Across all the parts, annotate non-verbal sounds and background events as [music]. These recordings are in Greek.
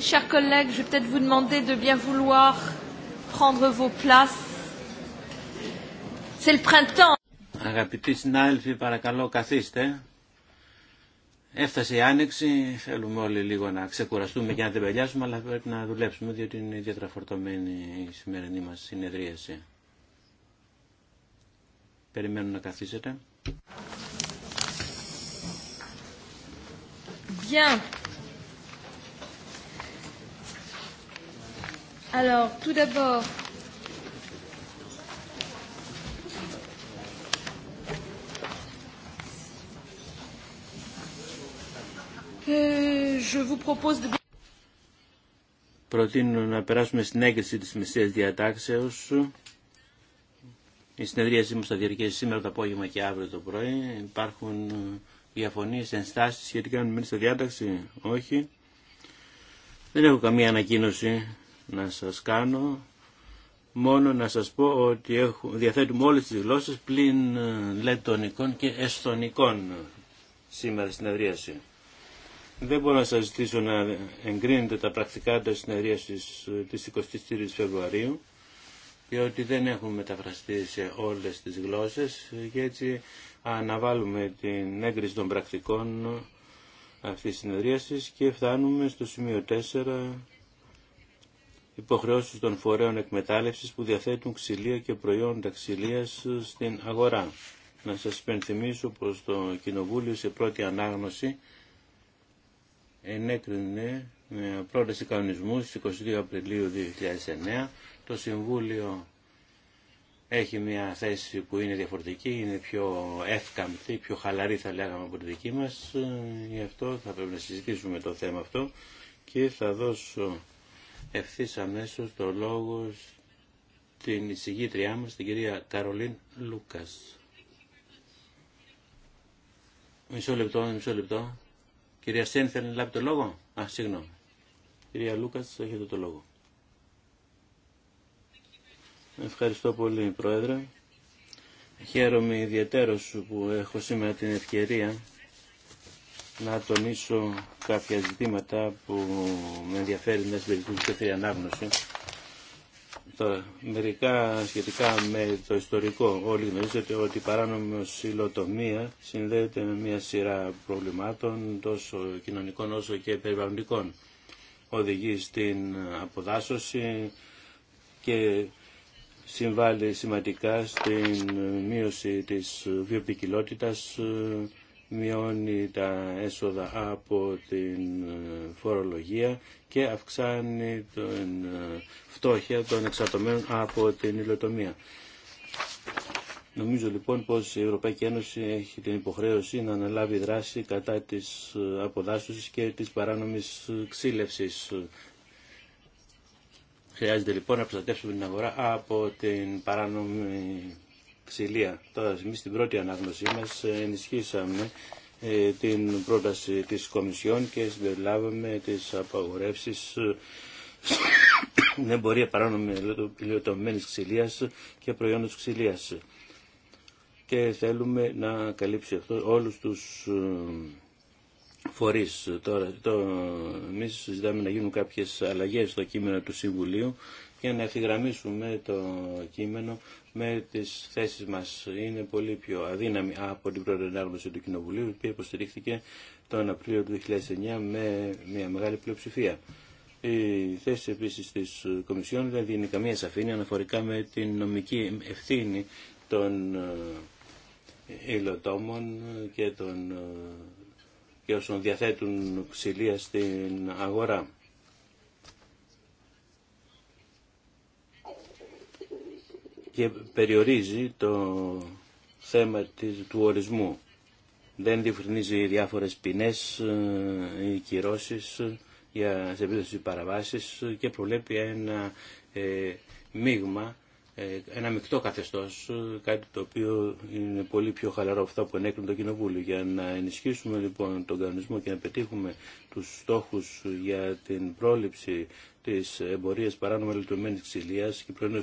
Chers collègues, je vais peut-être vous demander de bien vouloir prendre vos places. C'est le printemps. Αγαπητοί συνάδελφοι, παρακαλώ καθίστε. Έφτασε η άνοιξη, θέλουμε όλοι λίγο να ξεκουραστούμε και να δεν πελιάσουμε, αλλά πρέπει να δουλέψουμε, διότι είναι ιδιαίτερα φορτωμένη η σημερινή μας συνεδρίαση. Περιμένω να καθίσετε. Bien. Alors, tout d'abord, Προτείνω να περάσουμε στην έγκριση της μεσαίας διατάξεως. Η συνεδρίασή μου θα διαρκέσει σήμερα το απόγευμα και αύριο το πρωί. Υπάρχουν διαφωνίες, ενστάσεις σχετικά με τη διάταξη. Όχι. Δεν έχω καμία ανακοίνωση να σας κάνω. Μόνο να σας πω ότι έχουν, διαθέτουμε όλες τις γλώσσες πλην ε, λετωνικών και εστονικών σήμερα στην συνεδρίαση. Δεν μπορώ να σας ζητήσω να εγκρίνετε τα πρακτικά της συνεδρίασης ε, της 23 Φεβρουαρίου διότι δεν έχουν μεταφραστεί σε όλες τις γλώσσες ε, και έτσι αναβάλουμε την έγκριση των πρακτικών αυτής της συνεδρίασης και φτάνουμε στο σημείο υποχρεώσει των φορέων εκμετάλλευση που διαθέτουν ξυλία και προϊόντα ξυλίας στην αγορά. Να σα υπενθυμίσω πω το Κοινοβούλιο σε πρώτη ανάγνωση ενέκρινε πρόταση κανονισμού στις 22 Απριλίου 2009. Το Συμβούλιο έχει μια θέση που είναι διαφορετική, είναι πιο εύκαμπτη, πιο χαλαρή θα λέγαμε από τη δική μας. Γι' αυτό θα πρέπει να συζητήσουμε το θέμα αυτό και θα δώσω ευθύ αμέσω το λόγο στην εισηγήτριά μας, την κυρία Καρολίν Λούκας. Μισό λεπτό, μισό λεπτό. Κυρία Σέν, θέλει λάβει το λόγο. Α, συγγνώμη. Κυρία Λούκας, έχετε το λόγο. Ευχαριστώ πολύ, Πρόεδρε. Χαίρομαι ιδιαίτερος που έχω σήμερα την ευκαιρία να τονίσω κάποια ζητήματα που με ενδιαφέρει να συμπεριφορική στη ανάγνωση. μερικά σχετικά με το ιστορικό. Όλοι γνωρίζετε ότι η παράνομη υλοτομία συνδέεται με μια σειρά προβλημάτων τόσο κοινωνικών όσο και περιβαλλοντικών. Οδηγεί στην αποδάσωση και συμβάλλει σημαντικά στην μείωση της βιοποικιλότητας μειώνει τα έσοδα από την ε, φορολογία και αυξάνει την ε, φτώχεια των εξαρτωμένων από την υλοτομία. Νομίζω λοιπόν πως η Ευρωπαϊκή Ένωση έχει την υποχρέωση να αναλάβει δράση κατά της ε, αποδάσωσης και της παράνομης ξύλευσης. Χρειάζεται λοιπόν να προστατεύσουμε την αγορά από την παράνομη ξυλία. Τώρα εμεί στην πρώτη ανάγνωσή μας ε, ενισχύσαμε ε, την πρόταση της Κομισιόν και συμπεριλάβαμε τις απαγορεύσεις στην ε, [coughs] εμπορία παράνομη ηλιοτομημένη ξυλίας και προϊόντος ξυλίας. Και θέλουμε να καλύψει αυτό όλους τους φορείς. Τώρα, το, εμείς συζητάμε να γίνουν κάποιες αλλαγέ στο κείμενο του Συμβουλίου για να ευθυγραμμίσουμε το κείμενο με τις θέσεις μας. Είναι πολύ πιο αδύναμη από την πρώτη ενάγνωση του Κοινοβουλίου, η οποία υποστηρίχθηκε τον Απρίλιο του 2009 με μια μεγάλη πλειοψηφία. Η θέση επίση τη Κομισιόν δεν δίνει καμία σαφήνεια αναφορικά με την νομική ευθύνη των ε, υλοτόμων και, των, ε, και όσων διαθέτουν ξυλία στην αγορά. και περιορίζει το θέμα του ορισμού. Δεν διευκρινίζει διάφορες ποινές ε, ή κυρώσεις ε, για, σε επίδοση παραβάσεις ε, και προβλέπει ένα ε, μείγμα, ένα μεικτό καθεστώς, κάτι το οποίο είναι πολύ πιο χαλαρό αυτό που ενέκρινε το Κοινοβούλιο. Για να ενισχύσουμε λοιπόν τον κανονισμό και να πετύχουμε τους στόχους για την πρόληψη της εμπορίας παράνομα λειτουργημένης ξυλίας και πρωινού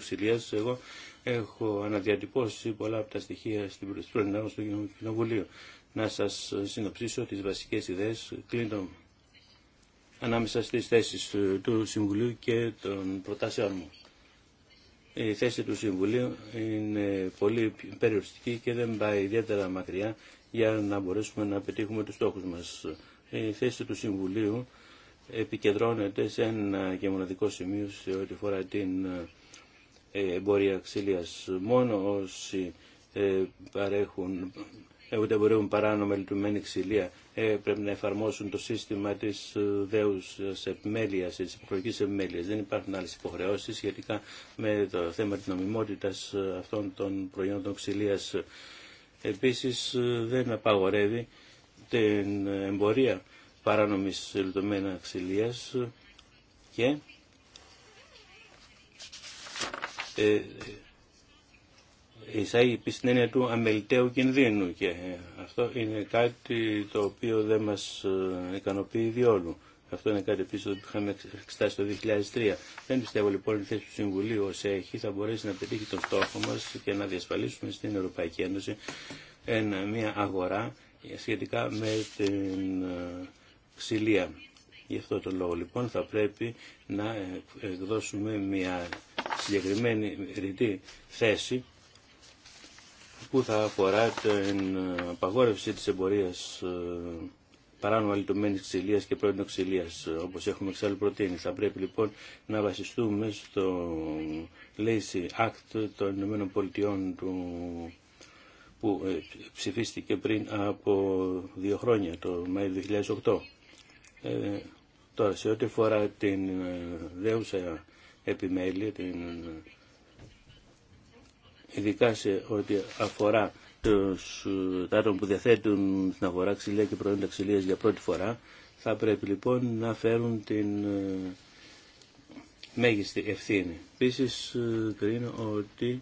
εγώ έχω αναδιατυπώσει πολλά από τα στοιχεία στην πρώην του στο Κοινοβουλίο. Να σας συνοψίσω τις βασικές ιδέες Κλείνω ανάμεσα στι θέσεις ε, του Συμβουλίου και των προτάσεων μου. Η θέση του Συμβουλίου είναι πολύ περιοριστική και δεν πάει ιδιαίτερα μακριά για να μπορέσουμε να πετύχουμε τους στόχους μας. Η θέση του Συμβουλίου επικεντρώνεται σε ένα και μοναδικό σημείο σε ό,τι φορά την ε, εμπορία ξυλίας. Μόνο όσοι ε, παρέχουν, ε, ούτε μπορούν παράνομα λειτουργημένη ξυλία ε, πρέπει να εφαρμόσουν το σύστημα της σε επιμέλεια, τη υποχρεωτικής επιμέλεια. Δεν υπάρχουν άλλες υποχρεώσεις σχετικά με το θέμα της νομιμότητας αυτών των προϊόντων ξυλίας. Επίσης δεν απαγορεύει την εμπορία παράνομη λειτουργημένα ξυλίας και ε, εισάγει την έννοια του αμεληταίου κινδύνου και ε, αυτό είναι κάτι το οποίο δεν μας ε, ικανοποιεί διόλου. Αυτό είναι κάτι επίσης που είχαμε εξετάσει το 2003. Δεν πιστεύω λοιπόν ότι η θέση του Συμβουλίου ως έχει θα μπορέσει να πετύχει τον στόχο μας και να διασφαλίσουμε στην Ευρωπαϊκή Ένωση μια αγορά σχετικά με την ξυλία. Γι' αυτό το λόγο λοιπόν θα πρέπει να εκδώσουμε μια συγκεκριμένη ρητή θέση που θα αφορά την απαγόρευση της εμπορίας ε, παράνομα αλυτωμένης ξυλίας και πρώην ξυλίας, ε, όπως έχουμε εξάλλου προτείνει. Θα πρέπει λοιπόν να βασιστούμε στο Lacey Act των Ηνωμένων Πολιτειών του που ε, ψηφίστηκε πριν από δύο χρόνια, το Μάιο 2008. Ε, τώρα, σε ό,τι αφορά την δέουσα επιμέλεια, την... ειδικά σε ό,τι αφορά τους, τα άτομα που διαθέτουν στην αγορά ξυλία και προϊόντα ξυλίας για πρώτη φορά, θα πρέπει λοιπόν να φέρουν την ε, μέγιστη ευθύνη. Επίση ε, κρίνω ότι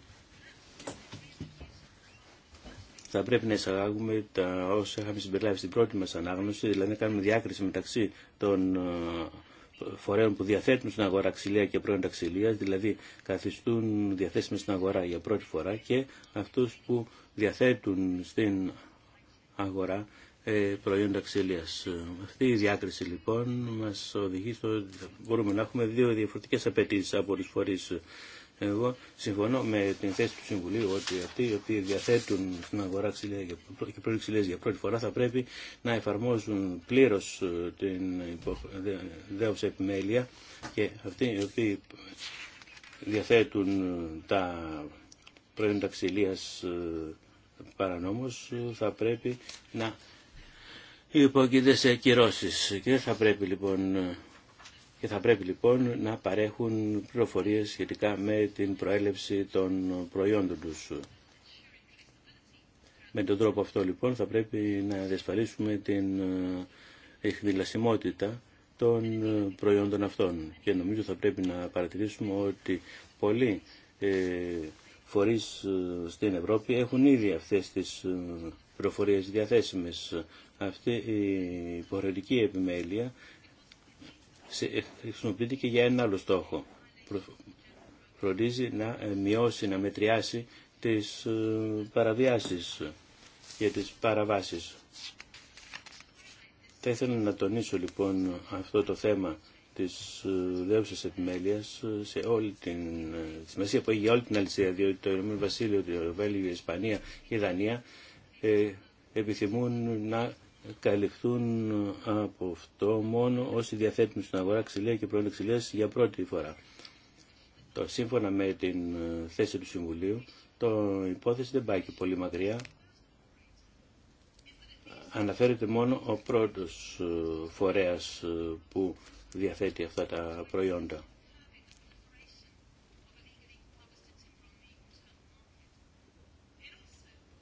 θα πρέπει να εισαγάγουμε τα όσα είχαμε συμπεριλάβει στην πρώτη μας ανάγνωση, δηλαδή να κάνουμε διάκριση μεταξύ των ε, φορέων που διαθέτουν στην αγορά ξυλία και προϊόντα ξυλία, δηλαδή καθιστούν διαθέσιμε στην αγορά για πρώτη φορά και αυτού που διαθέτουν στην αγορά ε, προϊόντα ξυλία. Αυτή η διάκριση λοιπόν μας οδηγεί στο ότι μπορούμε να έχουμε δύο διαφορετικές απαιτήσει από του φορείς εγώ συμφωνώ με την θέση του Συμβουλίου ότι αυτοί οι οποίοι διαθέτουν στην αγορά ξυλία και πρώτη για πρώτη φορά θα πρέπει να εφαρμόζουν πλήρω ε, την δέουσα επιμέλεια και αυτοί οι οποίοι διαθέτουν ε, τα προϊόντα ξυλίας ε, παρανόμως θα πρέπει να υπόκειται σε κυρώσεις και θα πρέπει λοιπόν και θα πρέπει λοιπόν να παρέχουν πληροφορίες σχετικά με την προέλευση των προϊόντων τους. Με τον τρόπο αυτό λοιπόν θα πρέπει να διασφαλίσουμε την ε, εκδηλασιμότητα των ε, προϊόντων αυτών και νομίζω θα πρέπει να παρατηρήσουμε ότι πολλοί ε, φορείς στην Ευρώπη έχουν ήδη αυτές τις πληροφορίες διαθέσιμες. Αυτή η υποχρεωτική επιμέλεια ε, χρησιμοποιείται και για ένα άλλο στόχο. Φροντίζει να ε, μειώσει, να μετριάσει τις ε, παραβιάσεις και τις παραβάσεις. Θα ήθελα να τονίσω λοιπόν αυτό το θέμα της δέουσας επιμέλειας σε όλη την σημασία που έχει για όλη την αλυσία, διότι το Ηνωμένο Βασίλειο, το Βέλγιο, η Ισπανία και η Δανία ε, επιθυμούν να καλυφθούν από αυτό μόνο όσοι διαθέτουν στην αγορά ξυλία και προϊόντα ξυλία για πρώτη φορά. Το, σύμφωνα με την ε, θέση του Συμβουλίου, το υπόθεση δεν πάει και πολύ μακριά. Αναφέρεται μόνο ο πρώτος ε, φορέας ε, που διαθέτει αυτά τα προϊόντα.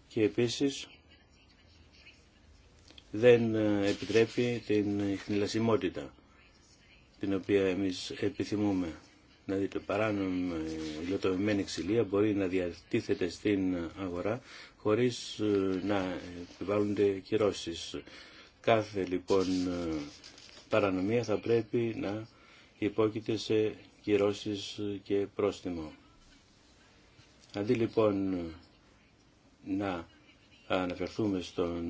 Και επίσης δεν ε, επιτρέπει την χνηλασιμότητα την οποία εμείς επιθυμούμε. Δηλαδή το παράνομη υλοτομημένη ξυλία μπορεί να διατίθεται στην αγορά χωρίς ε, να επιβάλλονται κυρώσεις. Κάθε λοιπόν ε, παρανομία θα πρέπει να υπόκειται σε κυρώσεις και πρόστιμο. Αντί λοιπόν να αναφερθούμε στον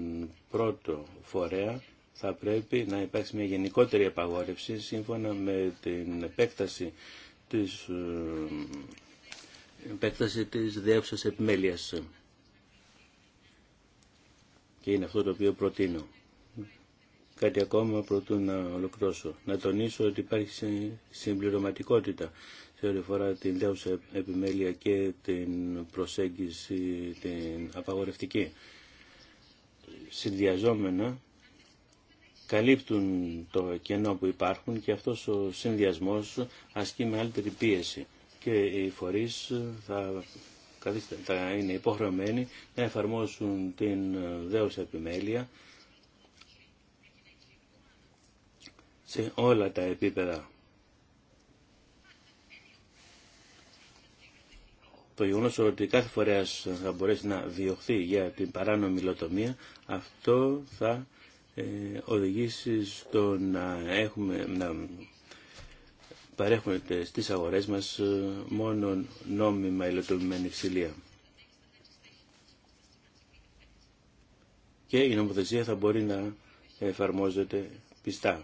πρώτο φορέα, θα πρέπει να υπάρξει μια γενικότερη απαγόρευση σύμφωνα με την επέκταση της, ε, επέκταση της διεύθυνσης επιμέλειας. Και είναι αυτό το οποίο προτείνω. Κάτι ακόμα προτού να ολοκληρώσω. Να τονίσω ότι υπάρχει συμπληρωματικότητα σε ό,τι αφορά την δέουσα επιμέλεια και την προσέγγιση την απαγορευτική. Συνδυαζόμενα καλύπτουν το κενό που υπάρχουν και αυτός ο συνδυασμός ασκεί άλλη πίεση και οι φορείς θα, θα είναι υποχρεωμένοι να εφαρμόσουν την δέουσα επιμέλεια σε όλα τα επίπεδα το γεγονό ότι κάθε φορέα θα μπορέσει να διωχθεί για την παράνομη λοτομία αυτό θα ε, οδηγήσει στο να, έχουμε, να παρέχονται στις αγορές μας ε, μόνο νόμιμα υλοτομημένη ξυλία. Και η νομοθεσία θα μπορεί να εφαρμόζεται πιστά.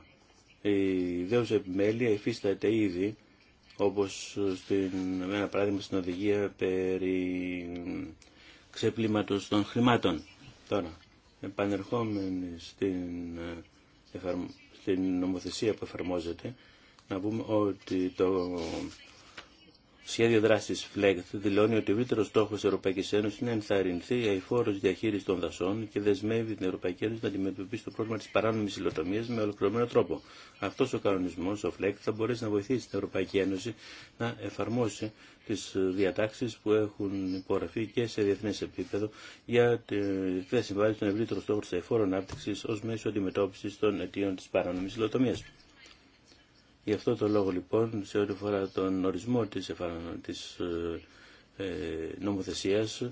Η δέουσα επιμέλεια υφίσταται ήδη όπως στην, με ένα παράδειγμα στην οδηγία περί ξεπλήματος των χρημάτων. Τώρα, επανερχόμενοι στην, στην νομοθεσία που εφαρμόζεται, να πούμε ότι το σχέδιο δράση FLEGT δηλώνει ότι ο ευρύτερο στόχο τη Ευρωπαϊκή Ένωση είναι να ενθαρρυνθεί η αηφόρο διαχείριση των δασών και δεσμεύει την Ευρωπαϊκή Ένωση να αντιμετωπίσει το πρόβλημα τη παράνομη υλοτομία με ολοκληρωμένο τρόπο. Αυτό ο κανονισμό, ο FLEGT, θα μπορέσει να βοηθήσει την Ευρωπαϊκή Ένωση να εφαρμόσει τι διατάξει που έχουν υπογραφεί και σε διεθνέ επίπεδο για να συμβάλλει στον ευρύτερο στόχο τη αηφόρων ανάπτυξη ω μέσο αντιμετώπιση των αιτίων τη παράνομη υλοτομία. Γι' αυτό το λόγο λοιπόν σε ό,τι φορά τον ορισμό της, της ε, νομοθεσίας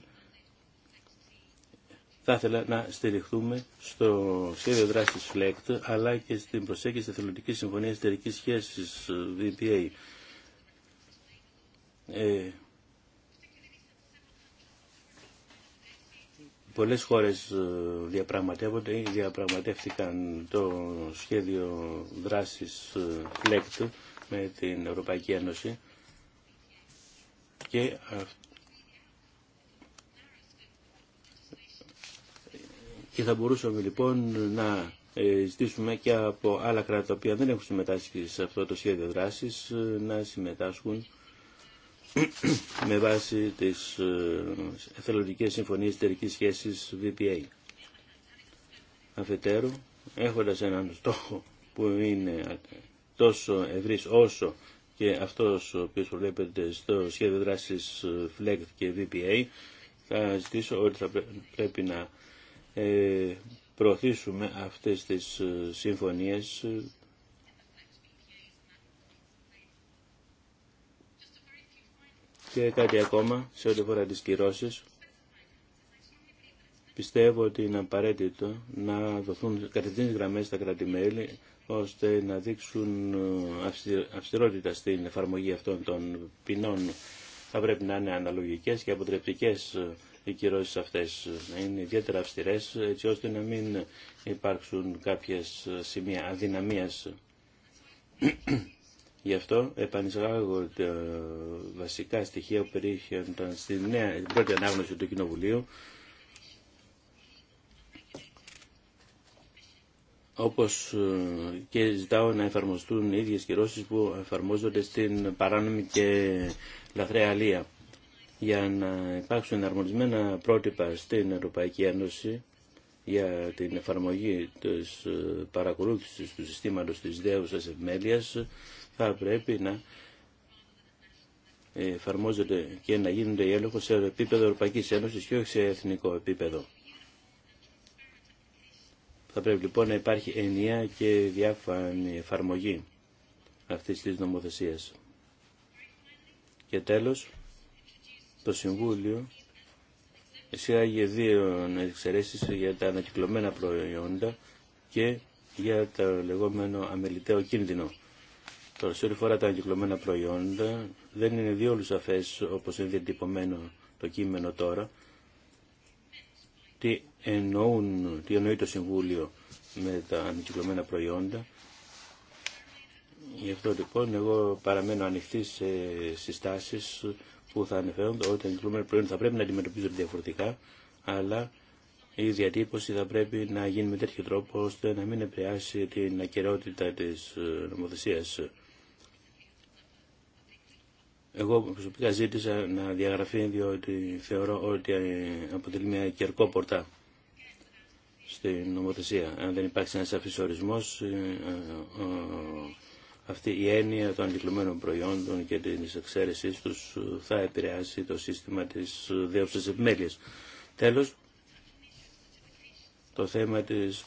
θα ήθελα να στηριχθούμε στο σχέδιο δράσης FLECT αλλά και στην προσέγγιση Εθελοντικής Συμφωνίας Εταιρικής Σχέσης, VPA. Πολλές χώρες ε, διαπραγματεύονται ή διαπραγματεύτηκαν το σχέδιο δράσης ε, FLEGT με την Ευρωπαϊκή Ένωση και θα μπορούσαμε λοιπόν να ε, ζητήσουμε και από άλλα κράτη τα οποία δεν έχουν συμμετάσχει σε αυτό το σχέδιο δράσης να συμμετάσχουν με βάση τις ε, εθελοντικές συμφωνίες εταιρικής σχέσης VPA. Αφετέρου, έχοντας έναν στόχο που είναι τόσο ευρύς όσο και αυτός ο οποίος προβλέπεται στο σχέδιο δράσης ε, FLEGT και VPA, θα ζητήσω ότι θα πρέπει να ε, προωθήσουμε αυτές τις συμφωνίες Και κάτι ακόμα σε ό,τι αφορά τις κυρώσεις. Πιστεύω ότι είναι απαραίτητο να δοθούν κατευθύνσεις γραμμές στα κράτη-μέλη ώστε να δείξουν ε, αυστηρότητα στην εφαρμογή αυτών των ποινών. Θα πρέπει να είναι αναλογικές και αποτρεπτικές ε, οι κυρώσεις αυτές, να είναι ιδιαίτερα αυστηρές έτσι ώστε να μην υπάρξουν κάποιες ε, σημεία αδυναμίας Γι' αυτό επανεισάγω τα βασικά στοιχεία που περιείχαν στην νέα, πρώτη ανάγνωση του Κοινοβουλίου όπως ε, και ζητάω να εφαρμοστούν οι ίδιες κυρώσεις που εφαρμόζονται στην παράνομη και λαθρέα αλία. Για να υπάρξουν εναρμονισμένα πρότυπα στην Ευρωπαϊκή Ένωση για την εφαρμογή της ε, παρακολούθησης του συστήματος της δέουσας ευμέλειας θα πρέπει να εφαρμόζονται και να γίνονται οι έλεγχοι σε επίπεδο Ευρωπαϊκής Ένωσης και όχι σε εθνικό επίπεδο. Θα πρέπει λοιπόν να υπάρχει ενιαία και διάφανη εφαρμογή αυτή τη νομοθεσία. Και τέλος, το Συμβούλιο εισάγει δύο εξαιρέσει για τα ανακυκλωμένα προϊόντα και για το λεγόμενο αμεληταίο κίνδυνο. Τώρα, σε ό,τι φορά τα εγκυκλωμένα προϊόντα, δεν είναι διόλου σαφέ όπω είναι διατυπωμένο το κείμενο τώρα, τι, εννοούν, τι εννοεί το Συμβούλιο με τα ανακυκλωμένα προϊόντα. Γι' αυτό λοιπόν εγώ παραμένω ανοιχτή σε συστάσει που θα ανεφέρονται ότι τα ανακυκλωμένα προϊόντα θα πρέπει να αντιμετωπίζονται διαφορετικά, αλλά η διατύπωση θα πρέπει να γίνει με τέτοιο τρόπο ώστε να μην επηρεάσει την ακαιρεότητα της νομοθεσίας. Εγώ προσωπικά ζήτησα να διαγραφεί διότι θεωρώ ότι ε, αποτελεί μια κερκόπορτα στην νομοθεσία. Αν δεν υπάρχει ένα σαφή ε, ε, αυτή η έννοια των αντικλωμένων προϊόντων και της εξαίρεση τους θα επηρεάσει το σύστημα της δέουσα επιμέλεια. Τέλος, το θέμα της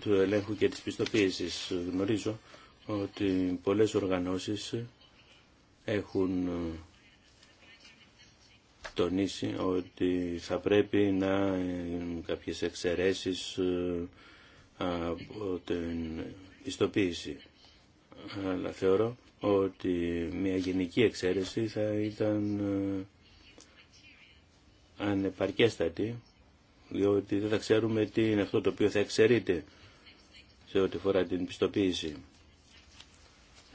του ελέγχου και της πιστοποίηση. Γνωρίζω ότι πολλέ οργανώσει έχουν ε, τονίσει ότι θα πρέπει να ε, κάποιες εξαιρέσεις ε, από την πιστοποίηση. Αλλά θεωρώ ότι μια γενική εξαίρεση θα ήταν ανεπαρκέστατη, διότι δεν θα ξέρουμε τι είναι αυτό το οποίο θα εξαιρείται σε ό,τι φορά την πιστοποίηση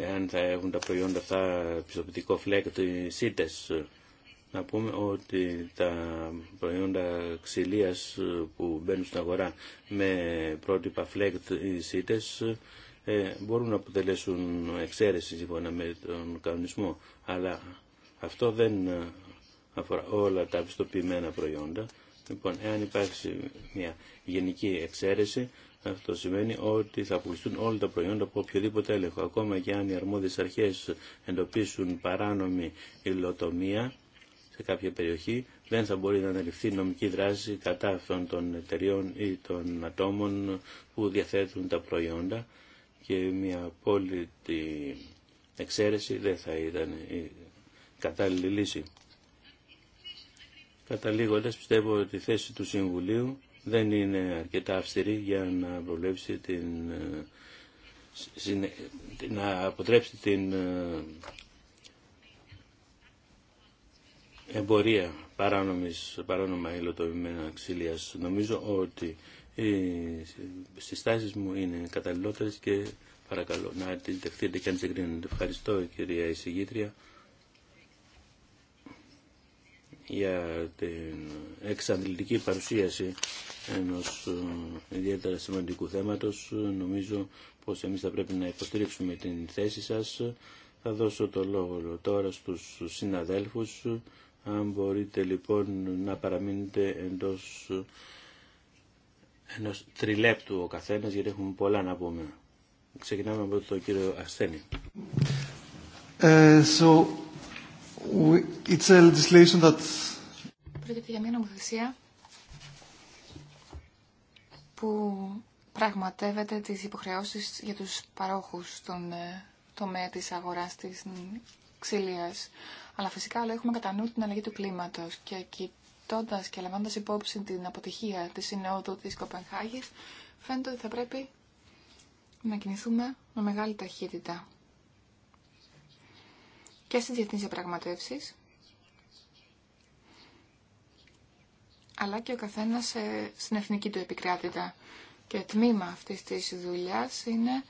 εάν θα έχουν τα προϊόντα αυτά πιστοποιητικό ή σίτες. Να πούμε ότι τα προϊόντα ξυλίας που μπαίνουν στην αγορά με πρότυπα φλέκ ή σίτες ε, μπορούν να αποτελέσουν εξαίρεση σύμφωνα με τον κανονισμό, αλλά αυτό δεν αφορά όλα τα πιστοποιημένα προϊόντα. Λοιπόν, εάν υπάρξει μια γενική εξαίρεση, αυτό σημαίνει ότι θα αποκλειστούν όλα τα προϊόντα από οποιοδήποτε έλεγχο. Ακόμα και αν οι αρμόδιες αρχές εντοπίσουν παράνομη υλοτομία σε κάποια περιοχή, δεν θα μπορεί να αναλυφθεί νομική δράση κατά αυτών των εταιριών ή των ατόμων που διαθέτουν τα προϊόντα και μια απόλυτη εξαίρεση δεν θα ήταν η κατάλληλη λύση. Καταλήγοντας πιστεύω ότι η θέση του Συμβουλίου δεν είναι αρκετά αυστηρή για να ε, την να αποτρέψει την ε, εμπορία παράνομης, παράνομα υλοτομημένα ξυλίας. Νομίζω ότι οι συστάσεις μου είναι καταλληλότερες και παρακαλώ να τις δεχτείτε και αν τις εγκρίνετε. Ευχαριστώ κυρία εισηγήτρια για την εξαντλητική παρουσίαση ενός ε, ιδιαίτερα σημαντικού θέματος. Νομίζω πως εμείς θα πρέπει να υποστηρίξουμε την θέση σας. Θα δώσω το λόγο τώρα στους συναδέλφους. Αν μπορείτε λοιπόν να παραμείνετε εντός ενός τριλέπτου ο καθένας, γιατί έχουμε πολλά να πούμε. Ξεκινάμε από τον κύριο Ασθένη. Ε, It's a legislation that... Πρόκειται για μια νομοθεσία που πραγματεύεται τις υποχρεώσεις για τους παρόχους στον ε, τομέα της αγοράς της ξυλίας. Αλλά φυσικά όλα έχουμε κατά νου την αλλαγή του κλίματος και κοιτώντα και λαμβάνοντα υπόψη την αποτυχία της συνόδου της Κοπενχάγης φαίνεται ότι θα πρέπει να κινηθούμε με μεγάλη ταχύτητα και στις διεθνείς διαπραγματεύσεις, αλλά και ο καθένας ε, στην εθνική του επικράτητα. Και τμήμα αυτής της δουλειάς είναι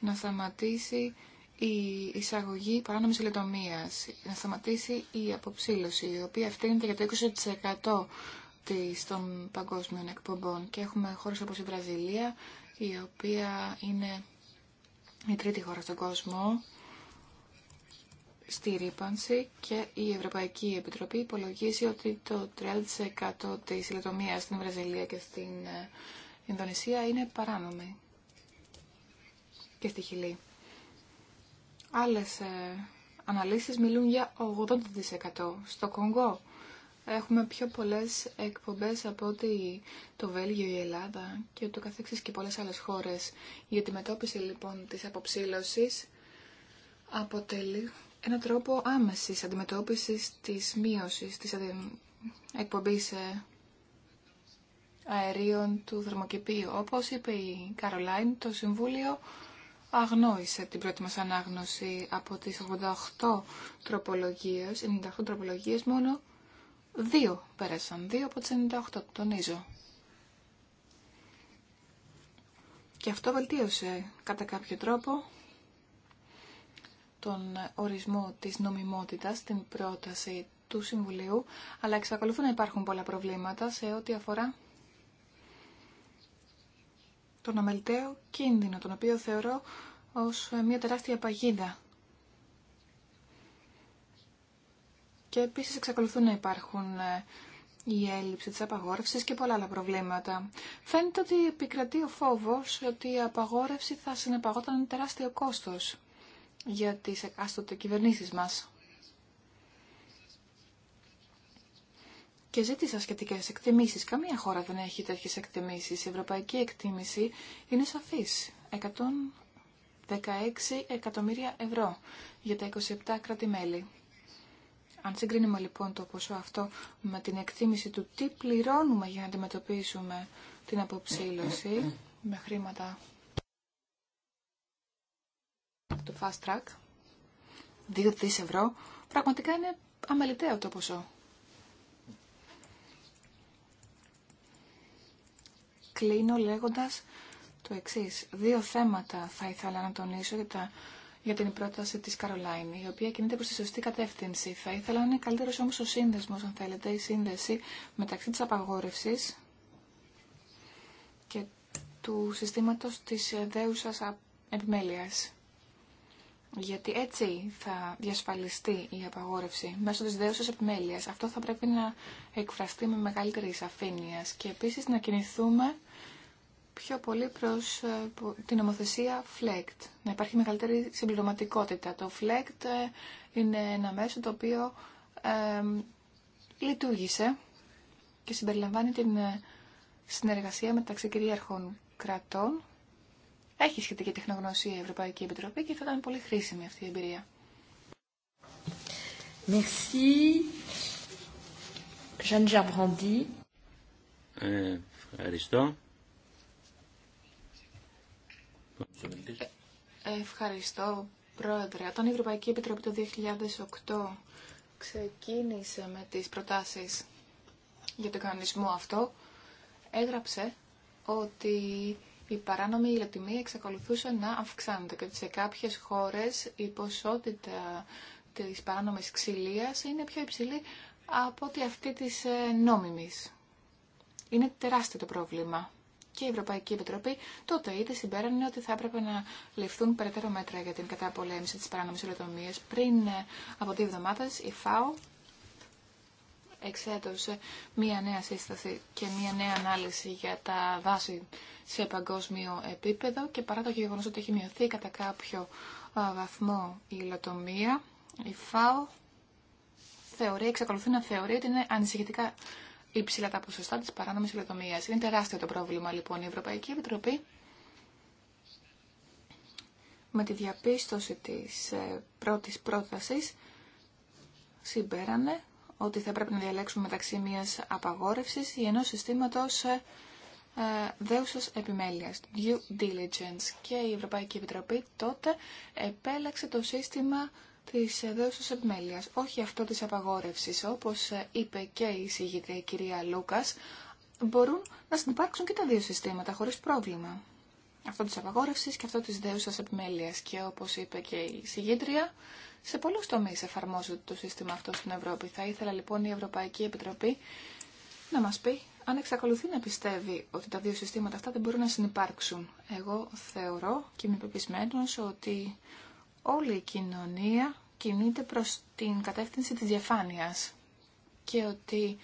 να σταματήσει η εισαγωγή παράνομης υλοτομίας, να σταματήσει η αποψήλωση, η οποία ευθύνεται για το 20% των παγκόσμιων εκπομπών. Και έχουμε χώρες όπως η Βραζιλία, η οποία είναι η τρίτη χώρα στον κόσμο, στη ρήπανση και η Ευρωπαϊκή Επιτροπή υπολογίζει ότι το 30% της ηλεκτρομίας στην Βραζιλία και στην ε, Ινδονησία είναι παράνομη και στη Χιλή. Άλλες ε, αναλύσεις μιλούν για 80%. Στο Κονγκό έχουμε πιο πολλές εκπομπές από ότι το Βέλγιο, η Ελλάδα και ούτω καθεξής και πολλές άλλες χώρες. Η αντιμετώπιση λοιπόν της αποψήλωσης αποτελεί ένα τρόπο άμεσης αντιμετώπισης της μείωσης της εκπομπής ε, αερίων του θερμοκηπίου. Όπως είπε η Καρολάιν, το Συμβούλιο αγνόησε την πρώτη μας ανάγνωση από τις 88 τροπολογίες, 98 τροπολογίες μόνο, δύο πέρασαν, δύο από τις 98, τονίζω. Και αυτό βελτίωσε κατά κάποιο τρόπο τον ορισμό της νομιμότητας στην πρόταση του Συμβουλίου, αλλά εξακολουθούν να υπάρχουν πολλά προβλήματα σε ό,τι αφορά τον αμελταίο κίνδυνο, τον οποίο θεωρώ ως μια τεράστια παγίδα. Και επίσης εξακολουθούν να υπάρχουν ε, η έλλειψη της απαγόρευσης και πολλά άλλα προβλήματα. Φαίνεται ότι επικρατεί ο φόβος ότι η απαγόρευση θα συνεπαγόταν τεράστιο κόστος για τις εκάστοτε κυβερνήσεις μας. Και ζήτησα σχετικέ εκτιμήσεις. Καμία χώρα δεν έχει τέτοιες εκτιμήσεις. Η ευρωπαϊκή εκτίμηση είναι σαφής. 116 εκατομμύρια ευρώ για τα 27 κράτη-μέλη. Αν συγκρίνουμε λοιπόν το ποσό αυτό με την εκτίμηση του τι πληρώνουμε για να αντιμετωπίσουμε την αποψήλωση με χρήματα το Fast Track, 2 δις ευρώ, πραγματικά είναι αμεληταίο το ποσό. Κλείνω λέγοντας το εξής. Δύο θέματα θα ήθελα να τονίσω για, τα, για την πρόταση της Καρολάιν, η οποία κινείται προς τη σωστή κατεύθυνση. Θα ήθελα να είναι καλύτερος όμως ο σύνδεσμος, αν θέλετε, η σύνδεση μεταξύ της απαγόρευσης και του συστήματος της δέουσας επιμέλειας. Γιατί έτσι θα διασφαλιστεί η απαγόρευση μέσω της δέωσης επιμέλειας. Αυτό θα πρέπει να εκφραστεί με μεγαλύτερη σαφήνεια και επίσης να κινηθούμε πιο πολύ προς ε, την νομοθεσία FLECT. Να υπάρχει μεγαλύτερη συμπληρωματικότητα. Το FLECT ε, είναι ένα μέσο το οποίο ε, λειτουργήσε και συμπεριλαμβάνει την ε, συνεργασία μεταξύ κυρίαρχων κρατών έχει σχετική τεχνογνωσία η Ευρωπαϊκή Επιτροπή και θα ήταν πολύ χρήσιμη αυτή η εμπειρία. Merci. Ε, ευχαριστώ. Ε, ευχαριστώ, Πρόεδρε. Όταν η Ευρωπαϊκή Επιτροπή το 2008 ξεκίνησε με τις προτάσεις για τον κανονισμό αυτό, έγραψε ότι η παράνομη ηλεκτριμία εξακολουθούσε να αυξάνεται και σε κάποιες χώρες η ποσότητα της παράνομης ξυλίας είναι πιο υψηλή από ότι αυτή της ε, νόμιμης. Είναι τεράστιο το πρόβλημα. Και η Ευρωπαϊκή Επιτροπή τότε είτε συμπέρανε ότι θα έπρεπε να ληφθούν περαιτέρω μέτρα για την καταπολέμηση της παράνομης υλοτομίας. Πριν ε, από δύο εβδομάδες η ΦΑΟ εξέδωσε μία νέα σύσταση και μία νέα ανάλυση για τα δάση σε παγκόσμιο επίπεδο και παρά το γεγονός ότι έχει μειωθεί κατά κάποιο βαθμό η υλοτομία, η ΦΑΟ θεωρεί, εξακολουθεί να θεωρεί ότι είναι ανησυχητικά υψηλά τα ποσοστά της παράνομης υλοτομίας. Είναι τεράστιο το πρόβλημα λοιπόν η Ευρωπαϊκή Επιτροπή με τη διαπίστωση της ε, πρώτης πρότασης συμπέρανε ότι θα πρέπει να διαλέξουμε μεταξύ μιας απαγόρευσης ή ενός συστήματος ε, ε, δέουσας επιμέλειας, due diligence. Και η Ευρωπαϊκή Επιτροπή τότε επέλεξε το σύστημα της δέουσας επιμέλειας, όχι αυτό της απαγόρευσης. Όπως ε, είπε και η συγγύτρια η κυρία Λούκας, μπορούν να συνεπάρξουν και τα δύο συστήματα χωρίς πρόβλημα. Αυτό της απαγόρευσης και αυτό της δέουσας επιμέλειας. Και όπως είπε και η συγγήτρια, σε πολλούς τομείς εφαρμόζεται το σύστημα αυτό στην Ευρώπη. Θα ήθελα λοιπόν η Ευρωπαϊκή Επιτροπή να μας πει αν εξακολουθεί να πιστεύει ότι τα δύο συστήματα αυτά δεν μπορούν να συνεπάρξουν. Εγώ θεωρώ και είμαι πεπισμένος ότι όλη η κοινωνία κινείται προς την κατεύθυνση της διαφάνειας και ότι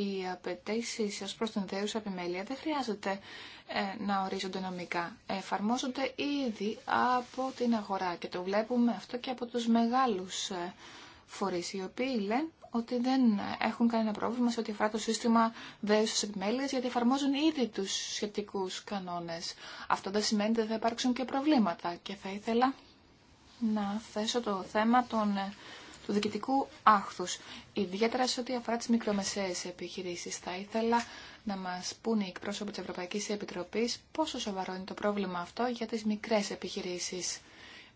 οι απαιτήσει ω προ την δέουσα επιμέλεια δεν χρειάζεται ε, να ορίζονται νομικά. Εφαρμόζονται ήδη από την αγορά και το βλέπουμε αυτό και από τους μεγάλους ε, φορείς οι οποίοι λένε ότι δεν έχουν κανένα πρόβλημα σε ό,τι αφορά το σύστημα δέουσας επιμέλεια γιατί εφαρμόζουν ήδη τους σχετικούς κανόνες. Αυτό δεν σημαίνει ότι θα υπάρξουν και προβλήματα και θα ήθελα να θέσω το θέμα των ε, του διοικητικού άχθους, ιδιαίτερα σε ό,τι αφορά τι μικρομεσαίες επιχειρήσεις. Θα ήθελα να μας πούνε οι εκπρόσωποι της Ευρωπαϊκής Επιτροπής πόσο σοβαρό είναι το πρόβλημα αυτό για τις μικρές επιχειρήσεις.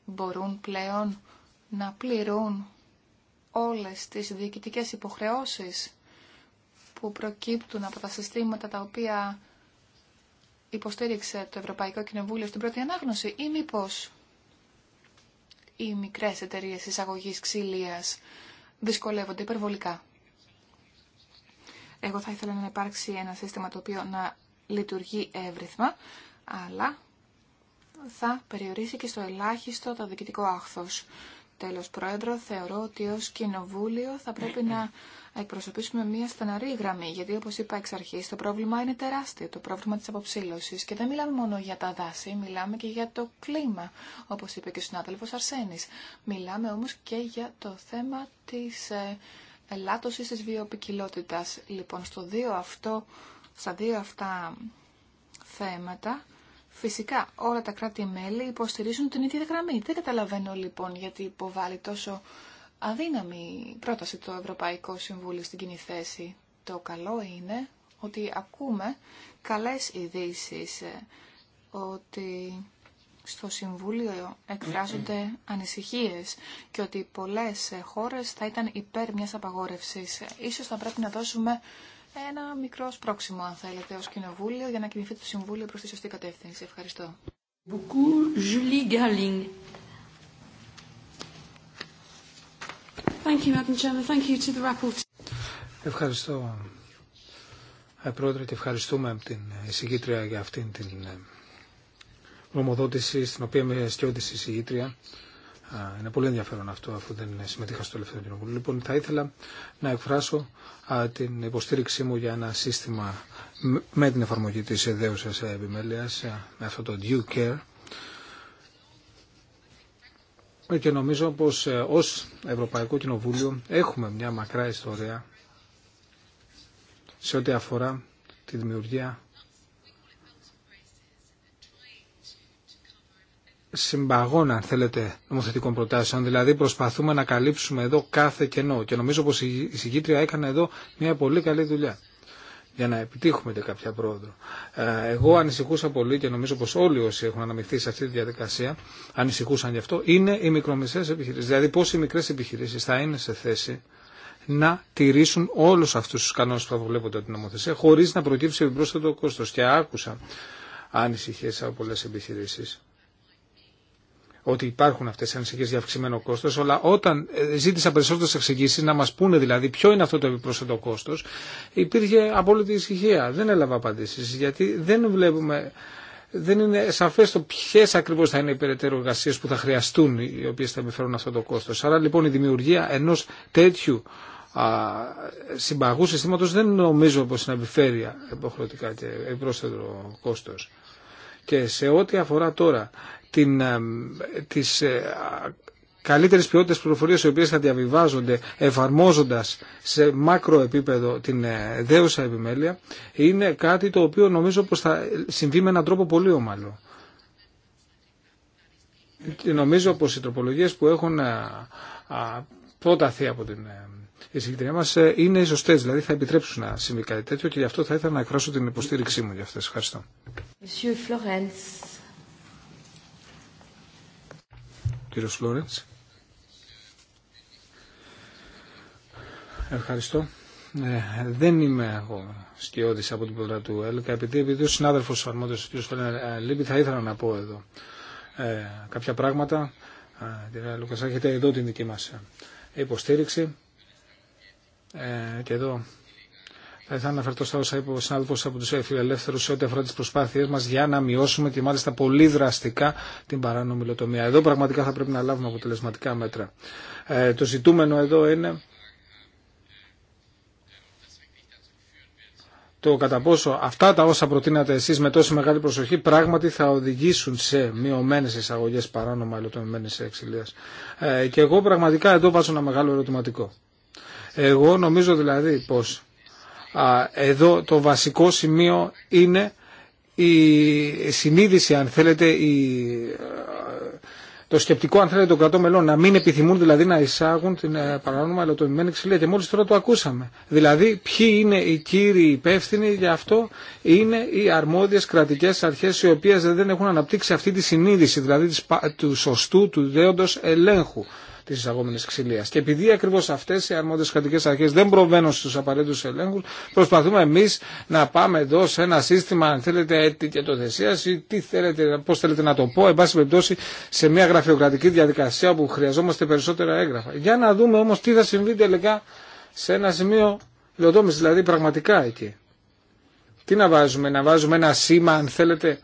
Μπορούν πλέον να πληρούν όλες τις διοικητικές υποχρεώσεις που προκύπτουν από τα συστήματα τα οποία υποστήριξε το Ευρωπαϊκό Κοινοβούλιο στην πρώτη ανάγνωση ή μήπως οι μικρές εταιρείε εισαγωγής ξυλίας δυσκολεύονται υπερβολικά. Εγώ θα ήθελα να υπάρξει ένα σύστημα το οποίο να λειτουργεί εύρυθμα, αλλά θα περιορίσει και στο ελάχιστο το διοικητικό άχθος. Τέλος, Πρόεδρο, θεωρώ ότι ως Κοινοβούλιο θα πρέπει να εκπροσωπήσουμε μια στεναρή γραμμή, γιατί όπως είπα εξ αρχής, το πρόβλημα είναι τεράστιο, το πρόβλημα της αποψήλωση. Και δεν μιλάμε μόνο για τα δάση, μιλάμε και για το κλίμα, όπως είπε και ο συνάδελφο Αρσένης. Μιλάμε όμως και για το θέμα της ε, ελάττωση τη βιοπικιλότητας. Λοιπόν, στο δύο αυτό, στα δύο αυτά θέματα... Φυσικά όλα τα κράτη-μέλη υποστηρίζουν την ίδια γραμμή. Δεν καταλαβαίνω λοιπόν γιατί υποβάλλει τόσο αδύναμη πρόταση το Ευρωπαϊκό Συμβούλιο στην κοινή θέση. Το καλό είναι ότι ακούμε καλές ειδήσει ε, ότι στο Συμβούλιο εκφράζονται ανησυχίες και ότι πολλές ε, χώρες θα ήταν υπέρ μιας απαγόρευσης. Ίσως θα πρέπει να δώσουμε ένα μικρό σπρόξιμο, αν θέλετε, ως Κοινοβούλιο για να κινηθεί το Συμβούλιο προς τη σωστή κατεύθυνση. Ευχαριστώ. Thank you, Ευχαριστώ, ε, Πρόεδρε, και ευχαριστούμε την εισηγήτρια για αυτήν την ε, νομοδότηση, στην οποία με η εισηγήτρια. Είναι πολύ ενδιαφέρον αυτό, αφού δεν συμμετείχα στο τελευταίο κοινοβούλιο. Λοιπόν, θα ήθελα να εκφράσω την υποστήριξή μου για ένα σύστημα με την εφαρμογή της εδέουσας επιμέλειας, με αυτό το due care, και νομίζω πως ε, ως Ευρωπαϊκό Κοινοβούλιο έχουμε μια μακρά ιστορία σε ό,τι αφορά τη δημιουργία συμπαγών, αν θέλετε, νομοθετικών προτάσεων. Δηλαδή προσπαθούμε να καλύψουμε εδώ κάθε κενό και νομίζω πως η συγκήτρια έκανε εδώ μια πολύ καλή δουλειά για να επιτύχουμε κάποια πρόοδο. Ε, εγώ ανησυχούσα πολύ και νομίζω πως όλοι όσοι έχουν αναμειχθεί σε αυτή τη διαδικασία ανησυχούσαν γι' αυτό, είναι οι μικρομεσαίες επιχειρήσεις. Δηλαδή πώς οι μικρές επιχειρήσεις θα είναι σε θέση να τηρήσουν όλους αυτούς τους κανόνες που αποβλέπονται από την νομοθεσία χωρίς να προκύψει επιπρόσθετο κόστος. Και άκουσα ανησυχίε από πολλές επιχειρήσεις ότι υπάρχουν αυτέ οι ανησυχίε για αυξημένο κόστο, αλλά όταν ε, ζήτησα περισσότερε εξηγήσει να μα πούνε δηλαδή ποιο είναι αυτό το επιπρόσθετο κόστο, υπήρχε απόλυτη ησυχία. Δεν έλαβα απαντήσει, γιατί δεν βλέπουμε. Δεν είναι σαφέ το ποιε ακριβώ θα είναι οι περαιτέρω εργασίε που θα χρειαστούν οι οποίε θα επιφέρουν αυτό το κόστο. Άρα λοιπόν η δημιουργία ενό τέτοιου συμπαγού συστήματο δεν νομίζω πω είναι επιφέρεια υποχρεωτικά και επιπρόσθετο κόστο. Και σε ό,τι αφορά τώρα την, ε, τις ε, καλύτερες ποιότητες πληροφορίες οι οποίες θα διαβιβάζονται εφαρμόζοντας σε μάκρο επίπεδο την ε, δέουσα επιμέλεια είναι κάτι το οποίο νομίζω πως θα συμβεί με έναν τρόπο πολύ ομαλό. Νομίζω πως οι τροπολογίες που έχουν πρόταθει από την εισηγητριά μα είναι οι σωστέ, δηλαδή θα επιτρέψουν να συμβεί κάτι τέτοιο και γι' αυτό θα ήθελα να εκφράσω την υποστήριξή μου για αυτέ. Ευχαριστώ. Ευχαριστώ. Ε, δεν είμαι εγώ σκιώδης από την πλευρά του ΕΛΚΑ, επειδή, επειδή ο συνάδελφος ο αρμόδιος ο κ. Ε, θα ήθελα να πω εδώ ε, κάποια πράγματα. Ε, κύριε Λουκασά, έχετε εδώ την δική μας ε, υποστήριξη. Ε, και εδώ θα ήθελα να αναφερθώ στα όσα είπε ο συνάδελφο από του φιλελεύθερου σε ό,τι αφορά τι προσπάθειέ μα για να μειώσουμε και μάλιστα πολύ δραστικά την παράνομη λοτομία. Εδώ πραγματικά θα πρέπει να λάβουμε αποτελεσματικά μέτρα. Ε, το ζητούμενο εδώ είναι το κατά πόσο αυτά τα όσα προτείνατε εσεί με τόση μεγάλη προσοχή πράγματι θα οδηγήσουν σε μειωμένε εισαγωγέ παράνομα λοτομημένη εξηλία. Ε, και εγώ πραγματικά εδώ βάζω ένα μεγάλο ερωτηματικό. Εγώ νομίζω δηλαδή πως εδώ το βασικό σημείο είναι η συνείδηση, αν θέλετε, η, ε, το σκεπτικό, αν θέλετε, των κρατών μελών να μην επιθυμούν δηλαδή να εισάγουν την ε, παράνομα ελωτομημένη ξυλία. Και μόλις τώρα το ακούσαμε. Δηλαδή, ποιοι είναι οι κύριοι υπεύθυνοι για αυτό, είναι οι αρμόδιες κρατικές αρχές οι οποίες δεν έχουν αναπτύξει αυτή τη συνείδηση, δηλαδή του σωστού, του δέοντος ελέγχου τη εισαγόμενη ξυλία. Και επειδή ακριβώ αυτέ οι αρμόδιε κρατικέ αρχέ δεν προβαίνουν στου απαραίτητου ελέγχου, προσπαθούμε εμεί να πάμε εδώ σε ένα σύστημα, αν θέλετε, ετικετοθεσία ή τι θέλετε, πώ θέλετε να το πω, εν πάση σε μια γραφειοκρατική διαδικασία όπου χρειαζόμαστε περισσότερα έγγραφα. Για να δούμε όμω τι θα συμβεί τελικά σε ένα σημείο λεωτόμηση, δηλαδή πραγματικά εκεί. Τι να βάζουμε, να βάζουμε ένα σήμα, αν θέλετε,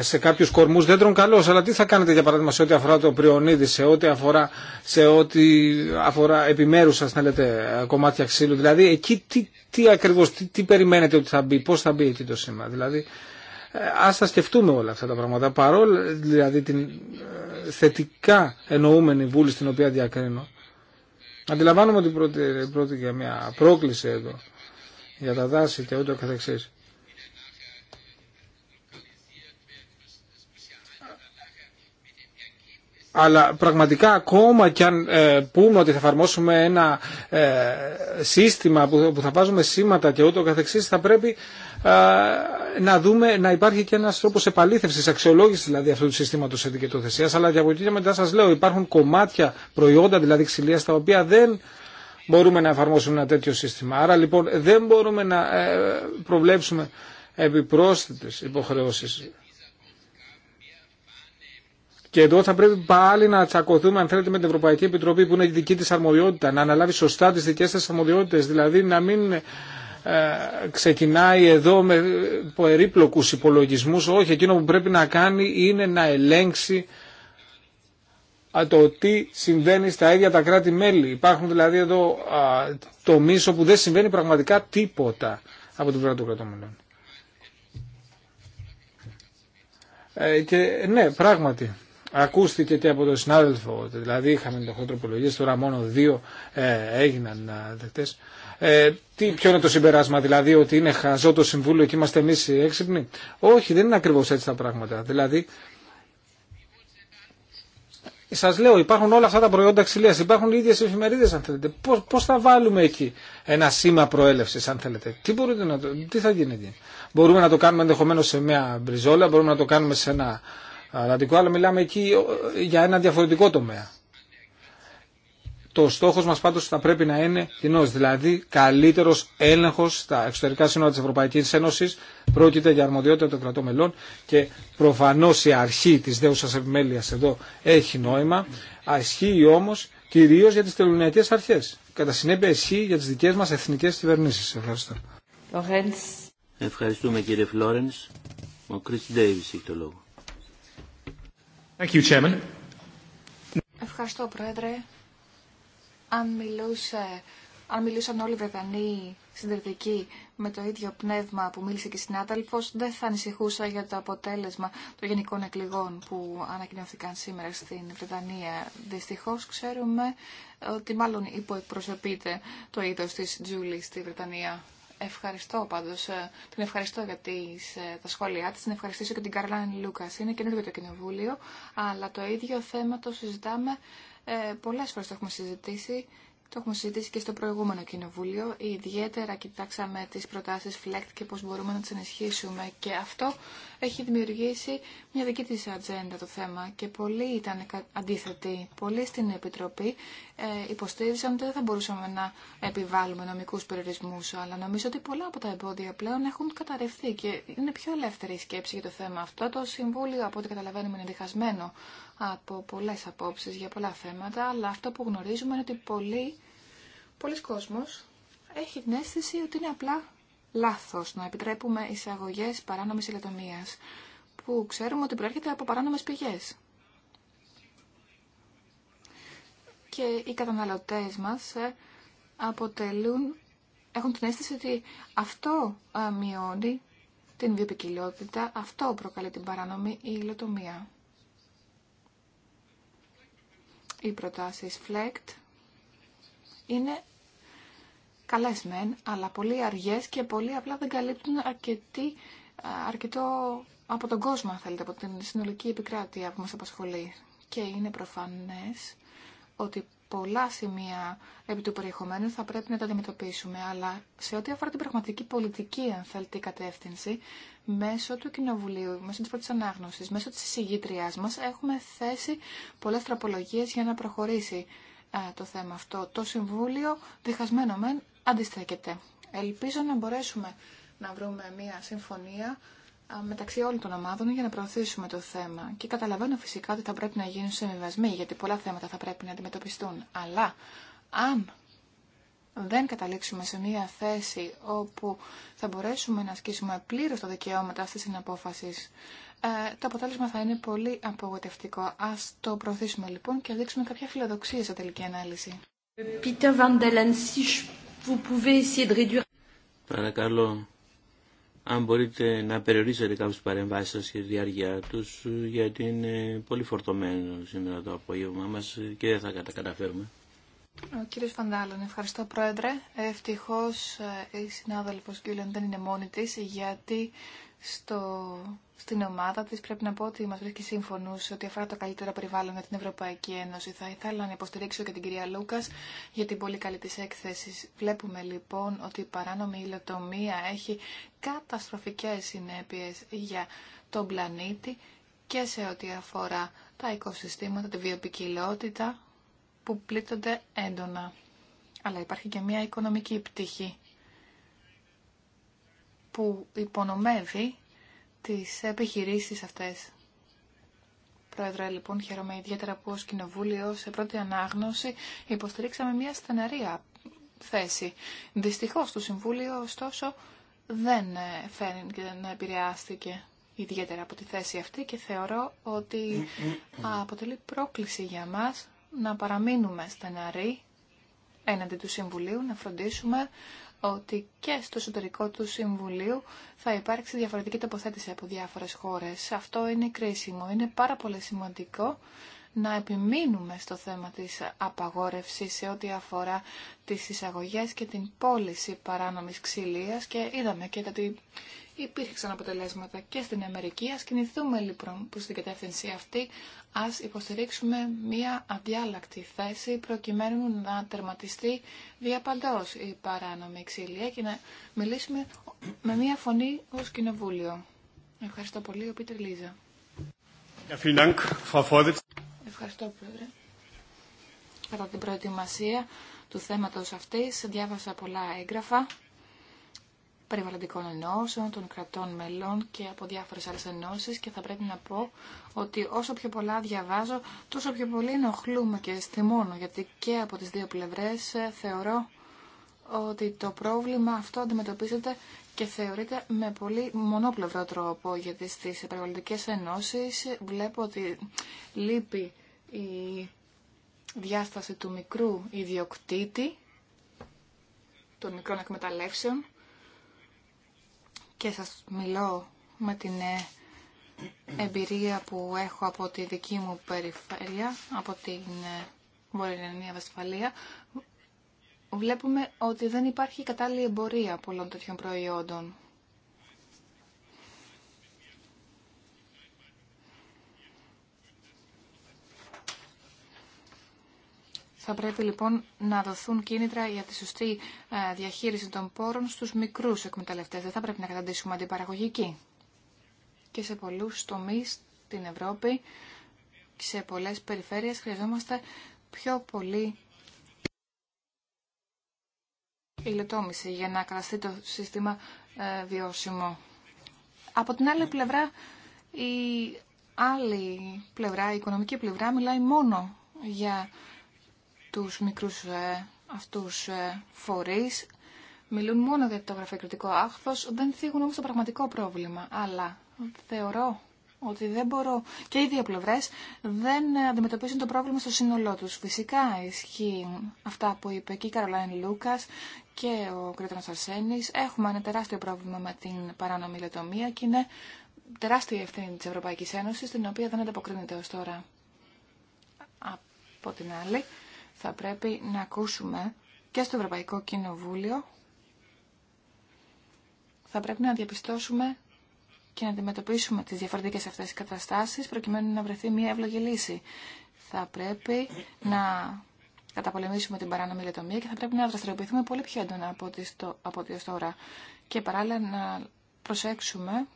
σε κάποιου κορμού δέντρων καλώ. Αλλά τι θα κάνετε για παράδειγμα σε ό,τι αφορά το πριονίδι, σε ό,τι αφορά, σε ό,τι αφορά επιμέρου, α λέτε, κομμάτια ξύλου. Δηλαδή εκεί τι, τι ακριβώ, τι, περιμένετε ότι θα μπει, πώ θα μπει εκεί το σήμα. Δηλαδή ε, α τα σκεφτούμε όλα αυτά τα πράγματα. Παρόλα δηλαδή την ε, θετικά εννοούμενη βούλη στην οποία διακρίνω. Αντιλαμβάνομαι ότι πρώτη για μια πρόκληση εδώ για τα δάση και ούτω καθεξής. Αλλά πραγματικά ακόμα κι αν ε, πούμε ότι θα εφαρμόσουμε ένα ε, σύστημα που θα βάζουμε σήματα και ούτω καθεξής θα πρέπει ε, να δούμε να υπάρχει και ένας τρόπος επαλήθευσης, αξιολόγησης δηλαδή αυτού του συστήματος ετικετοθεσίας. Αλλά από εκεί μετά σας λέω υπάρχουν κομμάτια προϊόντα δηλαδή ξυλία τα οποία δεν μπορούμε να εφαρμόσουμε ένα τέτοιο σύστημα. Άρα λοιπόν δεν μπορούμε να προβλέψουμε επιπρόσθετες υποχρεώσεις και εδώ θα πρέπει πάλι να τσακωθούμε, αν θέλετε, με την Ευρωπαϊκή Επιτροπή που είναι η δική τη αρμοδιότητα, να αναλάβει σωστά τι δικέ τη αρμοδιότητε. Δηλαδή να μην ε, ξεκινάει εδώ με περίπλοκου υπολογισμού. Όχι, εκείνο που πρέπει να κάνει είναι να ελέγξει το τι συμβαίνει στα ίδια τα κράτη-μέλη. Υπάρχουν δηλαδή εδώ τομεί όπου δεν συμβαίνει πραγματικά τίποτα από την πλευρά των κρατών ε, Και ναι, πράγματι ακούστηκε και από τον συνάδελφο ότι δηλαδή είχαμε το τροπολογίε, τώρα μόνο δύο ε, έγιναν ε, δεκτέ. Ε, τι, ποιο είναι το συμπεράσμα, δηλαδή ότι είναι χαζό το συμβούλιο και είμαστε εμεί οι έξυπνοι. Όχι, δεν είναι ακριβώ έτσι τα πράγματα. Δηλαδή, Σα λέω, υπάρχουν όλα αυτά τα προϊόντα ξυλία, υπάρχουν οι ίδιε εφημερίδε, αν θέλετε. Πώ θα βάλουμε εκεί ένα σήμα προέλευση, αν θέλετε. Τι, να τι θα γίνει εκεί. Μπορούμε να το κάνουμε ενδεχομένω σε μια μπριζόλα, μπορούμε να το κάνουμε σε ένα Ατλαντικό, αλλά μιλάμε εκεί ε, για ένα διαφορετικό τομέα. Το στόχο μα πάντω θα πρέπει να είναι κοινό, δηλαδή καλύτερο έλεγχο στα εξωτερικά σύνορα τη Ευρωπαϊκή Ένωση, Πρόκειται για αρμοδιότητα των κρατών μελών και προφανώ η αρχή τη δεούσα επιμέλεια εδώ έχει νόημα. Ασχύει όμω κυρίω για τι τελωνιακέ αρχέ. Κατά συνέπεια ισχύει για τι δικέ μα εθνικέ κυβερνήσει. Ευχαριστώ. Ευχαριστούμε κύριε Φλόρεν. Ο Chris Ντέιβι έχει το λόγο. Ευχαριστώ, Πρόεδρε. Αν, μιλούσε, αν μιλούσαν όλοι οι Βρετανοί συντηρητικοί με το ίδιο πνεύμα που μίλησε και η συνάδελφο, δεν θα ανησυχούσα για το αποτέλεσμα των γενικών εκλογών που ανακοινώθηκαν σήμερα στην Βρετανία. Δυστυχώ ξέρουμε ότι μάλλον υποεκπροσωπείται το είδο τη Τζούλη στη Βρετανία ευχαριστώ πάντως, ε, την ευχαριστώ για ε, τα σχόλιά της, την ευχαριστήσω και την Καρλάν Λούκας. Είναι καινούργιο το κοινοβούλιο, αλλά το ίδιο θέμα το συζητάμε ε, πολλές φορές το έχουμε συζητήσει. Το έχουμε και στο προηγούμενο κοινοβούλιο. Ιδιαίτερα κοιτάξαμε τις προτάσεις FLECT και πώς μπορούμε να τις ενισχύσουμε. Και αυτό έχει δημιουργήσει μια δική της ατζέντα το θέμα και πολλοί ήταν αντίθετοι. Πολλοί στην Επιτροπή ε, υποστήριζαν ότι δεν θα μπορούσαμε να επιβάλλουμε νομικούς περιορισμούς, αλλά νομίζω ότι πολλά από τα εμπόδια πλέον έχουν καταρρευθεί και είναι πιο ελεύθερη η σκέψη για το θέμα αυτό. Το Συμβούλιο, από ό,τι καταλαβαίνουμε, είναι διχασμένο από πολλές απόψεις για πολλά θέματα, αλλά αυτό που γνωρίζουμε είναι ότι πολλοί, πολλοί κόσμος έχει την αίσθηση ότι είναι απλά λάθος να επιτρέπουμε εισαγωγές παράνομης υλοτομία που ξέρουμε ότι προέρχεται από παράνομες πηγές. Και οι καταναλωτές μας ε, αποτελούν, έχουν την αίσθηση ότι αυτό ε, μειώνει την βιοπικιλότητα, αυτό προκαλεί την παράνομη ηλεκτρονία. Οι προτάσεις FLECT είναι καλές μεν, αλλά πολύ αργές και πολύ απλά δεν καλύπτουν αρκετή, αρκετό από τον κόσμο, αν θέλετε, από την συνολική επικράτεια που μας απασχολεί. Και είναι προφανές ότι πολλά σημεία επί του περιεχομένου θα πρέπει να τα αντιμετωπίσουμε, αλλά σε ό,τι αφορά την πραγματική πολιτική, αν θέλετε, κατεύθυνση, μέσω του Κοινοβουλίου, μέσω της πρώτης ανάγνωσης, μέσω της εισηγήτριάς μας, έχουμε θέσει πολλές τροπολογίες για να προχωρήσει το θέμα αυτό. Το Συμβούλιο, διχασμένο μεν, αντιστέκεται. Ελπίζω να μπορέσουμε να βρούμε μια συμφωνία μεταξύ όλων των ομάδων για να προωθήσουμε το θέμα. Και καταλαβαίνω φυσικά ότι θα πρέπει να γίνουν συμβιβασμοί, γιατί πολλά θέματα θα πρέπει να αντιμετωπιστούν. Αλλά αν δεν καταλήξουμε σε μια θέση όπου θα μπορέσουμε να ασκήσουμε πλήρως τα δικαιώματα στη συναπόφαση, ε, το αποτέλεσμα θα είναι πολύ απογοητευτικό. Ας το προωθήσουμε λοιπόν και δείξουμε κάποια φιλοδοξία σε τελική ανάλυση. Peter Van Delen, si Παρακαλώ, αν μπορείτε να περιορίσετε κάποιες παρεμβάσεις σας και τη διάρκεια τους, γιατί είναι πολύ φορτωμένο σήμερα το απόγευμα μας και δεν θα τα καταφέρουμε. Ο κύριος ευχαριστώ πρόεδρε. Ευτυχώς ε, η συνάδελφος Γκίλεν δεν είναι μόνη της, γιατί στο στην ομάδα της. Πρέπει να πω ότι μας βρίσκει σε ότι αφορά το καλύτερο περιβάλλον για την Ευρωπαϊκή Ένωση. Θα ήθελα να υποστηρίξω και την κυρία Λούκας για την πολύ καλή της έκθεση. Βλέπουμε λοιπόν ότι η παράνομη υλοτομία έχει καταστροφικές συνέπειες για τον πλανήτη και σε ό,τι αφορά τα οικοσυστήματα, τη βιοπικιλότητα που πλήττονται έντονα. Αλλά υπάρχει και μια οικονομική πτυχή που υπονομεύει τις επιχειρήσεις αυτές. Πρόεδρε, λοιπόν, χαίρομαι ιδιαίτερα που ως Κοινοβούλιο σε πρώτη ανάγνωση υποστηρίξαμε μια στεναρία θέση. Δυστυχώς το Συμβούλιο, ωστόσο, δεν ε, και δεν επηρεάστηκε ιδιαίτερα από τη θέση αυτή και θεωρώ ότι αποτελεί πρόκληση για μας να παραμείνουμε στεναροί έναντι του Συμβουλίου, να φροντίσουμε ότι και στο εσωτερικό του Συμβουλίου θα υπάρξει διαφορετική τοποθέτηση από διάφορες χώρες. Αυτό είναι κρίσιμο, είναι πάρα πολύ σημαντικό να επιμείνουμε στο θέμα της απαγόρευσης σε ό,τι αφορά τις εισαγωγές και την πώληση παράνομης ξυλίας και είδαμε και ότι υπήρξαν αποτελέσματα και στην Αμερική. Ας κινηθούμε λοιπόν προς την κατεύθυνση αυτή, ας υποστηρίξουμε μία αδιάλακτη θέση προκειμένου να τερματιστεί διαπαντός η παράνομη ξυλία και να μιλήσουμε με μία φωνή ως κοινοβούλιο. Ευχαριστώ πολύ, ο Πίτερ Λίζα. Ευχαριστώ, Πρόεδρε. Κατά την προετοιμασία του θέματος αυτής, διάβασα πολλά έγγραφα περιβαλλοντικών ενώσεων, των κρατών μελών και από διάφορες άλλες ενώσεις και θα πρέπει να πω ότι όσο πιο πολλά διαβάζω, τόσο πιο πολύ ενοχλούμε και θυμώνω, γιατί και από τις δύο πλευρές ε, θεωρώ ότι το πρόβλημα αυτό αντιμετωπίζεται και θεωρείται με πολύ μονόπλευρο τρόπο, γιατί στις περιβαλλοντικές ενώσεις βλέπω ότι λείπει η διάσταση του μικρού ιδιοκτήτη, των μικρών εκμεταλλεύσεων και σας μιλώ με την ε, εμπειρία που έχω από τη δική μου περιφέρεια, από την ε, Βορειοελληνία Βεσφαλία, βλέπουμε ότι δεν υπάρχει κατάλληλη εμπορία πολλών τέτοιων προϊόντων. Θα πρέπει λοιπόν να δοθούν κίνητρα για τη σωστή ε, διαχείριση των πόρων στους μικρούς εκμεταλλευτές. Δεν θα πρέπει να καταντήσουμε αντιπαραγωγική. Και σε πολλούς τομείς στην Ευρώπη, σε πολλές περιφέρειες χρειαζόμαστε πιο πολύ ηλετόμηση για να καταστεί το σύστημα ε, βιώσιμο. Από την άλλη πλευρά, η άλλη πλευρά, η οικονομική πλευρά, μιλάει μόνο για τους μικρούς ε, αυτούς ε, φορείς. Μιλούν μόνο για το γραφειοκριτικό άχθος, δεν θίγουν όμως το πραγματικό πρόβλημα. Αλλά θεωρώ ότι δεν μπορώ και οι δύο πλευρέ δεν αντιμετωπίζουν το πρόβλημα στο σύνολό του. Φυσικά ισχύουν αυτά που είπε και η Καρολάιν Λούκα και ο Κρήτονας Αρσένη. Έχουμε ένα τεράστιο πρόβλημα με την παράνομη λετομία και είναι τεράστια η ευθύνη τη Ευρωπαϊκή Ένωση, την οποία δεν ανταποκρίνεται ω τώρα. Από την άλλη, θα πρέπει να ακούσουμε και στο Ευρωπαϊκό Κοινοβούλιο, θα πρέπει να διαπιστώσουμε και να αντιμετωπίσουμε τις διαφορετικές αυτές τις καταστάσεις προκειμένου να βρεθεί μια εύλογη λύση. Θα πρέπει να καταπολεμήσουμε την παράνομη λετομία και θα πρέπει να δραστηριοποιηθούμε πολύ πιο έντονα από ό,τι, από ό,τι τώρα. Και παράλληλα να προσέξουμε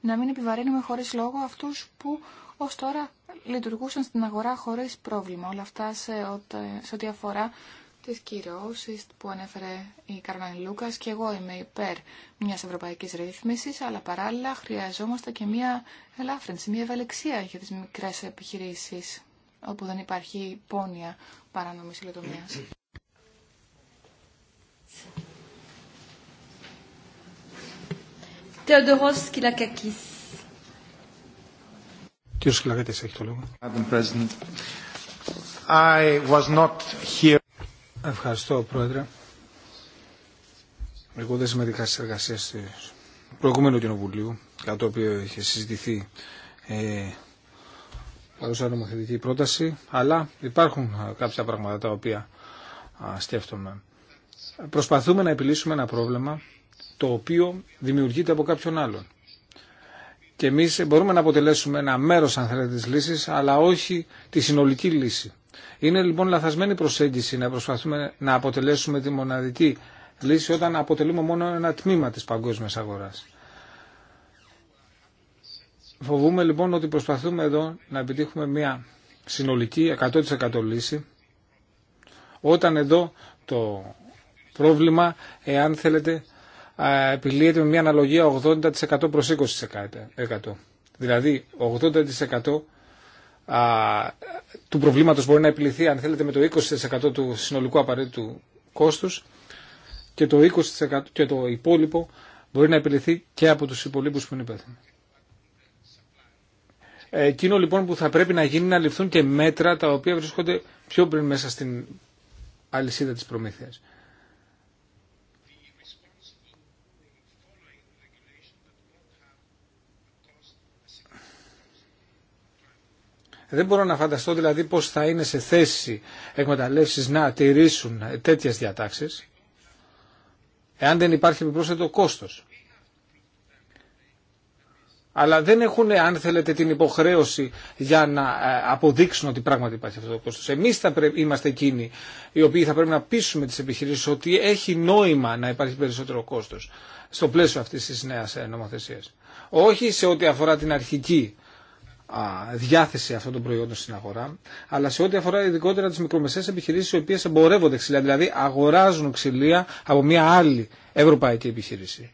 να μην επιβαρύνουμε χωρίς λόγο αυτούς που ω τώρα λειτουργούσαν στην αγορά χωρί πρόβλημα. Όλα αυτά σε ό,τι αφορά τι κυρώσει που ανέφερε η Καρβάνη Λούκα και εγώ είμαι υπέρ μιας ευρωπαϊκής ρύθμιση, αλλά παράλληλα χρειαζόμαστε και μια ελάφρυνση, μια ευελεξία για τις μικρές επιχειρήσεις, όπου δεν υπάρχει πόνοια παράνομης υλοτομίας. Κύριος έχει το λόγο. Ευχαριστώ, Πρόεδρε. Εγώ δεν συμμετείχα στις εργασίες του προηγούμενου Κοινοβουλίου, κατά το οποίο είχε συζητηθεί ε, παρούσα νομοθετική πρόταση, αλλά υπάρχουν ε, κάποια πράγματα τα οποία σκέφτομαι. Προσπαθούμε να επιλύσουμε ένα πρόβλημα το οποίο δημιουργείται από κάποιον άλλον και εμείς μπορούμε να αποτελέσουμε ένα μέρος αν θέλετε της λύσης αλλά όχι τη συνολική λύση. Είναι λοιπόν λαθασμένη προσέγγιση να προσπαθούμε να αποτελέσουμε τη μοναδική λύση όταν αποτελούμε μόνο ένα τμήμα της παγκόσμιας αγοράς. Φοβούμε λοιπόν ότι προσπαθούμε εδώ να επιτύχουμε μια συνολική 100% λύση όταν εδώ το πρόβλημα εάν θέλετε επιλύεται με μια αναλογία 80% προς 20%. Δηλαδή 80% του προβλήματος μπορεί να επιληθεί αν θέλετε με το 20% του συνολικού απαραίτητου κόστους και το, 20% και το υπόλοιπο μπορεί να επιληθεί και από τους υπολείπους που είναι υπεύθυνοι. Εκείνο λοιπόν που θα πρέπει να γίνει να ληφθούν και μέτρα τα οποία βρίσκονται πιο πριν μέσα στην αλυσίδα της προμήθειας. Δεν μπορώ να φανταστώ δηλαδή πώς θα είναι σε θέση εκμεταλλεύσεις να τηρήσουν τέτοιες διατάξεις εάν δεν υπάρχει επιπρόσθετο κόστος. Αλλά δεν έχουν, αν θέλετε, την υποχρέωση για να ε, αποδείξουν ότι πράγματι υπάρχει αυτό το κόστο. Εμεί θα είμαστε εκείνοι οι οποίοι θα πρέπει να πείσουμε τι επιχειρήσει ότι έχει νόημα να υπάρχει περισσότερο κόστο στο πλαίσιο αυτή τη νέα ε, νομοθεσία. Όχι σε ό,τι αφορά την αρχική διάθεση αυτών των προϊόντων στην αγορά, αλλά σε ό,τι αφορά ειδικότερα τι μικρομεσαίες επιχειρήσει οι οποίε εμπορεύονται ξυλία, δηλαδή αγοράζουν ξυλία από μια άλλη ευρωπαϊκή επιχείρηση.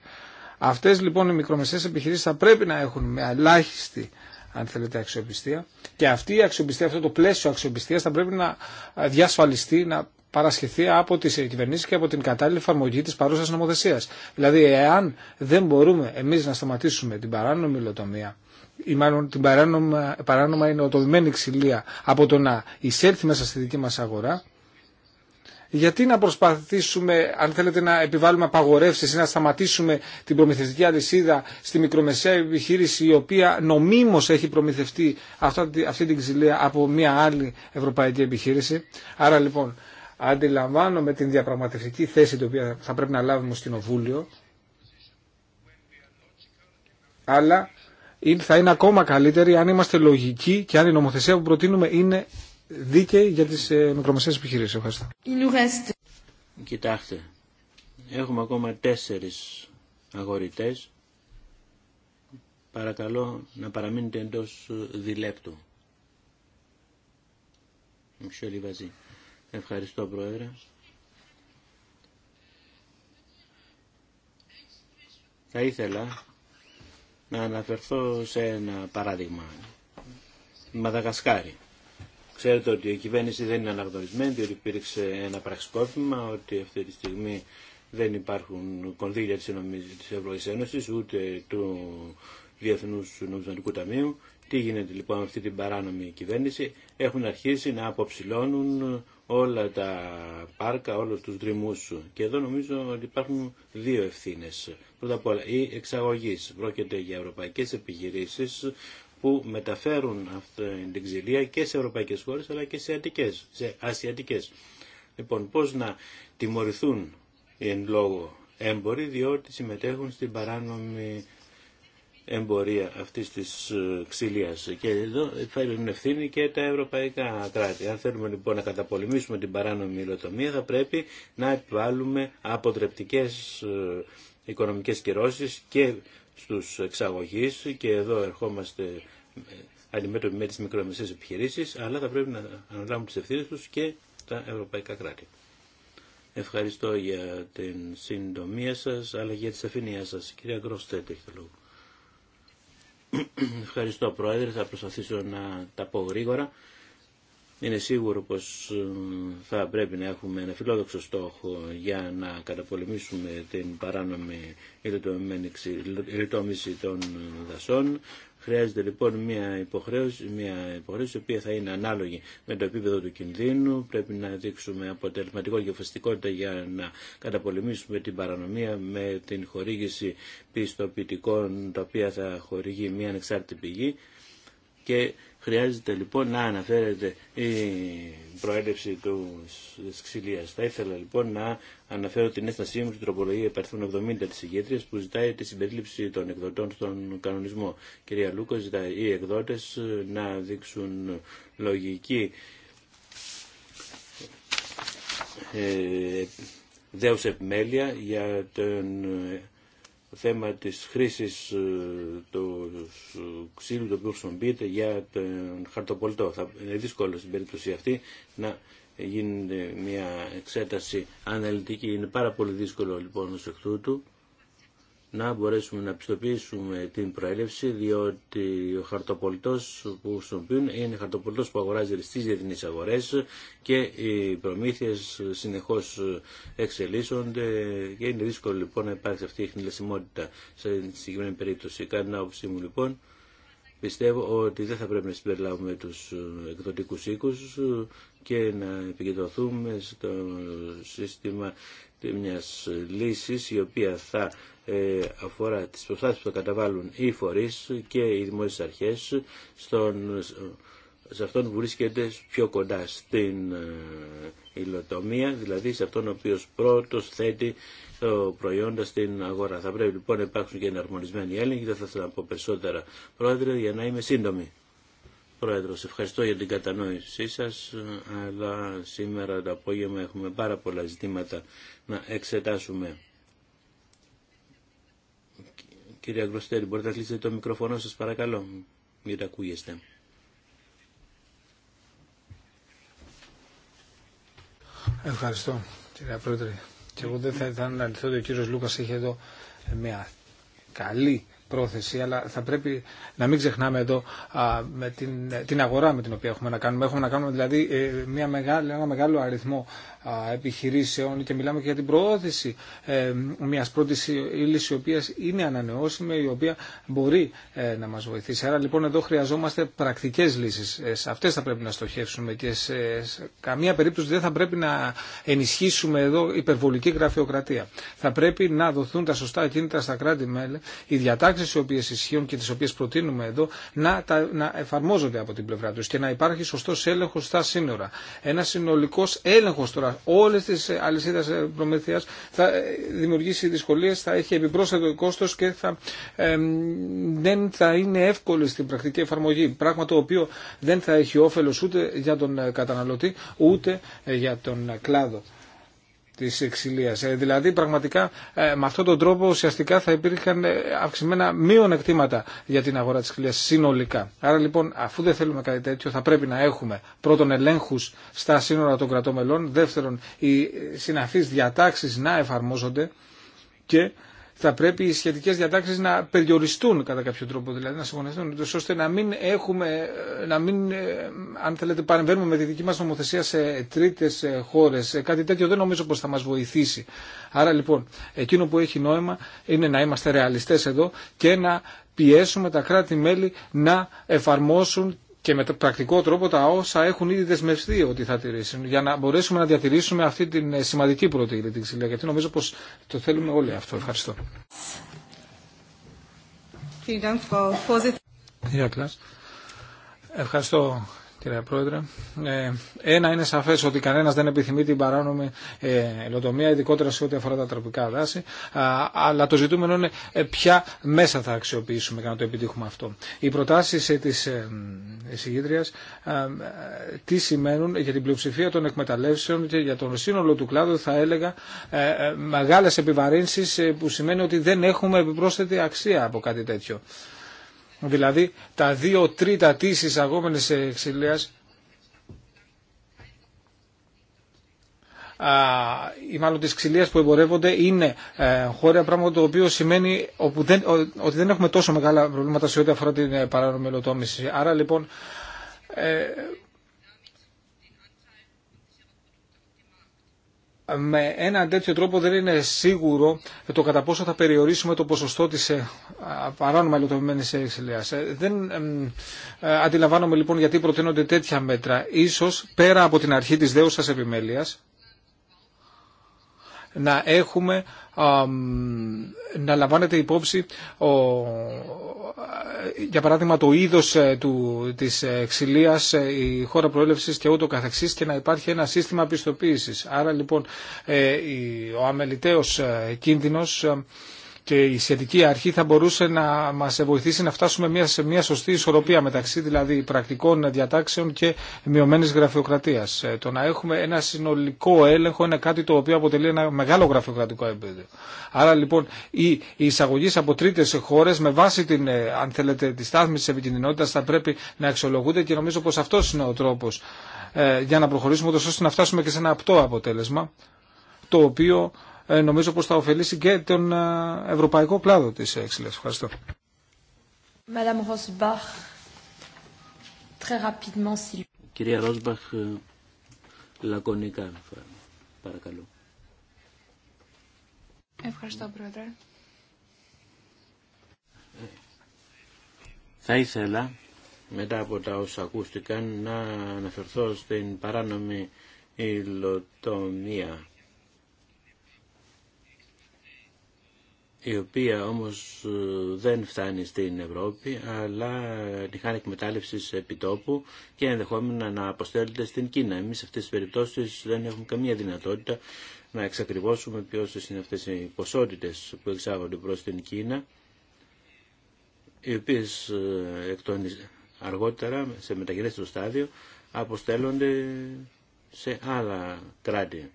Αυτέ λοιπόν οι μικρομεσαίες επιχειρήσει θα πρέπει να έχουν με ελάχιστη αν θέλετε αξιοπιστία και αυτή η αξιοπιστία, αυτό το πλαίσιο αξιοπιστίας θα πρέπει να διασφαλιστεί, να παρασχεθεί από τι κυβερνήσει και από την κατάλληλη εφαρμογή τη παρούσα νομοθεσία. Δηλαδή, εάν δεν μπορούμε εμεί να σταματήσουμε την παράνομη λοτομία, ή μάλλον την παράνομα, παράνομα ενοοτοβημένη ξυλία από το να εισέλθει μέσα στη δική μας αγορά, γιατί να προσπαθήσουμε, αν θέλετε, να επιβάλλουμε απαγορεύσεις ή να σταματήσουμε την προμηθευτική αλυσίδα στη μικρομεσαία επιχείρηση η οποία νομίμως έχει προμηθευτεί αυτή την ξυλία από μια άλλη ευρωπαϊκή επιχείρηση. Άρα λοιπόν, αντιλαμβάνομαι την διαπραγματευτική θέση την οποία θα πρέπει να λάβουμε στην Κοινοβούλιο, αλλά θα είναι ακόμα καλύτερη αν είμαστε λογικοί και αν η νομοθεσία που προτείνουμε είναι δίκαιη για τις ε, μικρομεσαίες επιχειρήσεις. Ευχαριστώ. Κοιτάξτε, έχουμε ακόμα τέσσερις αγορητές. Παρακαλώ να παραμείνετε εντός ε, διλέπτου. Ευχαριστώ Πρόεδρε. Θα ήθελα να αναφερθώ σε ένα παράδειγμα. Μαδαγασκάρη. Ξέρετε ότι η κυβέρνηση δεν είναι αναγνωρισμένη, ότι υπήρξε ένα πραξικόπημα, ότι αυτή τη στιγμή δεν υπάρχουν κονδύλια της, της Ευρωπαϊκής Ένωσης, ούτε του Διεθνούς Νομισματικού Ταμείου. Τι γίνεται λοιπόν με αυτή την παράνομη κυβέρνηση. Έχουν αρχίσει να αποψηλώνουν όλα τα πάρκα, όλους τους δρυμούς σου. Και εδώ νομίζω ότι υπάρχουν δύο ευθύνες. Πρώτα απ' όλα, οι εξαγωγής πρόκειται για ευρωπαϊκές επιχειρήσεις που μεταφέρουν αυτή την ξυλία και σε ευρωπαϊκές χώρες αλλά και σε, ατικές, σε ασιατικές. Λοιπόν, πώς να τιμωρηθούν εν λόγω έμποροι διότι συμμετέχουν στην παράνομη εμπορία αυτή τη ε, ξυλία. Και εδώ θα είναι ευθύνη και τα ευρωπαϊκά κράτη. Αν θέλουμε λοιπόν να καταπολεμήσουμε την παράνομη υλοτομία θα πρέπει να επιβάλλουμε αποτρεπτικέ ε, οικονομικέ κυρώσει και στου εξαγωγεί και εδώ ερχόμαστε ε, αντιμέτωποι με τι μικρομεσαίε επιχειρήσει, αλλά θα πρέπει να αναλάβουν τι ευθύνε του και τα ευρωπαϊκά κράτη. Ευχαριστώ για την συντομία σας αλλά για τη σαφήνειά σας. Κυρία Γκρόστετ έχει λόγο. Ευχαριστώ Πρόεδρε, θα προσπαθήσω να τα πω γρήγορα. Είναι σίγουρο πως ε, θα πρέπει να έχουμε ένα φιλόδοξο στόχο για να καταπολεμήσουμε την παράνομη λιτόμηση των ε, δασών. Χρειάζεται λοιπόν μια υποχρέωση, μια υποχρέωση η οποία θα είναι ανάλογη με το επίπεδο του κινδύνου. Πρέπει να δείξουμε αποτελεσματικό και φαστικότητα για να καταπολεμήσουμε την παρανομία με την χορήγηση πιστοποιητικών τα οποία θα χορηγεί μια ανεξάρτητη πηγή. Και Χρειάζεται λοιπόν να αναφέρεται η προέλευση του ξυλίας. Θα ήθελα λοιπόν να αναφέρω την έστασή μου στην τροπολογία υπερθούν 70 τη ηγέτρια που ζητάει τη συμπερίληψη των εκδοτών στον κανονισμό. Κυρία Λούκο ζητάει οι εκδότε να δείξουν λογική ε, ε, δέους επιμέλεια για τον θέμα της χρήσης ε, του ε, ξύλου το οποίο χρησιμοποιείται για τον χαρτοπολτό. Θα είναι δύσκολο στην περίπτωση αυτή να γίνει μια εξέταση αναλυτική. Είναι πάρα πολύ δύσκολο λοιπόν ως εκ τούτου να μπορέσουμε να πιστοποιήσουμε την προέλευση, διότι ο χαρτοπολιτός που χρησιμοποιούν είναι χαρτοπολιτός που αγοράζει στις διεθνείς αγορές και οι προμήθειες συνεχώς εξελίσσονται και είναι δύσκολο λοιπόν να υπάρξει αυτή η χνηλεσιμότητα σε συγκεκριμένη περίπτωση. Κάνει άποψή μου λοιπόν. Πιστεύω ότι δεν θα πρέπει να συμπεριλάβουμε τους εκδοτικούς οίκους και να επικεντρωθούμε στο σύστημα μιας λύσης η οποία θα ε, αφορά τις προσπάθειες που θα καταβάλουν οι φορείς και οι δημόσιες αρχές στον, σε αυτόν που βρίσκεται πιο κοντά στην ε, υλοτομία, δηλαδή σε αυτόν ο οποίος πρώτος θέτει το προϊόντα στην αγορά. Θα πρέπει λοιπόν να υπάρξουν και εναρμονισμένοι έλεγχοι, δεν θα ήθελα να πω περισσότερα πρόεδρε για να είμαι σύντομη. Πρόεδρος, ευχαριστώ για την κατανόησή σας, αλλά σήμερα το απόγευμα έχουμε πάρα πολλά ζητήματα να εξετάσουμε. Κύριε Αγκροστέρη, μπορείτε να κλείσετε το μικροφωνό σας παρακαλώ, μην ακούγεστε. Ευχαριστώ κύριε Πρόεδρε. Και εγώ δεν θα ήθελα να αναλυθώ ότι ο κύριος Λούκας είχε εδώ μια καλή πρόθεση, αλλά θα πρέπει να μην ξεχνάμε εδώ με την, την αγορά με την οποία έχουμε να κάνουμε. Έχουμε να κάνουμε δηλαδή ε, μια μεγάλη, ένα μεγάλο αριθμό επιχειρήσεων και μιλάμε και για την προώθηση ε, μιας πρώτης ύλης η οποία είναι ανανεώσιμη, η οποία μπορεί ε, να μας βοηθήσει. Άρα λοιπόν εδώ χρειαζόμαστε πρακτικές λύσεις. Ε, σε αυτές θα πρέπει να στοχεύσουμε και σε καμία περίπτωση δεν θα πρέπει να ενισχύσουμε εδώ υπερβολική γραφειοκρατία. Θα πρέπει να δοθούν τα σωστά κίνητρα στα κράτη-μέλη, οι διατάξεις οι οποίες ισχύουν και τις οποίες προτείνουμε εδώ να, να εφαρμόζονται από την πλευρά τους και να υπάρχει σωστός έλεγχος στα σύνορα. Ένα συνολικός έλεγχος τώρα όλε τι αλυσίδε ε, προμηθεία, θα ε, δημιουργήσει δυσκολίε, θα έχει επιπρόσθετο κόστο και θα, δεν θα είναι εύκολη στην πρακτική εφαρμογή. Πράγμα το οποίο δεν θα έχει όφελο ούτε για τον ε, καταναλωτή, ούτε για τον κλάδο της εξηλίας. Ε, δηλαδή πραγματικά ε, με αυτόν τον τρόπο ουσιαστικά θα υπήρχαν ε, αυξημένα μείον εκτήματα για την αγορά της εξηλίας συνολικά. Άρα λοιπόν αφού δεν θέλουμε κάτι τέτοιο θα πρέπει να έχουμε πρώτον ελέγχους στα σύνορα των κρατών μελών, δεύτερον οι συναφεί διατάξει να εφαρμόζονται και θα πρέπει οι σχετικέ διατάξει να περιοριστούν κατά κάποιο τρόπο, δηλαδή να συγχωνευτούν, ώστε να μην έχουμε, να μην, ε, αν θέλετε, παρεμβαίνουμε με τη δική μα νομοθεσία σε τρίτε χώρε. Ε, κάτι τέτοιο δεν νομίζω πω θα μα βοηθήσει. Άρα λοιπόν, εκείνο που έχει νόημα είναι να είμαστε ρεαλιστέ εδώ και να πιέσουμε τα κράτη-μέλη να εφαρμόσουν και με το πρακτικό τρόπο τα όσα έχουν ήδη δεσμευτεί ότι θα τηρήσουν για να μπορέσουμε να διατηρήσουμε αυτή την ε, σημαντική πρώτη την ξυλία γιατί νομίζω πως το θέλουμε όλοι αυτό. Ευχαριστώ. Ευχαριστώ κύριε Πρόεδρε. Ε, ένα είναι σαφές ότι κανένας δεν επιθυμεί την παράνομη ελοτομία, ειδικότερα σε ό,τι αφορά τα τροπικά δάση, αλλά το ζητούμενο είναι ε, ποια μέσα θα αξιοποιήσουμε για να το επιτύχουμε αυτό. Οι προτάσεις ε, της ε, εισηγήτριας τι σημαίνουν για την πλειοψηφία των εκμεταλλεύσεων και για τον σύνολο του κλάδου θα έλεγα μεγάλες επιβαρύνσεις που σημαίνει ότι δεν έχουμε επιπρόσθετη αξία από κάτι τέτοιο. Δηλαδή τα δύο τρίτα της εισαγόμενης ξυλίας ή μάλλον της ξυλίας που εμπορεύονται είναι ε, χώρια πράγμα το οποίο σημαίνει ότι δεν έχουμε τόσο μεγάλα προβλήματα σε ό,τι αφορά την ε, παρανομελοτόμηση. Άρα λοιπόν ε, με έναν τέτοιο τρόπο δεν είναι σίγουρο το κατά πόσο θα περιορίσουμε το ποσοστό της ε, παράνομα υλοτομημένης εξηλίας. Ε, δεν ε, αντιλαμβάνομαι λοιπόν γιατί προτείνονται τέτοια μέτρα. Ίσως πέρα από την αρχή της δέουσας επιμέλειας να έχουμε να λαμβάνεται υπόψη ο, για παράδειγμα το είδος ε, του, της ε, ξυλίας, ε, η χώρα προέλευσης και ούτω καθεξής και να υπάρχει ένα σύστημα πιστοποίησης. Άρα λοιπόν ο αμεληταίος κίνδυνος και η σχετική αρχή θα μπορούσε να μα βοηθήσει να φτάσουμε μια, σε μια σωστή ισορροπία μεταξύ δηλαδή πρακτικών διατάξεων και μειωμένης γραφειοκρατίας. Ε, το να έχουμε ένα συνολικό έλεγχο είναι κάτι το οποίο αποτελεί ένα μεγάλο γραφειοκρατικό επίπεδο. Άρα λοιπόν η εισαγωγή από τρίτε χώρε με βάση την, ε, αν θέλετε, τη στάθμη τη επικοινωνία θα πρέπει να αξιολογούνται και νομίζω πω αυτό είναι ο τρόπος ε, για να προχωρήσουμε ώστε να φτάσουμε και σε ένα απτό αποτέλεσμα το οποίο ε, νομίζω πως θα ωφελήσει και τον ε, ευρωπαϊκό κλάδο της ξυλίας. Ευχαριστώ. Κυρία Ρόσμπαχ, ε, λακωνικά, παρακαλώ. Ευχαριστώ, Πρόεδρε. Θα ήθελα, μετά από τα όσα ακούστηκαν, να αναφερθώ στην παράνομη υλοτομία η οποία όμως ε, δεν φτάνει στην Ευρώπη, αλλά τη εκμετάλλευση εκμετάλλευσης επιτόπου και ενδεχόμενα να αποστέλλεται στην Κίνα. Εμείς σε αυτές τις περιπτώσεις δεν έχουμε καμία δυνατότητα να εξακριβώσουμε ποιες είναι αυτές οι ποσότητες που εξάγονται προς την Κίνα, οι οποίες ε, αργότερα, σε μεταγενέστερο στάδιο, αποστέλλονται σε άλλα κράτη.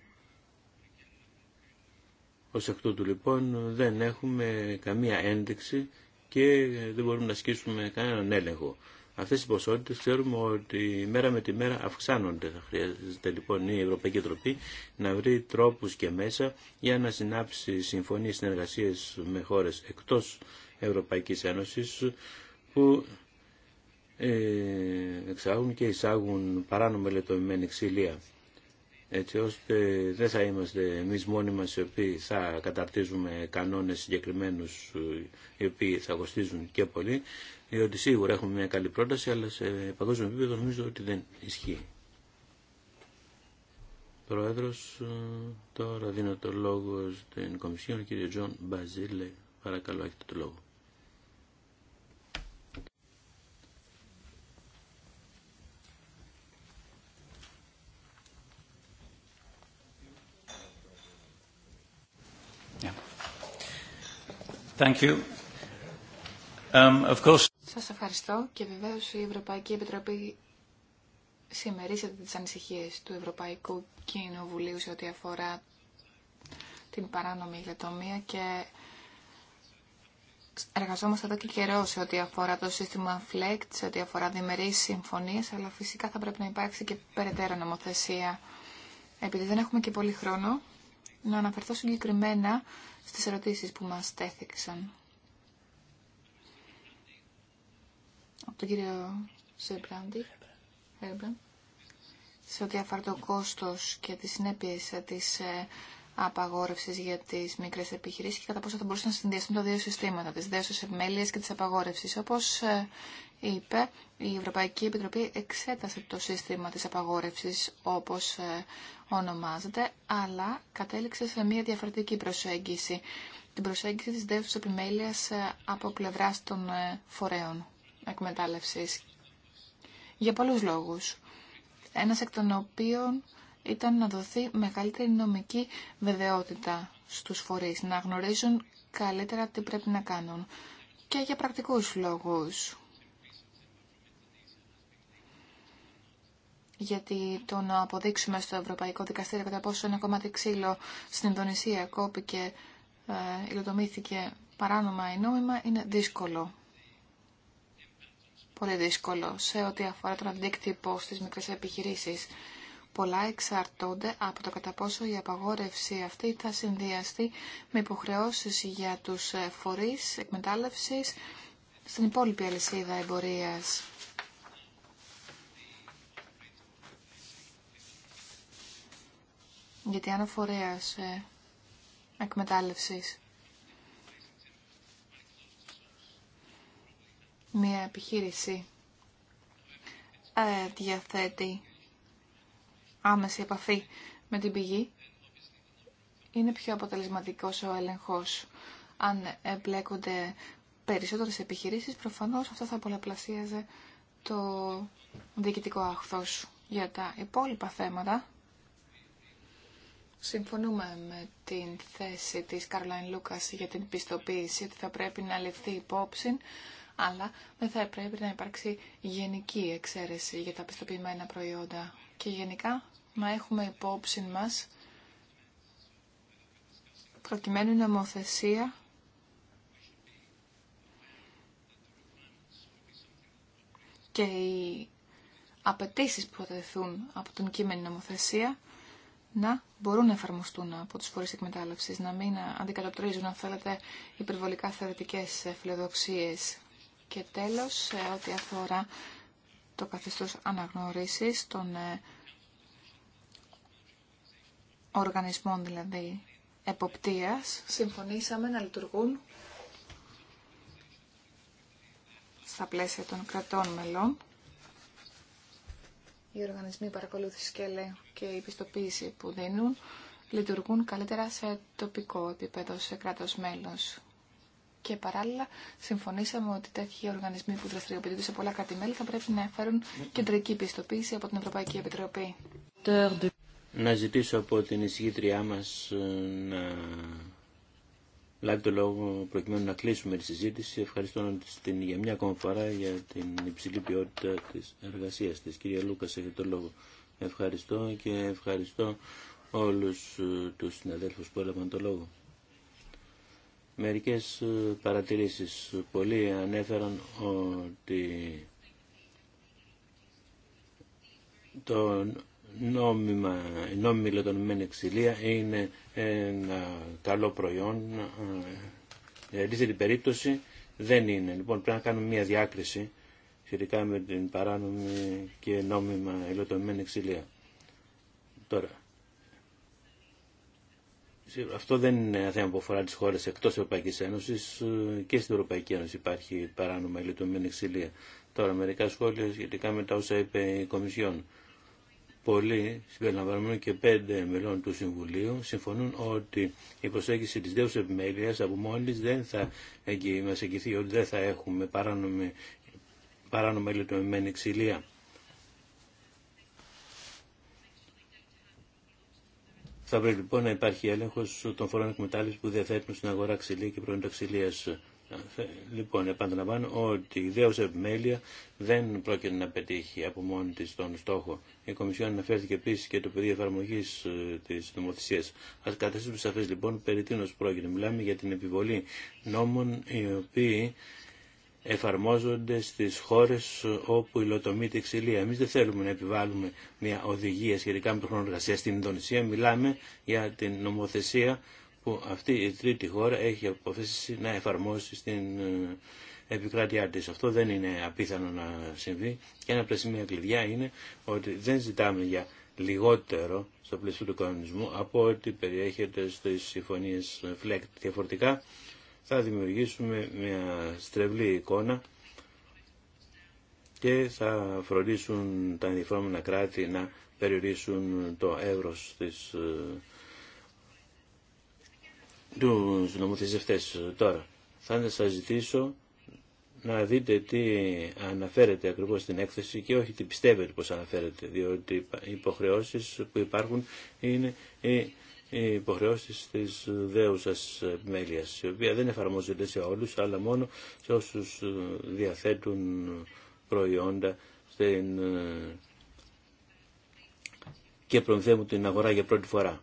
Ως εκ τούτου λοιπόν δεν έχουμε καμία ένδειξη και δεν μπορούμε να ασκήσουμε κανέναν έλεγχο. Αυτές οι ποσότητες ξέρουμε ότι μέρα με τη μέρα αυξάνονται. Θα χρειάζεται λοιπόν η Ευρωπαϊκή Τροπή να βρει τρόπους και μέσα για να συνάψει συμφωνίες συνεργασίες με χώρες εκτός Ευρωπαϊκής Ένωσης που ε, εξάγουν και εισάγουν παράνομο λετωμένη ξυλία έτσι ώστε δεν θα είμαστε εμείς μόνοι μας οι οποίοι θα καταρτίζουμε κανόνες συγκεκριμένους οι οποίοι θα κοστίζουν και πολύ διότι σίγουρα έχουμε μια καλή πρόταση αλλά σε παγκόσμιο επίπεδο νομίζω ότι δεν ισχύει. Πρόεδρος, ε, τώρα δίνω το λόγο στην Κομισιόν, κύριε Τζον Μπαζίλε, παρακαλώ έχετε το λόγο. Thank um, Σας ευχαριστώ και βεβαίως η Ευρωπαϊκή Επιτροπή συμμερίζεται τις ανησυχίες του Ευρωπαϊκού Κοινοβουλίου σε ό,τι αφορά την παράνομη υλοτομία και εργαζόμαστε εδώ και καιρό σε ό,τι αφορά το σύστημα FLECT, σε ό,τι αφορά διμερείς συμφωνίες, αλλά φυσικά θα πρέπει να υπάρξει και περαιτέρω νομοθεσία. Επειδή δεν έχουμε και πολύ χρόνο, να αναφερθώ συγκεκριμένα στις ερωτήσεις που μας τέθηκαν. Από τον κύριο Σεμπράντη, σε ό,τι αφορά το κόστος και τις συνέπειες ε, της ε, απαγόρευσης για τις μικρές επιχειρήσεις και κατά πόσο θα μπορούσαν να συνδυαστούν τα δύο συστήματα, τις δέωσες επιμέλειας και τις απαγόρευσης. Όπως ε, είπε η Ευρωπαϊκή Επιτροπή εξέτασε το σύστημα της απαγόρευσης όπως ε, ονομάζεται, αλλά κατέληξε σε μια διαφορετική προσέγγιση, την προσέγγιση της δεύτερης επιμέλειας ε, από πλευράς των ε, φορέων εκμετάλλευσης. Για πολλούς λόγους. Ένας εκ των οποίων ήταν να δοθεί μεγαλύτερη νομική βεβαιότητα στους φορείς, να γνωρίζουν καλύτερα τι πρέπει να κάνουν. Και για πρακτικούς λόγους γιατί το να αποδείξουμε στο Ευρωπαϊκό Δικαστήριο κατά πόσο ένα κομμάτι ξύλο στην Ινδονησία κόπηκε, ε, υλοτομήθηκε παράνομα ή νόμιμα είναι δύσκολο. Πολύ δύσκολο σε ό,τι αφορά τον αντίκτυπο στις μικρές επιχειρήσεις. Πολλά εξαρτώνται από το κατά πόσο η απαγόρευση αυτή θα συνδυαστεί με υποχρεώσεις για τους ε, φορείς εκμετάλλευσης στην υπόλοιπη αλυσίδα εμπορίας. Γιατί αν ο ε, εκμετάλλευσης μια επιχείρηση ε, διαθέτει άμεση επαφή με την πηγή, είναι πιο αποτελεσματικός ο έλεγχος. Αν εμπλέκονται περισσότερες επιχειρήσεις, προφανώς αυτό θα πολλαπλασίαζε το διοικητικό άχθος για τα υπόλοιπα θέματα. Συμφωνούμε με την θέση της Καρλάιν Λούκας για την πιστοποίηση ότι θα πρέπει να ληφθεί υπόψη, αλλά δεν θα πρέπει να υπάρξει γενική εξαίρεση για τα πιστοποιημένα προϊόντα. Και γενικά να έχουμε υπόψη μας προκειμένου νομοθεσία και οι απαιτήσει που θα από την κείμενη νομοθεσία να μπορούν να εφαρμοστούν από τους φορείς εκμετάλλευσης, να μην αντικατοπτρίζουν, αν θέλετε, υπερβολικά θεωρητικές ε, φιλοδοξίες. Και τέλος, σε ό,τι αφορά το καθεστώς αναγνωρίση των ε, οργανισμών, δηλαδή εποπτείας, συμφωνήσαμε να λειτουργούν στα πλαίσια των κρατών μελών οι οργανισμοί παρακολούθησης και ελέγχου και η πιστοποίηση που δίνουν λειτουργούν καλύτερα σε τοπικό επίπεδο, σε κράτος μέλος. Και παράλληλα, συμφωνήσαμε ότι τέτοιοι οργανισμοί που δραστηριοποιούνται σε πολλά κράτη-μέλη θα πρέπει να φέρουν κεντρική πιστοποίηση από την Ευρωπαϊκή Επιτροπή. Να ζητήσω από την εισηγήτριά μας ε, να λάβει το λόγο προκειμένου να κλείσουμε τη συζήτηση. Ευχαριστώ την, για μια ακόμα φορά για την υψηλή ποιότητα της εργασίας της. Κυρία Λούκας, έχετε το λόγο. Ευχαριστώ και ευχαριστώ όλους ε, τους συναδέλφους που έλαβαν το λόγο. Μερικές ε, παρατηρήσεις. Πολλοί ανέφεραν ότι τον νόμιμα, νόμιμη ηλεκτρονημένη ξυλία είναι ένα καλό προϊόν. Εντίθετη ε, την περίπτωση δεν είναι. Λοιπόν, πρέπει να κάνουμε μια διάκριση σχετικά με την παράνομη και νόμιμα ηλεκτρονημένη εξηλεία. Τώρα, αυτό δεν είναι θέμα που αφορά τι χώρε εκτό Ευρωπαϊκή Ένωση. Ε, και στην Ευρωπαϊκή Ένωση υπάρχει παράνομα ηλεκτρονημένη ξυλία. Τώρα, μερικά σχόλια σχετικά με τα όσα είπε η Κομισιόν πολλοί, συμπεριλαμβανομένοι και πέντε μελών του Συμβουλίου, συμφωνούν ότι η προσέγγιση της δεύτερης επιμέλειας από μόνη δεν θα μας εγγυθεί ότι δεν θα έχουμε παράνομη, παράνομη λειτουργημένη ξυλία. Θα πρέπει λοιπόν να υπάρχει έλεγχος των φορών εκμετάλλευσης που διαθέτουν στην αγορά ξυλία και προϊόντα ξυλία. Ε, λοιπόν, επαναλαμβάνω ότι η ω επιμέλεια δεν πρόκειται να πετύχει από μόνη τη τον στόχο. Η Κομισιόν αναφέρθηκε επίση και το πεδίο εφαρμογή ε, τη νομοθεσία. Α καθέσουμε σαφέ λοιπόν περί τίνο πρόκειται. Μιλάμε για την επιβολή νόμων οι οποίοι εφαρμόζονται στις χώρες όπου υλοτομείται η ξυλία. Εμείς δεν θέλουμε να επιβάλλουμε μια οδηγία σχετικά με το χρόνο εργασία στην Ινδονησία. Μιλάμε για την νομοθεσία που αυτή η τρίτη χώρα έχει αποφασίσει να εφαρμόσει στην ε, επικράτειά της. Αυτό δεν είναι απίθανο να συμβεί και ένα από τα κλειδιά είναι ότι δεν ζητάμε για λιγότερο στο πλαίσιο του κανονισμού από ό,τι περιέχεται στις συμφωνίες Φλέκ. Διαφορετικά θα δημιουργήσουμε μια στρεβλή εικόνα και θα φροντίσουν τα ενδιαφερόμενα κράτη να περιορίσουν το εύρος της ε, τους νομοθεσιευτές τώρα. Θα σας ζητήσω να δείτε τι αναφέρεται ακριβώς στην έκθεση και όχι τι πιστεύετε πως αναφέρεται, διότι οι υποχρεώσεις που υπάρχουν είναι οι υποχρεώσεις της δέουσας επιμέλειας, η οποία δεν εφαρμόζεται σε όλους, αλλά μόνο σε όσους διαθέτουν προϊόντα στην... και προμηθεύουν την αγορά για πρώτη φορά.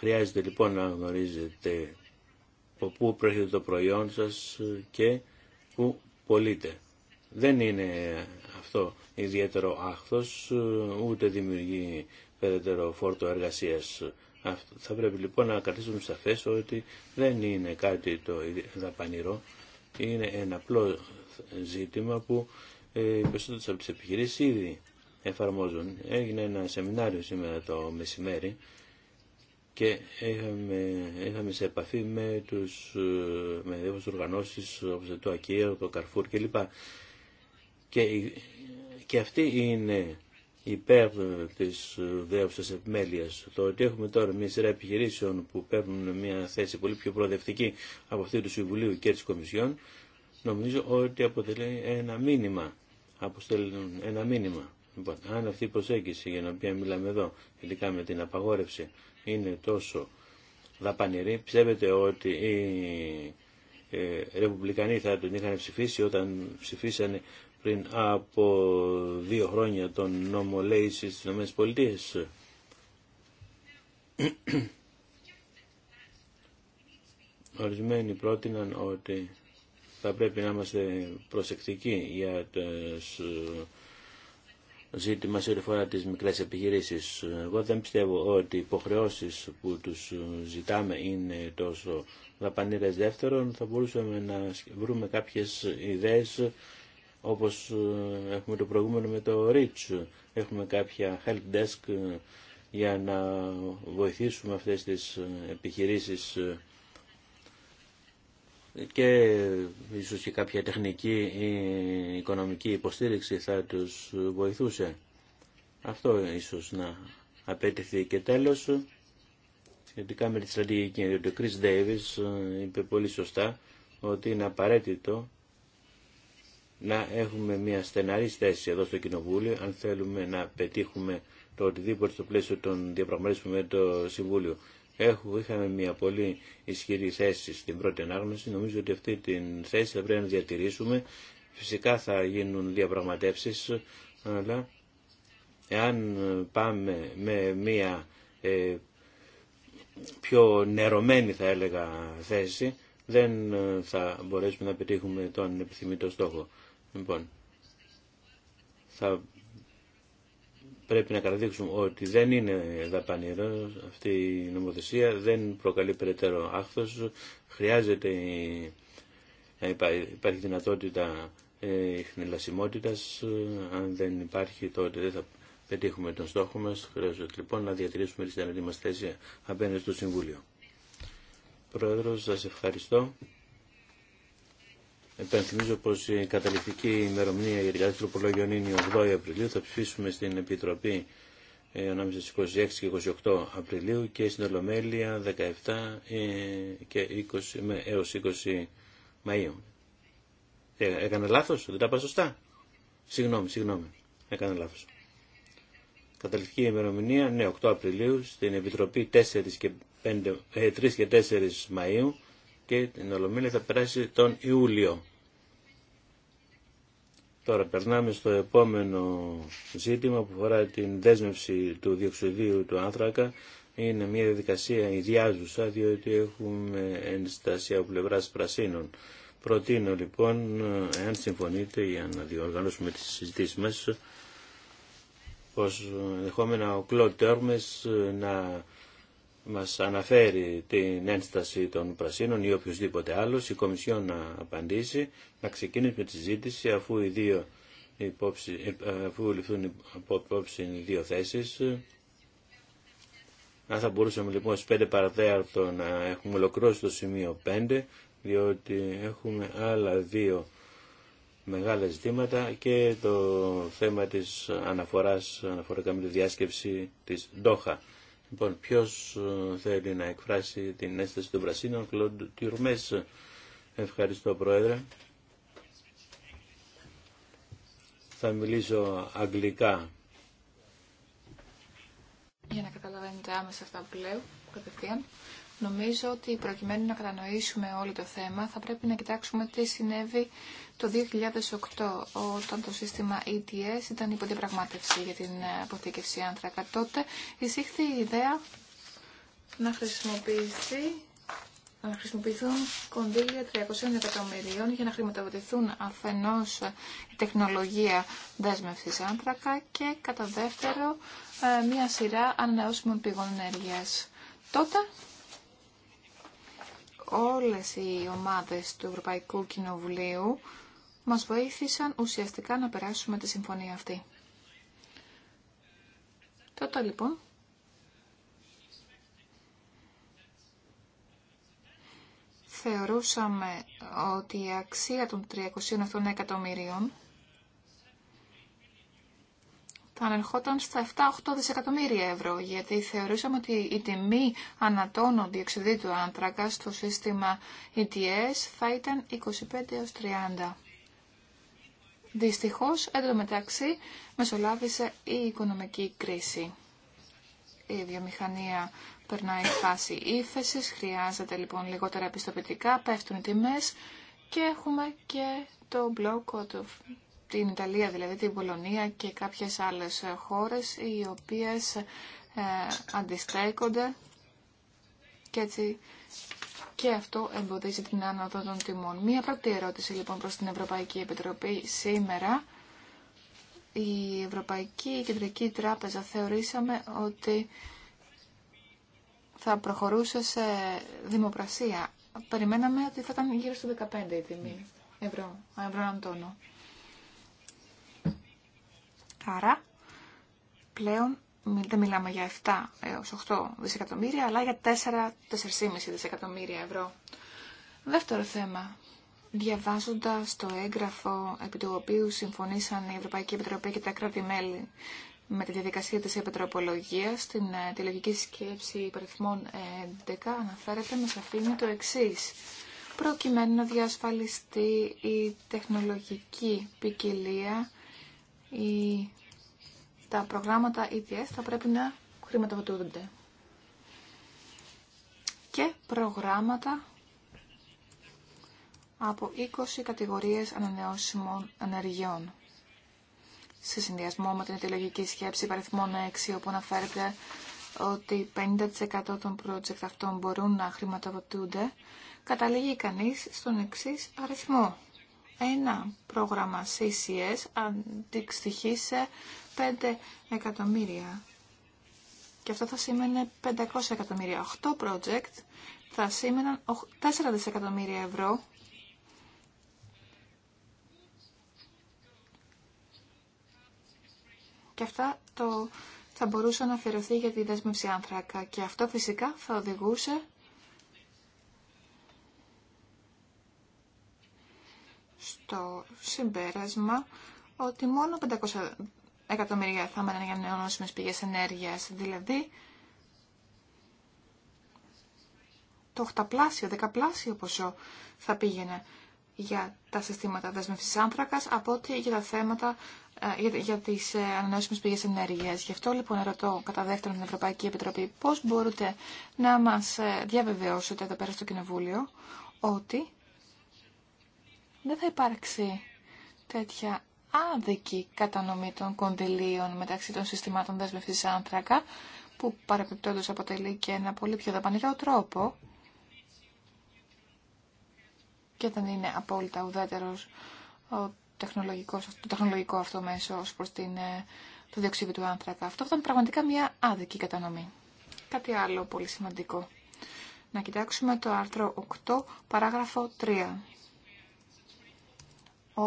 Χρειάζεται λοιπόν να γνωρίζετε από πού προέρχεται το προϊόν σας και πού πωλείτε. Δεν είναι αυτό ιδιαίτερο άχθος, ούτε δημιουργεί περαιτέρω φόρτο εργασίας. Αυτό. Θα πρέπει λοιπόν να καθίσουμε σαφές ότι δεν είναι κάτι το δαπανηρό, είναι ένα απλό ζήτημα που ε, περισσότερες από τις επιχειρήσεις ήδη εφαρμόζουν. Έγινε ένα σεμινάριο σήμερα το μεσημέρι και είχαμε, είχαμε σε επαφή με τους με διάφορες οργανώσεις όπως το ΑΚΙΑ, το Καρφούρ κλπ. Και, και αυτή είναι υπέρ της δέουσας επιμέλειας. Το ότι έχουμε τώρα μια σειρά επιχειρήσεων που παίρνουν μια θέση πολύ πιο προοδευτική από αυτή του Συμβουλίου και της Κομισιόν, νομίζω ότι αποτελεί ένα μήνυμα. Αποστέλνουν ένα μήνυμα. Λοιπόν, αν αυτή η προσέγγιση για την οποία μιλάμε εδώ, ειδικά με την απαγόρευση είναι τόσο δαπανηρή. Πιστεύετε ότι οι ε, Ρεπουμπλικανοί θα τον είχαν ψηφίσει όταν ψηφίσανε πριν από δύο χρόνια τον νόμο στι στις ΗΠΑ. Ορισμένοι πρότειναν ότι θα πρέπει να είμαστε προσεκτικοί για τις ε, ζήτημα σε ό,τι φορά τις μικρές επιχειρήσεις. Εγώ δεν πιστεύω ότι οι υποχρεώσεις που τους ζητάμε είναι τόσο δαπανήρες δεύτερον. Θα μπορούσαμε να βρούμε κάποιες ιδέες όπως έχουμε το προηγούμενο με το REACH. Έχουμε κάποια help desk για να βοηθήσουμε αυτές τις επιχειρήσεις και ίσως και κάποια τεχνική ή οικονομική υποστήριξη θα τους βοηθούσε. Αυτό ίσως να απέτυχε και τέλος σχετικά με τη στρατηγική. ο Chris Davis είπε πολύ σωστά ότι είναι απαραίτητο να έχουμε μια στεναρή στέση εδώ στο Κοινοβούλιο αν θέλουμε να πετύχουμε το οτιδήποτε στο πλαίσιο των διαπραγματεύσεων με το Συμβούλιο έχουμε είχαμε μια πολύ ισχυρή θέση στην πρώτη ανάγνωση. Νομίζω ότι αυτή τη θέση θα πρέπει να διατηρήσουμε. Φυσικά θα γίνουν διαπραγματεύσεις, αλλά εάν πάμε με μια ε, πιο νερωμένη θα έλεγα θέση, δεν ε, θα μπορέσουμε να πετύχουμε τον επιθυμητό στόχο. Λοιπόν, θα πρέπει να καταδείξουμε ότι δεν είναι δαπανηρό αυτή η νομοθεσία, δεν προκαλεί περαιτέρω άχθος, χρειάζεται υπάρχει δυνατότητα ε, χνηλασιμότητας, αν δεν υπάρχει τότε δεν θα πετύχουμε τον στόχο μας, χρειάζεται λοιπόν να διατηρήσουμε τη συνεργή μας θέση απέναντι στο Συμβούλιο. Πρόεδρος, σας ευχαριστώ. Επενθυμίζω πω η καταληκτική ημερομηνία για την κατάσταση τροπολογιών είναι η 8 Απριλίου. Θα ψηφίσουμε στην Επιτροπή ε, ανάμεσα στι 26 και 28 Απριλίου και στην Ολομέλεια 17 ε, και 20, έως 20 Μαΐου. Ε, έκανα λάθος, δεν τα είπα σωστά. Συγγνώμη, συγγνώμη, έκανα λάθος. Καταληκτική ημερομηνία, ναι, 8 Απριλίου, στην Επιτροπή 4 και 5, 3 και 4 Μαΐου και την Ολομέλεια θα περάσει τον Ιούλιο. Τώρα περνάμε στο επόμενο ζήτημα που αφορά την δέσμευση του διοξιδίου του άνθρακα. Είναι μια διαδικασία ιδιάζουσα διότι έχουμε ενστασία από πλευρά πρασίνων. Προτείνω λοιπόν, εάν συμφωνείτε για να διοργανώσουμε τις συζητήσεις μας, πως ενδεχόμενα ο Κλωτ Τέρμες να μας αναφέρει την ένσταση των πρασίνων ή οποιοδήποτε άλλος, η Κομισιόν να απαντήσει, να ξεκινήσει με τη συζήτηση αφού οι δύο υπόψη, ε, αφού ληφθούν υπόψη δύο θέσεις. Αν θα μπορούσαμε λοιπόν στις 5 παραδέαρτο να έχουμε ολοκληρώσει το σημείο 5, διότι έχουμε άλλα δύο μεγάλα ζητήματα και το θέμα της αναφοράς αναφορικά με τη διάσκεψη της Ντόχα. Λοιπόν, ποιο ε, θέλει να εκφράσει την αίσθηση των Πρασίνων, Κλοντ Τιουρμέ. Ευχαριστώ, Πρόεδρε. Θα μιλήσω αγγλικά. Για να καταλαβαίνετε άμεσα αυτά που λέω, κατευθείαν. Νομίζω ότι προκειμένου να κατανοήσουμε όλο το θέμα θα πρέπει να κοιτάξουμε τι συνέβη το 2008 όταν το σύστημα ETS ήταν υπό για την ε, αποθήκευση άνθρακα. Τότε εισήχθη η ιδέα να χρησιμοποιηθεί να χρησιμοποιηθούν κονδύλια 300 εκατομμυρίων για να χρηματοδοτηθούν αφενός ε, η τεχνολογία δέσμευσης άνθρακα και κατά δεύτερο ε, μια σειρά ανανεώσιμων πηγών ενέργειας. Τότε όλες οι ομάδες του Ευρωπαϊκού Κοινοβουλίου μας βοήθησαν ουσιαστικά να περάσουμε τη συμφωνία αυτή. Τότε λοιπόν θεωρούσαμε ότι η αξία των 300 εκατομμυρίων θα ανερχόταν στα 7-8 δισεκατομμύρια ευρώ, γιατί θεωρούσαμε ότι η τιμή ανατόνων διεξιδίου του άνθρακα στο σύστημα ETS θα ήταν 25-30. Δυστυχώς, εν τω μεταξύ, μεσολάβησε η οικονομική κρίση. Η βιομηχανία περνάει φάση ύφεση, χρειάζεται λοιπόν λιγότερα επιστοποιητικά, πέφτουν οι τιμές και έχουμε και το μπλοκ του την Ιταλία, δηλαδή την Πολωνία και κάποιες άλλες χώρες οι οποίες ε, αντιστέκονται και έτσι και αυτό εμποδίζει την άνοδο των τιμών. Μία πρώτη ερώτηση λοιπόν προς την Ευρωπαϊκή Επιτροπή σήμερα. Η Ευρωπαϊκή Κεντρική Τράπεζα θεωρήσαμε ότι θα προχωρούσε σε δημοπρασία. Περιμέναμε ότι θα ήταν γύρω στο 15 η τιμή ευρώ, ευρώ Άρα, πλέον δεν μιλάμε για 7 έως 8 δισεκατομμύρια, αλλά για 4-4,5 δισεκατομμύρια ευρώ. Δεύτερο θέμα. Διαβάζοντας το έγγραφο επί του οποίου συμφωνήσαν η Ευρωπαϊκή Επιτροπή και τα κράτη-μέλη με τη διαδικασία της επιτροπολογίας, στην ε, τη σκέψη υπαριθμών 11 αναφέρεται με σαφήνεια το εξή, προκειμένου να διασφαλιστεί η τεχνολογική ποικιλία τα προγράμματα ETS θα πρέπει να χρηματοδοτούνται. Και προγράμματα από 20 κατηγορίες ανανεώσιμων ενεργειών Σε συνδυασμό με την αιτιολογική σκέψη παριθμών 6, όπου αναφέρεται ότι 50% των project αυτών μπορούν να χρηματοδοτούνται, καταλήγει κανείς στον εξής αριθμό ένα πρόγραμμα CCS αντιστοιχεί σε 5 εκατομμύρια. Και αυτό θα σήμαινε 500 εκατομμύρια. 8 project θα σήμαιναν 4 δισεκατομμύρια ευρώ. Και αυτά το θα μπορούσε να αφαιρεθεί για τη δέσμευση άνθρακα. Και αυτό φυσικά θα οδηγούσε στο συμπέρασμα ότι μόνο 500 εκατομμύρια θα μένουν για νεονόσιμες πηγές ενέργειας, δηλαδή το 8πλάσιο, 10πλάσιο ποσό θα πήγαινε για τα συστήματα δέσμευσης άνθρακας από ότι για τα θέματα ε, για, για τις ε, ανανεώσιμες πηγές ενέργειας. Γι' αυτό λοιπόν ρωτώ κατά δεύτερον την Ευρωπαϊκή Επιτροπή πώς μπορείτε να μας ε, διαβεβαιώσετε εδώ πέρα στο Κοινοβούλιο ότι δεν θα υπάρξει τέτοια άδικη κατανομή των κονδυλίων μεταξύ των συστημάτων δέσμευσης άνθρακα, που παραπιπτόντως αποτελεί και ένα πολύ πιο δαπανηρό τρόπο και δεν είναι απόλυτα ουδέτερος ο τεχνολογικός, το τεχνολογικό αυτό μέσο ως προς ε, το διοξείδιο του άνθρακα. Αυτό ήταν πραγματικά μια άδικη κατανομή. Κάτι άλλο πολύ σημαντικό. Να κοιτάξουμε το άρθρο 8, παράγραφο 3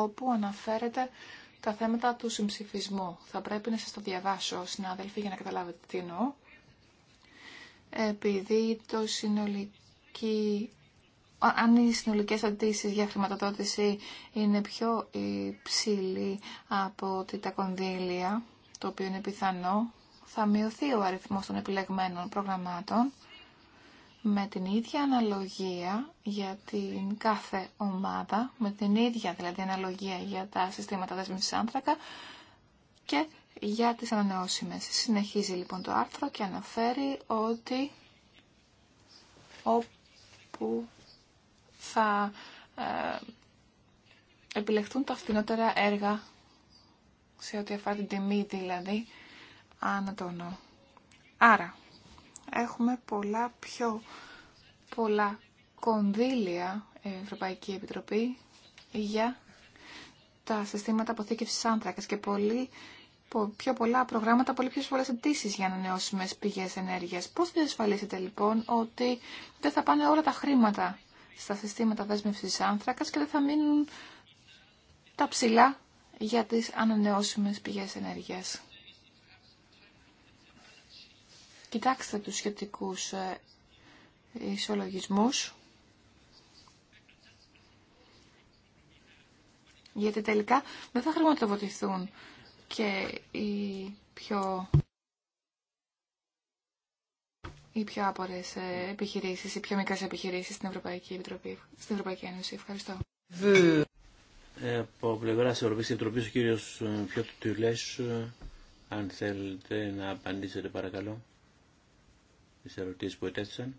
όπου αναφέρεται τα θέματα του συμψηφισμού. Θα πρέπει να σας το διαβάσω, συνάδελφοι, για να καταλάβετε τι εννοώ. Επειδή το συνολική... Αν οι συνολικές αντίσεις για χρηματοδότηση είναι πιο υψηλή από ότι τα κονδύλια, το οποίο είναι πιθανό, θα μειωθεί ο αριθμός των επιλεγμένων προγραμμάτων με την ίδια αναλογία για την κάθε ομάδα, με την ίδια δηλαδή αναλογία για τα συστήματα δέσμευσης άνθρακα και για τις ανανεώσιμες. Συνεχίζει λοιπόν το άρθρο και αναφέρει ότι όπου θα ε, επιλεχθούν τα φθηνότερα έργα σε ό,τι αφορά την τιμή δηλαδή ανατόνο. Άρα, έχουμε πολλά πιο πολλά κονδύλια ε, Ευρωπαϊκή Επιτροπή για τα συστήματα αποθήκευσης άνθρακα και πολύ, πιο πολλά προγράμματα, πολύ πιο πολλέ αιτήσει για ανανεώσιμες πηγές ενέργειας. Πώς διασφαλίσετε λοιπόν ότι δεν θα πάνε όλα τα χρήματα στα συστήματα δέσμευση άνθρακα και δεν θα μείνουν τα ψηλά για τις ανανεώσιμες πηγές ενέργειας. Κοιτάξτε τους σχετικούς ε, ισολογισμούς. Γιατί τελικά δεν θα χρηματοδοτηθούν και οι πιο οι πιο άπορε ε, επιχειρήσεις, οι πιο μικρές επιχειρήσεις στην Ευρωπαϊκή Επιτροπή, στην Ευρωπαϊκή Ένωση. Ευχαριστώ. Από πλευρά τη Ευρωπαϊκή Επιτροπή, ο ε, αν θέλετε να απαντήσετε, παρακαλώ τις ερωτήσεις που ετέθησαν.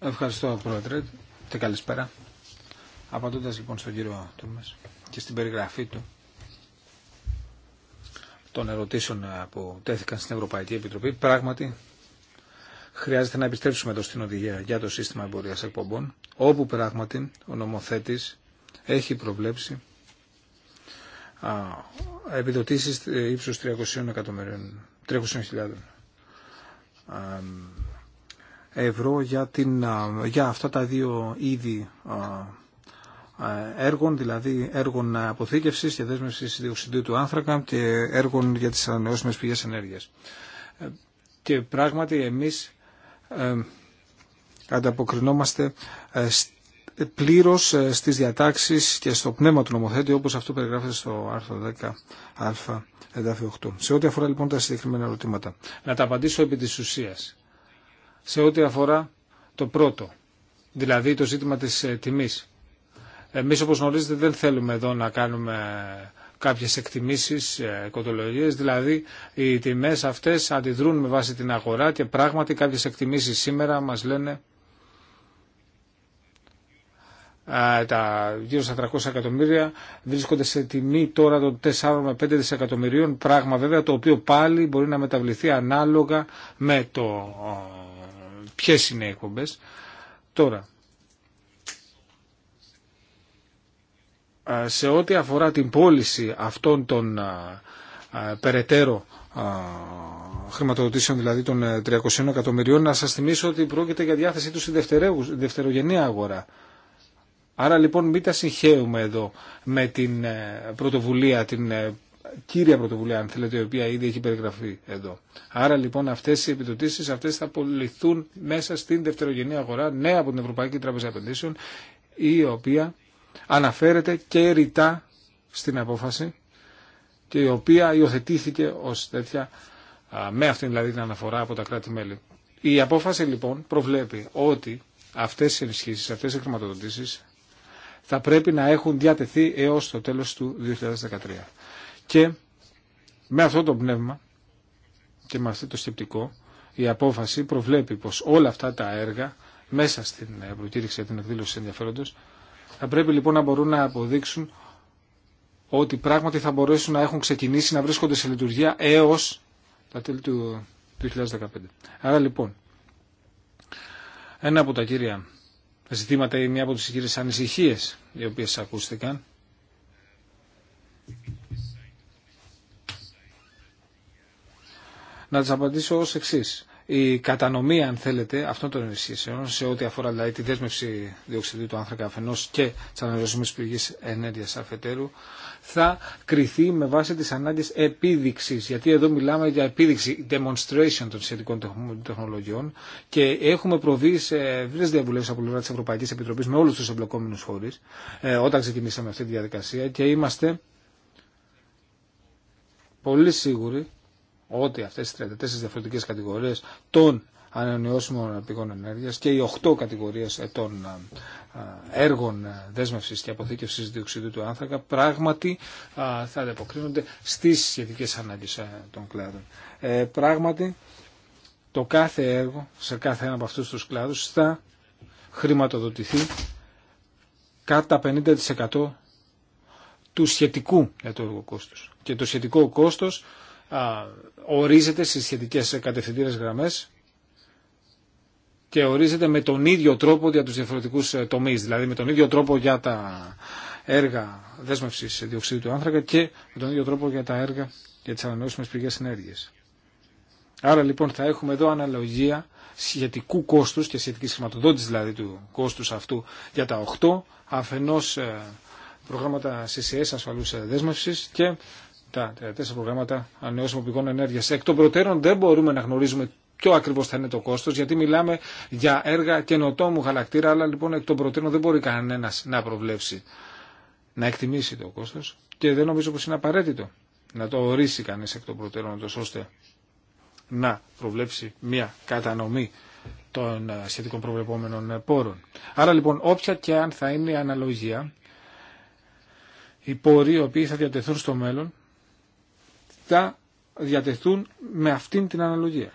Ευχαριστώ Πρόεδρε και καλησπέρα. Απαντώντας λοιπόν στον κύριο Τούρμες και στην περιγραφή του των ερωτήσεων ε, που τέθηκαν στην Ευρωπαϊκή Επιτροπή, πράγματι χρειάζεται να επιστρέψουμε εδώ στην οδηγία για το σύστημα εμπορία εκπομπών, όπου πράγματι ο νομοθέτης έχει προβλέψει Επιδοτήσει ε, ύψους 300 εκατομμυρίων, 300.000 ευρώ για, την, για αυτά τα δύο είδη έργων, δηλαδή έργων αποθήκευσης και δέσμευσης διοξιδίου του άνθρακα και έργων για τις ανανεώσιμες πηγές ενέργειας. Ε, και πράγματι εμείς ανταποκρινόμαστε ε, πλήρως ε, στις διατάξεις και στο πνεύμα του νομοθέτη όπως αυτό περιγράφεται στο άρθρο 10α εδάφιο 8. Σε ό,τι αφορά λοιπόν τα συγκεκριμένα ερωτήματα. Να τα απαντήσω επί τη ουσία Σε ό,τι αφορά το πρώτο, δηλαδή το ζήτημα της ε, τιμή. Εμείς όπως γνωρίζετε δεν θέλουμε εδώ να κάνουμε κάποιες εκτιμήσεις, ε, κοντολογίες, δηλαδή οι τιμές αυτές αντιδρούν με βάση την αγορά και πράγματι κάποιες εκτιμήσεις σήμερα μας λένε τα γύρω στα 300 εκατομμύρια βρίσκονται σε τιμή τώρα των 4 με 5 δισεκατομμυρίων πράγμα βέβαια το οποίο πάλι μπορεί να μεταβληθεί ανάλογα με το ποιε είναι οι εκπομπές τώρα σε ό,τι αφορά την πώληση αυτών των περαιτέρω χρηματοδοτήσεων δηλαδή των 300 ε, εκατομμυρίων να σας θυμίσω ότι πρόκειται για διάθεσή του στη δευτερογενή αγορά Άρα λοιπόν μην τα συγχαίουμε εδώ με την ε, πρωτοβουλία, την ε, κύρια πρωτοβουλία αν θέλετε η οποία ήδη έχει περιγραφεί εδώ. Άρα λοιπόν αυτές οι επιδοτήσεις αυτές θα απολυθούν μέσα στην δευτερογενή αγορά νέα από την Ευρωπαϊκή Τράπεζα Επενδύσεων η οποία αναφέρεται και ρητά στην απόφαση και η οποία υιοθετήθηκε ως τέτοια με αυτήν δηλαδή την αναφορά από τα κράτη-μέλη. Η απόφαση λοιπόν προβλέπει ότι αυτές οι ενισχύσεις, αυτές οι χρηματοδοτήσεις θα πρέπει να έχουν διατεθεί έως το τέλος του 2013. Και με αυτό το πνεύμα και με αυτό το σκεπτικό η απόφαση προβλέπει πως όλα αυτά τα έργα μέσα στην ε, προκήρυξη για την εκδήλωση ενδιαφέροντος θα πρέπει λοιπόν να μπορούν να αποδείξουν ότι πράγματι θα μπορέσουν να έχουν ξεκινήσει να βρίσκονται σε λειτουργία έως τα τέλη του 2015. Άρα λοιπόν, ένα από τα κύρια ζητήματα ή μία από τις κύριες ανησυχίες οι οποίες ακούστηκαν. Να τις απαντήσω ως εξής η κατανομή, αν θέλετε, αυτών των ενισχύσεων σε ό,τι αφορά δηλαδή, τη δέσμευση διοξιδίου του άνθρακα αφενό και τη ανανεώσιμη πηγή ενέργεια αφετέρου, θα κριθεί με βάση τι ανάγκε επίδειξη. Γιατί εδώ μιλάμε για επίδειξη, demonstration των σχετικών τεχνολογιών και έχουμε προβεί σε ευρύ διαβουλεύσει από πλευρά τη Ευρωπαϊκή Επιτροπή με όλου του εμπλεκόμενου φορεί ε, όταν ξεκινήσαμε αυτή τη διαδικασία και είμαστε πολύ σίγουροι ότι αυτές οι 34 διαφορετικές κατηγορίες των ανανεώσιμων πηγών ενέργειας και οι 8 κατηγορίες των ε, ε, έργων ε, δέσμευσης και αποθήκευσης διοξιδίου του άνθρακα πράγματι θα ανταποκρίνονται στις σχετικές ανάγκες των κλάδων. Ε, πράγματι το κάθε έργο σε κάθε ένα από αυτούς τους κλάδους θα χρηματοδοτηθεί κατά 50% του σχετικού για το έργο κόστος. Και το σχετικό κόστος ορίζεται στις σχετικές κατευθυντήρες γραμμές και ορίζεται με τον ίδιο τρόπο για τους διαφορετικούς ε, τομείς, δηλαδή με τον ίδιο τρόπο για τα έργα δέσμευσης διοξήτου του άνθρακα και με τον ίδιο τρόπο για τα έργα για τις ανανεώσιμες πηγές ενέργειας. Άρα λοιπόν θα έχουμε εδώ αναλογία σχετικού κόστους και σχετική χρηματοδότηση δηλαδή του κόστους αυτού για τα 8 αφενός ε, προγράμματα CCS ασφαλούς ε, δέσμευσης και τα τέσσερα προγράμματα ανανεώσιμων πηγών ενέργεια. Εκ των προτέρων δεν μπορούμε να γνωρίζουμε ποιο ακριβώ θα είναι το κόστο, γιατί μιλάμε για έργα καινοτόμου χαρακτήρα, αλλά λοιπόν εκ των προτέρων δεν μπορεί κανένα να προβλέψει, να εκτιμήσει το κόστο και δεν νομίζω πω είναι απαραίτητο να το ορίσει κανεί εκ των προτέρων, ώστε να προβλέψει μια κατανομή των ε, σχετικών προβλεπόμενων ε, πόρων. Άρα λοιπόν, όποια και αν θα είναι η αναλογία, οι πόροι οι οποίοι θα διατεθούν στο μέλλον θα διατεθούν με αυτήν την αναλογία.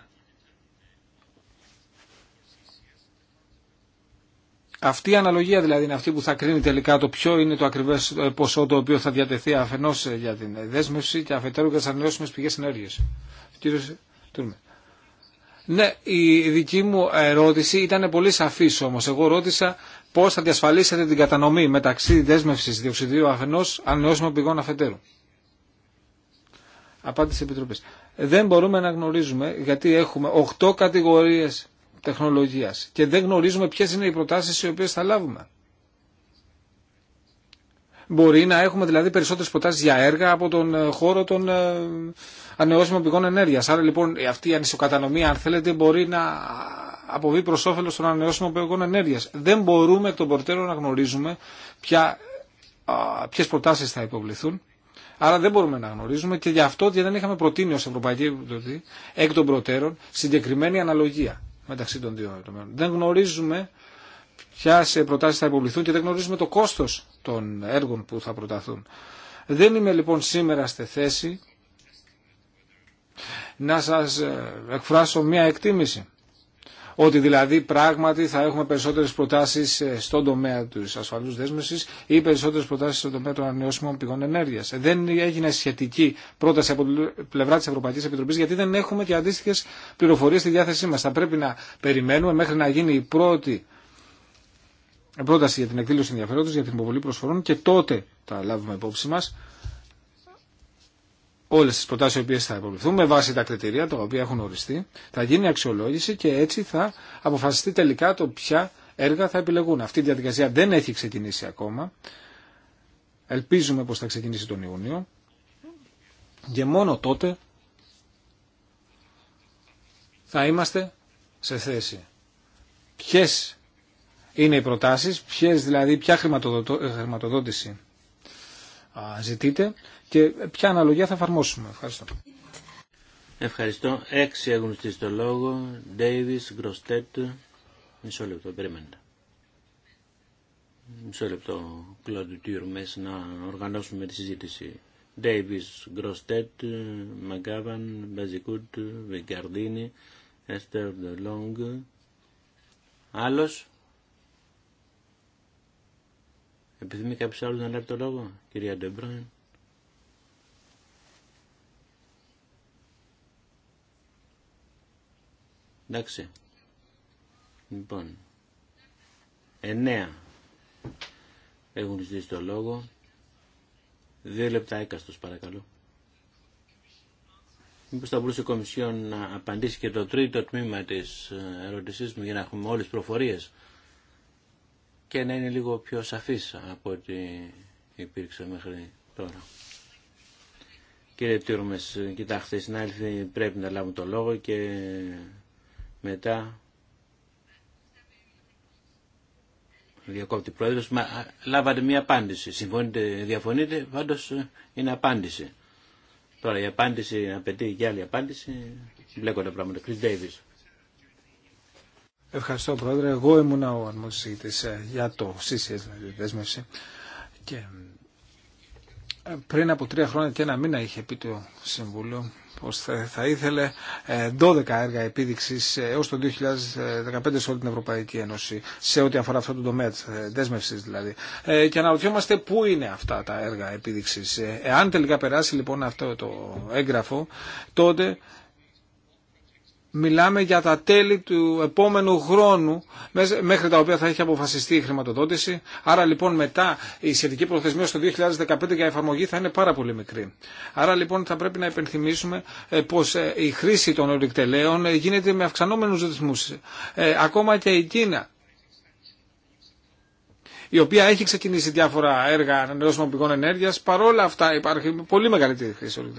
Αυτή η αναλογία δηλαδή είναι αυτή που θα κρίνει τελικά το ποιο είναι το ακριβές ε, ποσό το οποίο θα διατεθεί αφενό ε, για την ε, δέσμευση και αφετέρου για τι ανανεώσιμε πηγέ ενέργεια. Ναι, η δική μου ερώτηση ήταν πολύ σαφή όμω. Εγώ ρώτησα πώ θα διασφαλίσετε την κατανομή μεταξύ δέσμευση διοξιδίου αφενό ανανεώσιμων πηγών αφετέρου απάντηση επιτροπής. Δεν μπορούμε να γνωρίζουμε γιατί έχουμε 8 κατηγορίες τεχνολογίας και δεν γνωρίζουμε ποιες είναι οι προτάσεις οι οποίες θα λάβουμε. Μπορεί να έχουμε δηλαδή περισσότερες προτάσεις για έργα από τον ε, χώρο των ε, ανεώσιμων πηγών ενέργειας. Άρα λοιπόν αυτή η ανισοκατανομία αν θέλετε μπορεί να αποβεί προ όφελο των ανεώσιμων πηγών ενέργεια. Δεν μπορούμε εκ των προτέρων να γνωρίζουμε ποιε προτάσει θα υποβληθούν Άρα δεν μπορούμε να γνωρίζουμε και γι' αυτό δεν είχαμε προτείνει ω Ευρωπαϊκή Επιτροπή εκ των προτέρων συγκεκριμένη αναλογία μεταξύ των δύο ερωτημένων. Δεν γνωρίζουμε ποιε προτάσει θα υποβληθούν και δεν γνωρίζουμε το κόστο των έργων που θα προταθούν. Δεν είμαι λοιπόν σήμερα στη θέση να σας ε, εκφράσω μια εκτίμηση ότι δηλαδή πράγματι θα έχουμε περισσότερε προτάσει ε, στον τομέα της ασφαλού δέσμευση ή περισσότερε προτάσει στον τομέα των ανανεώσιμων πηγών ενέργεια. Ε, δεν έγινε σχετική πρόταση από την πλευρά τη Ευρωπαϊκή Επιτροπή γιατί δεν έχουμε και αντίστοιχε πληροφορίε στη διάθεσή μα. Θα πρέπει να περιμένουμε μέχρι να γίνει η πρώτη πρόταση για την εκδήλωση ενδιαφέροντος, για την υποβολή προσφορών και τότε θα λάβουμε υπόψη μας όλε τι προτάσει οι οποίε θα υποβληθούν με βάση τα κριτήρια τα οποία έχουν οριστεί, θα γίνει αξιολόγηση και έτσι θα αποφασιστεί τελικά το ποια έργα θα επιλεγούν. Αυτή η διαδικασία δεν έχει ξεκινήσει ακόμα. Ελπίζουμε πως θα ξεκινήσει τον Ιούνιο και μόνο τότε θα είμαστε σε θέση. Ποιε είναι οι προτάσει, ποιες δηλαδή, ποια ε, χρηματοδότηση ζητείτε και ποια αναλογία θα εφαρμόσουμε. Ευχαριστώ. Ευχαριστώ. Έξι έχουν στήσει το λόγο. Ντέιβι, Γκροστέτ. Μισό λεπτό, περιμένετε. Μισό λεπτό, Κλόντου μέσα να οργανώσουμε τη συζήτηση. Ντέιβι, Γκροστέτ, Μαγκάβαν, Μπαζικούτ, Βεγκαρδίνη, Έστερ Ντελόγκ. Άλλος. Επιθυμεί κάποιο άλλο να λάβει το λόγο, κυρία Ντεμπρόιν. Εντάξει. Λοιπόν. Εννέα έχουν ζητήσει το λόγο. Δύο λεπτά έκαστος παρακαλώ. Μήπως θα μπορούσε η Κομισιόν να απαντήσει και το τρίτο τμήμα της ερώτησής μου για να έχουμε όλες τις προφορίες και να είναι λίγο πιο σαφής από ό,τι υπήρξε μέχρι τώρα. Κύριε τύρμες, κοιτάξτε, οι συνάδελφοι πρέπει να λάβουν το λόγο και μετά διακόπτη πρόεδρος, μα λάβατε μία απάντηση. Συμφωνείτε, διαφωνείτε, πάντως ε, είναι απάντηση. Τώρα η απάντηση απαιτεί και άλλη απάντηση. τα πράγματα. Ευχαριστώ πρόεδρε. Εγώ ήμουν ο αρμόδιος ε, για το CCS δηλαδή, δέσμευση και ε, πριν από τρία χρόνια και ένα μήνα είχε πει το Συμβούλιο πως θα ήθελε 12 ε, έργα επίδειξης ε, έως το 2015 σε όλη την Ευρωπαϊκή Ένωση σε ό,τι αφορά αυτό το τομέα της ε, δέσμευσης δηλαδή. Και αναρωτιόμαστε πού είναι αυτά τα έργα επίδειξης. Εάν τελικά περάσει λοιπόν αυτό το έγγραφο τότε μιλάμε για τα τέλη του επόμενου χρόνου μέχρι τα οποία θα έχει αποφασιστεί η χρηματοδότηση. Άρα λοιπόν μετά η σχετική προθεσμία στο 2015 για εφαρμογή θα είναι πάρα πολύ μικρή. Άρα λοιπόν θα πρέπει να υπενθυμίσουμε ε, πως ε, η χρήση των ορυκτελέων ε, γίνεται με αυξανόμενους ρυθμούς. Ακόμα και η Κίνα η οποία έχει ξεκινήσει διάφορα έργα ανανεώσιμων πηγών ενέργεια. Παρόλα αυτά υπάρχει πολύ μεγαλύτερη χρήση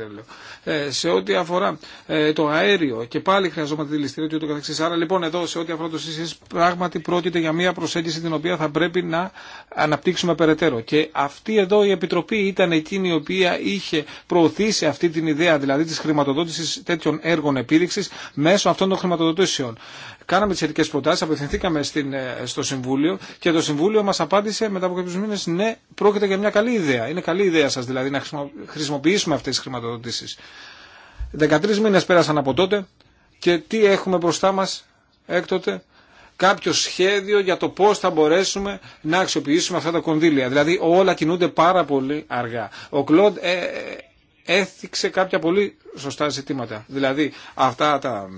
Ε, σε ό,τι αφορά ε, το αέριο και πάλι χρειαζόμαστε τη ληστηρία και ούτω καθεξή. Άρα λοιπόν εδώ σε ό,τι αφορά το ΣΥΣ πράγματι πρόκειται για μια προσέγγιση την οποία θα πρέπει να αναπτύξουμε περαιτέρω. Και αυτή εδώ η Επιτροπή ήταν εκείνη η οποία είχε προωθήσει αυτή την ιδέα δηλαδή τη χρηματοδότηση τέτοιων έργων επίδειξη μέσω αυτών των χρηματοδοτήσεων. Κάναμε τι σχετικέ προτάσει, απευθυνθήκαμε ε, στο Συμβούλιο και το Συμβούλιο μα απάντησε μετά από κάποιου μήνε ναι, πρόκειται για μια καλή ιδέα. Είναι καλή ιδέα σα δηλαδή να χρησιμοποιήσουμε αυτέ τι χρηματοδοτήσει. 13 μήνε πέρασαν από τότε και τι έχουμε μπροστά μα έκτοτε κάποιο σχέδιο για το πώ θα μπορέσουμε να αξιοποιήσουμε αυτά τα κονδύλια. Δηλαδή όλα κινούνται πάρα πολύ αργά. Ο Κλοντ ε, ε έθιξε κάποια πολύ σωστά ζητήματα. Δηλαδή αυτά τα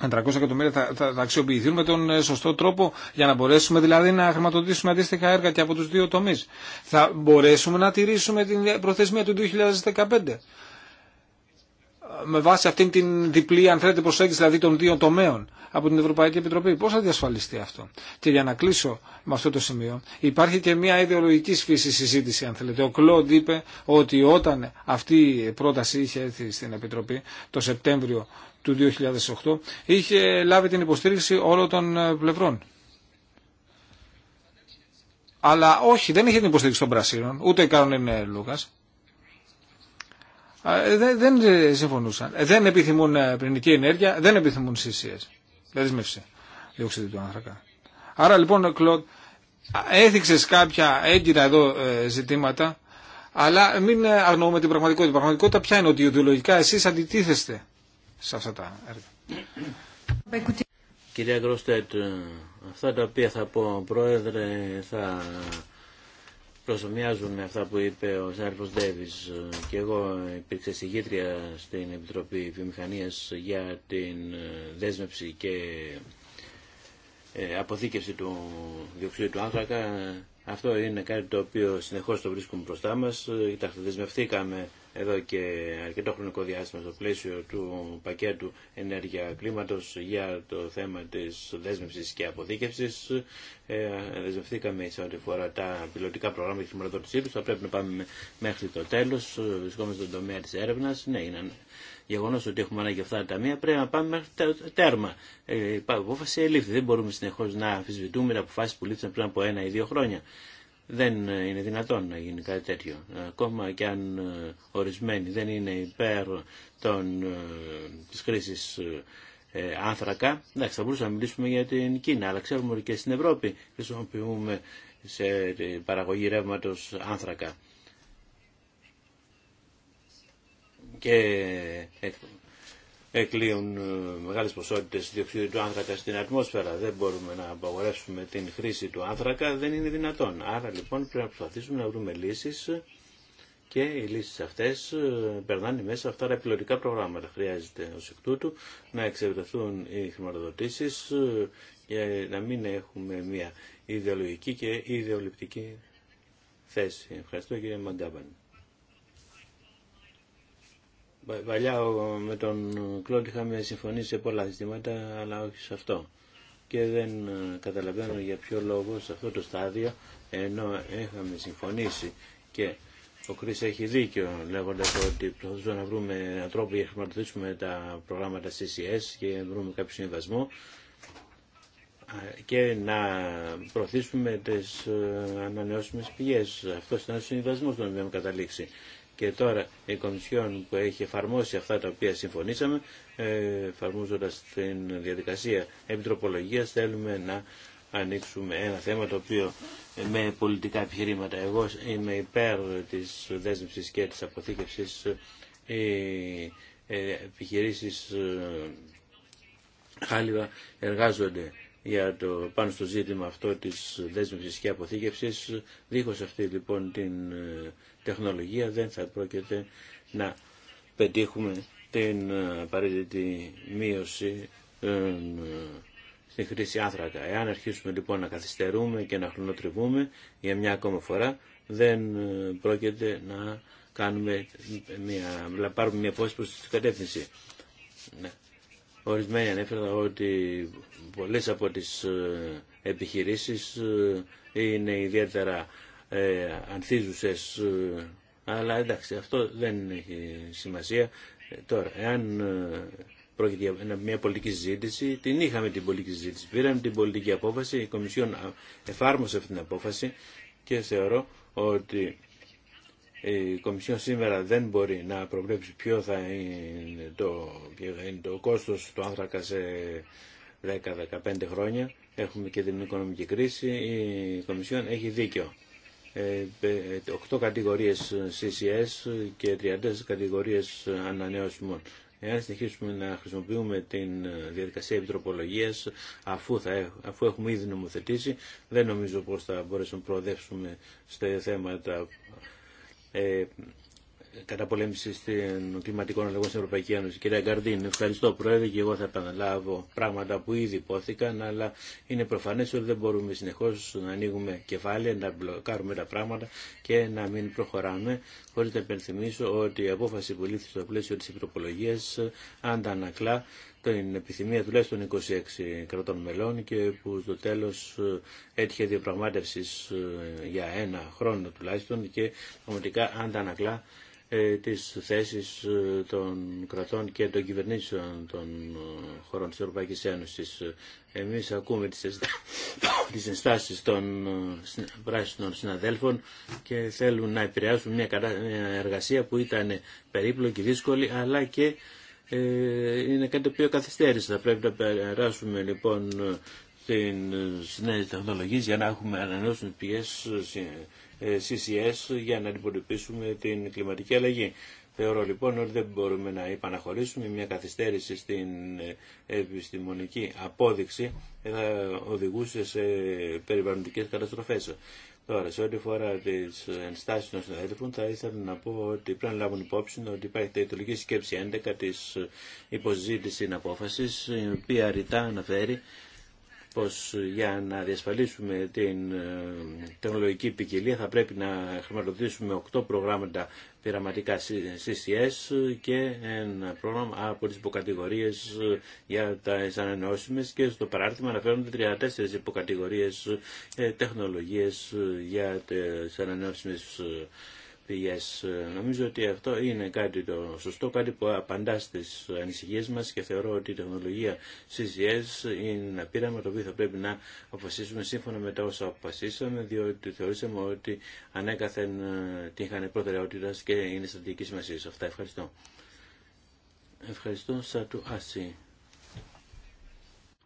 300 εκατομμύρια θα, θα, θα αξιοποιηθούν με τον ε, σωστό τρόπο για να μπορέσουμε δηλαδή να χρηματοδοτήσουμε αντίστοιχα έργα και από τους δύο τομείς. Θα μπορέσουμε να τηρήσουμε την προθεσμία του 2015 με βάση αυτήν την διπλή, αν θέλετε, προσέγγιση δηλαδή των δύο τομέων από την Ευρωπαϊκή Επιτροπή. Πώ θα διασφαλιστεί αυτό. Και για να κλείσω με αυτό το σημείο, υπάρχει και μια ιδεολογική φύση συζήτηση, αν θέλετε. Ο Κλοντ είπε ότι όταν αυτή η πρόταση είχε έρθει στην Επιτροπή το Σεπτέμβριο του 2008 είχε λάβει την υποστήριξη όλων των ε, πλευρών. Αλλά όχι, δεν είχε την υποστήριξη των πρασίνων, ούτε καν είναι Λούκας. Ε, δεν, δεν συμφωνούσαν. Ε, δεν επιθυμούν πυρηνική ενέργεια, δεν επιθυμούν CCS. Δεν διόξιδη του άνθρακα. Άρα λοιπόν, Κλοντ, έθιξες κάποια έγκυρα εδώ ζητήματα, αλλά μην αγνοούμε την πραγματικότητα. Η πραγματικότητα ποια είναι ότι ιδεολογικά εσείς αντιτίθεστε σε αυτά τα έργα. Κυρία Γκροστέτ, αυτά τα οποία θα πω, Πρόεδρε, θα προσωμιάζουν με αυτά που είπε ο Σάρφος Ντέβις και εγώ υπήρξε συγγήτρια στην Επιτροπή Βιομηχανίας για την δέσμευση και ε, αποθήκευση του διοξείου του άνθρακα αυτό είναι κάτι το οποίο συνεχώς το βρίσκουμε μπροστά μας. Ε, κοιτάξτε, εδώ και αρκετό χρονικό διάστημα στο πλαίσιο του πακέτου ενέργεια κλίματος για το θέμα της δέσμευσης και αποθήκευσης. Ε, δεσμευθήκαμε σε ό,τι φορά τα πιλωτικά προγράμματα και χρηματοδότησή του. Θα πρέπει να πάμε μέχρι το τέλος. Ε, βρισκόμαστε στον τομέα της έρευνας. Ναι, είναι γεγονό ότι έχουμε ανάγκη αυτά τα ταμεία, πρέπει να πάμε μέχρι τέρμα. Ε, απόφαση ελήφθη. Δεν μπορούμε συνεχώ να αμφισβητούμε αποφάσει που λήφθησαν πριν από ένα ή δύο χρόνια. Δεν ε, είναι δυνατόν να γίνει κάτι τέτοιο. Ακόμα και αν ε, ορισμένοι δεν είναι υπέρ των, ε, της χρήσης ε, άνθρακα, εντάξει, θα μπορούσαμε να μιλήσουμε για την Κίνα, αλλά ξέρουμε ότι και στην Ευρώπη χρησιμοποιούμε σε παραγωγή ρεύματο άνθρακα. και εκλείουν ε, μεγάλες ποσότητες διοξειδίου του άνθρακα στην ατμόσφαιρα. Δεν μπορούμε να απαγορεύσουμε την χρήση του άνθρακα, δεν είναι δυνατόν. Άρα λοιπόν πρέπει να προσπαθήσουμε να βρούμε λύσει και οι λύσεις αυτές ε, περνάνε μέσα αυτά τα επιλογικά προγράμματα. Χρειάζεται ω εκ τούτου να εξευρεθούν οι χρηματοδοτήσει ε, για να μην έχουμε μια ιδεολογική και ιδεολειπτική θέση. Ευχαριστώ κύριε Μαγκάμπανη. Παλιά με τον Κλόντ είχαμε συμφωνήσει σε πολλά ζητήματα, αλλά όχι σε αυτό. Και δεν ε, καταλαβαίνω για ποιο λόγο σε αυτό το στάδιο, ενώ είχαμε συμφωνήσει και ο Κρίς έχει δίκιο λέγοντας ότι προσπαθούμε να βρούμε τρόπο για να χρηματοδοτήσουμε τα προγράμματα CCS και να βρούμε κάποιο συμβασμό ε, και να προωθήσουμε τις ε, ανανεώσιμες πηγές. Αυτός ήταν ο συμβασμός που οποίο καταλήξει. Και τώρα η Κομισιόν που έχει εφαρμόσει αυτά τα οποία συμφωνήσαμε, ε, εφαρμόζοντα την διαδικασία επιτροπολογία, θέλουμε να ανοίξουμε ένα θέμα το οποίο με πολιτικά επιχειρήματα. Εγώ είμαι υπέρ της δέσμευσης και της αποθήκευσης οι ε, επιχειρήσεις ε, χάλιβα εργάζονται για το πάνω στο ζήτημα αυτό της δέσμευσης και αποθήκευσης. Δίχως αυτή λοιπόν την ε, τεχνολογία δεν θα πρόκειται να πετύχουμε την ε, απαραίτητη μείωση ε, στην χρήση άνθρακα. Εάν αρχίσουμε λοιπόν να καθυστερούμε και να χρονοτριβούμε για μια ακόμα φορά, δεν πρόκειται να κάνουμε μια, να πάρουμε μια πόση προς την κατεύθυνση. Ναι. Ορισμένοι ανέφεραν ότι πολλές από τις ε, επιχειρήσεις ε, είναι ιδιαίτερα ε, ανθίζουσες, αλλά εντάξει αυτό δεν έχει σημασία. Τώρα, εάν πρόκειται για μια πολιτική συζήτηση, την είχαμε την πολιτική συζήτηση, πήραμε την πολιτική απόφαση, η Κομισιόν εφάρμοσε αυτή την απόφαση και θεωρώ ότι η Κομισιόν σήμερα δεν μπορεί να προβλέψει ποιο θα είναι το, ποιο είναι το κόστος του άνθρακα σε 10-15 χρόνια. Έχουμε και την οικονομική κρίση. Η Κομισιόν έχει δίκιο. 8 ε, κατηγορίες CCS και 30 κατηγορίες ανανεώσιμων. Εάν συνεχίσουμε να χρησιμοποιούμε την διαδικασία επιτροπολογίας αφού, αφού έχουμε ήδη νομοθετήσει, δεν νομίζω πως θα μπορέσουμε να προοδεύσουμε στα θέματα Επιτέλου καταπολέμηση των κλιματικών αλλαγών στην Ευρωπαϊκή Ένωση. Κυρία Γκαρντίν, ευχαριστώ Πρόεδρε και εγώ θα επαναλάβω πράγματα που ήδη υπόθηκαν, αλλά είναι προφανές ότι δεν μπορούμε συνεχώς να ανοίγουμε κεφάλαια, να μπλοκάρουμε τα πράγματα και να μην προχωράμε, χωρίς να υπενθυμίσω ότι η απόφαση που λήφθη στο πλαίσιο της Επιτροπολογίας αντανακλά την επιθυμία τουλάχιστον 26 κρατών μελών και που στο τέλος έτυχε διαπραγμάτευσης για ένα χρόνο τουλάχιστον και πραγματικά αντανακλά ε, τις θέσεις ε, των κρατών και των κυβερνήσεων των ε, χωρών της Ευρωπαϊκής Ένωσης. Εμείς ακούμε τις [coughs] ενστάσεις των πράσινων συναδέλφων και θέλουν να επηρεάσουν μια εργασία που ήταν περίπλοκη, δύσκολη, αλλά και είναι κάτι το οποίο καθυστέρησε. Θα πρέπει να περάσουμε λοιπόν την νέες τεχνολογίες για να έχουμε ανανεώσιμες πηγές ε, CCS για να αντιμετωπίσουμε την κλιματική αλλαγή. Θεωρώ λοιπόν ότι δεν μπορούμε να επαναχωρήσουμε μια καθυστέρηση στην ε, επιστημονική απόδειξη ε, θα οδηγούσε σε περιβαλλοντικές καταστροφές. Τώρα, σε ό,τι φορά τι ενστάσει των συναδέλφων, θα ήθελα να πω ότι πρέπει να λάβουν υπόψη ότι υπάρχει η τελική σκέψη 11 τη υποζήτηση απόφαση, η οποία ρητά αναφέρει πως για να διασφαλίσουμε την ε, τεχνολογική ποικιλία θα πρέπει να χρηματοδοτήσουμε 8 προγράμματα πειραματικά CCS και ένα πρόγραμμα από τις υποκατηγορίες για τα ανανεώσιμες και στο παράδειγμα αναφέρονται 34 υποκατηγορίες ε, τεχνολογίες για τις ανανεώσιμες ε, πηγές. Νομίζω ότι αυτό είναι κάτι το σωστό, κάτι που απαντά στις ανησυχίες μας και θεωρώ ότι η τεχνολογία CGS είναι ένα πείραμα το οποίο θα πρέπει να αποφασίσουμε σύμφωνα με τα όσα αποφασίσαμε, διότι θεωρήσαμε ότι ανέκαθεν ε, την είχαν προτεραιότητα και είναι στρατηγική σημασία. Αυτά ευχαριστώ. Ευχαριστώ του Άση.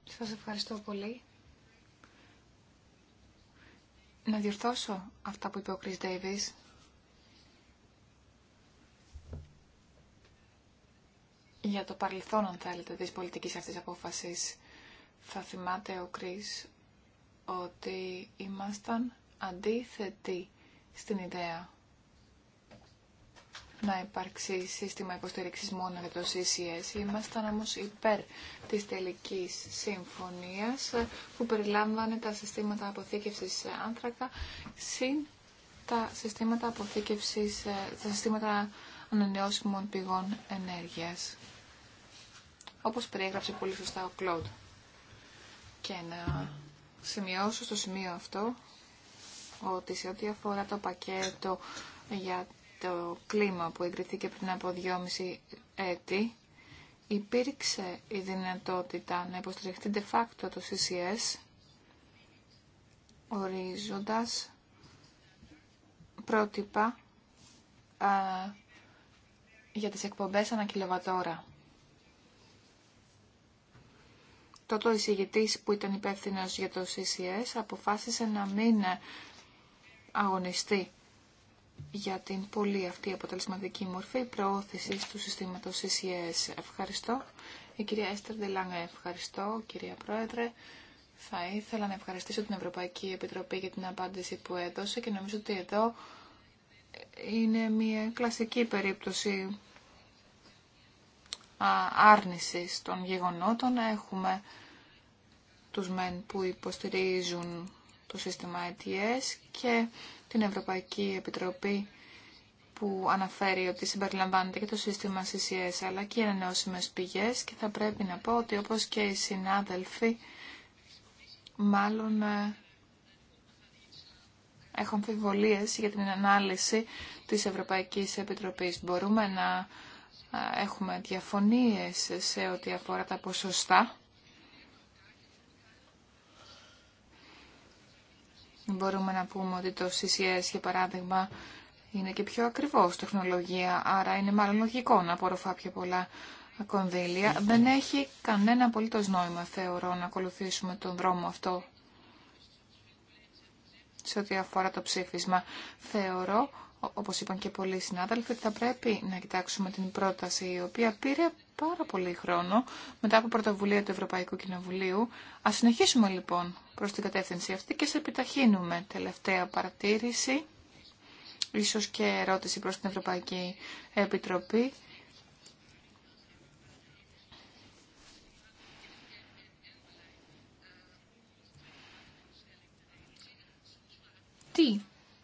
Σας ευχαριστώ πολύ. Να διορθώσω αυτά που είπε ο Chris Davis για το παρελθόν, αν θέλετε, της πολιτικής αυτής απόφασης. Θα θυμάται ο Κρίς ότι ήμασταν αντίθετοι στην ιδέα να υπάρξει σύστημα υποστήριξης μόνο για το CCS. Ήμασταν όμως υπέρ της τελικής συμφωνίας που περιλάμβανε τα συστήματα αποθήκευσης άνθρακα συν τα συστήματα αποθήκευσης, ε, τα συστήματα ανανεώσιμων πηγών ενέργεια όπως περιέγραψε πολύ σωστά ο Κλόντ. Και να σημειώσω στο σημείο αυτό ότι σε ό,τι αφορά το πακέτο για το κλίμα που εγκριθήκε πριν από 2,5 έτη, υπήρξε η δυνατότητα να υποστηριχθεί de facto το CCS, ορίζοντας πρότυπα για τις εκπομπές κιλοβατώρα. τότε ο εισηγητής που ήταν υπεύθυνο για το CCS αποφάσισε να μην αγωνιστεί για την πολύ αυτή αποτελεσματική μορφή προώθηση του συστήματος CCS. Ευχαριστώ. Η κυρία Έστερ Ντελάνγκα, ευχαριστώ. Κυρία Πρόεδρε, θα ήθελα να ευχαριστήσω την Ευρωπαϊκή Επιτροπή για την απάντηση που έδωσε και νομίζω ότι εδώ είναι μια κλασική περίπτωση άρνησης των γεγονότων. Έχουμε τους μεν που υποστηρίζουν το σύστημα ETS ε και την Ευρωπαϊκή Επιτροπή που αναφέρει ότι συμπεριλαμβάνεται και το σύστημα CCS αλλά και οι ανανεώσιμες πηγές και θα πρέπει να πω ότι όπως και οι συνάδελφοι μάλλον ε, έχω αμφιβολίες για την ανάλυση της Ευρωπαϊκής Επιτροπής. Μπορούμε να έχουμε διαφωνίες σε ό,τι αφορά τα ποσοστά. Μπορούμε να πούμε ότι το CCS, για παράδειγμα, είναι και πιο ακριβώς τεχνολογία, άρα είναι μάλλον λογικό να απορροφά πιο πολλά κονδύλια. Δεν έχει κανένα απολύτως νόημα, θεωρώ, να ακολουθήσουμε τον δρόμο αυτό σε ό,τι αφορά το ψήφισμα. Θεωρώ όπως είπαν και πολλοί συνάδελφοι, θα πρέπει να κοιτάξουμε την πρόταση η οποία πήρε πάρα πολύ χρόνο μετά από πρωτοβουλία του Ευρωπαϊκού Κοινοβουλίου. Ας συνεχίσουμε λοιπόν προς την κατεύθυνση αυτή και σε επιταχύνουμε. Τελευταία παρατήρηση, ίσως και ερώτηση προς την Ευρωπαϊκή Επιτροπή. Τι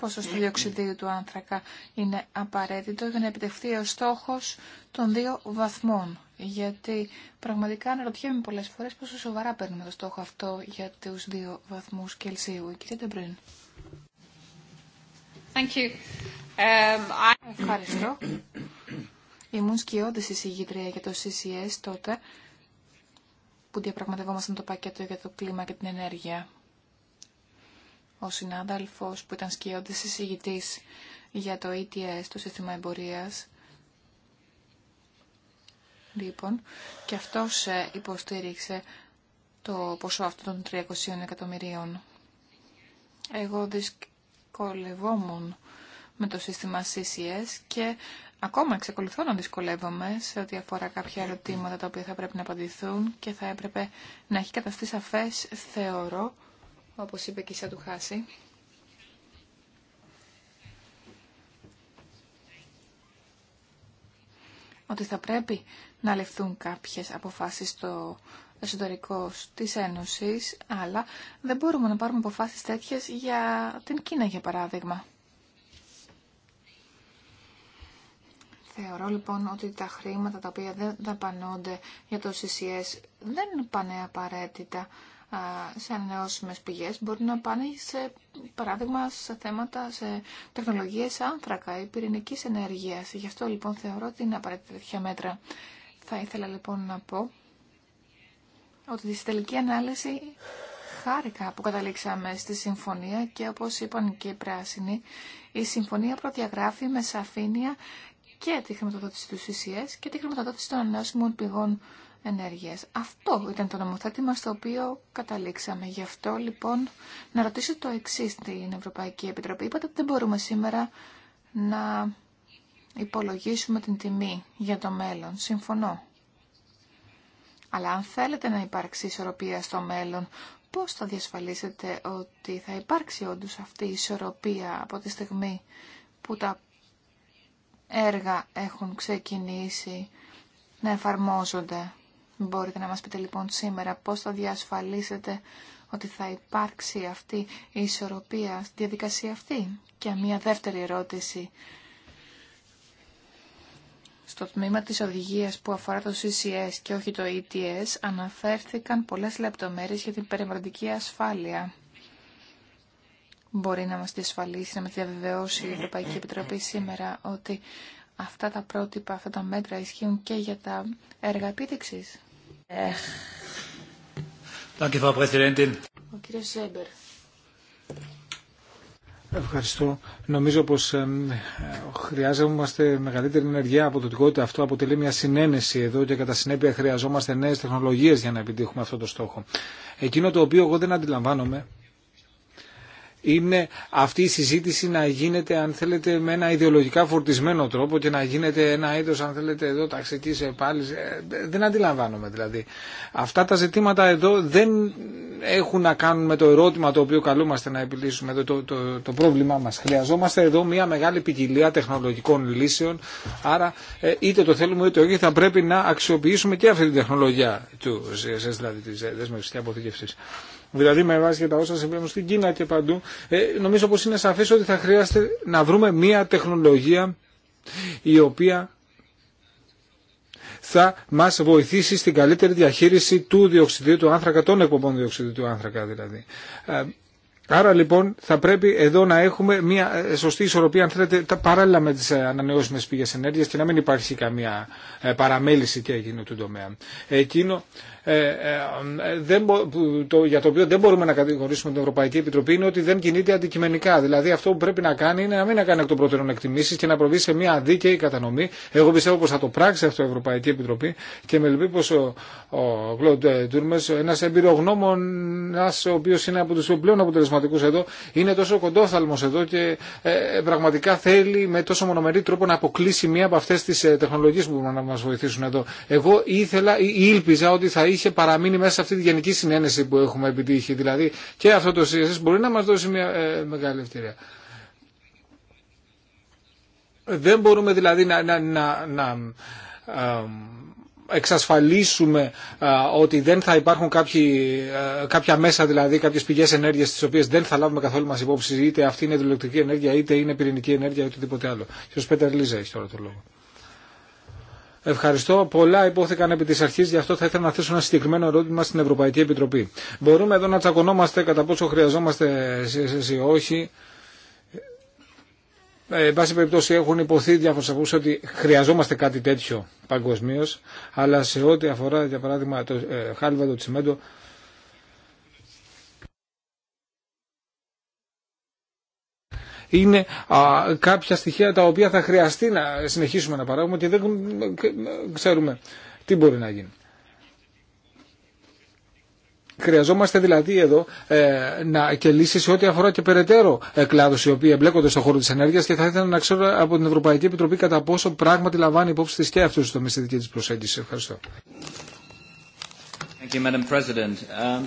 στο διοξιδίου του άνθρακα είναι απαραίτητο για να επιτευχθεί ο στόχος των δύο βαθμών. Γιατί πραγματικά αναρωτιέμαι πολλές φορές πόσο σοβαρά παίρνουμε το στόχο αυτό για τους δύο βαθμούς Κελσίου. Η κυρία um, Ευχαριστώ. Ήμουν σκιώδης εισηγήτρια για το CCS τότε που διαπραγματευόμασταν το πακέτο για το κλίμα και την ενέργεια ο συνάδελφος που ήταν σκιώδης εισηγητής για το ETS, το σύστημα εμπορίας. Λοιπόν, και αυτός ε, υποστήριξε το ποσό αυτό των 300 εκατομμυρίων. Εγώ δυσκολευόμουν με το σύστημα CCS και ακόμα εξακολουθώ να δυσκολεύομαι σε ό,τι αφορά κάποια ερωτήματα τα οποία θα πρέπει να απαντηθούν και θα έπρεπε να έχει καταστεί σαφές, θεωρώ, όπως είπε και η Σατουχάση. ότι θα πρέπει να ληφθούν κάποιες αποφάσεις στο εσωτερικό της Ένωσης, αλλά δεν μπορούμε να πάρουμε αποφάσεις τέτοιες για την Κίνα, για παράδειγμα. Θεωρώ λοιπόν ότι τα χρήματα τα οποία δεν δαπανώνται για το CCS δεν πάνε απαραίτητα σε ανανεώσιμες πηγές μπορεί να πάνε σε παράδειγμα σε θέματα, σε τεχνολογίες άνθρακα ή πυρηνικής ενέργειας. Γι' αυτό λοιπόν θεωρώ ότι είναι απαραίτητα τέτοια μέτρα. Θα ήθελα λοιπόν να πω ότι στη τελική ανάλυση χάρηκα που καταλήξαμε στη συμφωνία και όπως είπαν και οι πράσινοι, η συμφωνία προδιαγράφει με σαφήνεια και τη χρηματοδότηση του CCS και τη χρηματοδότηση των ανανεώσιμων πηγών ενέργειες. Αυτό ήταν το νομοθέτημα στο οποίο καταλήξαμε. Γι' αυτό λοιπόν να ρωτήσω το εξή στην Ευρωπαϊκή Επιτροπή. Είπατε ότι δεν μπορούμε σήμερα να υπολογίσουμε την τιμή για το μέλλον. Συμφωνώ. Αλλά αν θέλετε να υπάρξει ισορροπία στο μέλλον, πώς θα διασφαλίσετε ότι θα υπάρξει όντως αυτή η ισορροπία από τη στιγμή που τα έργα έχουν ξεκινήσει να εφαρμόζονται. Μπορείτε να μας πείτε λοιπόν σήμερα πώς θα διασφαλίσετε ότι θα υπάρξει αυτή η ισορροπία στη διαδικασία αυτή. Και μια δεύτερη ερώτηση. Στο τμήμα της οδηγίας που αφορά το CCS και όχι το ETS αναφέρθηκαν πολλές λεπτομέρειες για την περιβαλλοντική ασφάλεια. Μπορεί να μας διασφαλίσει, να με διαβεβαιώσει η Ευρωπαϊκή Επιτροπή σήμερα ότι αυτά τα πρότυπα, αυτά τα μέτρα ισχύουν και για τα έργα επίδειξη. Ευχαριστώ. Νομίζω πως ε, χρειάζομαστε μεγαλύτερη ενεργεία από το τικότητα. Αυτό αποτελεί μια συνένεση εδώ και κατά συνέπεια χρειαζόμαστε νέες τεχνολογίες για να επιτύχουμε αυτό το στόχο. Εκείνο το οποίο εγώ δεν αντιλαμβάνομαι είναι αυτή η συζήτηση να γίνεται αν θέλετε με ένα ιδεολογικά φορτισμένο τρόπο και να γίνεται ένα είδος αν θέλετε εδώ ταξικής επάλης ε, δεν αντιλαμβάνομαι δηλαδή αυτά τα ζητήματα εδώ δεν έχουν να κάνουν με το ερώτημα το οποίο καλούμαστε να επιλύσουμε το, το, πρόβλημά μας χρειαζόμαστε εδώ μια μεγάλη ποικιλία τεχνολογικών λύσεων άρα ε, είτε το θέλουμε είτε όχι θα πρέπει να αξιοποιήσουμε και αυτή την τεχνολογία του ΣΕΣ δηλαδή της δεσμευσικής αποθήκευσης δηλαδή με βάση και τα όσα συμβαίνουν στην Κίνα και παντού, ε, νομίζω πως είναι σαφές ότι θα χρειάζεται να βρούμε μια τεχνολογία η οποία θα μας βοηθήσει στην καλύτερη διαχείριση του διοξιδίου του άνθρακα, των εκπομπών διοξιδίου του άνθρακα δηλαδή. Ε, άρα λοιπόν θα πρέπει εδώ να έχουμε μια ε, σωστή ισορροπία αν θέλετε παράλληλα με τις ανανεώσιμες πηγές ενέργειας και να μην υπάρχει καμία παραμέληση και εκείνου του τομέα. Εκείνο ε, ε, για το οποίο δεν μπορούμε να κατηγορήσουμε την Ευρωπαϊκή Επιτροπή είναι ότι δεν κινείται αντικειμενικά. Δηλαδή αυτό που πρέπει να κάνει είναι να μην να κάνει εκ των προτέρων εκτιμήσει και να προβεί σε μια δίκαιη κατανομή. Εγώ πιστεύω πω θα το πράξει αυτό η Ευρωπαϊκή Επιτροπή και με λυπεί πω ο, Κλοντ ε, Τούρμε, ένα ο οποίο είναι από του πλέον αποτελεσματικού εδώ, είναι τόσο κοντόθαλμο εδώ και πραγματικά θέλει με τόσο μονομερή τρόπο να αποκλείσει μία από αυτέ τι τεχνολογίε που μπορούν να μα βοηθήσουν εδώ. Εγώ ήθελα ή ήλπιζα ότι θα είχε παραμείνει μέσα σε αυτή τη γενική συνένεση που έχουμε επιτύχει. Δηλαδή και αυτό το σύστημα μπορεί να μας δώσει μια ε, μεγάλη ευκαιρία. Δεν μπορούμε δηλαδή να, να, να, να εξασφαλίσουμε ε, ότι δεν θα υπάρχουν κάποιοι, ε, κάποια μέσα, δηλαδή κάποιες πηγές ενέργειας τις οποίες δεν θα λάβουμε καθόλου μα υπόψη, είτε αυτή είναι ηλεκτρική ενέργεια, είτε είναι πυρηνική ενέργεια, οτιδήποτε άλλο. ο Σπέτερ Λίζα έχει τώρα το λόγο. Ευχαριστώ. Πολλά υπόθηκαν επί τη αρχή, γι' αυτό θα ήθελα να θέσω ένα συγκεκριμένο ερώτημα στην Ευρωπαϊκή Επιτροπή. Μπορούμε εδώ να τσακωνόμαστε κατά πόσο χρειαζόμαστε ή όχι. Ε, εν πάση περιπτώσει έχουν υποθεί διάφορες ότι χρειαζόμαστε κάτι τέτοιο παγκοσμίω, αλλά σε ό,τι αφορά για παράδειγμα το ε, χάλιβα, το τσιμέντο, είναι κάποια στοιχεία τα οποία θα χρειαστεί να συνεχίσουμε να παράγουμε και δεν ξέρουμε τι μπορεί να γίνει. Χρειαζόμαστε δηλαδή εδώ ε, να και λύσει σε ό,τι αφορά και περαιτέρω ε, κλάδου οι οποίοι εμπλέκονται στον χώρο τη ενέργεια και θα ήθελα να ξέρω από την Ευρωπαϊκή Επιτροπή κατά πόσο πράγματι λαμβάνει υπόψη τη και αυτού του τομεί τη δική τη προσέγγιση. Ευχαριστώ. Um,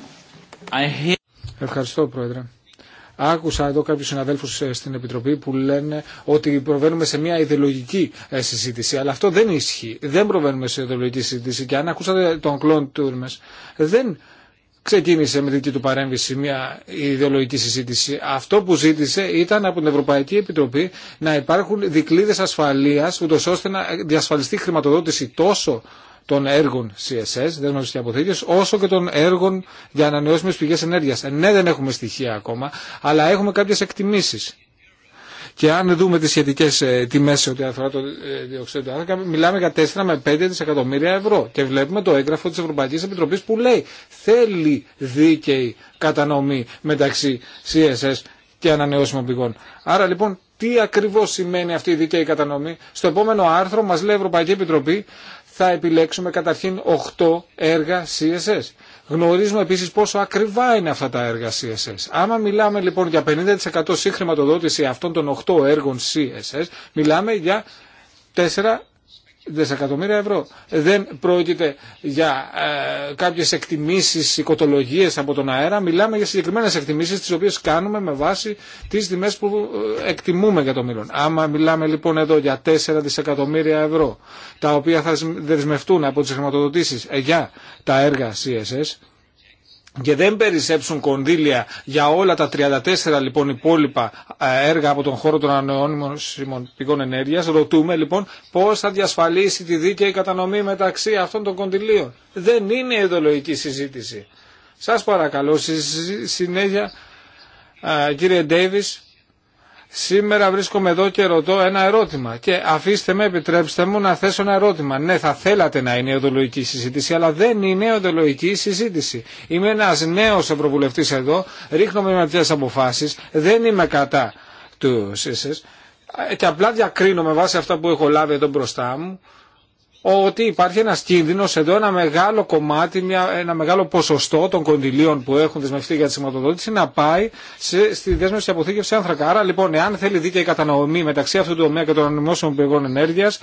Ευχαριστώ, Πρόεδρε. Άκουσα εδώ κάποιου συναδέλφου ε, στην Επιτροπή που λένε ότι προβαίνουμε σε μια ιδεολογική ε, συζήτηση. Αλλά αυτό δεν ισχύει. Δεν προβαίνουμε σε ιδεολογική συζήτηση. Και αν ακούσατε τον κλόν Τούρμε, δεν ξεκίνησε με δική του παρέμβηση μια ιδεολογική συζήτηση. Αυτό που ζήτησε ήταν από την Ευρωπαϊκή Επιτροπή να υπάρχουν δικλείδε ασφαλεία, ούτω ώστε να διασφαλιστεί χρηματοδότηση τόσο των έργων CSS, δέσμευση και αποθήκε, όσο και των έργων για ανανεώσιμε πηγέ ενέργεια. Ε, ναι, δεν έχουμε στοιχεία ακόμα, αλλά έχουμε κάποιε εκτιμήσει. Και αν δούμε τι σχετικέ ε, τιμέ σε ό,τι αφορά το ε, διοξείδιο του άνθρακα, μιλάμε για 4 με 5 δισεκατομμύρια ευρώ. Και βλέπουμε το έγγραφο τη Ευρωπαϊκή Επιτροπή που λέει θέλει δίκαιη κατανομή μεταξύ CSS και ανανεώσιμων πηγών. Άρα λοιπόν τι ακριβώ σημαίνει αυτή η δίκαιη κατανομή. Στο επόμενο άρθρο μα λέει η Ευρωπαϊκή Επιτροπή θα επιλέξουμε καταρχήν 8 έργα CSS. Γνωρίζουμε επίσης πόσο ακριβά είναι αυτά τα έργα CSS. Άμα μιλάμε λοιπόν για 50% σύγχρηματοδότηση αυτών των 8 έργων CSS, μιλάμε για 4 δισεκατομμύρια ευρώ. Δεν πρόκειται για ε, κάποιες εκτιμήσεις, οικοτολογίες από τον αέρα. Μιλάμε για συγκεκριμένες εκτιμήσεις τις οποίες κάνουμε με βάση τις τιμέ που ε, εκτιμούμε για το μέλλον. Άμα μιλάμε λοιπόν εδώ για 4 δισεκατομμύρια ευρώ τα οποία θα δεσμευτούν από τις χρηματοδοτήσεις για τα έργα CSS και δεν περισσέψουν κονδύλια για όλα τα 34 λοιπόν υπόλοιπα έργα από τον χώρο των ανεώνυμων πηγών ενέργεια, ρωτούμε λοιπόν πώ θα διασφαλίσει τη δίκαιη κατανομή μεταξύ αυτών των κονδυλίων. Δεν είναι ιδεολογική συζήτηση. Σα παρακαλώ, στη συνέχεια κύριε Ντέβι, Σήμερα βρίσκομαι εδώ και ρωτώ ένα ερώτημα και αφήστε με, επιτρέψτε μου να θέσω ένα ερώτημα. Ναι, θα θέλατε να είναι οδολογική συζήτηση, αλλά δεν είναι οδολογική συζήτηση. Είμαι ένα νέο ευρωβουλευτή εδώ, ρίχνω με ποιες αποφάσεις, δεν είμαι κατά του ΣΥΣΕΣ και απλά διακρίνω με βάση αυτά που έχω λάβει εδώ μπροστά μου ότι υπάρχει ένας κίνδυνος εδώ ένα μεγάλο κομμάτι, μια, ένα μεγάλο ποσοστό των κοντιλίων που έχουν δεσμευτεί για τη σηματοδότηση να πάει σε, στη δέσμευση και αποθήκευση άνθρακα. Άρα λοιπόν, εάν θέλει δίκαιη κατανομή μεταξύ αυτού του τομέα και των ανεμόσιμων πηγών ενέργειας,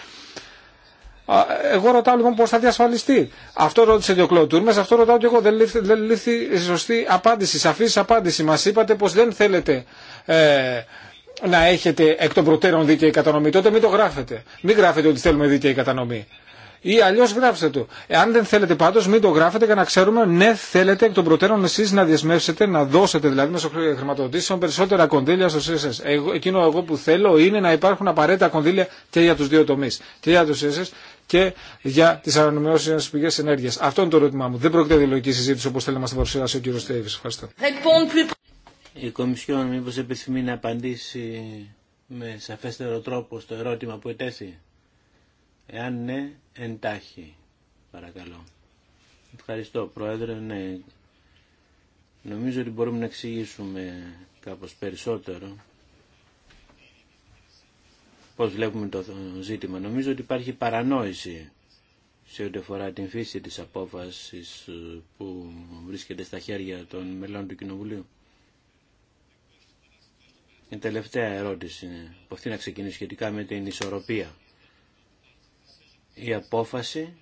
εγώ ρωτάω λοιπόν πώ θα διασφαλιστεί. Αυτό ρώτησε και ο Κλωτούρμε, αυτό ρωτάω και εγώ. Δεν λήφθη, σωστή απάντηση, σαφή απάντηση. Μα είπατε πω δεν θέλετε ε, να έχετε εκ των προτέρων δίκαιη κατανομή. Τότε μην το γράφετε. Μην γράφετε ότι θέλουμε δίκαιη κατανομή. Ή αλλιώ γράψτε το. Εάν δεν θέλετε πάντω, μην το γράφετε για να ξέρουμε, ναι, θέλετε εκ των προτέρων εσεί να διασμεύσετε, να δώσετε δηλαδή μέσω χρηματοδοτήσεων περισσότερα κονδύλια στο CSS. Εγώ, εκείνο εγώ που θέλω είναι να υπάρχουν απαραίτητα κονδύλια και για του δύο τομεί. Και για του CSS και για τι τι πηγέ ενέργεια. Αυτό είναι το ερώτημά μου. Δεν πρόκειται για λογική συζήτηση όπω θέλει να μα την παρουσιάσει ο κύριο Τέιβι. Ευχαριστώ. Η Κομισιόν μήπω επιθυμεί να απαντήσει με σαφέστερο τρόπο στο ερώτημα που ετέθη. Εάν ναι, εντάχει, παρακαλώ. Ευχαριστώ, Πρόεδρε. Ναι, νομίζω ότι μπορούμε να εξηγήσουμε κάπως περισσότερο πώς βλέπουμε το ζήτημα. Νομίζω ότι υπάρχει παρανόηση σε ό,τι αφορά την φύση της απόφασης ε, που βρίσκεται στα χέρια των μελών του Κοινοβουλίου. Η τελευταία ερώτηση, από αυτή να ξεκινήσει σχετικά με την ισορροπία η απόφαση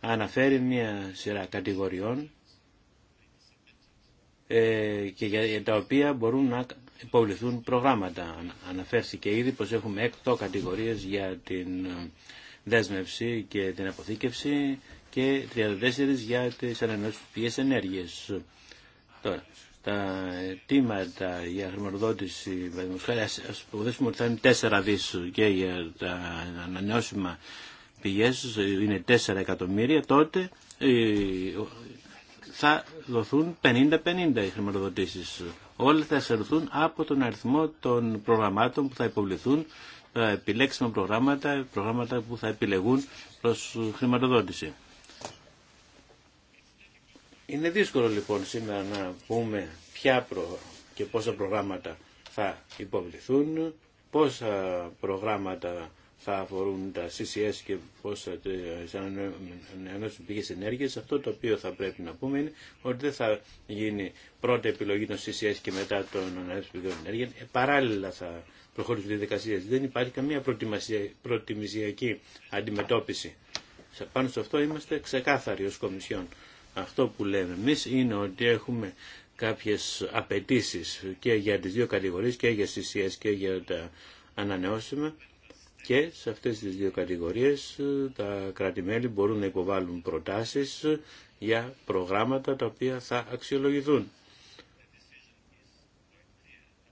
αναφέρει μια σειρά κατηγοριών ε, και για τα οποία μπορούν να υποβληθούν προγράμματα. Αναφέρθηκε ήδη πως έχουμε έκτο κατηγορίες για την ε, δέσμευση και την αποθήκευση και 34 για τις ανανεώσιμες ενέργειες. ενέργειας. Τώρα, τα αιτήματα για χρηματοδότηση, ας, ας υποθέσουμε ότι θα είναι 4 δις και για τα ανανεώσιμα πηγές, είναι 4 εκατομμύρια, τότε ε, θα δοθούν 50-50 οι χρηματοδοτήσεις. Όλα θα εξαρτηθούν από τον αριθμό των προγραμμάτων που θα υποβληθούν, επιλέξιμα προγράμματα, προγράμματα που θα επιλεγούν προς χρηματοδότηση. Είναι δύσκολο λοιπόν σήμερα να πούμε ποια προ... και πόσα προγράμματα θα υποβληθούν, πόσα προγράμματα θα αφορούν τα CCS και πώς ανανεώσουν πηγές ενέργειας, αυτό το οποίο θα πρέπει να πούμε είναι ότι δεν θα γίνει πρώτη επιλογή των CCS και μετά των ανανεώσιμων πηγών ενέργειας. Ε, παράλληλα θα προχωρήσουν διαδικασίες. Δεν υπάρχει καμία προτιμησιακή αντιμετώπιση. Σε Πάνω σε αυτό είμαστε ξεκάθαροι ω Κομισιόν. Αυτό που λέμε εμεί είναι ότι έχουμε κάποιε απαιτήσει και για τι δύο κατηγορίε και για CCS και για τα ανανεώσιμα και σε αυτές τις δύο κατηγορίες ε, τα κράτη-μέλη μπορούν να υποβάλουν προτάσεις ε, για προγράμματα τα οποία θα αξιολογηθούν.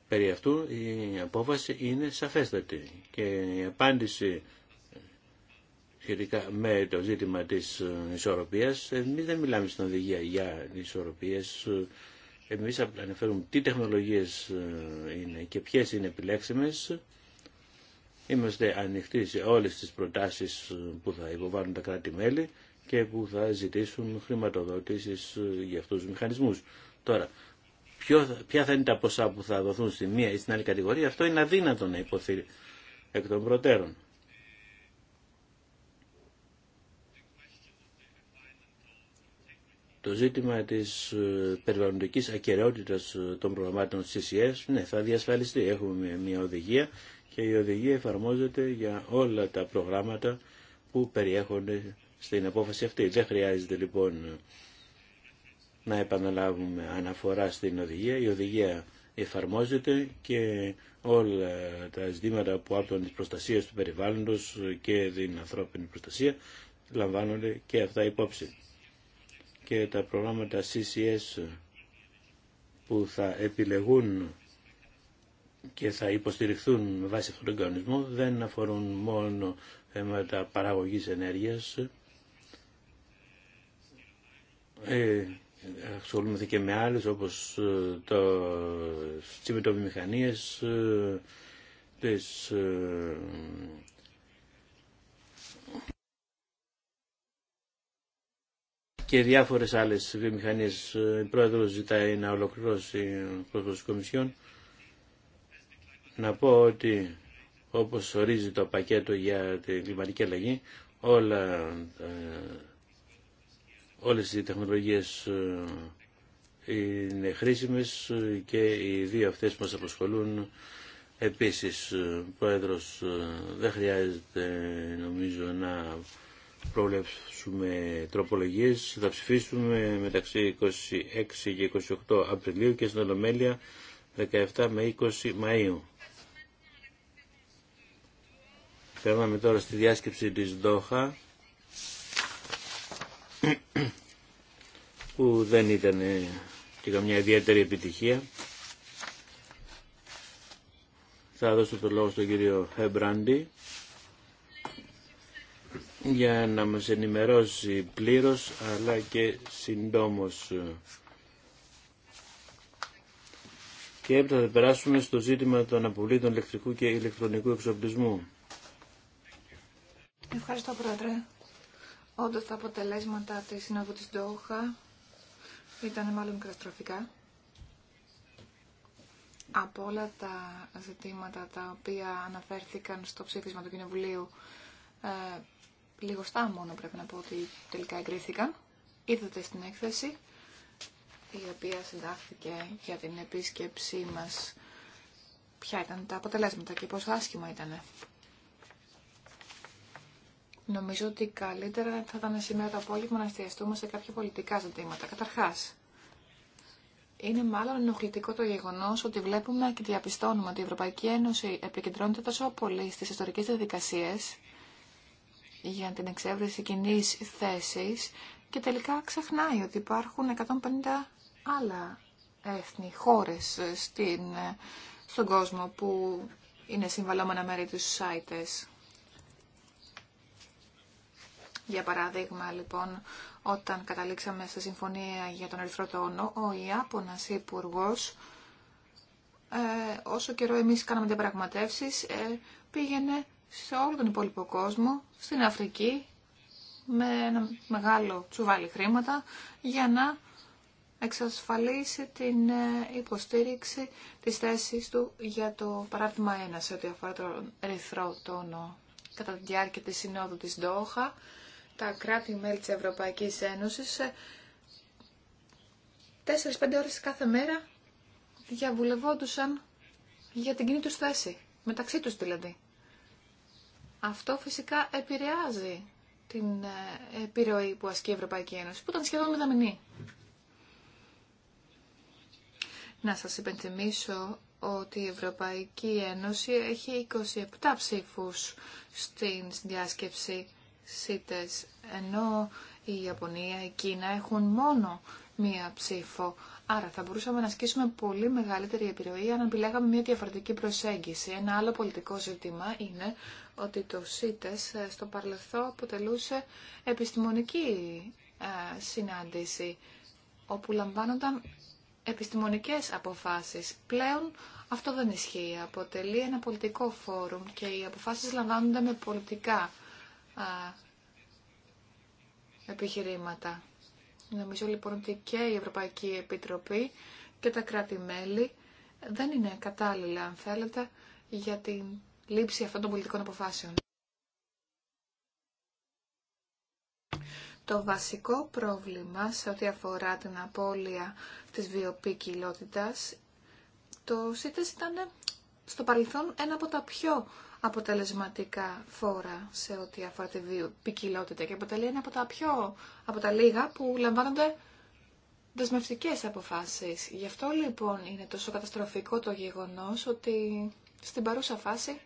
Περί αυτού η απόφαση είναι σαφέστατη και η απάντηση σχετικά με το ζήτημα της ε, ισορροπίας, εμείς δεν μιλάμε στην οδηγία για ισορροπίες, εμείς αναφέρουμε τι τεχνολογίες είναι και ποιες είναι επιλέξιμες Είμαστε ανοιχτοί σε όλες τις προτάσεις που θα υποβάλουν τα κράτη-μέλη και που θα ζητήσουν χρηματοδοτήσεις για αυτούς τους μηχανισμούς. Τώρα, ποια θα είναι τα ποσά που θα δοθούν στη μία ή στην άλλη κατηγορία, αυτό είναι αδύνατο να υποθεί εκ των προτέρων. Το ζήτημα της ε, περιβαλλοντικής ακαιρεότητας ε, των προγραμμάτων CCS, ναι, θα διασφαλιστεί. Έχουμε μια οδηγία και η οδηγία εφαρμόζεται για όλα τα προγράμματα που περιέχονται στην απόφαση αυτή. Δεν χρειάζεται λοιπόν να επαναλάβουμε αναφορά στην οδηγία. Η οδηγία εφαρμόζεται και όλα τα ζητήματα που άπτονται της προστασία του περιβάλλοντος και την ανθρώπινη προστασία λαμβάνονται και αυτά υπόψη. Και τα προγράμματα CCS που θα επιλεγούν και θα υποστηριχθούν με βάση αυτόν τον κανονισμό δεν αφορούν μόνο θέματα παραγωγής ενέργειας. Ε, ασχολούμαστε και με άλλες όπως ε, το, τις ε, τις ε, και διάφορες άλλες βιομηχανίες. Η πρόεδρος ζητάει να ολοκληρώσει ο πρόεδρος της Κομισιόν να πω ότι όπως ορίζει το πακέτο για την κλιματική αλλαγή, όλα, ε, όλες οι τεχνολογίες ε, είναι χρήσιμες και οι δύο αυτές μας απασχολούν επίσης ε, πρόεδρος δεν χρειάζεται νομίζω να προβλέψουμε τροπολογίες θα ψηφίσουμε μεταξύ 26 και 28 Απριλίου και στην Ολομέλεια 17 με 20 Μαΐου Περνάμε τώρα στη διάσκεψη της Δόχα που δεν ήταν ε, και καμιά ιδιαίτερη επιτυχία. Θα δώσω το λόγο στον κύριο Χεμπράντι για να μας ενημερώσει πλήρως αλλά και συντόμως. Και έπειτα θα περάσουμε στο ζήτημα των αποβλήτων ηλεκτρικού και ηλεκτρονικού εξοπλισμού. Ευχαριστώ, Πρόεδρε. Όντω τα αποτελέσματα τη Συνόδου τη Ντόχα ήταν μάλλον καταστροφικά. Από όλα τα ζητήματα τα οποία αναφέρθηκαν στο ψήφισμα του Κοινοβουλίου, ε, λιγοστά μόνο πρέπει να πω ότι τελικά εγκρίθηκαν. Είδατε στην έκθεση, η οποία συντάχθηκε για την επίσκεψή μας ποια ήταν τα αποτελέσματα και πόσο άσχημα ήτανε. Νομίζω ότι καλύτερα θα ήταν σήμερα το απόγευμα να εστιαστούμε σε κάποια πολιτικά ζητήματα. Καταρχά. είναι μάλλον ενοχλητικό το γεγονό ότι βλέπουμε και διαπιστώνουμε ότι η Ευρωπαϊκή Ένωση επικεντρώνεται τόσο πολύ στι ιστορικέ διαδικασίε για την εξέβρεση κοινή θέση και τελικά ξεχνάει ότι υπάρχουν 150 άλλα έθνη, χώρε στον κόσμο που είναι συμβαλόμενα μέρη του ΣΑΙΤΕΣ. Για παράδειγμα, λοιπόν, όταν καταλήξαμε στη συμφωνία για τον Ερυθρό Τόνο, ο Ιάπωνας υπουργό, ε, όσο καιρό εμείς κάναμε διαπραγματεύσεις, ε, πήγαινε σε όλο τον υπόλοιπο κόσμο, στην Αφρική, με ένα μεγάλο τσουβάλι χρήματα, για να εξασφαλίσει την ε, υποστήριξη της θέσης του για το παράδειγμα 1 σε ό,τι αφορά τον ερυθρό τόνο κατά τη διάρκεια της συνόδου της Ντόχα τα κράτη-μέλη της Ευρωπαϊκής Ένωσης 4-5 ε, ώρες κάθε μέρα διαβουλευόντουσαν για την κοινή τους θέση, μεταξύ τους δηλαδή. Αυτό φυσικά επηρεάζει την ε, επιρροή που ασκεί η Ευρωπαϊκή Ένωση, που ήταν σχεδόν μηδαμινή. Να σας υπενθυμίσω ότι η Ευρωπαϊκή Ένωση έχει 27 ψήφους στην διάσκεψη ΣΥΤΕΣ, ενώ η Ιαπωνία, η Κίνα έχουν μόνο μία ψήφο. Άρα θα μπορούσαμε να ασκήσουμε πολύ μεγαλύτερη επιρροή αν επιλέγαμε μία διαφορετική προσέγγιση. Ένα άλλο πολιτικό ζήτημα είναι ότι το ΣΥΤΕΣ ε, στο παρελθόν αποτελούσε επιστημονική ε, συνάντηση όπου λαμβάνονταν επιστημονικές αποφάσεις. Πλέον αυτό δεν ισχύει. Αποτελεί ένα πολιτικό φόρουμ και οι αποφάσεις λαμβάνονται με πολιτικά επιχειρήματα. Νομίζω λοιπόν ότι και η Ευρωπαϊκή Επιτροπή και τα κράτη-μέλη δεν είναι κατάλληλα, αν θέλετε, για την λήψη αυτών των πολιτικών αποφάσεων. Το βασικό πρόβλημα σε ό,τι αφορά την απώλεια της βιοποικιλότητας, το ΣΥΤΕΣ ήταν στο παρελθόν ένα από τα πιο αποτελεσματικά φόρα σε ό,τι αφορά τη ποικιλότητα και αποτελεί ένα από τα πιο, από τα λίγα που λαμβάνονται δεσμευτικέ αποφάσεις. Γι' αυτό λοιπόν είναι τόσο καταστροφικό το γεγονός ότι στην παρούσα φάση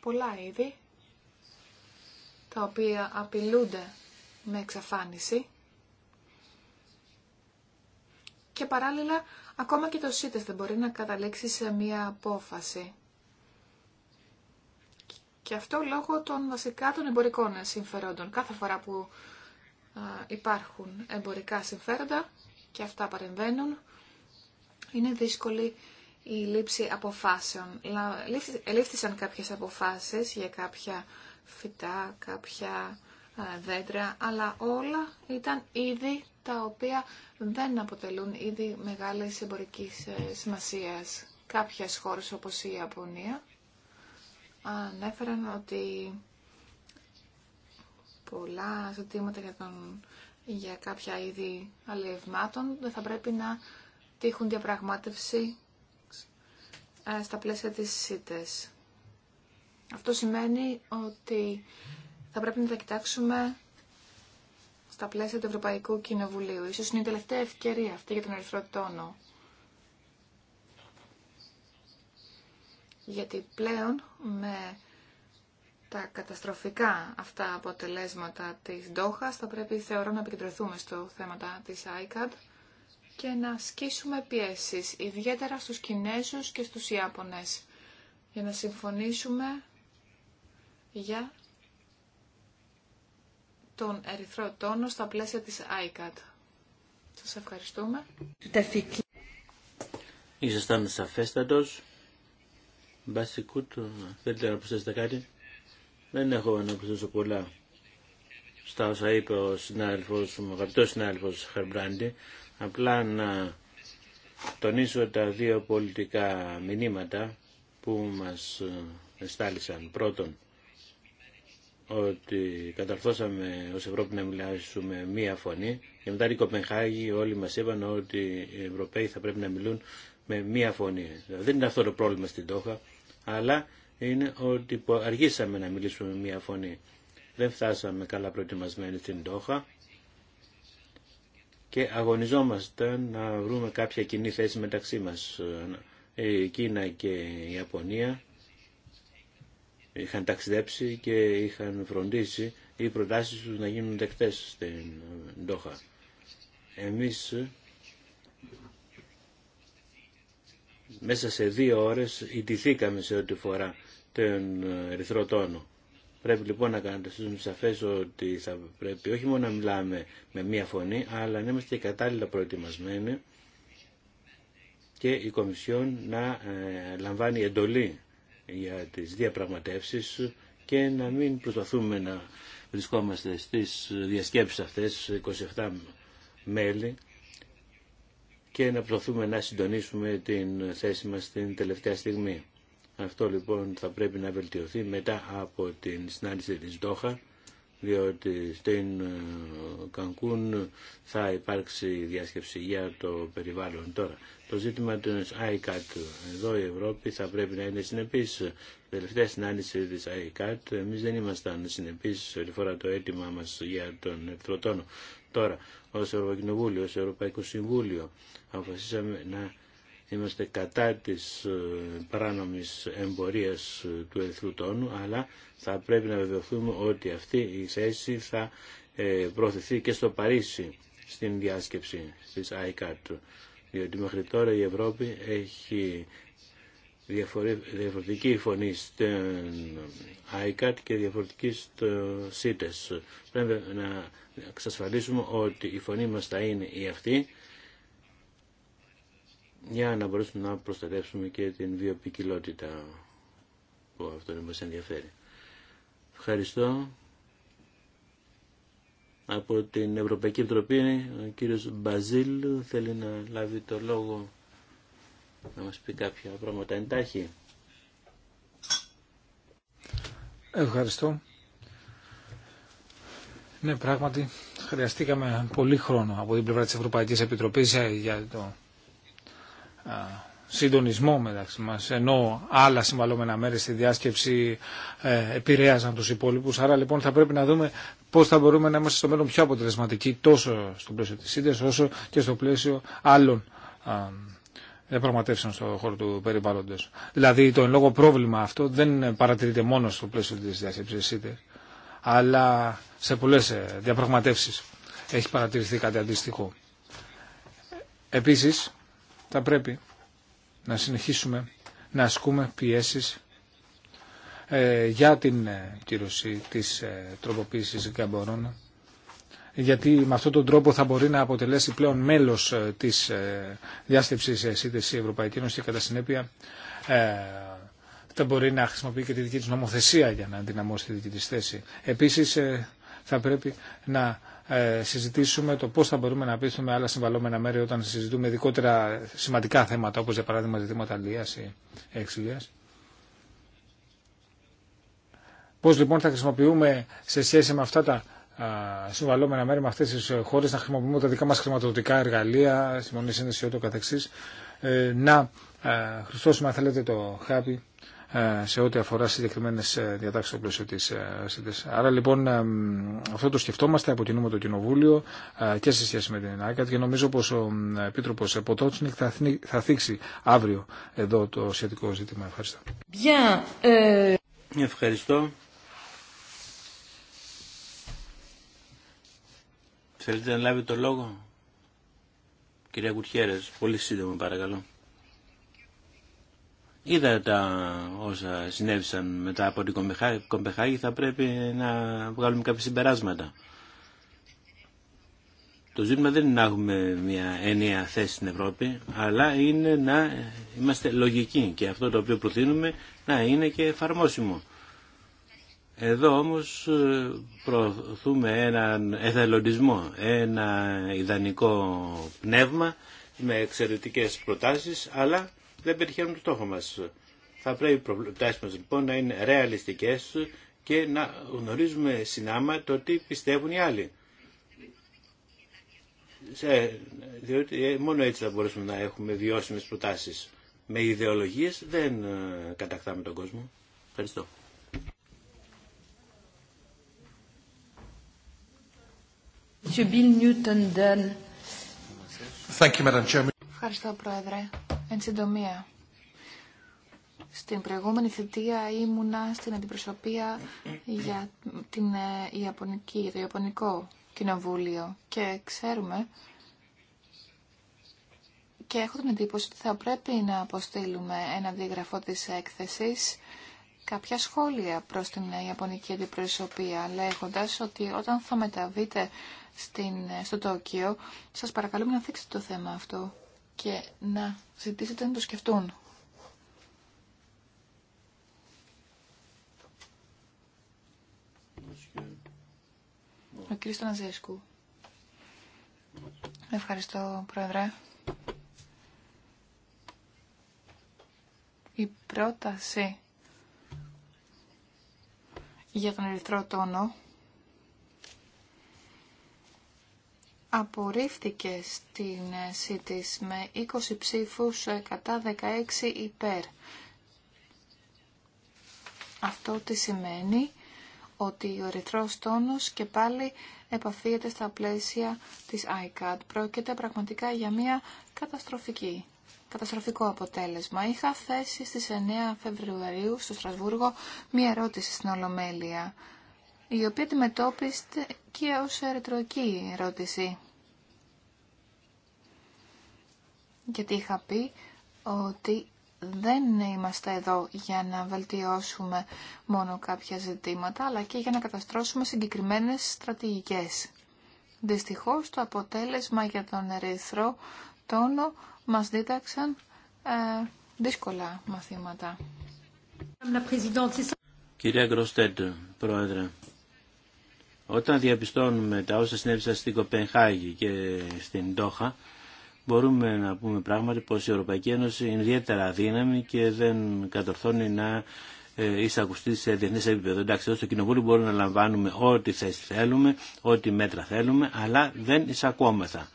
πολλά είδη τα οποία απειλούνται με εξαφάνιση και παράλληλα ακόμα και το ΣΥΤΕΣ δεν μπορεί να καταλήξει σε μία απόφαση. Και αυτό λόγω των βασικά των εμπορικών συμφερόντων. Κάθε φορά που υπάρχουν εμπορικά συμφέροντα και αυτά παρεμβαίνουν, είναι δύσκολη η λήψη αποφάσεων. Ελήφθησαν κάποιες αποφάσεις για κάποια φυτά, κάποια ε, δέντρα, αλλά όλα ήταν είδη τα οποία δεν αποτελούν είδη μεγάλης εμπορικής ε, σημασίας. Κάποιες χώρες όπως η Ιαπωνία ανέφεραν ότι πολλά ζητήματα για, τον, για κάποια είδη αλλιευμάτων δεν θα πρέπει να τύχουν διαπραγμάτευση ε, στα πλαίσια της ΣΥΤΕΣ. Αυτό σημαίνει ότι θα πρέπει να τα κοιτάξουμε στα πλαίσια του Ευρωπαϊκού Κοινοβουλίου. Ίσως είναι η τελευταία ευκαιρία αυτή για τον ερυθρό τόνο. Γιατί πλέον με τα καταστροφικά αυτά αποτελέσματα της Ντόχας θα πρέπει θεωρώ να επικεντρωθούμε στο θέμα της ICAD και να ασκήσουμε πιέσεις, ιδιαίτερα στους Κινέζους και στους Ιάπωνες, για να συμφωνήσουμε για τον ερυθρό τόνο στα πλαίσια της ICAT. Σας ευχαριστούμε. Ήσασταν σαφέστατος. Μπασικούτ, θέλετε να προσθέσετε κάτι. Δεν έχω να προσθέσω πολλά στα όσα είπε ο συνάδελφος, ο αγαπητός συνάδελφος Χαρμπράντη. Απλά να τονίσω τα δύο πολιτικά μηνύματα που μας εστάλησαν. Πρώτον, ότι καταρθώσαμε ως Ευρώπη να μιλάσουμε μία φωνή και μετά η Κοπενχάγη όλοι μας είπαν ότι οι Ευρωπαίοι θα πρέπει να μιλούν με μία φωνή. Δεν είναι αυτό το πρόβλημα στην Τόχα, αλλά είναι ότι αργήσαμε να μιλήσουμε με μία φωνή. Δεν φτάσαμε καλά προετοιμασμένοι στην Τόχα και αγωνιζόμαστε να βρούμε κάποια κοινή θέση μεταξύ μας. Ε, η Κίνα και η Ιαπωνία είχαν ταξιδέψει και είχαν φροντίσει οι προτάσεις τους να γίνουν δεκτές στην Ντόχα. Εμείς μέσα σε δύο ώρες ιτηθήκαμε σε ό,τι φορά τον ερυθρό τόνο. Πρέπει λοιπόν να καταστήσουμε σαφές ότι θα πρέπει όχι μόνο να μιλάμε με μία φωνή, αλλά να είμαστε κατάλληλα προετοιμασμένοι και η Κομισιόν να ε, λαμβάνει εντολή για τις διαπραγματεύσεις και να μην προσπαθούμε να βρισκόμαστε στις διασκέψεις αυτές 27 μέλη και να προσπαθούμε να συντονίσουμε την θέση μας την τελευταία στιγμή. Αυτό λοιπόν θα πρέπει να βελτιωθεί μετά από την συνάντηση της Δόχα διότι στην ε, Κανκούν θα υπάρξει διάσκεψη για το περιβάλλον τώρα. Το ζήτημα του ICAT, εδώ η Ευρώπη θα πρέπει να είναι συνεπής. Τελευταία συνάντηση της ICAT, εμείς δεν ήμασταν συνεπείς ό,τι φορά το αίτημα μας για τον Ευτροτόνο. Τώρα, ως Ευρωκοινοβούλιο, ως Ευρωπαϊκό Συμβούλιο, αποφασίσαμε να είμαστε κατά της ε, παράνομης εμπορίας ε, του ερυθρού τόνου, αλλά θα πρέπει να βεβαιωθούμε ότι αυτή η θέση θα ε, προωθηθεί και στο Παρίσι στην διάσκεψη της ICAT, διότι μέχρι τώρα η Ευρώπη έχει διαφορετική φωνή στην ICAT και διαφορετική στο CITES. Πρέπει να εξασφαλίσουμε ότι η φωνή μας θα είναι η αυτή για να μπορέσουμε να προστατεύσουμε και την βιοπικιλότητα που αυτόν μας ενδιαφέρει. Ευχαριστώ. Από την Ευρωπαϊκή Επιτροπή ο κύριος Μπαζίλ θέλει να λάβει το λόγο να μας πει κάποια πράγματα εντάχει. Ευχαριστώ. Ναι, πράγματι χρειαστήκαμε πολύ χρόνο από την πλευρά της Ευρωπαϊκής Επιτροπής για το συντονισμό μεταξύ μας, ενώ άλλα συμβαλόμενα μέρη στη διάσκεψη ε, επηρέαζαν τους υπόλοιπους. Άρα λοιπόν θα πρέπει να δούμε πώς θα μπορούμε να είμαστε στο μέλλον πιο αποτελεσματικοί τόσο στο πλαίσιο της ΣΥΤΕΣ όσο και στο πλαίσιο άλλων διαπραγματεύσεων στον χώρο του περιβάλλοντος. Δηλαδή το εν λόγω πρόβλημα αυτό δεν παρατηρείται μόνο στο πλαίσιο της διάσκεψης ΣΥΤΕΣ, αλλά σε πολλές ε, διαπραγματεύσεις έχει παρατηρηθεί κάτι αντίστοιχο. Επίσης, θα πρέπει να συνεχίσουμε να ασκούμε πιέσεις ε, για την ε, κύρωση της ε, τροποποίησης Γκαμπορών γιατί με αυτόν τον τρόπο θα μπορεί να αποτελέσει πλέον μέλος της διάσκεψης της Ευρωπαϊκής Ευρωπαϊκή Ένωση και κατά συνέπεια θα μπορεί να χρησιμοποιεί και τη δική της νομοθεσία για να ενδυναμώσει τη δική της θέση. Επίσης θα πρέπει να ε, συζητήσουμε το πώς θα μπορούμε να πείθουμε άλλα συμβαλλόμενα μέρη όταν συζητούμε ειδικότερα σημαντικά θέματα όπως για παράδειγμα ζητήματα αλληλεία ή εξηλεία. Πώς λοιπόν θα χρησιμοποιούμε σε σχέση με αυτά τα συμβαλόμενα μέρη με αυτέ τι χώρε, να χρησιμοποιούμε τα δικά μας χρηματοδοτικά εργαλεία, συμφωνή σύνδεση και καθεξή, ε, να χρησιμοποιήσουμε αν θέλετε το χάπι ε, σε ό,τι αφορά συγκεκριμένε ε, διατάξει στο πλαίσιο τη ε, Άρα λοιπόν αυτό το σκεφτόμαστε, αποκοινούμε το Κοινοβούλιο και σε σχέση με την ΑΚΑΤ και νομίζω πω ο Επίτροπο Ποτότσνικ θα θίξει αύριο εδώ το σχετικό ζήτημα. Ευχαριστώ. Ευχαριστώ. Θέλετε να λάβει το λόγο. Κυρία Κουτιέρες, πολύ σύντομα παρακαλώ. Είδα τα όσα συνέβησαν μετά από την Κομπεχάγη, θα πρέπει να βγάλουμε κάποια συμπεράσματα. Το ζήτημα δεν είναι να έχουμε μια ενιαία θέση στην Ευρώπη, αλλά είναι να είμαστε λογικοί και αυτό το οποίο προτείνουμε να είναι και εφαρμόσιμο. Εδώ όμως ε, προωθούμε έναν εθελοντισμό, ένα ιδανικό πνεύμα με εξαιρετικές προτάσεις, αλλά δεν πετυχαίνουμε το στόχο μας. Θα πρέπει οι προτάσεις μας λοιπόν να είναι ρεαλιστικές και να γνωρίζουμε συνάμα το τι πιστεύουν οι άλλοι. διότι ε, μόνο έτσι θα μπορέσουμε να έχουμε βιώσιμες προτάσεις. Με ιδεολογίες δεν ε, κατακτάμε τον κόσμο. Ευχαριστώ. Ευχαριστώ, Πρόεδρε. Εν συντομία, στην προηγούμενη θητεία ήμουνα στην αντιπροσωπεία για, την ε, Ιαπωνική, το Ιαπωνικό Κοινοβούλιο και ξέρουμε και έχω την εντύπωση ότι θα πρέπει να αποστείλουμε ένα δίγραφό της έκθεσης κάποια σχόλια προς την Ιαπωνική αντιπροσωπεία λέγοντας ότι όταν θα μεταβείτε στην, στο Τόκιο σας παρακαλούμε να θίξετε το θέμα αυτό και να ζητήσετε να το σκεφτούν. Ο κύριος Ναζέσκου. Ευχαριστώ, Πρόεδρε. Η πρόταση για τον ερυθρό τόνο απορρίφθηκε στην ΣΥΤΙΣ με 20 ψήφους ε, κατά 16 υπέρ. Αυτό τι σημαίνει ότι ο ερυθρός τόνος και πάλι επαφίεται στα πλαίσια της ICAD. Πρόκειται πραγματικά για μια καταστροφική, καταστροφικό αποτέλεσμα. Είχα θέσει στις 9 Φεβρουαρίου στο Στρασβούργο μια ερώτηση στην Ολομέλεια η οποία αντιμετώπιστε και ως ερετροϊκή ερώτηση. Γιατί είχα πει ότι δεν είμαστε εδώ για να βελτιώσουμε μόνο κάποια ζητήματα, αλλά και για να καταστρώσουμε συγκεκριμένες στρατηγικές. Δυστυχώς το αποτέλεσμα για τον ερυθρό τόνο μας δίταξαν ε, δύσκολα μαθήματα. Κυρία Γκροστέντ, Πρόεδρε, όταν διαπιστώνουμε τα όσα συνέβησαν στην Κοπενχάγη και στην Τόχα, μπορούμε να πούμε πράγματι πως η Ευρωπαϊκή Ένωση είναι ιδιαίτερα αδύναμη και δεν κατορθώνει να ε, εισακουστεί σε διεθνέ επίπεδο. Εντάξει, εδώ στο Κοινοβούλιο μπορούμε να λαμβάνουμε ό,τι θέση θέλουμε, ό,τι μέτρα θέλουμε, αλλά δεν εισακόμεθα.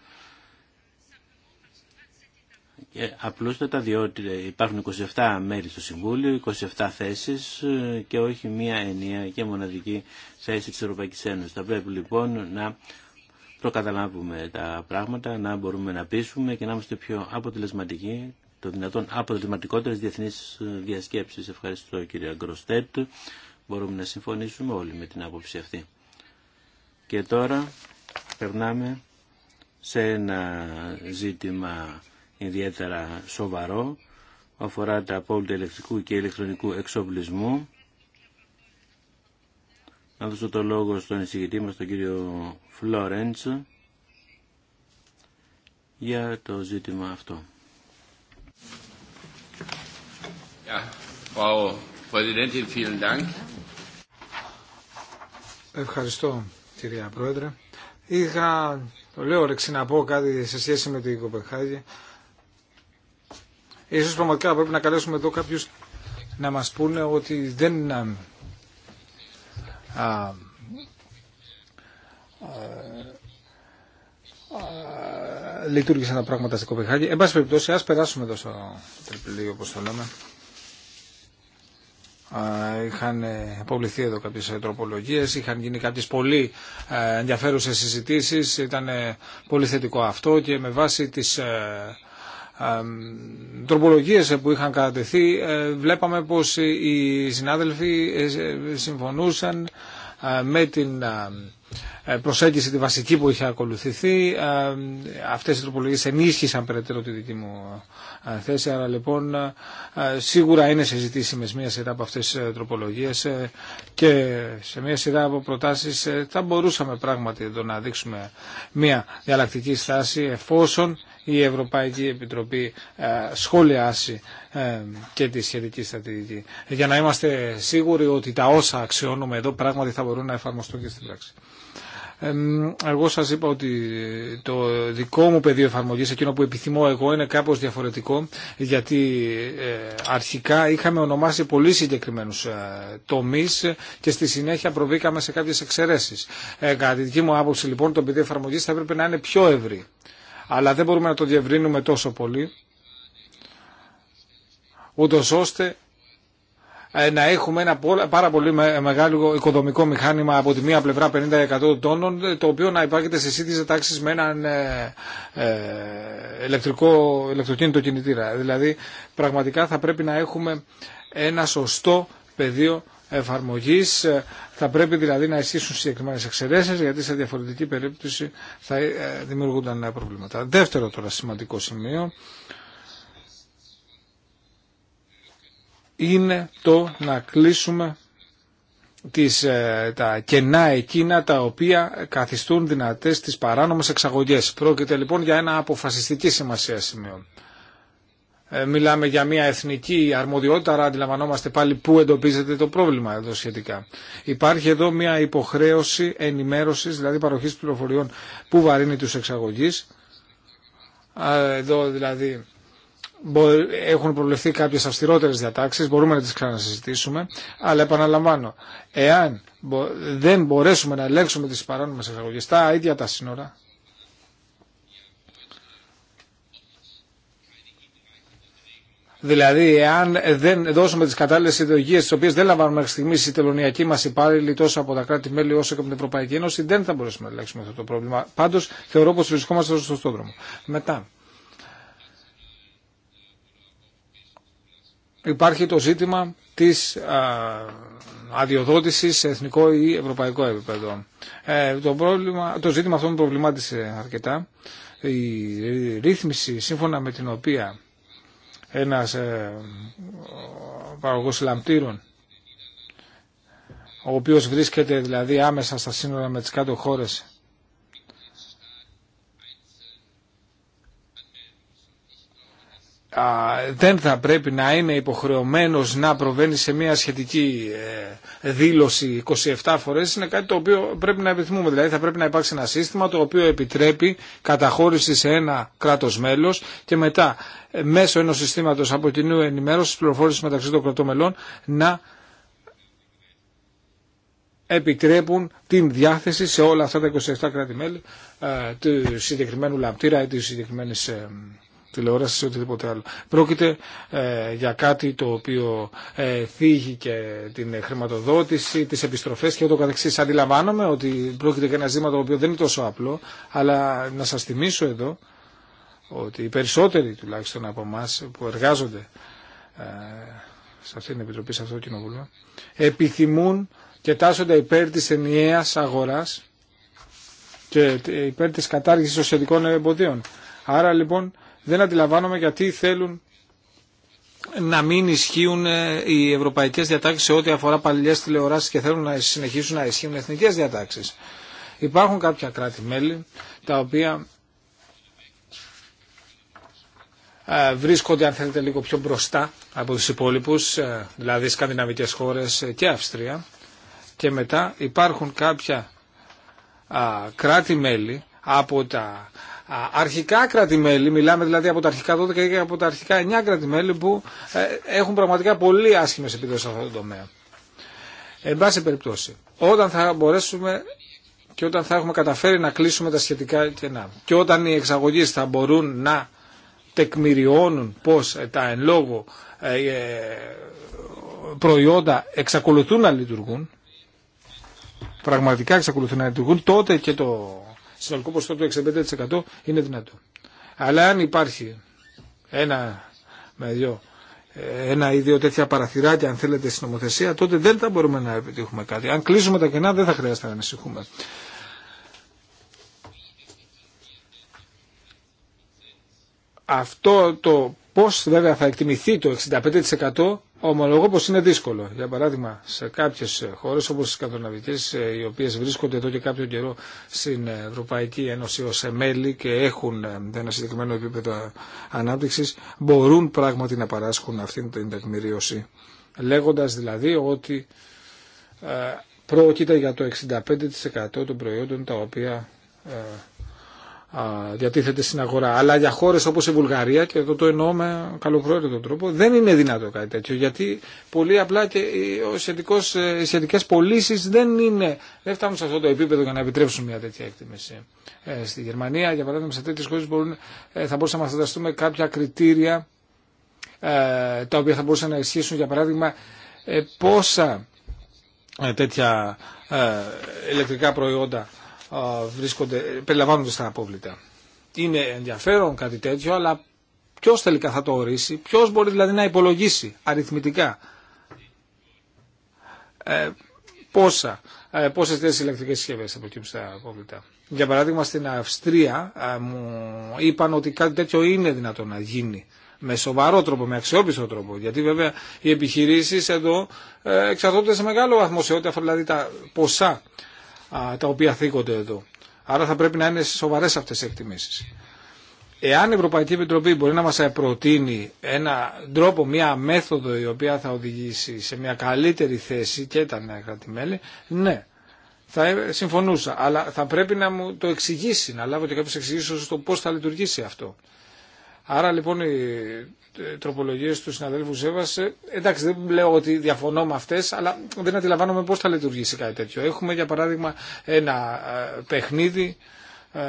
Ε, απλούστατα διότι υπάρχουν 27 μέρη στο Συμβούλιο, 27 θέσεις ε, και όχι μία ενία και μοναδική θέση της Ευρωπαϊκής Ένωσης. Θα πρέπει λοιπόν να προκαταλάβουμε τα πράγματα, να μπορούμε να πείσουμε και να είμαστε πιο αποτελεσματικοί, το δυνατόν αποτελεσματικότερες διεθνείς ε, διασκέψεις. Ευχαριστώ κυρία Γκροστέτ. Μπορούμε να συμφωνήσουμε όλοι με την άποψη αυτή. Και τώρα περνάμε σε ένα ζήτημα ιδιαίτερα σοβαρό αφορά τα απόλυτα ηλεκτρικού και ηλεκτρονικού εξοπλισμού. Να δώσω το λόγο στον εισηγητή μας, τον κύριο Φλόρεντς, για το ζήτημα αυτό. Ευχαριστώ, κυρία Πρόεδρε. Είχα, το λέω ρεξί να πω κάτι σε σχέση με την Κοπεχάγη. Ίσως πραγματικά πρέπει να καλέσουμε εδώ κάποιους να μας πούνε ότι δεν α, α, λειτουργήσαν τα πράγματα στην Κοπεχάγη. Εν πάση περιπτώσει, ας περάσουμε εδώ στο τριπλή, όπως το λέμε. Είχαν ε, αποβληθεί εδώ κάποιες ε, τροπολογίες, είχαν γίνει κάποιες πολύ ε, ενδιαφέρουσες συζητήσεις, ήταν πολύ θετικό αυτό και με βάση τις τροπολογίες που είχαν κατατεθεί ε, βλέπαμε πως οι συνάδελφοι ε, συμφωνούσαν ε, με την προσέγγιση τη βασική που είχε ακολουθηθεί. Αυτές οι τροπολογίες ενίσχυσαν περαιτέρω τη δική μου θέση, άρα λοιπόν σίγουρα είναι συζητήσιμες μία σειρά από αυτές τις τροπολογίες και σε μία σειρά από προτάσεις θα μπορούσαμε πράγματι εδώ να δείξουμε μία διαλλακτική στάση εφόσον η Ευρωπαϊκή Επιτροπή ε, σχολιάσει ε, και τη σχετική στρατηγική. Για να είμαστε σίγουροι ότι τα όσα αξιώνουμε εδώ πράγματι θα μπορούν να εφαρμοστούν και στην πράξη. Εγώ σας είπα ότι το δικό μου πεδίο εφαρμογής, εκείνο που επιθυμώ εγώ, είναι κάπως διαφορετικό γιατί ε, αρχικά είχαμε ονομάσει πολύ συγκεκριμένους τομείς και στη συνέχεια προβήκαμε σε κάποιες εξαιρέσεις. Κατά τη δική μου άποψη λοιπόν το πεδίο εφαρμογής θα έπρεπε να είναι πιο ευρύ αλλά δεν μπορούμε να το διευρύνουμε τόσο πολύ, ούτω ώστε ε, να έχουμε ένα πάρα πολύ μεγάλο οικοδομικό μηχάνημα από τη μία πλευρά 50% τόνων, το οποίο να υπάρχεται σε σύντηση τάξη με έναν ε, ε, ηλεκτρικό, ηλεκτροκίνητο κινητήρα. Δηλαδή, πραγματικά θα πρέπει να έχουμε ένα σωστό πεδίο εφαρμογής θα πρέπει δηλαδή να ισχύσουν συγκεκριμένε εξαιρέσει, γιατί σε διαφορετική περίπτωση θα ε, δημιουργούνταν νέα προβλήματα. Δεύτερο τώρα σημαντικό σημείο είναι το να κλείσουμε τις, ε, τα κενά εκείνα τα οποία καθιστούν δυνατές τις παράνομες εξαγωγές. Πρόκειται λοιπόν για ένα αποφασιστική σημασία σημείο. Ε, μιλάμε για μια εθνική αρμοδιότητα, άρα αντιλαμβανόμαστε πάλι πού εντοπίζεται το πρόβλημα εδώ σχετικά. Υπάρχει εδώ μια υποχρέωση ενημέρωσης, δηλαδή παροχής πληροφοριών που βαρύνει τους εξαγωγείς. Εδώ δηλαδή έχουν προβλεφθεί κάποιες αυστηρότερες διατάξεις, μπορούμε να τις ξανασυζητήσουμε, αλλά επαναλαμβάνω, εάν δεν μπορέσουμε να ελέγξουμε τις παράνομες εξαγωγές, τα ίδια τα σύνορα, Δηλαδή, εάν δεν δώσουμε τι κατάλληλε ιδεολογίε, τι οποίε δεν λαμβάνουμε μέχρι στιγμή οι τελωνιακοί μα υπάλληλοι τόσο από τα κράτη-μέλη όσο και από την Ευρωπαϊκή Ένωση, δεν θα μπορέσουμε να ελέγξουμε αυτό το πρόβλημα. Πάντω, θεωρώ πω βρισκόμαστε στο σωστό δρόμο. Μετά. Υπάρχει το ζήτημα τη αδειοδότηση σε εθνικό ή ευρωπαϊκό επίπεδο. Ε, το, πρόβλημα, το ζήτημα αυτό με προβλημάτισε αρκετά. Η ρύθμιση σύμφωνα με την οποία ένας ε, παραγωγός λαμπτήρων ο οποίος βρίσκεται δηλαδή άμεσα στα σύνορα με τις κάτω χώρες δεν θα πρέπει να είναι υποχρεωμένος να προβαίνει σε μια σχετική ε, δήλωση 27 φορές είναι κάτι το οποίο πρέπει να επιθυμούμε. Δηλαδή θα πρέπει να υπάρξει ένα σύστημα το οποίο επιτρέπει καταχώρηση σε ένα κράτος μέλος και μετά ε, μέσω ενός συστήματος από κοινού ενημέρωσης πληροφόρησης μεταξύ των κρατών μελών να επιτρέπουν την διάθεση σε όλα αυτά τα 27 κράτη-μέλη ε, του συγκεκριμένου λαμπτήρα ή της συγκεκριμένης τηλεόραση ή οτιδήποτε άλλο. Πρόκειται ε, για κάτι το οποίο ε, θίγει και την χρηματοδότηση, τις επιστροφές και ούτω καθεξής. Αντιλαμβάνομαι ότι πρόκειται για ένα ζήτημα το οποίο δεν είναι τόσο απλό, αλλά να σας θυμίσω εδώ ότι οι περισσότεροι τουλάχιστον από εμά που εργάζονται ε, σε αυτή την Επιτροπή, σε αυτό το Κοινοβούλιο, επιθυμούν και τάσσονται υπέρ της ενιαίας αγοράς και ε, υπέρ της κατάργησης των σχετικών εμποδίων. Άρα λοιπόν δεν αντιλαμβάνομαι γιατί θέλουν να μην ισχύουν ε, οι ευρωπαϊκές διατάξεις σε ό,τι αφορά παλιές τηλεοράσεις και θέλουν να συνεχίσουν να ισχύουν εθνικές διατάξεις. Υπάρχουν κάποια κράτη-μέλη τα οποία ε, βρίσκονται αν θέλετε λίγο πιο μπροστά από τους υπόλοιπους, ε, δηλαδή σκανδιναβικές χώρες και Αυστρία και μετά υπάρχουν κάποια κράτη-μέλη από τα αρχικα κρατημέλη μιλάμε δηλαδή από τα αρχικά 12 και από τα αρχικά 9 κρατημέλη που ε, έχουν πραγματικά πολύ άσχημες επιδόσεις σε αυτό το τομέα. Εν πάση περιπτώσει, όταν θα μπορέσουμε και όταν θα έχουμε καταφέρει να κλείσουμε τα σχετικά κενά και όταν οι εξαγωγείς θα μπορούν να τεκμηριώνουν πως ε, τα εν λόγω ε, προϊόντα εξακολουθούν να λειτουργούν, πραγματικά εξακολουθούν να λειτουργούν, τότε και το συνολικό ποσοστό του 65% είναι δυνατό. Αλλά αν υπάρχει ένα με δυο ένα ή δύο τέτοια παραθυράκια, αν θέλετε, στην νομοθεσία, τότε δεν θα μπορούμε να επιτύχουμε κάτι. Αν κλείσουμε τα κενά, δεν θα χρειάζεται να ανησυχούμε. Αυτό το Πώ βέβαια θα εκτιμηθεί το 65% ομολογώ πως είναι δύσκολο. Για παράδειγμα σε κάποιες χώρες όπως οι σκανδιναβικές ε, οι οποίες βρίσκονται εδώ και κάποιο καιρό στην Ευρωπαϊκή Ένωση ω μέλη και έχουν ε, ένα συγκεκριμένο επίπεδο ανάπτυξης μπορούν πράγματι να παράσχουν αυτήν την τεκμηρίωση. Λέγοντας δηλαδή ότι ε, πρόκειται για το 65% των προϊόντων τα οποία διατίθεται στην αγορά. Αλλά για χώρες όπως η Βουλγαρία, και εδώ το εννοώ με καλοπρόεδρο τρόπο, δεν είναι δυνατό κάτι τέτοιο. Γιατί πολύ απλά και οι ε, σχετικές πωλήσει δεν, είναι, δεν φτάνουν σε αυτό το επίπεδο για να επιτρέψουν μια τέτοια εκτίμηση. Ε, στη Γερμανία, για παράδειγμα, σε τέτοιες χώρες μπορούν, ε, θα μπορούσαμε να φανταστούμε κάποια κριτήρια τα οποία θα μπορούσαν να ισχύσουν, για παράδειγμα, πόσα τέτοια ηλεκτρικά προϊόντα περιλαμβάνονται στα απόβλητα. Είναι ενδιαφέρον κάτι τέτοιο, αλλά ποιο τελικά θα το ορίσει, ποιο μπορεί δηλαδή να υπολογίσει αριθμητικά ε, πόσα, ε, πόσες τέτοιες ηλεκτρικέ συσκευές θα στα απόβλητα. Για παράδειγμα στην Αυστρία ε, μου είπαν ότι κάτι τέτοιο είναι δυνατό να γίνει με σοβαρό τρόπο, με αξιόπιστο τρόπο. Γιατί βέβαια οι επιχειρήσει εδώ ε, εξαρτώνται σε μεγάλο βαθμό σε ό,τι αφορά δηλαδή τα ποσά τα οποία θίγονται εδώ. Άρα θα πρέπει να είναι σοβαρές αυτές οι εκτιμήσεις. Εάν η Ευρωπαϊκή Επιτροπή μπορεί να μας προτείνει ένα τρόπο, μια μέθοδο η οποία θα οδηγήσει σε μια καλύτερη θέση και τα νέα κρατημέλη, ναι, θα συμφωνούσα. Αλλά θα πρέπει να μου το εξηγήσει, να λάβω και κάποιες εξηγήσεις στο πώς θα λειτουργήσει αυτό. Άρα λοιπόν οι ε, τροπολογίε του συναδέλφου Σέβασε, εντάξει δεν λέω ότι διαφωνώ με αυτέ, αλλά δεν αντιλαμβάνομαι πώ θα λειτουργήσει κάτι τέτοιο. Έχουμε για παράδειγμα ένα ε, παιχνίδι ε,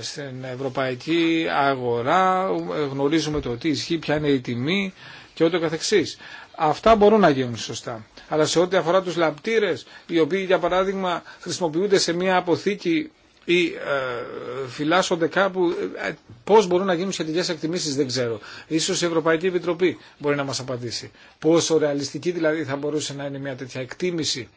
στην ευρωπαϊκή αγορά, γνωρίζουμε το τι ισχύει, ποια είναι η τιμή και ό,τι καθεξής. Αυτά μπορούν να γίνουν σωστά. Αλλά σε ό,τι αφορά τους λαπτήρε, οι οποίοι για παράδειγμα χρησιμοποιούνται σε μια αποθήκη ή ε, φυλάσσονται κάπου, ε, πώς μπορούν να γίνουν σχετικές εκτιμήσεις δεν ξέρω. Ίσως η Ευρωπαϊκή Επιτροπή μπορεί να μας απαντήσει. Πόσο ρεαλιστική δηλαδή θα μπορούσε να είναι μια τέτοια εκτίμηση.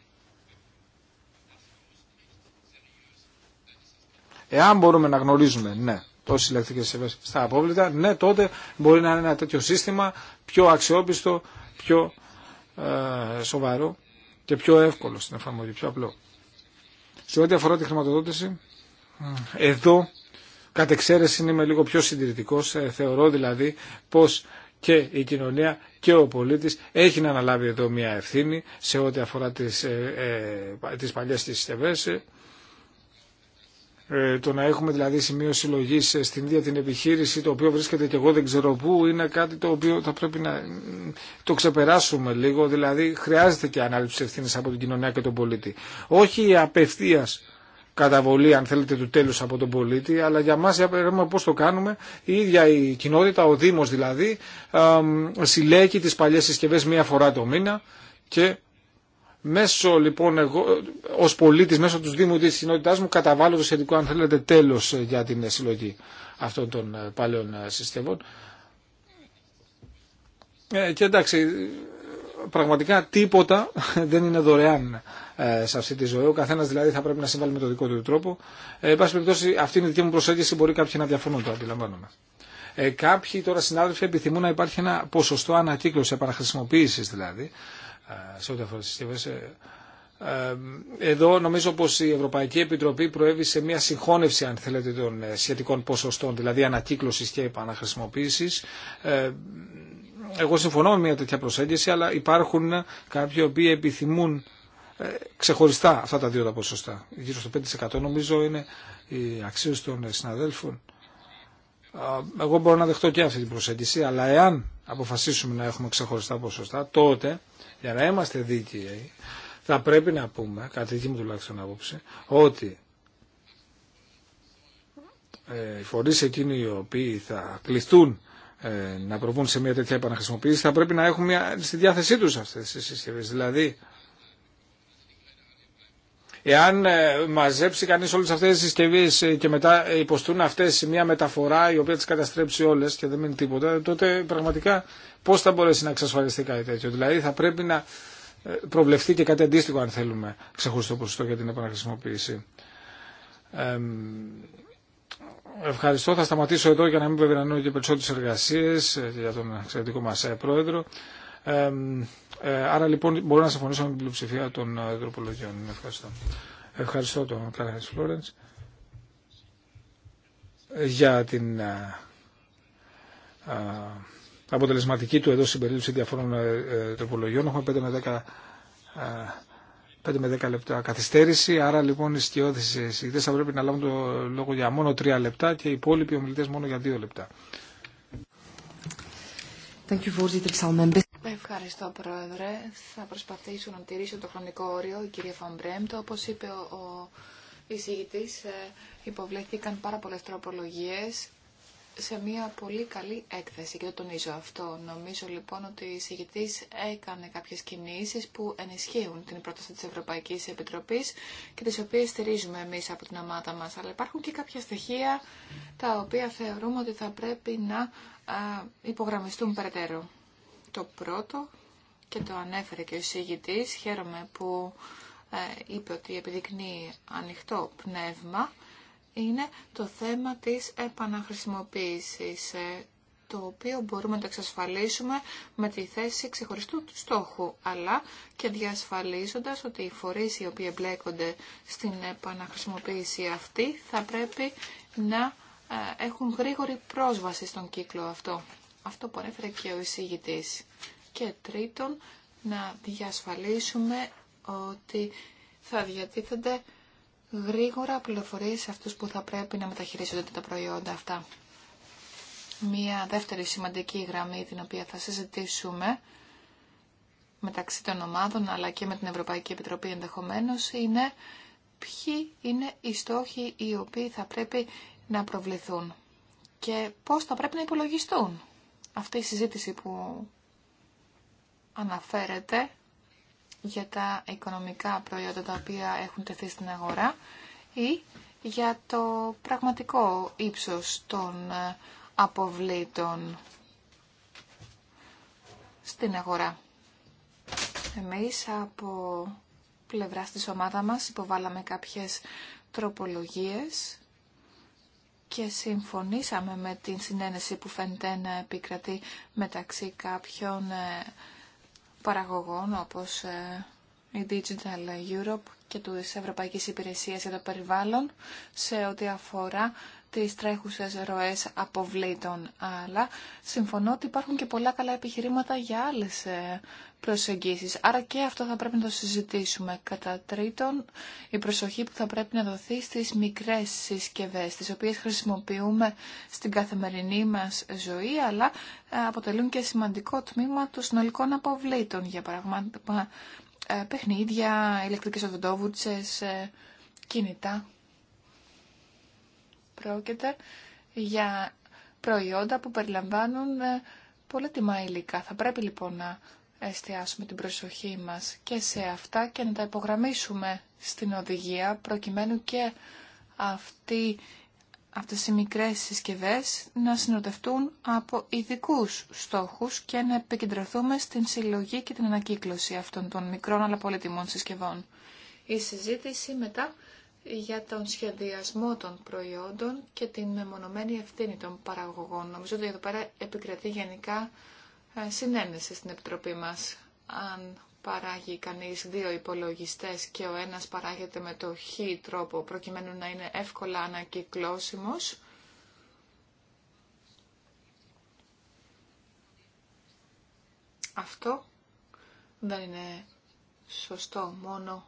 Εάν μπορούμε να γνωρίζουμε, ναι, τόσες συλλεκτικές σεβές στα απόβλητα, ναι, τότε μπορεί να είναι ένα τέτοιο σύστημα πιο αξιόπιστο, πιο ε, σοβαρό και πιο εύκολο στην εφαρμογή, πιο απλό. Σε ό,τι αφορά τη χρηματοδότηση, εδώ κατ' εξαίρεση είμαι λίγο πιο συντηρητικός, ε, θεωρώ δηλαδή πως και η κοινωνία και ο πολίτης έχει να αναλάβει εδώ μια ευθύνη σε ό,τι αφορά τις, ε, ε, τις παλιές τις Ε, το να έχουμε δηλαδή σημείο συλλογή ε, στην ίδια την επιχείρηση, το οποίο βρίσκεται και εγώ δεν ξέρω πού, είναι κάτι το οποίο θα πρέπει να το ξεπεράσουμε λίγο. Δηλαδή χρειάζεται και ανάληψη ευθύνη από την κοινωνία και τον πολίτη. Όχι απευθείας καταβολή αν θέλετε του τέλους από τον πολίτη αλλά για μας για πώς το κάνουμε η ίδια η κοινότητα, ο Δήμος δηλαδή συλλέγει τις παλιές συσκευές μία φορά το μήνα και μέσω λοιπόν εγώ ως πολίτης μέσω του Δήμου της κοινότητάς μου καταβάλω το σχετικό αν θέλετε τέλος για την συλλογή αυτών των ε, παλαιών ε, συσκευών ε, και εντάξει πραγματικά τίποτα [laughs] δεν είναι δωρεάν ε, σε αυτή τη ζωή. Ο καθένα δηλαδή θα πρέπει να συμβάλλει με τον δικό του τρόπο. Ε, εν πάση περιπτώσει, αυτή είναι η δική μου προσέγγιση. Μπορεί κάποιοι να διαφωνούν, το αντιλαμβάνομαι. Ε, κάποιοι τώρα συνάδελφοι επιθυμούν να υπάρχει ένα ποσοστό ανακύκλωση, επαναχρησιμοποίηση δηλαδή, ε, σε ό,τι αφορά τι συσκευέ. Ε, εδώ νομίζω πως η Ευρωπαϊκή Επιτροπή προέβη σε μια συγχώνευση αν θέλετε των σχετικών ποσοστών, δηλαδή ανακύκλωση και επαναχρησιμοποίησης. Εγώ συμφωνώ με μια τέτοια προσέγγιση, αλλά υπάρχουν κάποιοι οποίοι επιθυμούν ε, ξεχωριστά αυτά τα δύο τα ποσοστά. Γύρω στο 5% νομίζω είναι η αξίωση των συναδέλφων. Ε, εγώ μπορώ να δεχτώ και αυτή την προσέγγιση, αλλά εάν αποφασίσουμε να έχουμε ξεχωριστά ποσοστά, τότε για να είμαστε δίκαιοι θα πρέπει να πούμε, κατά τη δική μου τουλάχιστον άποψη, ότι ε, οι φορεί εκείνοι οι οποίοι θα κληθούν να προβούν σε μια τέτοια επαναχρησιμοποίηση θα πρέπει να έχουν μια, στη διάθεσή τους αυτές τις συσκευές. Δηλαδή Εάν ε, μαζέψει κανείς όλες αυτές τις συσκευέ ε, και μετά υποστούν αυτές μια μεταφορά η οποία τις καταστρέψει όλες και δεν μείνει τίποτα, τότε πραγματικά πώς θα μπορέσει να εξασφαλιστεί κάτι τέτοιο. Δηλαδή θα πρέπει να ε, προβλεφθεί και κάτι αντίστοιχο αν θέλουμε ξεχωριστό ποσοστό για την επαναχρησιμοποίηση. ευχαριστώ. Θα σταματήσω εδώ για να μην περιλαμβάνω και περισσότερες εργασίες για τον εξαιρετικό μα πρόεδρο. Ε, άρα λοιπόν μπορώ να συμφωνήσω με την πλειοψηφία των ε, τροπολογιών. Ευχαριστώ. Ευχαριστώ τον Κάρα Φλόρεντς ε, για την αποτελεσματική του εδώ συμπερίληψη διαφόρων τροπολογιών. Έχουμε 5 με 10 5 με 10 λεπτά καθυστέρηση. Άρα λοιπόν οι σκιώδεις συζητητέ θα πρέπει να λάβουν το λόγο για μόνο 3 λεπτά και οι υπόλοιποι ομιλητές μόνο για 2 λεπτά. Ευχαριστώ, Πρόεδρε. Θα προσπαθήσω να τηρήσω το χρονικό όριο. Η κυρία Φαμπρέμπτο, όπως είπε ο, ο εισηγητής, ε, υποβλέθηκαν πάρα πολλές τροπολογίες σε μια πολύ καλή έκθεση και το τονίζω αυτό. Νομίζω λοιπόν ότι η εισηγητής έκανε κάποιες κινήσεις που ενισχύουν την πρόταση της Ευρωπαϊκής Επιτροπής και τις οποίες στηρίζουμε εμείς από την ομάδα μας. Αλλά υπάρχουν και κάποια στοιχεία τα οποία θεωρούμε ότι θα πρέπει να υπογραμμιστούν περαιτέρω. Το πρώτο, και το ανέφερε και ο εισηγητής, χαίρομαι που ε, είπε ότι επιδεικνύει ανοιχτό πνεύμα, είναι το θέμα της επαναχρησιμοποίησης, ε, το οποίο μπορούμε να το εξασφαλίσουμε με τη θέση ξεχωριστού του στόχου, αλλά και διασφαλίζοντας ότι οι φορείς οι οποίοι εμπλέκονται στην επαναχρησιμοποίηση αυτή θα πρέπει να ε, έχουν γρήγορη πρόσβαση στον κύκλο αυτό. Αυτό που ανέφερε και ο εισηγητής. Και τρίτον, να διασφαλίσουμε ότι θα διατίθενται γρήγορα πληροφορίες σε αυτούς που θα πρέπει να μεταχειρίζονται τα προϊόντα αυτά. Μία δεύτερη σημαντική γραμμή την οποία θα συζητήσουμε μεταξύ των ομάδων αλλά και με την Ευρωπαϊκή Επιτροπή ενδεχομένως είναι ποιοι είναι οι στόχοι οι οποίοι θα πρέπει να προβληθούν και πώς θα πρέπει να υπολογιστούν αυτή η συζήτηση που αναφέρεται για τα οικονομικά προϊόντα τα οποία έχουν τεθεί στην αγορά ή για το πραγματικό ύψος των ε, αποβλήτων στην αγορά. Εμείς από πλευρά της ομάδα μας υποβάλαμε κάποιες τροπολογίες και συμφωνήσαμε με την συνένεση που φαίνεται να επικρατεί μεταξύ κάποιων ε, παραγωγών όπως ε, η Digital Europe και του Ευρωπαϊκής Υπηρεσίας για το Περιβάλλον σε ό,τι αφορά τις τρέχουσες ροές αποβλήτων. Αλλά συμφωνώ ότι υπάρχουν και πολλά καλά επιχειρήματα για άλλες ε, προσεγγίσεις. Άρα και αυτό θα πρέπει να το συζητήσουμε. Κατά τρίτον, η προσοχή που θα πρέπει να δοθεί στις μικρές συσκευές, τις οποίες χρησιμοποιούμε στην καθημερινή μας ζωή, αλλά ε, αποτελούν και σημαντικό τμήμα των συνολικών αποβλήτων, για παράδειγμα ε, παιχνίδια, ηλεκτρικές οδοντόβουτσες, ε, κινητά. Πρόκειται για προϊόντα που περιλαμβάνουν πολύτιμα υλικά. Θα πρέπει λοιπόν να εστιάσουμε την προσοχή μας και σε αυτά και να τα υπογραμμίσουμε στην οδηγία προκειμένου και αυτοί, αυτές οι μικρές συσκευές να συνοδευτούν από ειδικού στόχους και να επικεντρωθούμε στην συλλογή και την ανακύκλωση αυτών των μικρών αλλά πολύτιμων συσκευών. Η συζήτηση μετά για τον σχεδιασμό των προϊόντων και την μεμονωμένη ευθύνη των παραγωγών. Νομίζω ότι εδώ πέρα επικρατεί γενικά ε, συνένεση στην Επιτροπή μας. Αν παράγει κανείς δύο υπολογιστές και ο ένας παράγεται με το χ τρόπο προκειμένου να είναι εύκολα ανακυκλώσιμος, αυτό δεν είναι σωστό μόνο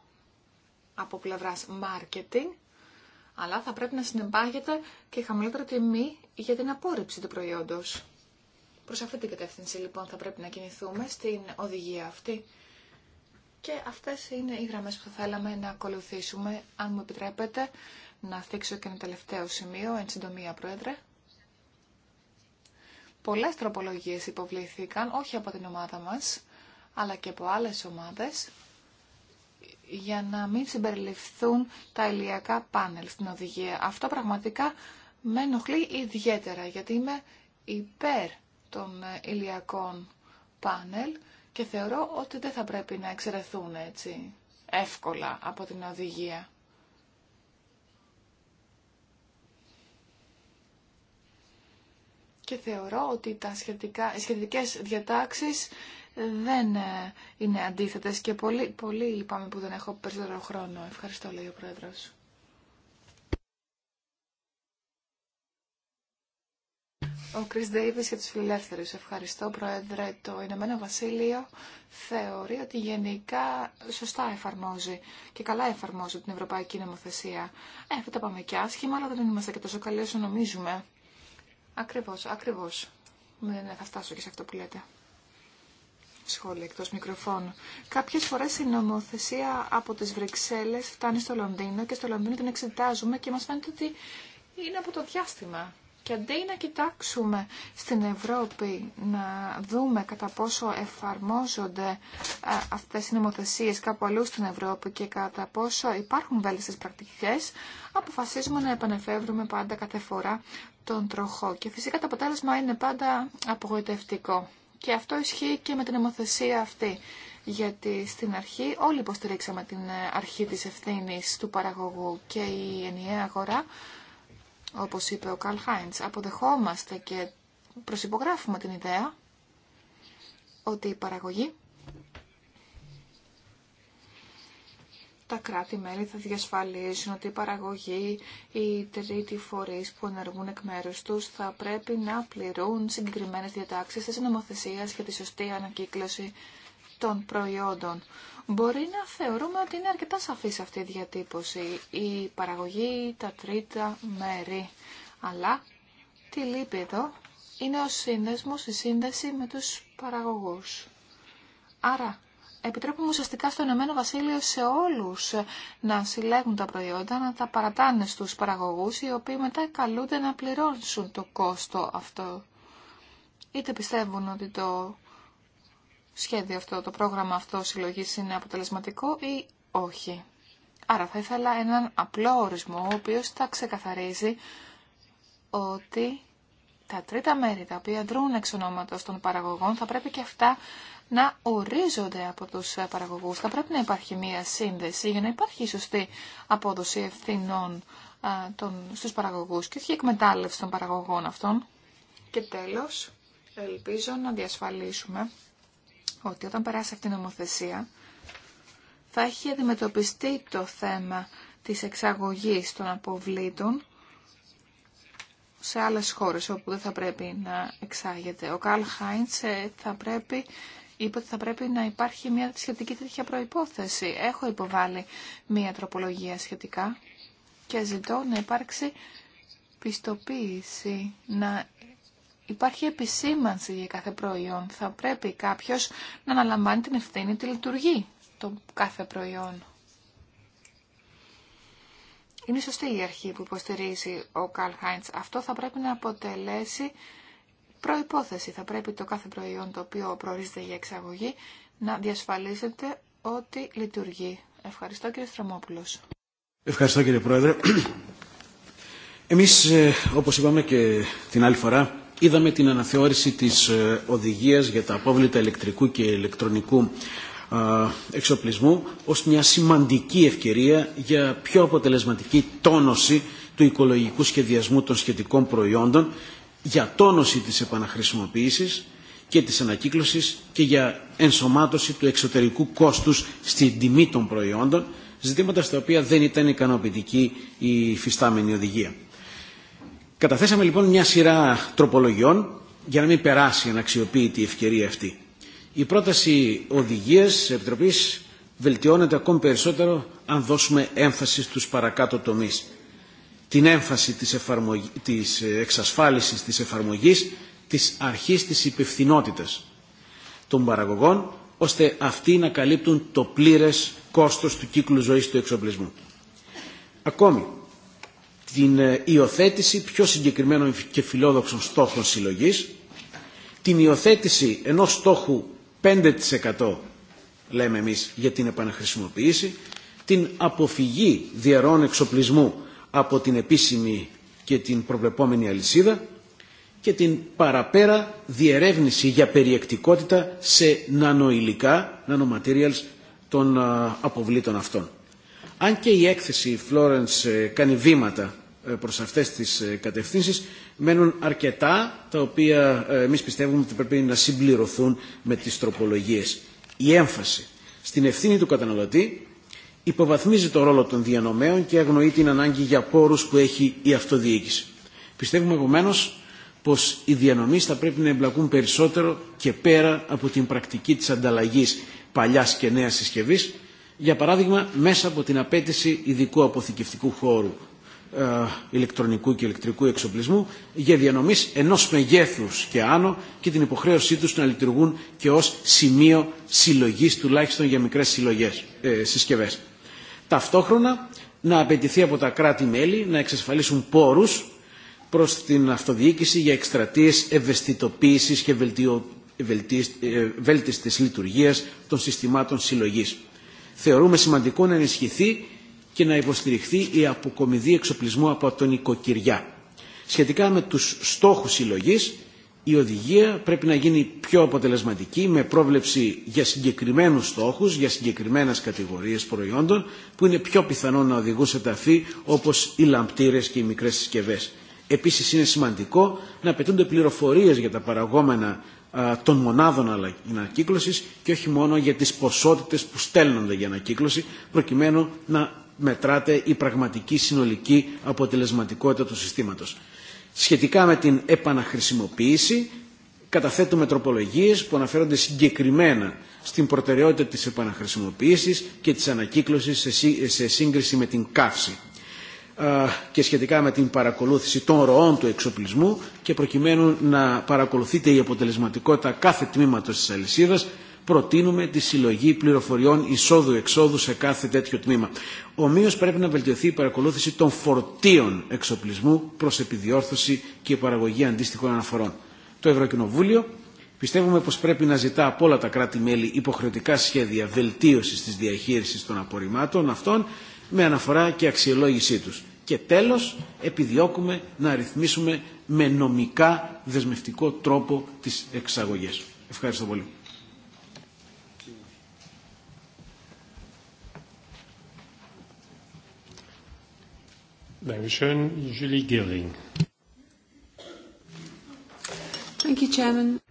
από πλευράς marketing, αλλά θα πρέπει να συνεπάγεται και χαμηλότερη τιμή για την απόρριψη του προϊόντος. Προς αυτή την κατεύθυνση λοιπόν θα πρέπει να κινηθούμε στην οδηγία αυτή. Και αυτές είναι οι γραμμές που θα θέλαμε να ακολουθήσουμε. Αν μου επιτρέπετε να θίξω και ένα τελευταίο σημείο, εν συντομία Πρόεδρε. Πολλές τροπολογίες υποβλήθηκαν, όχι από την ομάδα μας, αλλά και από άλλες ομάδες, για να μην συμπεριληφθούν τα ηλιακά πάνελ στην οδηγία. Αυτό πραγματικά με ενοχλεί ιδιαίτερα, γιατί είμαι υπέρ των ε, ηλιακών πάνελ και θεωρώ ότι δεν θα πρέπει να εξαιρεθούν έτσι εύκολα από την οδηγία. Και θεωρώ ότι τα σχετικά, οι σχετικές διατάξεις δεν ε, είναι αντίθετες και πολύ, πολύ λυπάμαι που δεν έχω περισσότερο χρόνο. Ευχαριστώ, λέει ο Πρόεδρος. Ο Κρις Ντέιβις για τους φιλελεύθερους. Ευχαριστώ, Πρόεδρε. Το Ηνωμένο Βασίλειο θεωρεί ότι γενικά σωστά εφαρμόζει και καλά εφαρμόζει την Ευρωπαϊκή Νομοθεσία. Ε, δεν τα πάμε και άσχημα, αλλά δεν είμαστε και τόσο καλοί όσο νομίζουμε. Ακριβώς, ακριβώς. Δεν ναι, ναι, θα φτάσω και σε αυτό που λέτε. Σχόλια εκτό μικροφώνου. Κάποιε φορέ η νομοθεσία από τι Βρυξέλλε φτάνει στο Λονδίνο και στο Λονδίνο την εξετάζουμε και μα φαίνεται ότι είναι από το διάστημα. Και αντί να κοιτάξουμε στην Ευρώπη να δούμε κατά πόσο εφαρμόζονται ε, αυτές οι νομοθεσίες κάπου αλλού στην Ευρώπη και κατά πόσο υπάρχουν βέλτιστες πρακτικές, αποφασίζουμε να επανεφεύρουμε πάντα κάθε φορά τον τροχό. Και φυσικά το αποτέλεσμα είναι πάντα απογοητευτικό. Και αυτό ισχύει και με την νομοθεσία αυτή. Γιατί στην αρχή όλοι υποστηρίξαμε την αρχή της ευθύνης του παραγωγού και η ενιαία αγορά όπως είπε ο Καλ Χάιντς, αποδεχόμαστε και προσυπογράφουμε την ιδέα ότι η παραγωγή τα κράτη-μέλη θα διασφαλίσουν ότι η παραγωγή, οι τρίτοι φορείς που ενεργούν εκ μέρους τους θα πρέπει να πληρούν συγκεκριμένες διατάξεις της νομοθεσίας για τη σωστή ανακύκλωση των προϊόντων. Μπορεί να θεωρούμε ότι είναι αρκετά σαφής αυτή η διατύπωση, η παραγωγή, τα τρίτα μέρη. Αλλά τι λείπει εδώ είναι ο σύνδεσμος, η σύνδεση με τους παραγωγούς. Άρα επιτρέπουμε ουσιαστικά στο Ηνωμένο Βασίλειο σε όλους να συλλέγουν τα προϊόντα, να τα παρατάνε στους παραγωγούς, οι οποίοι μετά καλούνται να πληρώσουν το κόστο αυτό. Είτε πιστεύουν ότι το σχέδιο αυτό, το πρόγραμμα αυτό συλλογή είναι αποτελεσματικό ή όχι. Άρα θα ήθελα έναν απλό ορισμό, ο οποίος θα ξεκαθαρίζει ότι τα τρίτα μέρη τα οποία δρούν εξ ονόματος των παραγωγών θα πρέπει και αυτά να ορίζονται από τους παραγωγούς. Θα πρέπει να υπάρχει μία σύνδεση για να υπάρχει σωστή απόδοση ευθυνών α, των, στους παραγωγούς και όχι εκμετάλλευση των παραγωγών αυτών. Και τέλος, ελπίζω να διασφαλίσουμε ότι όταν περάσει αυτή η νομοθεσία θα έχει αντιμετωπιστεί το θέμα της εξαγωγής των αποβλήτων σε άλλες χώρες όπου δεν θα πρέπει να εξάγεται. Ο Καλ Χάιντς ε, θα πρέπει, είπε ότι θα πρέπει να υπάρχει μια σχετική τέτοια προϋπόθεση. Έχω υποβάλει μια τροπολογία σχετικά και ζητώ να υπάρξει πιστοποίηση, να υπάρχει επισήμανση για κάθε προϊόν. Θα πρέπει κάποιος να αναλαμβάνει την ευθύνη τη λειτουργή το κάθε προϊόν. Είναι σωστή η αρχή που υποστηρίζει ο Καρλ Χάιντς. Αυτό θα πρέπει να αποτελέσει προϋπόθεση. Θα πρέπει το κάθε προϊόν το οποίο προορίζεται για εξαγωγή να διασφαλίζεται ότι λειτουργεί. Ευχαριστώ κύριε Στραμόπουλος. Ευχαριστώ κύριε Πρόεδρε. Εμείς, ε, όπως είπαμε και την άλλη φορά, Είδαμε την αναθεώρηση της ε, οδηγίας για τα απόβλητα ηλεκτρικού και ηλεκτρονικού ε, εξοπλισμού ως μια σημαντική ευκαιρία για πιο αποτελεσματική τόνωση του οικολογικού σχεδιασμού των σχετικών προϊόντων, για τόνωση της επαναχρησιμοποίησης και της ανακύκλωσης και για ενσωμάτωση του εξωτερικού κόστους στην τιμή των προϊόντων, ζητήματα στα οποία δεν ήταν ικανοποιητική η φυστάμενη οδηγία. Καταθέσαμε λοιπόν μια σειρά τροπολογιών για να μην περάσει να η ευκαιρία αυτή. Η πρόταση οδηγίες Επιτροπής βελτιώνεται ακόμη περισσότερο αν δώσουμε έμφαση στους παρακάτω τομείς. Την έμφαση της, της εξασφάλισης της εφαρμογής της αρχής της υπευθυνότητα των παραγωγών, ώστε αυτοί να καλύπτουν το πλήρες κόστος του κύκλου ζωής του εξοπλισμού. Ακόμη, την ε, υιοθέτηση πιο συγκεκριμένων και φιλόδοξων στόχων συλλογής, την υιοθέτηση ενός στόχου 5% λέμε εμείς για την επαναχρησιμοποίηση, την αποφυγή διαρών εξοπλισμού από την επίσημη και την προβλεπόμενη αλυσίδα και την παραπέρα διερεύνηση για περιεκτικότητα σε νανοηλικά, nanomaterials των ε, αποβλήτων αυτών. Αν και η έκθεση Florence ε, κάνει βήματα ε, προς αυτές τις ε, κατευθύνσεις, μένουν αρκετά τα οποία εμείς πιστεύουμε ότι πρέπει να συμπληρωθούν με τις τροπολογίες. Η έμφαση στην ευθύνη του καταναλωτή υποβαθμίζει το ρόλο των διανομέων και αγνοεί την ανάγκη για πόρους που έχει η αυτοδιοίκηση. Πιστεύουμε επομένω πως οι διανομείς θα πρέπει να εμπλακούν περισσότερο και πέρα από την πρακτική της ανταλλαγής παλιάς και νέας συσκευής για παράδειγμα μέσα από την απέτηση ειδικού αποθηκευτικού χώρου ε, ηλεκτρονικού και ηλεκτρικού εξοπλισμού για διανομής ενός μεγέθους και άνω και την υποχρέωσή τους να λειτουργούν και ως σημείο συλλογής τουλάχιστον για μικρές συλλογές, ε, συσκευές. Ταυτόχρονα να απαιτηθεί από τα κράτη-μέλη να εξασφαλίσουν πόρους προς την αυτοδιοίκηση για εκστρατείες ευαισθητοποίησης και βελτιστής ε, λειτουργίας των συστημάτων συλλογής θεωρούμε σημαντικό να ενισχυθεί και να υποστηριχθεί η αποκομιδή εξοπλισμού από τον οικοκυριά. Σχετικά με τους στόχους συλλογή, η οδηγία πρέπει να γίνει πιο αποτελεσματική με πρόβλεψη για συγκεκριμένους στόχους, για συγκεκριμένες κατηγορίες προϊόντων που είναι πιο πιθανό να οδηγούν σε ταφή όπως οι λαμπτήρες και οι μικρές συσκευές. Επίσης είναι σημαντικό να απαιτούνται πληροφορίες για τα παραγόμενα των μονάδων ανακύκλωσης και όχι μόνο για τις ποσότητες που στέλνονται για ανακύκλωση προκειμένου να μετράται η πραγματική συνολική αποτελεσματικότητα του συστήματος. Σχετικά με την επαναχρησιμοποίηση καταθέτουμε τροπολογίε που αναφέρονται συγκεκριμένα στην προτεραιότητα τη επαναχρησιμοποίηση και της ανακύκλωσης σε σύγκριση με την καύση. Ε, και σχετικά με την παρακολούθηση των ροών του εξοπλισμού και προκειμένου να παρακολουθείται η αποτελεσματικότητα κάθε τμήματος της αλυσίδας προτείνουμε τη συλλογή πληροφοριών εισόδου-εξόδου σε κάθε τέτοιο τμήμα. Ομοίως πρέπει να βελτιωθεί η παρακολούθηση των φορτίων εξοπλισμού προς επιδιόρθωση και παραγωγή αντίστοιχων αναφορών. Το Ευρωκοινοβούλιο Πιστεύουμε πως πρέπει να ζητά από όλα τα κράτη-μέλη υποχρεωτικά σχέδια βελτίωσης της διαχείρισης των απορριμμάτων αυτών με αναφορά και αξιολόγησή τους. Και τέλος επιδιώκουμε να ρυθμίσουμε με νομικά δεσμευτικό τρόπο τις εξαγωγές. Ευχαριστώ πολύ. Ευχαριστούμε,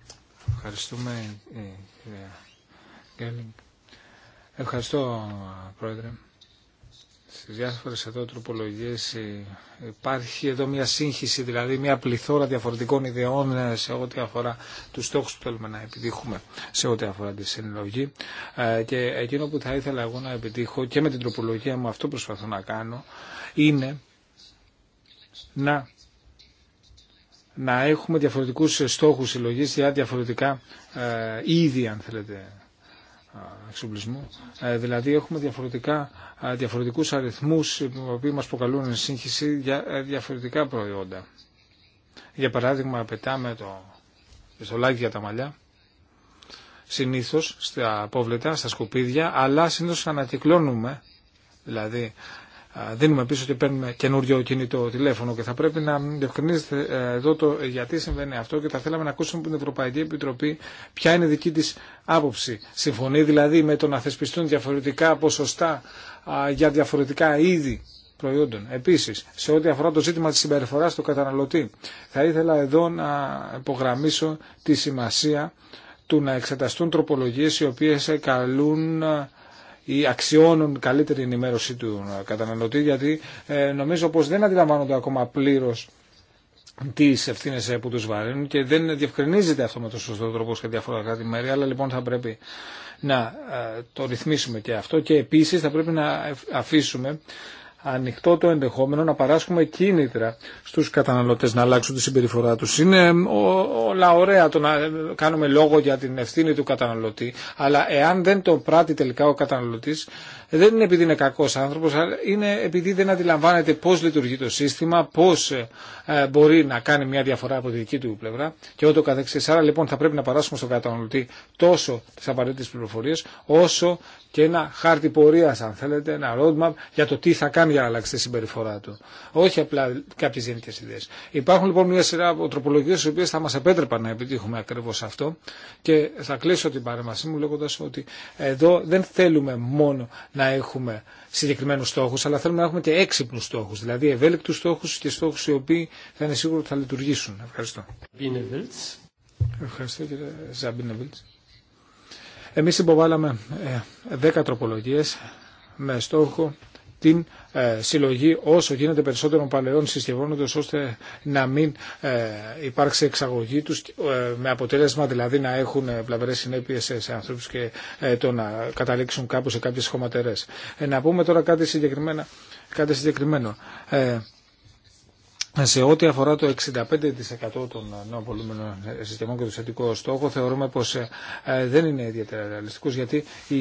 ε, Ευχαριστώ, Πρόεδρε στις διάφορες εδώ τροπολογίες ε, υπάρχει εδώ μια σύγχυση, δηλαδή μια πληθώρα διαφορετικών ιδεών ε, σε ό,τι αφορά τους στόχους που θέλουμε να επιτύχουμε, σε ό,τι αφορά τη συλλογή ε, Και εκείνο που θα ήθελα εγώ να επιτύχω και με την τροπολογία μου αυτό προσπαθώ να κάνω, είναι να να έχουμε διαφορετικούς στόχους συλλογής για διαφορετικά είδη, αν θέλετε, ε, δηλαδή έχουμε διαφορετικά, διαφορετικούς αριθμούς που μας προκαλούν σύγχυση για ε, διαφορετικά προϊόντα. Για παράδειγμα πετάμε το πιστολάκι για τα μαλλιά συνήθως στα απόβλετα, στα σκουπίδια, αλλά συνήθως ανακυκλώνουμε δηλαδή δίνουμε πίσω και παίρνουμε καινούριο κινητό τηλέφωνο και θα πρέπει να διευκρινίζεται ε, εδώ το γιατί συμβαίνει αυτό και θα θέλαμε να ακούσουμε από την Ευρωπαϊκή Επιτροπή ποια είναι δική της άποψη. Συμφωνεί δηλαδή με το να θεσπιστούν διαφορετικά ποσοστά για διαφορετικά είδη προϊόντων. Επίσης, σε ό,τι αφορά το ζήτημα της συμπεριφοράς του καταναλωτή, θα ήθελα εδώ να υπογραμμίσω τη σημασία του να εξεταστούν τροπολογίες οι οποίες καλούν ή αξιώνουν καλύτερη ενημέρωση του καταναλωτή γιατί ε, νομίζω πως δεν αντιλαμβάνονται ακόμα πλήρως τι ευθύνε ε, που του βαρύνουν και δεν διευκρινίζεται αυτό με τον σωστό τρόπο σε διάφορα κράτη-μέρη. Αλλά λοιπόν θα πρέπει να ε, το ρυθμίσουμε και αυτό και επίση θα πρέπει να αφήσουμε ανοιχτό το ενδεχόμενο να παράσχουμε κίνητρα στους καταναλωτές να αλλάξουν τη συμπεριφορά τους. Είναι όλα ωραία το να κάνουμε λόγο για την ευθύνη του καταναλωτή, αλλά εάν δεν το πράττει τελικά ο καταναλωτής, δεν είναι επειδή είναι κακός άνθρωπος, αλλά είναι επειδή δεν αντιλαμβάνεται πώς λειτουργεί το σύστημα, πώς ε, μπορεί να κάνει μια διαφορά από τη δική του πλευρά και ό,τι καθεξής. Άρα λοιπόν θα πρέπει να παράσουμε στον καταναλωτή τόσο τις απαραίτητες πληροφορίες, όσο και ένα χάρτη πορεία αν θέλετε, ένα roadmap για το τι θα κάνει για να αλλάξει τη συμπεριφορά του. Όχι απλά κάποιε γενικέ ιδέε. Υπάρχουν λοιπόν μια σειρά από τροπολογίε, οι οποίε θα μα επέτρεπαν να επιτύχουμε ακριβώ αυτό και θα κλείσω την παρέμβασή μου λέγοντα ότι εδώ δεν θέλουμε μόνο να έχουμε συγκεκριμένου στόχου, αλλά θέλουμε να έχουμε και έξυπνου στόχου, δηλαδή ευέλικτου στόχου και στόχου οι οποίοι θα είναι σίγουρο ότι θα λειτουργήσουν. Ευχαριστώ. Ευχαριστώ κύριε Ζαμπίνεβιλτ. Εμείς υποβάλαμε 10 ε, τροπολογίες με στόχο την ε, συλλογή όσο γίνεται περισσότερων παλαιών συσκευών ώστε να μην ε, υπάρξει εξαγωγή τους ε, με αποτέλεσμα δηλαδή να έχουν πλαβερές συνέπειες σε ανθρώπους και το να καταλήξουν κάπου σε κάποιες χωματερές. Να πούμε τώρα κάτι, συγκεκριμένα, κάτι συγκεκριμένο σε ό,τι αφορά το 65% των νέων πολλούμενων συστημών και του σχετικού στόχο, θεωρούμε πως ε, δεν είναι ιδιαίτερα ρεαλιστικός, γιατί η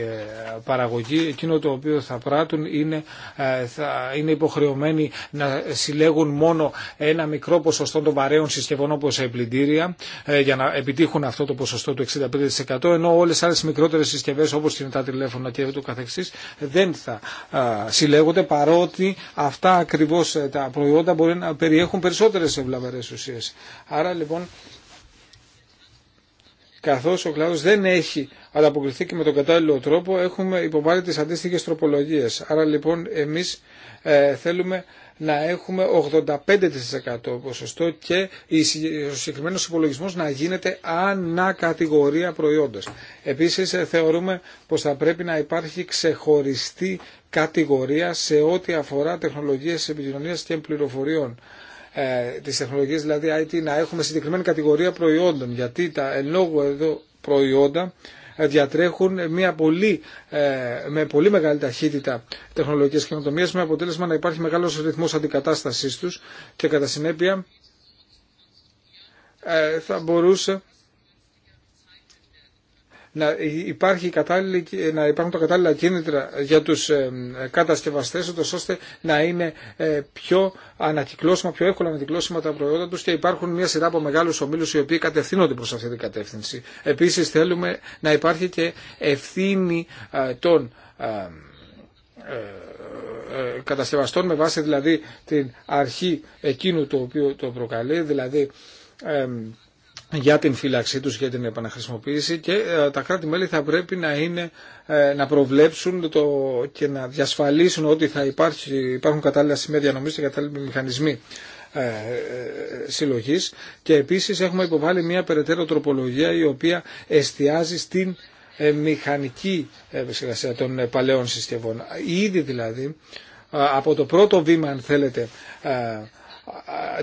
ε, παραγωγή, εκείνο το οποίο θα πράττουν, είναι, ε, θα είναι υποχρεωμένοι να συλλέγουν μόνο ένα μικρό ποσοστό των βαρέων συσκευών όπως πλυντήρια, για να επιτύχουν αυτό το ποσοστό του 65%, ενώ όλε άλλε άλλες μικρότερες συσκευές όπως είναι τα τηλέφωνα και ούτω καθεξή, δεν θα συλλέγονται, παρότι αυτά ακριβώς τα προϊόντα μπορεί να περιέχουν περισσότερες ευλαβαρές ουσίες. Άρα λοιπόν καθώς ο κλάδος δεν έχει ανταποκριθεί και με τον κατάλληλο τρόπο έχουμε υποβάλει τις αντίστοιχες τροπολογίες. Άρα λοιπόν εμείς ε, θέλουμε να έχουμε 85% ποσοστό και ο συγκεκριμένος υπολογισμός να γίνεται ανακατηγορία προϊόντος. Επίσης ε, θεωρούμε πως θα πρέπει να υπάρχει ξεχωριστή κατηγορία σε ό,τι αφορά τεχνολογίες επικοινωνίας και πληροφοριών ε, τις τεχνολογίες δηλαδή IT να έχουμε συγκεκριμένη κατηγορία προϊόντων γιατί τα εν λόγω εδώ προϊόντα διατρέχουν μια πολύ, ε, με πολύ μεγάλη ταχύτητα τεχνολογικές καινοτομίες με αποτέλεσμα να υπάρχει μεγάλος ρυθμός αντικατάστασής τους και κατά συνέπεια ε, θα μπορούσε να, υπάρχει να υπάρχουν τα κατάλληλα κίνητρα για τους ε, κατασκευαστές ώστε να είναι ε, πιο ανακυκλώσιμα, πιο εύκολα ανακυκλώσιμα τα προϊόντα τους και υπάρχουν μια σειρά από μεγάλους ομίλους οι οποίοι κατευθύνονται προς αυτή την κατεύθυνση. Επίσης θέλουμε να υπάρχει και ευθύνη ε, των κατασκευαστών με βάση δηλαδή την αρχή εκείνου το οποίο το προκαλεί, δηλαδή για την φύλαξή τους, για την επαναχρησιμοποίηση και ε, τα κράτη-μέλη θα πρέπει να, είναι, ε, να προβλέψουν το, και να διασφαλίσουν ότι θα υπάρχει, υπάρχουν κατάλληλα σημεία διανομής και κατάλληλοι μηχανισμοί ε, συλλογής και επίσης έχουμε υποβάλει μια περαιτέρω τροπολογία η οποία εστιάζει στην μηχανική επεξεργασία των παλαιών συσκευών. Ήδη δηλαδή από το πρώτο βήμα αν θέλετε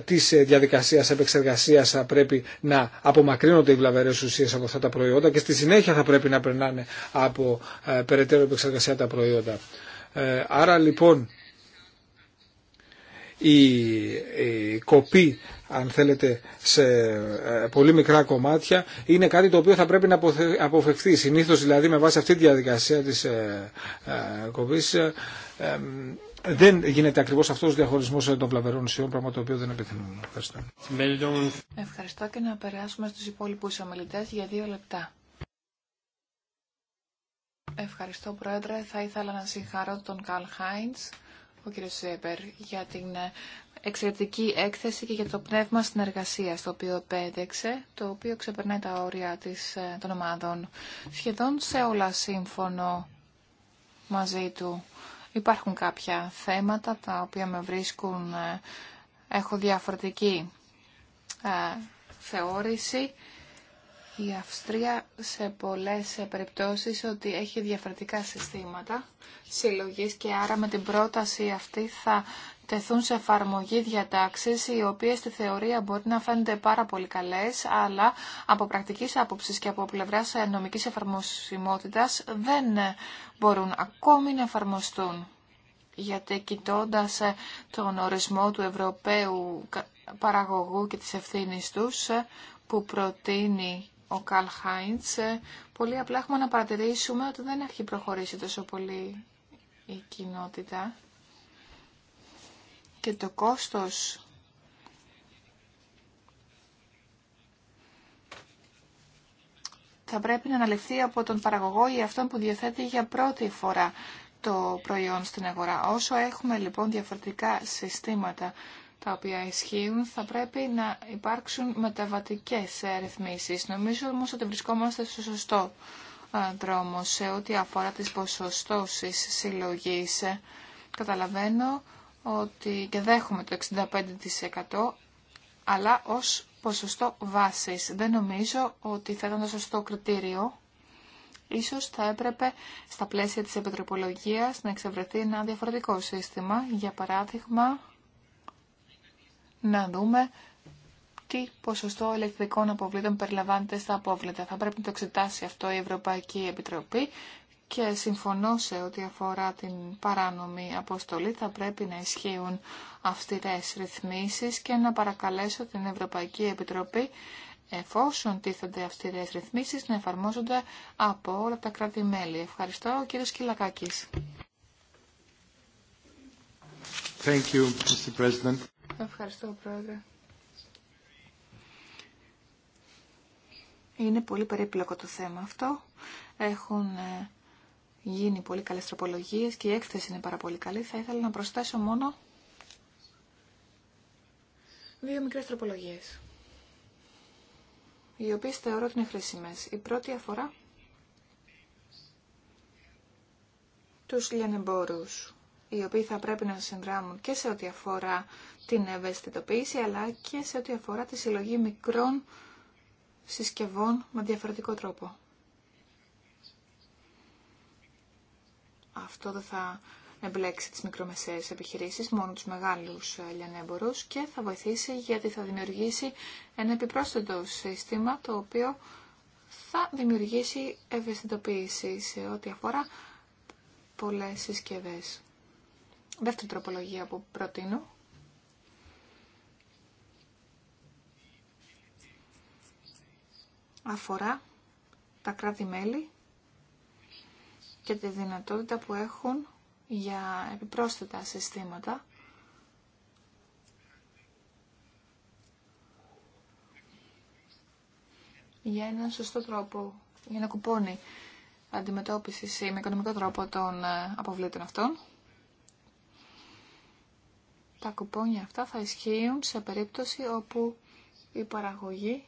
της ε, διαδικασία επεξεργασίας θα πρέπει να απομακρύνονται οι βλαβερές ουσίες από αυτά τα προϊόντα και στη συνέχεια θα πρέπει να περνάνε από ε, περαιτέρω επεξεργασία τα προϊόντα. Ε, άρα λοιπόν η κοπή αν θέλετε σε πολύ μικρά κομμάτια είναι κάτι το οποίο θα πρέπει να αποφευθεί. Συνήθως δηλαδή με βάση αυτή τη διαδικασία της κοπής δεν γίνεται ακριβώ αυτό ο διαχωρισμό των πλαβερών ουσιών, πράγμα το οποίο δεν επιθυμούμε. Ευχαριστώ. Ευχαριστώ και να περάσουμε στου υπόλοιπου ομιλητέ για δύο λεπτά. Ευχαριστώ, Πρόεδρε. Θα ήθελα να συγχαρώ τον Καλ Χάιντ, ο κ. Σέπερ, για την ε, εξαιρετική έκθεση και για το πνεύμα συνεργασίας το οποίο επέδεξε, το οποίο ξεπερνάει τα όρια της, ε, των ομάδων. Σχεδόν σε όλα σύμφωνο μαζί του. Υπάρχουν κάποια θέματα τα οποία με βρίσκουν, ε, έχω διαφορετική ε, θεώρηση η Αυστρία σε πολλές περιπτώσεις ότι έχει διαφορετικά συστήματα συλλογής και άρα με την πρόταση αυτή θα τεθούν σε εφαρμογή διατάξεις οι οποίες στη θεωρία μπορεί να φαίνονται πάρα πολύ καλές αλλά από πρακτικής άποψης και από πλευράς νομικής εφαρμοσιμότητας δεν μπορούν ακόμη να εφαρμοστούν. Γιατί κοιτώντας τον ορισμό του Ευρωπαίου παραγωγού και της ευθύνης τους που προτείνει ο Καλ Χάιντς, ε, πολύ απλά έχουμε να παρατηρήσουμε ότι δεν έχει προχωρήσει τόσο πολύ η κοινότητα και το κόστος θα πρέπει να αναλυφθεί από τον παραγωγό ή αυτόν που διαθέτει για πρώτη φορά το προϊόν στην αγορά. Όσο έχουμε λοιπόν διαφορετικά συστήματα τα οποία ισχύουν, θα πρέπει να υπάρξουν μεταβατικές ρυθμίσεις. Νομίζω όμως ότι βρισκόμαστε στο σωστό ε, δρόμο σε ό,τι αφορά τις ποσοστώσεις συλλογής. Ε, καταλαβαίνω ότι και δέχομαι το 65% αλλά ως ποσοστό βάσης. Δεν νομίζω ότι θα ήταν το σωστό κριτήριο. Ίσως θα έπρεπε στα πλαίσια της επιτροπολογίας να εξευρεθεί ένα διαφορετικό σύστημα. Για παράδειγμα, να δούμε τι ποσοστό ηλεκτρικών αποβλήτων περιλαμβάνεται στα απόβλητα. Θα πρέπει να το εξετάσει αυτό η Ευρωπαϊκή Επιτροπή και συμφωνώ σε ό,τι αφορά την παράνομη αποστολή θα πρέπει να ισχύουν αυστηρές ρυθμίσεις και να παρακαλέσω την Ευρωπαϊκή Επιτροπή εφόσον τίθενται αυστηρές ρυθμίσεις να εφαρμόζονται από όλα τα κράτη-μέλη. Ευχαριστώ κύριος Κυλακάκης. Thank Ευχαριστώ, Πρόεδρε. Είναι πολύ περίπλοκο το θέμα αυτό. Έχουν ε, γίνει πολύ καλές τροπολογίες και η έκθεση είναι πάρα πολύ καλή. Θα ήθελα να προσθέσω μόνο δύο μικρές τροπολογίες, οι οποίες θεωρώ ότι είναι χρήσιμες. Η πρώτη αφορά τους λιανεμπόρους, οι οποίοι θα πρέπει να συνδράμουν και σε ό,τι αφορά την ευαισθητοποίηση αλλά και σε ό,τι αφορά τη συλλογή μικρών συσκευών με διαφορετικό τρόπο. Αυτό δεν θα εμπλέξει τις μικρομεσαίες επιχειρήσεις, μόνο τους μεγάλους ε, λιανέμπορους και θα βοηθήσει γιατί θα δημιουργήσει ένα επιπρόσθετο σύστημα το οποίο θα δημιουργήσει ευαισθητοποίηση σε ό,τι αφορά πολλές συσκευές. Δεύτερη τροπολογία που προτείνω αφορά τα κράτη-μέλη και τη δυνατότητα που έχουν για επιπρόσθετα συστήματα για έναν σωστό τρόπο, για ένα κουπόνι αντιμετώπισης με οικονομικό τρόπο των ε, αποβλήτων αυτών. Τα κουπόνια αυτά θα ισχύουν σε περίπτωση όπου η παραγωγή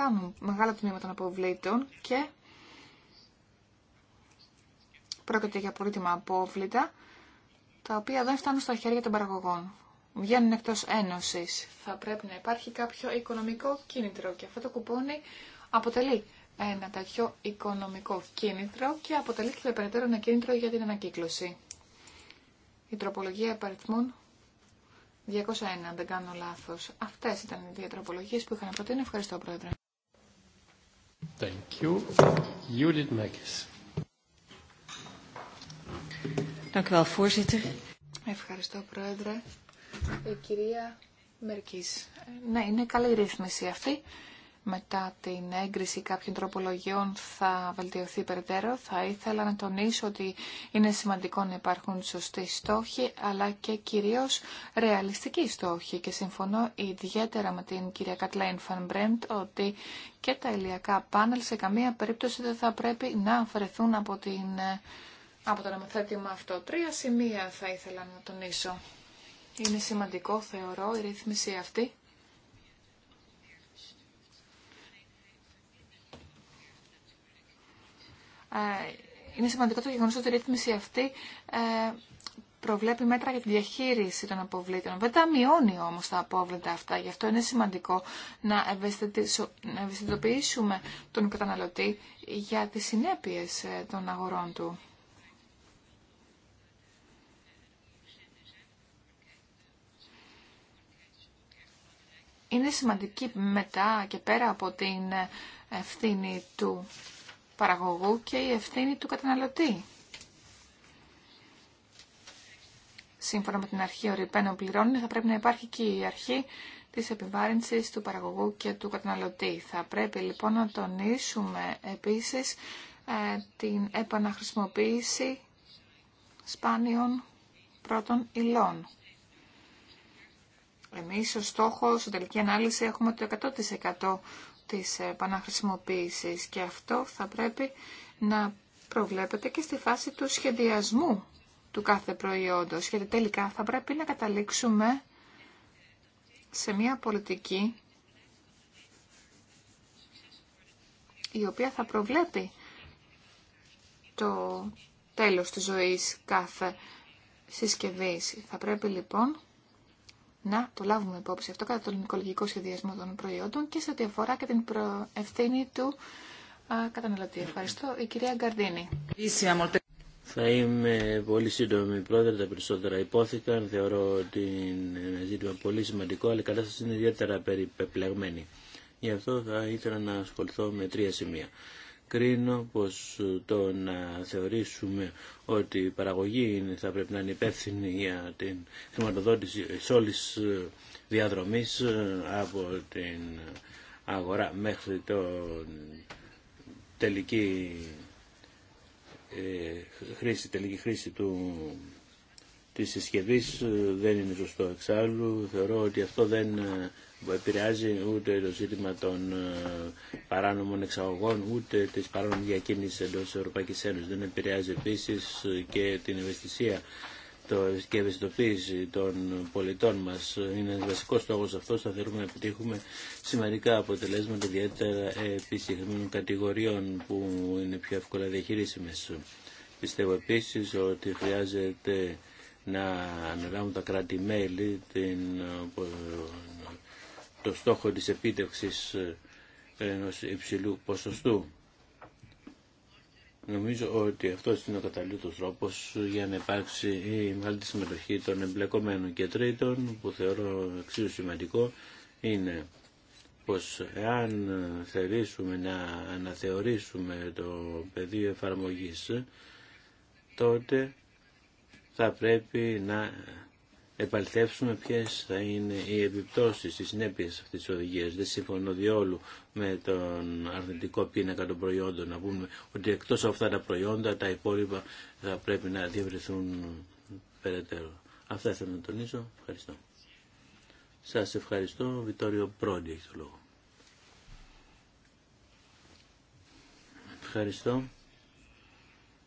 χάνουν μεγάλο τμήμα των αποβλήτων και πρόκειται για πολύτιμα απόβλητα τα οποία δεν φτάνουν στα χέρια των παραγωγών. Βγαίνουν εκτό ένωση. Θα πρέπει να υπάρχει κάποιο οικονομικό κίνητρο και αυτό το κουπόνι αποτελεί ένα τέτοιο οικονομικό κίνητρο και αποτελεί και περαιτέρω ένα κίνητρο για την ανακύκλωση. Η τροπολογία επαριθμών 201, αν δεν κάνω λάθος. Αυτές ήταν οι δύο τροπολογίες που είχα να προτείνω. Ευχαριστώ, Πρόεδρε. Ευχαριστώ, Πρόεδρε. Η ε, κυρία Μερκής. Ε, ναι, είναι καλή ρύθμιση αυτή μετά την έγκριση κάποιων τροπολογιών θα βελτιωθεί περαιτέρω. Θα ήθελα να τονίσω ότι είναι σημαντικό να υπάρχουν σωστοί στόχοι, αλλά και κυρίως ρεαλιστικοί στόχοι. Και συμφωνώ ιδιαίτερα με την κυρία Κατλέν Φανμπρέντ ότι και τα ηλιακά πάνελ σε καμία περίπτωση δεν θα πρέπει να αφαιρεθούν από, την, από το νομοθέτημα αυτό. Τρία σημεία θα ήθελα να τονίσω. Είναι σημαντικό, θεωρώ, η ρύθμιση αυτή Ε, είναι σημαντικό το γεγονό ότι η ρύθμιση αυτή ε, προβλέπει μέτρα για τη διαχείριση των αποβλήτων. Δεν τα μειώνει όμως τα απόβλητα αυτά, γι' αυτό είναι σημαντικό να ευαισθητοποιήσουμε τον καταναλωτή για τις συνέπειες ε, των αγορών του. Είναι σημαντική μετά και πέρα από την ευθύνη του παραγωγού και η ευθύνη του καταναλωτή. Σύμφωνα με την αρχή ορυπαίνων πληρώνει, θα πρέπει να υπάρχει και η αρχή της επιβάρυνσης του παραγωγού και του καταναλωτή. Θα πρέπει λοιπόν να τονίσουμε επίσης ε, την επαναχρησιμοποίηση σπάνιων πρώτων υλών. Εμείς ο στόχο, στην τελική ανάλυση, έχουμε το 100% της επαναχρησιμοποίησης και αυτό θα πρέπει να προβλέπεται και στη φάση του σχεδιασμού του κάθε προϊόντος γιατί τελικά θα πρέπει να καταλήξουμε σε μια πολιτική η οποία θα προβλέπει το τέλος της ζωής κάθε συσκευής. Θα πρέπει λοιπόν να το λάβουμε υπόψη αυτό κατά τον οικολογικό σχεδιασμό των προϊόντων και σε ό,τι αφορά και την προευθύνη του καταναλωτή. Ευχαριστώ. Η κυρία Γκαρδίνη. Θα είμαι πολύ σύντομη πρόεδρε, τα περισσότερα υπόθηκαν. Θεωρώ ότι είναι ζήτημα πολύ σημαντικό, αλλά η κατάσταση είναι ιδιαίτερα περιπεπλεγμένη. Γι' αυτό θα ήθελα να ασχοληθώ με τρία σημεία κρίνω πως ε, το να θεωρήσουμε ότι η παραγωγή θα πρέπει να είναι υπεύθυνη για την χρηματοδότηση της όλης ε, διαδρομής ε, από την αγορά μέχρι το τελική χρήση, τελική χρήση του, της συσκευής δεν είναι σωστό εξάλλου. Θεωρώ ότι αυτό δεν που επηρεάζει ούτε το ζήτημα των ε, παράνομων εξαγωγών, ούτε της παράνομης διακίνησης εντός της Ευρωπαϊκής Ένωσης. Δεν επηρεάζει επίσης και την ευαισθησία και ευαισθητοποίηση των πολιτών μας. Είναι βασικό βασικός στόχος αυτός, θα θέλουμε να επιτύχουμε σημαντικά αποτελέσματα, ιδιαίτερα επί συγκεκριμένων κατηγοριών που είναι πιο εύκολα διαχειρίσιμες. Πιστεύω επίσης ότι χρειάζεται να αναλάβουν τα κράτη-μέλη την ε, το στόχο της επίτευξης ε, ενός υψηλού ποσοστού. Νομίζω ότι αυτό είναι ο καταλήτως τρόπος για να υπάρξει η μεγάλη συμμετοχή των εμπλεκομένων και τρίτων που θεωρώ εξίσου σημαντικό είναι πως εάν θελήσουμε να αναθεωρήσουμε το πεδίο εφαρμογής τότε θα πρέπει να επαληθεύσουμε ποιε θα είναι οι επιπτώσει οι συνέπειε αυτής τη οδηγία. Δεν συμφωνώ διόλου με τον αρνητικό πίνακα των προϊόντων να πούμε ότι εκτό από αυτά τα προϊόντα τα υπόλοιπα θα πρέπει να διευρυνθούν περαιτέρω. Αυτά ήθελα να τονίσω. Ευχαριστώ. Σας ευχαριστώ. Βιτόριο Πρόντι έχει το λόγο. Ευχαριστώ.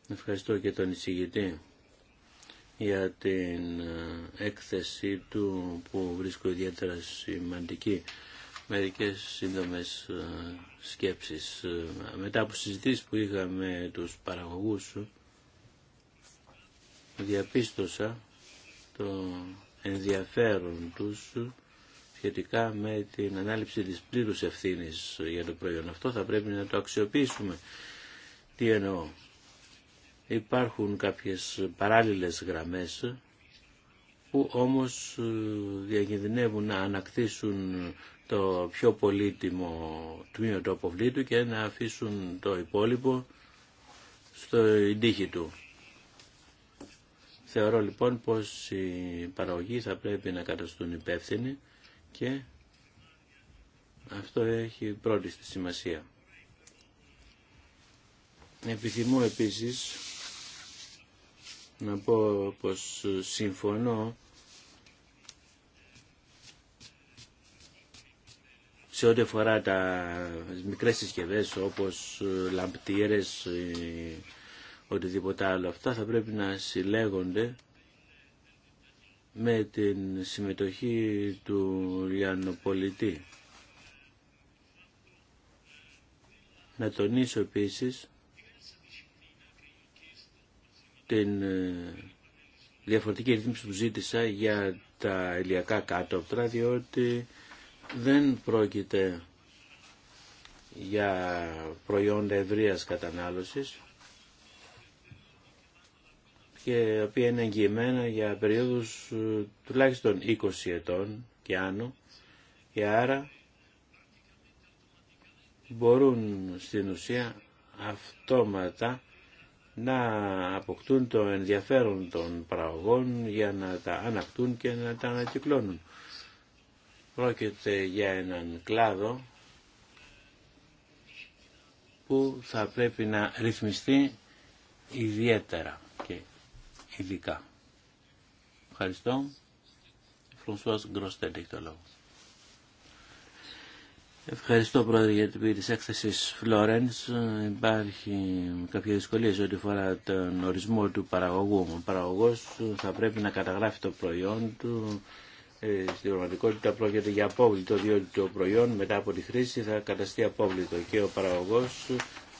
Ευχαριστώ και τον εισηγητή για την ε, έκθεση του που βρίσκω ιδιαίτερα σημαντική. Μερικές σύντομες ε, σκέψεις. Ε, μετά από συζητήσεις που είχαμε τους παραγωγούς διαπίστωσα το ενδιαφέρον τους σχετικά με την ανάληψη της πλήρους ευθύνης για το προϊόν. Αυτό θα πρέπει να το αξιοποιήσουμε. Τι εννοώ υπάρχουν κάποιες παράλληλες γραμμές που όμως ε, διακινδυνεύουν να ανακτήσουν το πιο πολύτιμο τμήμα του αποβλήτου και να αφήσουν το υπόλοιπο στο τύχη του. Θεωρώ λοιπόν πως οι παραγωγοί θα πρέπει να καταστούν υπεύθυνοι και αυτό έχει πρώτη στη σημασία. Επιθυμώ επίσης να πω πως συμφωνώ σε ό,τι αφορά τα μικρές συσκευές όπως λαμπτήρες ή οτιδήποτε άλλο αυτά θα πρέπει να συλλέγονται με την συμμετοχή του λιανοπολιτή. Να τονίσω επίσης την ε, διαφορετική ρύθμιση που ζήτησα για τα ηλιακά κάτωπτρα διότι δεν πρόκειται για προϊόντα ευρείας κατανάλωσης και οποία είναι εγγυημένα για περίοδους ε, τουλάχιστον 20 ετών και άνω και άρα μπορούν στην ουσία αυτόματα να αποκτούν το ενδιαφέρον των παραγωγών για να τα ανακτούν και να τα ανακυκλώνουν. Πρόκειται για έναν κλάδο που θα πρέπει να ρυθμιστεί ιδιαίτερα και ειδικά. Ευχαριστώ. Φρονσουάς Γκροστέντ λόγο. Ευχαριστώ πρόεδρε για την ποιητή της έκθεσης Φλόρενς. Υπάρχει κάποια δυσκολία σε ό,τι φορά τον ορισμό του παραγωγού. Ο παραγωγός θα πρέπει να καταγράφει το προϊόν του. Ε, στην πραγματικότητα πρόκειται για απόβλητο, διότι το προϊόν μετά από τη χρήση θα καταστεί απόβλητο και ο παραγωγός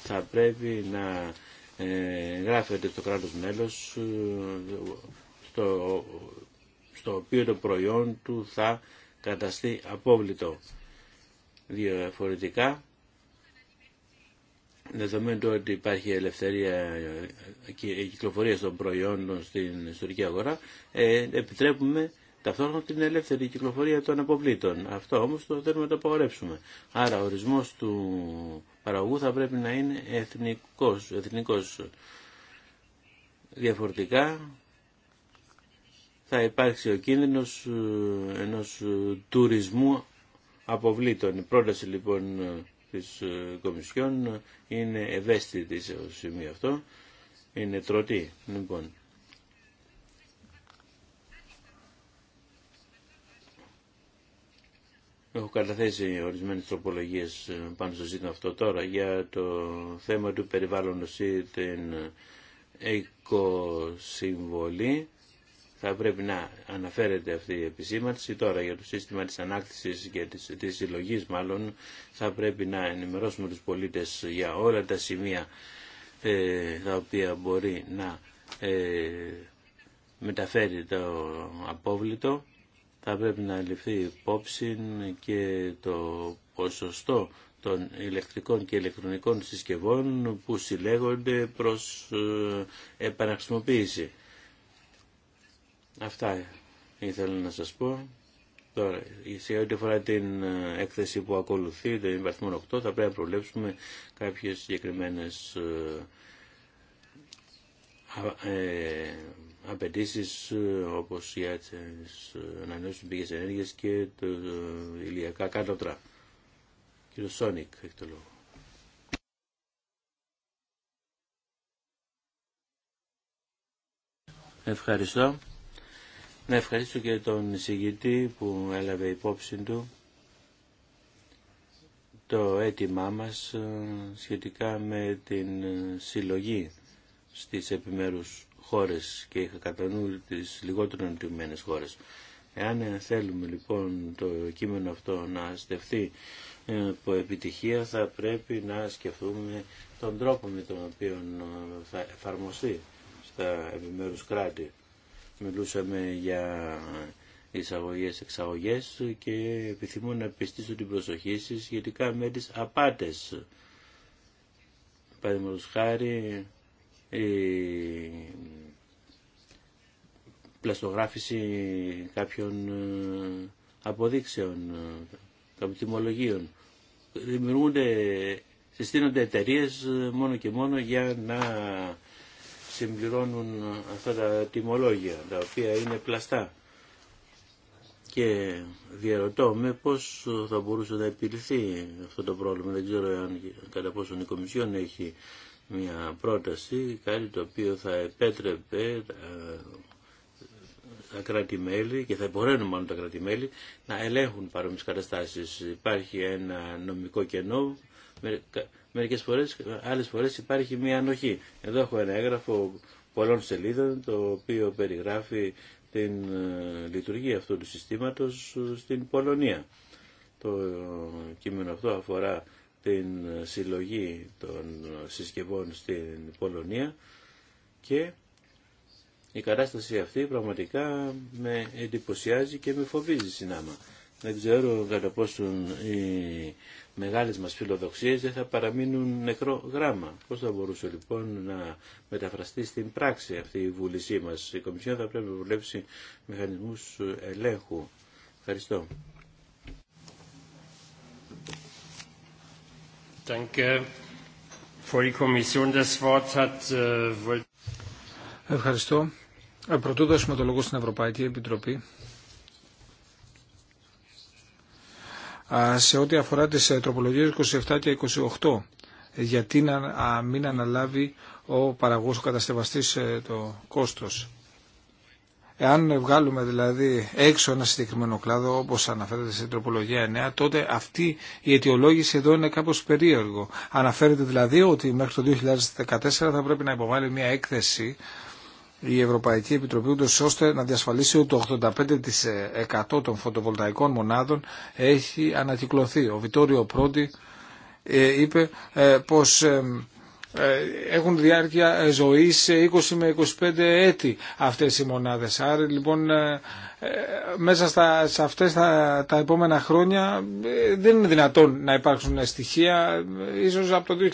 θα πρέπει να ε, γράφεται στο κράτος μέλος στο, στο οποίο το προϊόν του θα καταστεί απόβλητο διαφορετικά δεδομένου ότι υπάρχει ελευθερία και κυκλοφορία των προϊόντων στην ιστορική αγορά, ε, επιτρέπουμε ταυτόχρονα την ελεύθερη κυκλοφορία των αποβλήτων. Αυτό όμως το θέλουμε να το απαγορεύσουμε. Άρα ο ορισμός του παραγωγού θα πρέπει να είναι εθνικός. εθνικός. Διαφορετικά θα υπάρξει ο κίνδυνος ε, ενός τουρισμού αποβλήτων. Η πρόταση λοιπόν της ε, Κομισιόν είναι ευαίσθητη σε σημείο αυτό, είναι τρωτή λοιπόν. Έχω καταθέσει ορισμένες τροπολογίες ε, πάνω στο ζήτημα αυτό τώρα για το θέμα του περιβάλλοντος ή την ε, οικοσυμβολή θα πρέπει να αναφέρεται αυτή η επισήμανση. Τώρα για το σύστημα της ανάκτησης και της, της συλλογή μάλλον θα πρέπει να ενημερώσουμε τους πολίτες για όλα τα σημεία ε, τα οποία μπορεί να ε, μεταφέρει το απόβλητο. Θα πρέπει να ληφθεί υπόψη και το ποσοστό των ηλεκτρικών και ηλεκτρονικών συσκευών που συλλέγονται προς ε, επαναχρησιμοποίηση. Αυτά ήθελα να σας πω. Τώρα, σε ό,τι αφορά την ε, έκθεση που ακολουθεί, το βαθμό 8, θα πρέπει να προβλέψουμε κάποιες συγκεκριμένε ε, ε απαιτήσει ε, όπως για τις ανανεώσιμες πηγές ενέργειας και το ηλιακά κάτωτρα. Κύριο Σόνικ, έχει το λόγο. Ευχαριστώ. Να ευχαριστώ και τον εισηγητή που έλαβε υπόψη του το αίτημά μας ε, σχετικά με την ε, συλλογή στις επιμέρους χώρες και είχα κατά νου τις λιγότερο αντιμένες χώρες. Εάν ε, θέλουμε λοιπόν το κείμενο αυτό να στεφθεί από επιτυχία θα πρέπει να σκεφτούμε τον τρόπο με τον οποίο θα εφαρμοστεί στα επιμέρους κράτη μιλούσαμε για εισαγωγές, εξαγωγές και επιθυμώ να πιστήσω την προσοχή σας σχετικά με τις απάτες. Παραδείγματος χάρη η πλαστογράφηση κάποιων ε, αποδείξεων, ε, κάποιων τιμολογίων. Δημιουργούνται, συστήνονται εταιρείε ε, μόνο και μόνο για να συμπληρώνουν αυτά τα τιμολόγια τα οποία είναι πλαστά και διαρωτώ με πώς θα μπορούσε να επιληθεί αυτό το πρόβλημα. Δεν ξέρω αν κατά πόσο η Κομισιόν έχει μια πρόταση, κάτι το οποίο θα επέτρεπε τα κράτη-μέλη και θα υπορρένουν μάλλον τα κράτη-μέλη να ελέγχουν παρόμοιες καταστάσεις. Υπάρχει ένα νομικό κενό μερικές φορές, άλλες φορές υπάρχει μια ανοχή. Εδώ έχω ένα έγγραφο πολλών σελίδων το οποίο περιγράφει την ε, λειτουργία αυτού του συστήματος ε, στην Πολωνία. Το ε, κείμενο αυτό αφορά την συλλογή των συσκευών στην Πολωνία και η κατάσταση αυτή πραγματικά με εντυπωσιάζει και με φοβίζει συνάμα. Δεν ξέρω κατά πόσον οι μεγάλες μας φιλοδοξίες δεν θα παραμείνουν νεκρό γράμμα. Πώς θα μπορούσε λοιπόν να μεταφραστεί στην πράξη αυτή η βούλησή μας. Η Κομισιόν θα πρέπει να βουλέψει μηχανισμούς ελέγχου. Ευχαριστώ. Ευχαριστώ. Πρωτού δώσουμε το λόγο στην Ευρωπαϊκή Επιτροπή. σε ό,τι αφορά τις ε, τροπολογίες 27 και 28 γιατί να μην αναλάβει ο παραγωγός, ο ε, το κόστος. Εάν βγάλουμε δηλαδή έξω ένα συγκεκριμένο κλάδο, όπως αναφέρεται στην τροπολογία 9, τότε αυτή η αιτιολόγηση εδώ είναι κάπως περίεργο. Αναφέρεται δηλαδή ότι μέχρι το 2014 θα πρέπει να υποβάλει μια έκθεση η Ευρωπαϊκή Επιτροπή ούτως ώστε να διασφαλίσει ότι το 85% των φωτοβολταϊκών μονάδων έχει ανακυκλωθεί. Ο Βιτόριο Πρόντι ε, είπε ε, πως ε, έχουν διάρκεια ζωής 20 με 25 έτη αυτές οι μονάδες. Άρα λοιπόν μέσα στα, σε αυτές τα, τα επόμενα χρόνια δεν είναι δυνατόν να υπάρξουν στοιχεία ίσως από το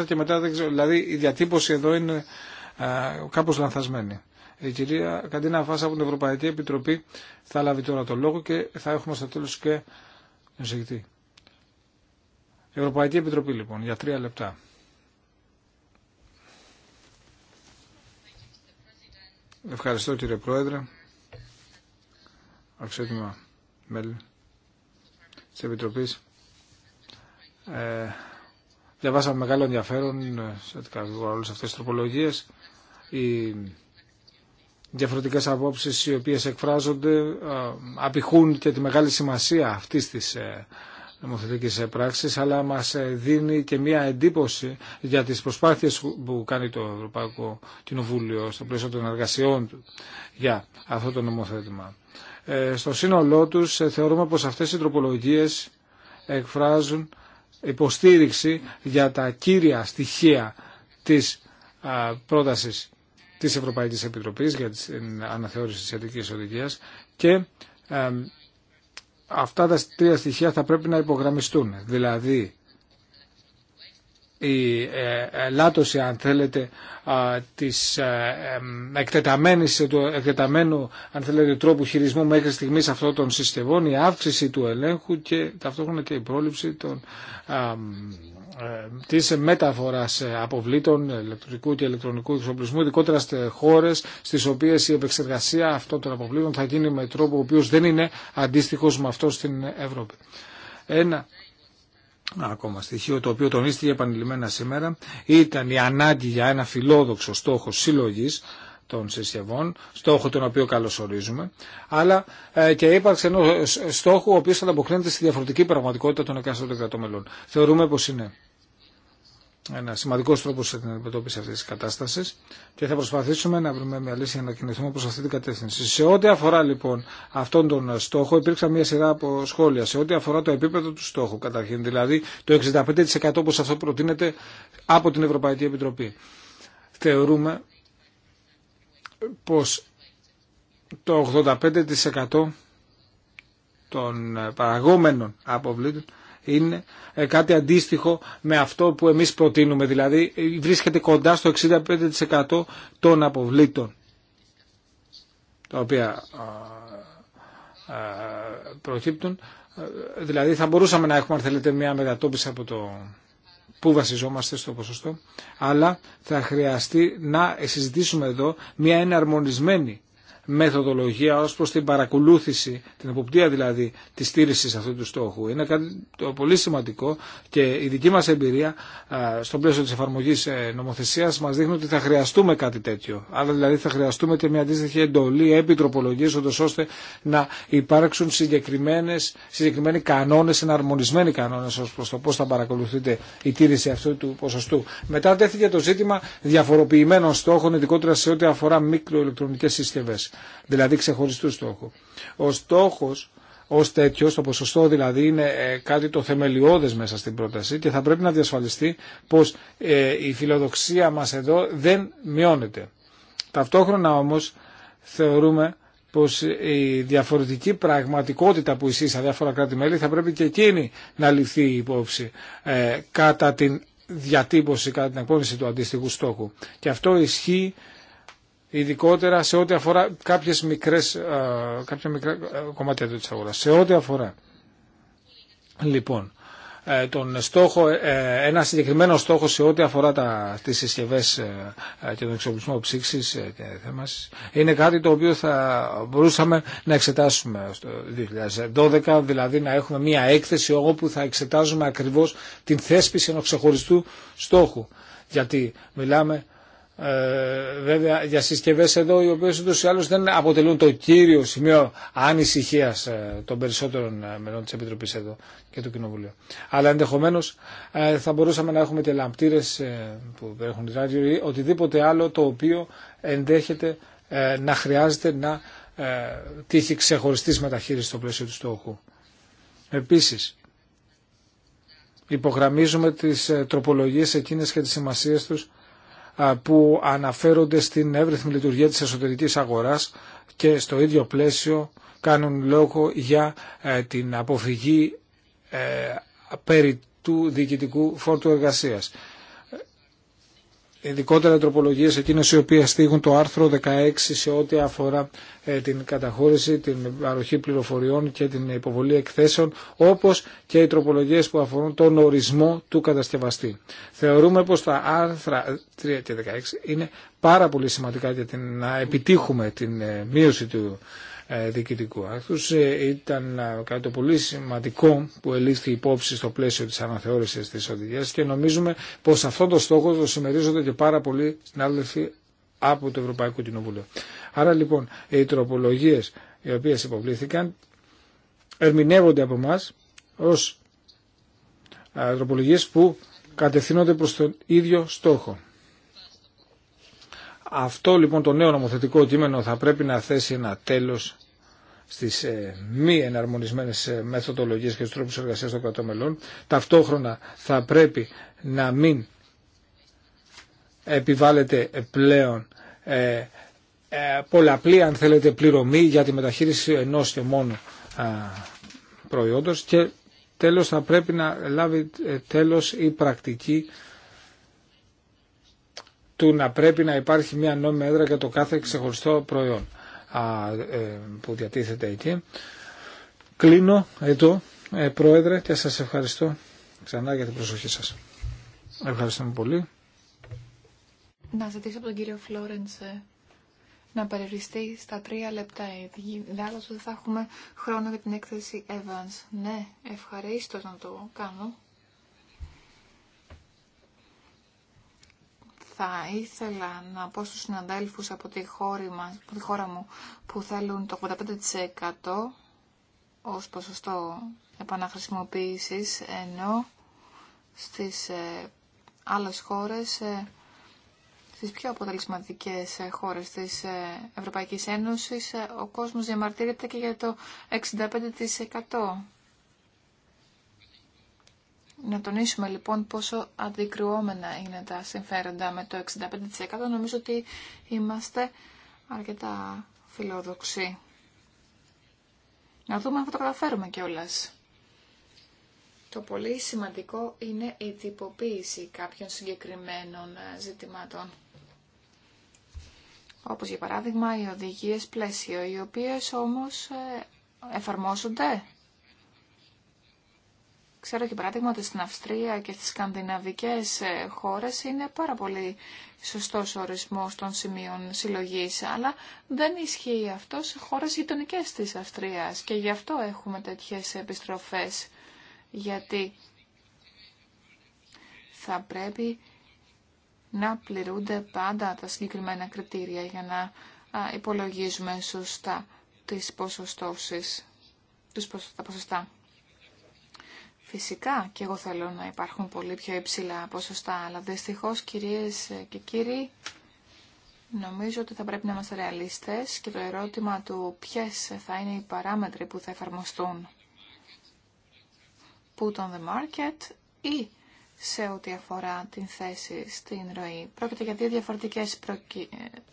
2034 και μετά δεν ξέρω. Δηλαδή η διατύπωση εδώ είναι κάπως λανθασμένη. Η κυρία Καντίνα Φάσα από την Ευρωπαϊκή Επιτροπή θα λάβει τώρα το λόγο και θα έχουμε στο τέλος και Η Ευρωπαϊκή Επιτροπή λοιπόν για τρία λεπτά. Ευχαριστώ κύριε Πρόεδρε, αξιότιμα μέλη τη Επιτροπής. Ε, διαβάσαμε μεγάλο ενδιαφέρον σε όλε αυτέ αυτές τις οι διαφορετικές απόψεις οι οποίες εκφράζονται ε, απηχούν και τη μεγάλη σημασία αυτής της ε, νομοθετικής ε, πράξης αλλά μας δίνει και μια εντύπωση για τις προσπάθειες που κάνει το Ευρωπαϊκό Κοινοβούλιο στο πλαίσιο των εργασιών του για αυτό το νομοθέτημα. Στο σύνολό τους θεωρούμε πως αυτές οι τροπολογίες εκφράζουν υποστήριξη για τα κύρια στοιχεία της πρότασης Τη Ευρωπαϊκή Επιτροπή για την αναθεώρηση τη ιατρικής οδηγία και αυτά τα τρία στοιχεία θα πρέπει να υπογραμμιστούν. Δηλαδή η ε, ε, λάτωση αν θέλετε της ε, εκτεταμένης, του εκτεταμένου αν θέλετε, τρόπου χειρισμού μέχρι στιγμής αυτών των συσκευών, η αύξηση του ελέγχου και ταυτόχρονα και η πρόληψη των, α, της μεταφοράς αποβλήτων ηλεκτρικού και ηλεκτρονικού εξοπλισμού, ειδικότερα σε χώρες στις οποίες η επεξεργασία αυτών των αποβλήτων θα γίνει με τρόπο ο οποίος δεν είναι αντίστοιχος με αυτό στην Ευρώπη. Ένα ακόμα στοιχείο το οποίο τονίστηκε επανειλημμένα σήμερα ήταν η ανάγκη για ένα φιλόδοξο στόχο συλλογή των συσκευών, στόχο τον οποίο καλωσορίζουμε, αλλά ε, και ύπαρξη ενό στόχου ο οποίο θα ανταποκρίνεται στη διαφορετική πραγματικότητα των εκάστοτε κρατών μελών. Θεωρούμε πω είναι ένα σημαντικό τρόπο για την αντιμετώπιση αυτή τη κατάσταση και θα προσπαθήσουμε να βρούμε μια λύση για να κινηθούμε προ αυτή την κατεύθυνση. Σε ό,τι αφορά λοιπόν αυτόν τον στόχο, υπήρξαν μια σειρά από σχόλια. Σε ό,τι αφορά το επίπεδο του στόχου, καταρχήν, δηλαδή το 65% όπω αυτό προτείνεται από την Ευρωπαϊκή Επιτροπή. Θεωρούμε πω το 85% των παραγόμενων αποβλήτων είναι κάτι αντίστοιχο με αυτό που εμείς προτείνουμε, δηλαδή βρίσκεται κοντά στο 65% των αποβλήτων, τα οποία προκύπτουν. Δηλαδή θα μπορούσαμε να έχουμε, αν θέλετε, μια μετατόπιση από το που βασιζόμαστε στο ποσοστό, αλλά θα χρειαστεί να συζητήσουμε εδώ μια εναρμονισμένη μεθοδολογία ως προς την παρακολούθηση, την εποπτεία δηλαδή της στήριξης αυτού του στόχου. Είναι κάτι το πολύ σημαντικό και η δική μας εμπειρία στο πλαίσιο της εφαρμογής ε, νομοθεσίας μας δείχνει ότι θα χρειαστούμε κάτι τέτοιο. Άρα δηλαδή θα χρειαστούμε και μια αντίστοιχη εντολή επιτροπολογίας ώστε να υπάρξουν συγκεκριμένες, συγκεκριμένοι κανόνες, εναρμονισμένοι κανόνες ως προς το πώς θα παρακολουθείτε η τήρηση αυτού του ποσοστού. Μετά τέθηκε το ζήτημα διαφοροποιημένων στόχων, ειδικότερα σε ό,τι αφορά μικροηλεκτρονικές συσκευές δηλαδή ξεχωριστού στόχου. Ο στόχο ω τέτοιο, το ποσοστό δηλαδή είναι ε, κάτι το θεμελιώδε μέσα στην πρόταση και θα πρέπει να διασφαλιστεί πω ε, η φιλοδοξία μα εδώ δεν μειώνεται. Ταυτόχρονα όμω θεωρούμε πω η διαφορετική πραγματικότητα που ισχύει στα διάφορα κράτη-μέλη θα πρέπει και εκείνη να ληφθεί υπόψη ε, κατά την διατύπωση, κατά την εκπόνηση του αντίστοιχου στόχου. Και αυτό ισχύει ειδικότερα σε ό,τι αφορά κάποιες μικρές, κάποια μικρά κομμάτια της αγοράς. Σε ό,τι αφορά, λοιπόν, ε, τον στόχο, ε, ε, ένα συγκεκριμένο στόχο σε ό,τι αφορά τα, τις συσκευές και τον εξοπλισμό ψήξης και θέμας, είναι κάτι το οποίο θα μπορούσαμε να εξετάσουμε στο 2012, δηλαδή να έχουμε μια έκθεση όπου θα εξετάζουμε ακριβώς την θέσπιση ενός ξεχωριστού στόχου. Γιατί μιλάμε ε, βέβαια για συσκευές εδώ οι οποίες ούτως ή άλλως δεν αποτελούν το κύριο σημείο ανησυχία ε, των περισσότερων ε, μελών της Επιτροπής εδώ και του Κοινοβουλίου. Αλλά ενδεχομένως θα μπορούσαμε να έχουμε και λαμπτήρες που έχουν ράδιο ή οτιδήποτε άλλο το οποίο ενδέχεται να χρειάζεται να τύχει ξεχωριστής μεταχείριση στο πλαίσιο του στόχου. Επίσης, υπογραμμίζουμε τις τροπολογίες εκείνες και τις σημασίες τους που αναφέρονται στην εύρυθμη λειτουργία της εσωτερικής αγοράς και στο ίδιο πλαίσιο κάνουν λόγο για ε, την αποφυγή ε, περί του διοικητικού φόρτου εργασίας ειδικότερα τροπολογίες εκείνε, οι οποίες στήγουν το άρθρο 16 σε ό,τι αφορά ε, την καταχώρηση, την παροχή πληροφοριών και την υποβολή εκθέσεων, όπως και οι τροπολογίες που αφορούν τον ορισμό του κατασκευαστή. Θεωρούμε πως τα άρθρα 3 και 16 είναι πάρα πολύ σημαντικά για την, να επιτύχουμε την ε, μείωση του ε, διοικητικού άρθρους. Ε, ήταν ε, κάτι πολύ σημαντικό που ελήφθη υπόψη στο πλαίσιο της αναθεώρησης της οδηγίας και νομίζουμε πως αυτό το στόχο το συμμερίζονται και πάρα πολλοί συνάδελφοι από το Ευρωπαϊκό Κοινοβούλιο. Άρα λοιπόν οι τροπολογίες οι οποίες υποβλήθηκαν ερμηνεύονται από εμά ως τροπολογίες που κατευθύνονται προς τον ίδιο στόχο. Αυτό λοιπόν το νέο νομοθετικό κείμενο θα πρέπει να θέσει ένα τέλος στις ε, μη εναρμονισμένες ε, μεθοδολογίες και στους τρόπους εργασίας των κρατών Ταυτόχρονα θα πρέπει να μην επιβάλλεται πλέον ε, ε, πολλαπλή αν θέλετε πληρωμή για τη μεταχείριση ενός και μόνο προϊόντος και τέλος θα πρέπει να λάβει τέλος η πρακτική του να πρέπει να υπάρχει μια νόμιμη έδρα για το κάθε ξεχωριστό προϊόν. Ε, που διατίθεται εκεί. Κλείνω εδώ, ε, Πρόεδρε, και σας ευχαριστώ ξανά για την προσοχή σας. Ευχαριστούμε πολύ. Να ζητήσω από τον κύριο Φλόρεντς ε, να περιοριστεί στα τρία λεπτά, γιατί δεν θα έχουμε χρόνο για την έκθεση Evans. Ναι, ευχαρίστω να το κάνω. Θα ήθελα να πω στους συναντέλφους από τη, χώρα μας, από τη χώρα μου που θέλουν το 85% ως ποσοστό επαναχρησιμοποίησης, ενώ στις ε, άλλες χώρες, ε, στις πιο αποτελεσματικές ε, χώρες της Ευρωπαϊκής Ένωσης, ο κόσμος διαμαρτύρεται και για το 65%. Να τονίσουμε λοιπόν πόσο αντικρουόμενα είναι τα συμφέροντα με το 65%. Νομίζω ότι είμαστε αρκετά φιλόδοξοι. Να δούμε αν θα το καταφέρουμε κιόλα. Το πολύ σημαντικό είναι η τυποποίηση κάποιων συγκεκριμένων ε, ζητημάτων. Όπως για παράδειγμα οι οδηγίες πλαίσιο, οι οποίες όμως ε, εφαρμόζονται Ξέρω και παράδειγμα ότι στην Αυστρία και στις σκανδιναβικές ε, χώρες είναι πάρα πολύ σωστός ορισμός των σημείων συλλογής, αλλά δεν ισχύει αυτό σε χώρες γειτονικέ της Αυστρίας και γι' αυτό έχουμε τέτοιες επιστροφές, γιατί θα πρέπει να πληρούνται πάντα τα συγκεκριμένα κριτήρια για να υπολογίζουμε σωστά τις ποσοστώσεις, τα ποσοστά. Φυσικά και εγώ θέλω να υπάρχουν πολύ πιο υψηλά ποσοστά, αλλά δυστυχώ κυρίες και κύριοι, νομίζω ότι θα πρέπει να είμαστε ρεαλίστες και το ερώτημα του ποιες θα είναι οι παράμετροι που θα εφαρμοστούν. Put on the market ή σε ό,τι αφορά την θέση στην ροή. Πρόκειται για δύο διαφορετικές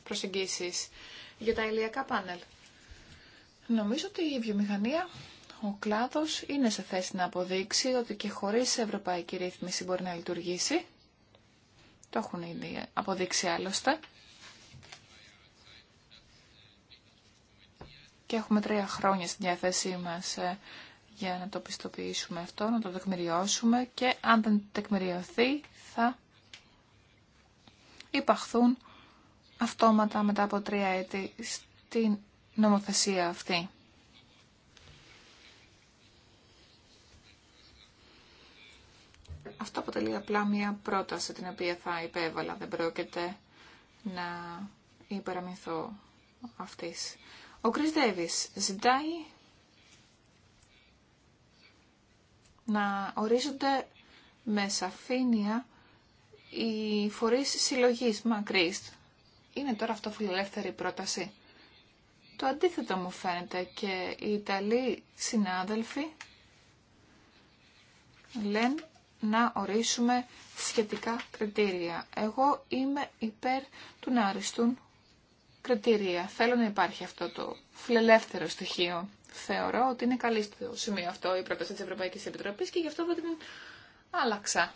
προσεγγίσεις για τα ηλιακά πάνελ. Νομίζω ότι η βιομηχανία ο κλάδος είναι σε θέση να αποδείξει ότι και χωρίς ευρωπαϊκή ρύθμιση μπορεί να λειτουργήσει. Το έχουν ήδη αποδείξει άλλωστε. Και έχουμε τρία χρόνια στη διάθεσή μας ε, για να το πιστοποιήσουμε αυτό, να το τεκμηριώσουμε και αν δεν τεκμηριωθεί θα υπαχθούν αυτόματα μετά από τρία έτη στην νομοθεσία αυτή. Αυτό αποτελεί απλά μία πρόταση την οποία θα υπέβαλα. Δεν πρόκειται να υπεραμυθώ αυτής. Ο Κρις ζητάει να ορίζονται με σαφήνεια οι φορείς συλλογής Μακρίστ. Είναι τώρα αυτό φιλελεύθερη πρόταση. Το αντίθετο μου φαίνεται και οι Ιταλοί συνάδελφοι λένε να ορίσουμε σχετικά κριτήρια. Εγώ είμαι υπέρ του να οριστούν κριτήρια. Θέλω να υπάρχει αυτό το φιλελεύθερο στοιχείο. Θεωρώ ότι είναι καλή στο σημείο αυτό η πρόταση της Ευρωπαϊκής Επιτροπής και γι' αυτό την άλλαξα.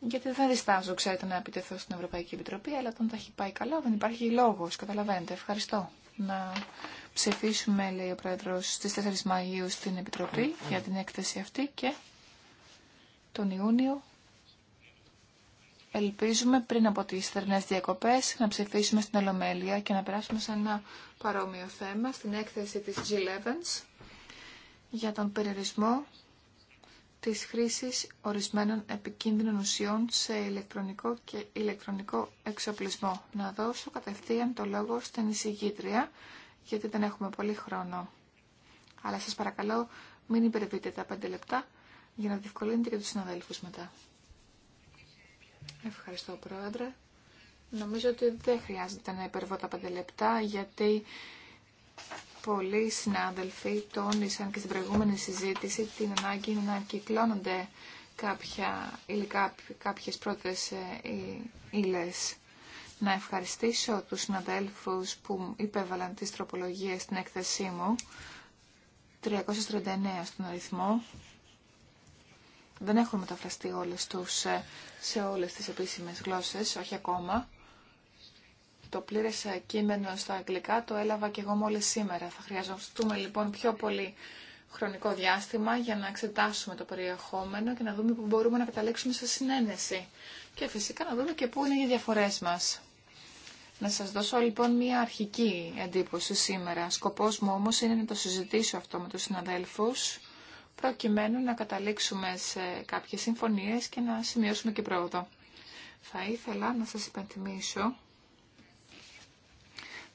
Γιατί δεν διστάζω, ξέρετε, να επιτεθώ στην Ευρωπαϊκή Επιτροπή, αλλά όταν τα έχει πάει καλά δεν υπάρχει λόγος, καταλαβαίνετε. Ευχαριστώ να ψηφίσουμε, λέει ο Πρόεδρος, στις 4 Μαΐου στην Επιτροπή για την έκθεση αυτή και τον Ιούνιο ελπίζουμε πριν από τις θερινές διακοπές να ψηφίσουμε στην Ολομέλεια και να περάσουμε σε ένα παρόμοιο θέμα στην έκθεση της G11 για τον περιορισμό της χρήσης ορισμένων επικίνδυνων ουσιών σε ηλεκτρονικό και ηλεκτρονικό εξοπλισμό. Να δώσω κατευθείαν το λόγο στην εισηγήτρια, γιατί δεν έχουμε πολύ χρόνο. Αλλά σας παρακαλώ μην υπερβείτε τα πέντε λεπτά για να διευκολύνετε και τους συναδέλφους μετά. Ευχαριστώ Πρόεδρε. Νομίζω ότι δεν χρειάζεται να υπερβώ τα πέντε λεπτά γιατί πολλοί συνάδελφοι τόνισαν και στην προηγούμενη συζήτηση την ανάγκη να κυκλώνονται κάποια υλικά, κάποιες πρώτες ε, ε, ύλες να ευχαριστήσω τους συναδέλφους που υπέβαλαν τις τροπολογίες στην έκθεσή μου. 339 στον αριθμό. Δεν έχουν μεταφραστεί όλες τους ε, σε όλες τις επίσημες γλώσσες, όχι ακόμα. Το πλήρες ε, κείμενο στα αγγλικά το έλαβα και εγώ μόλις σήμερα. Θα χρειαζόμαστε λοιπόν πιο πολύ χρονικό διάστημα για να εξετάσουμε το περιεχόμενο και να δούμε πού μπορούμε να καταλήξουμε σε συνένεση. Και φυσικά να δούμε και πού είναι οι διαφορές μας. Να σας δώσω λοιπόν μία αρχική εντύπωση σήμερα. Σκοπός μου όμως είναι να το συζητήσω αυτό με τους συναδέλφους, προκειμένου να καταλήξουμε σε κάποιες συμφωνίες και να σημειώσουμε και πρόοδο. Θα ήθελα να σας υπενθυμίσω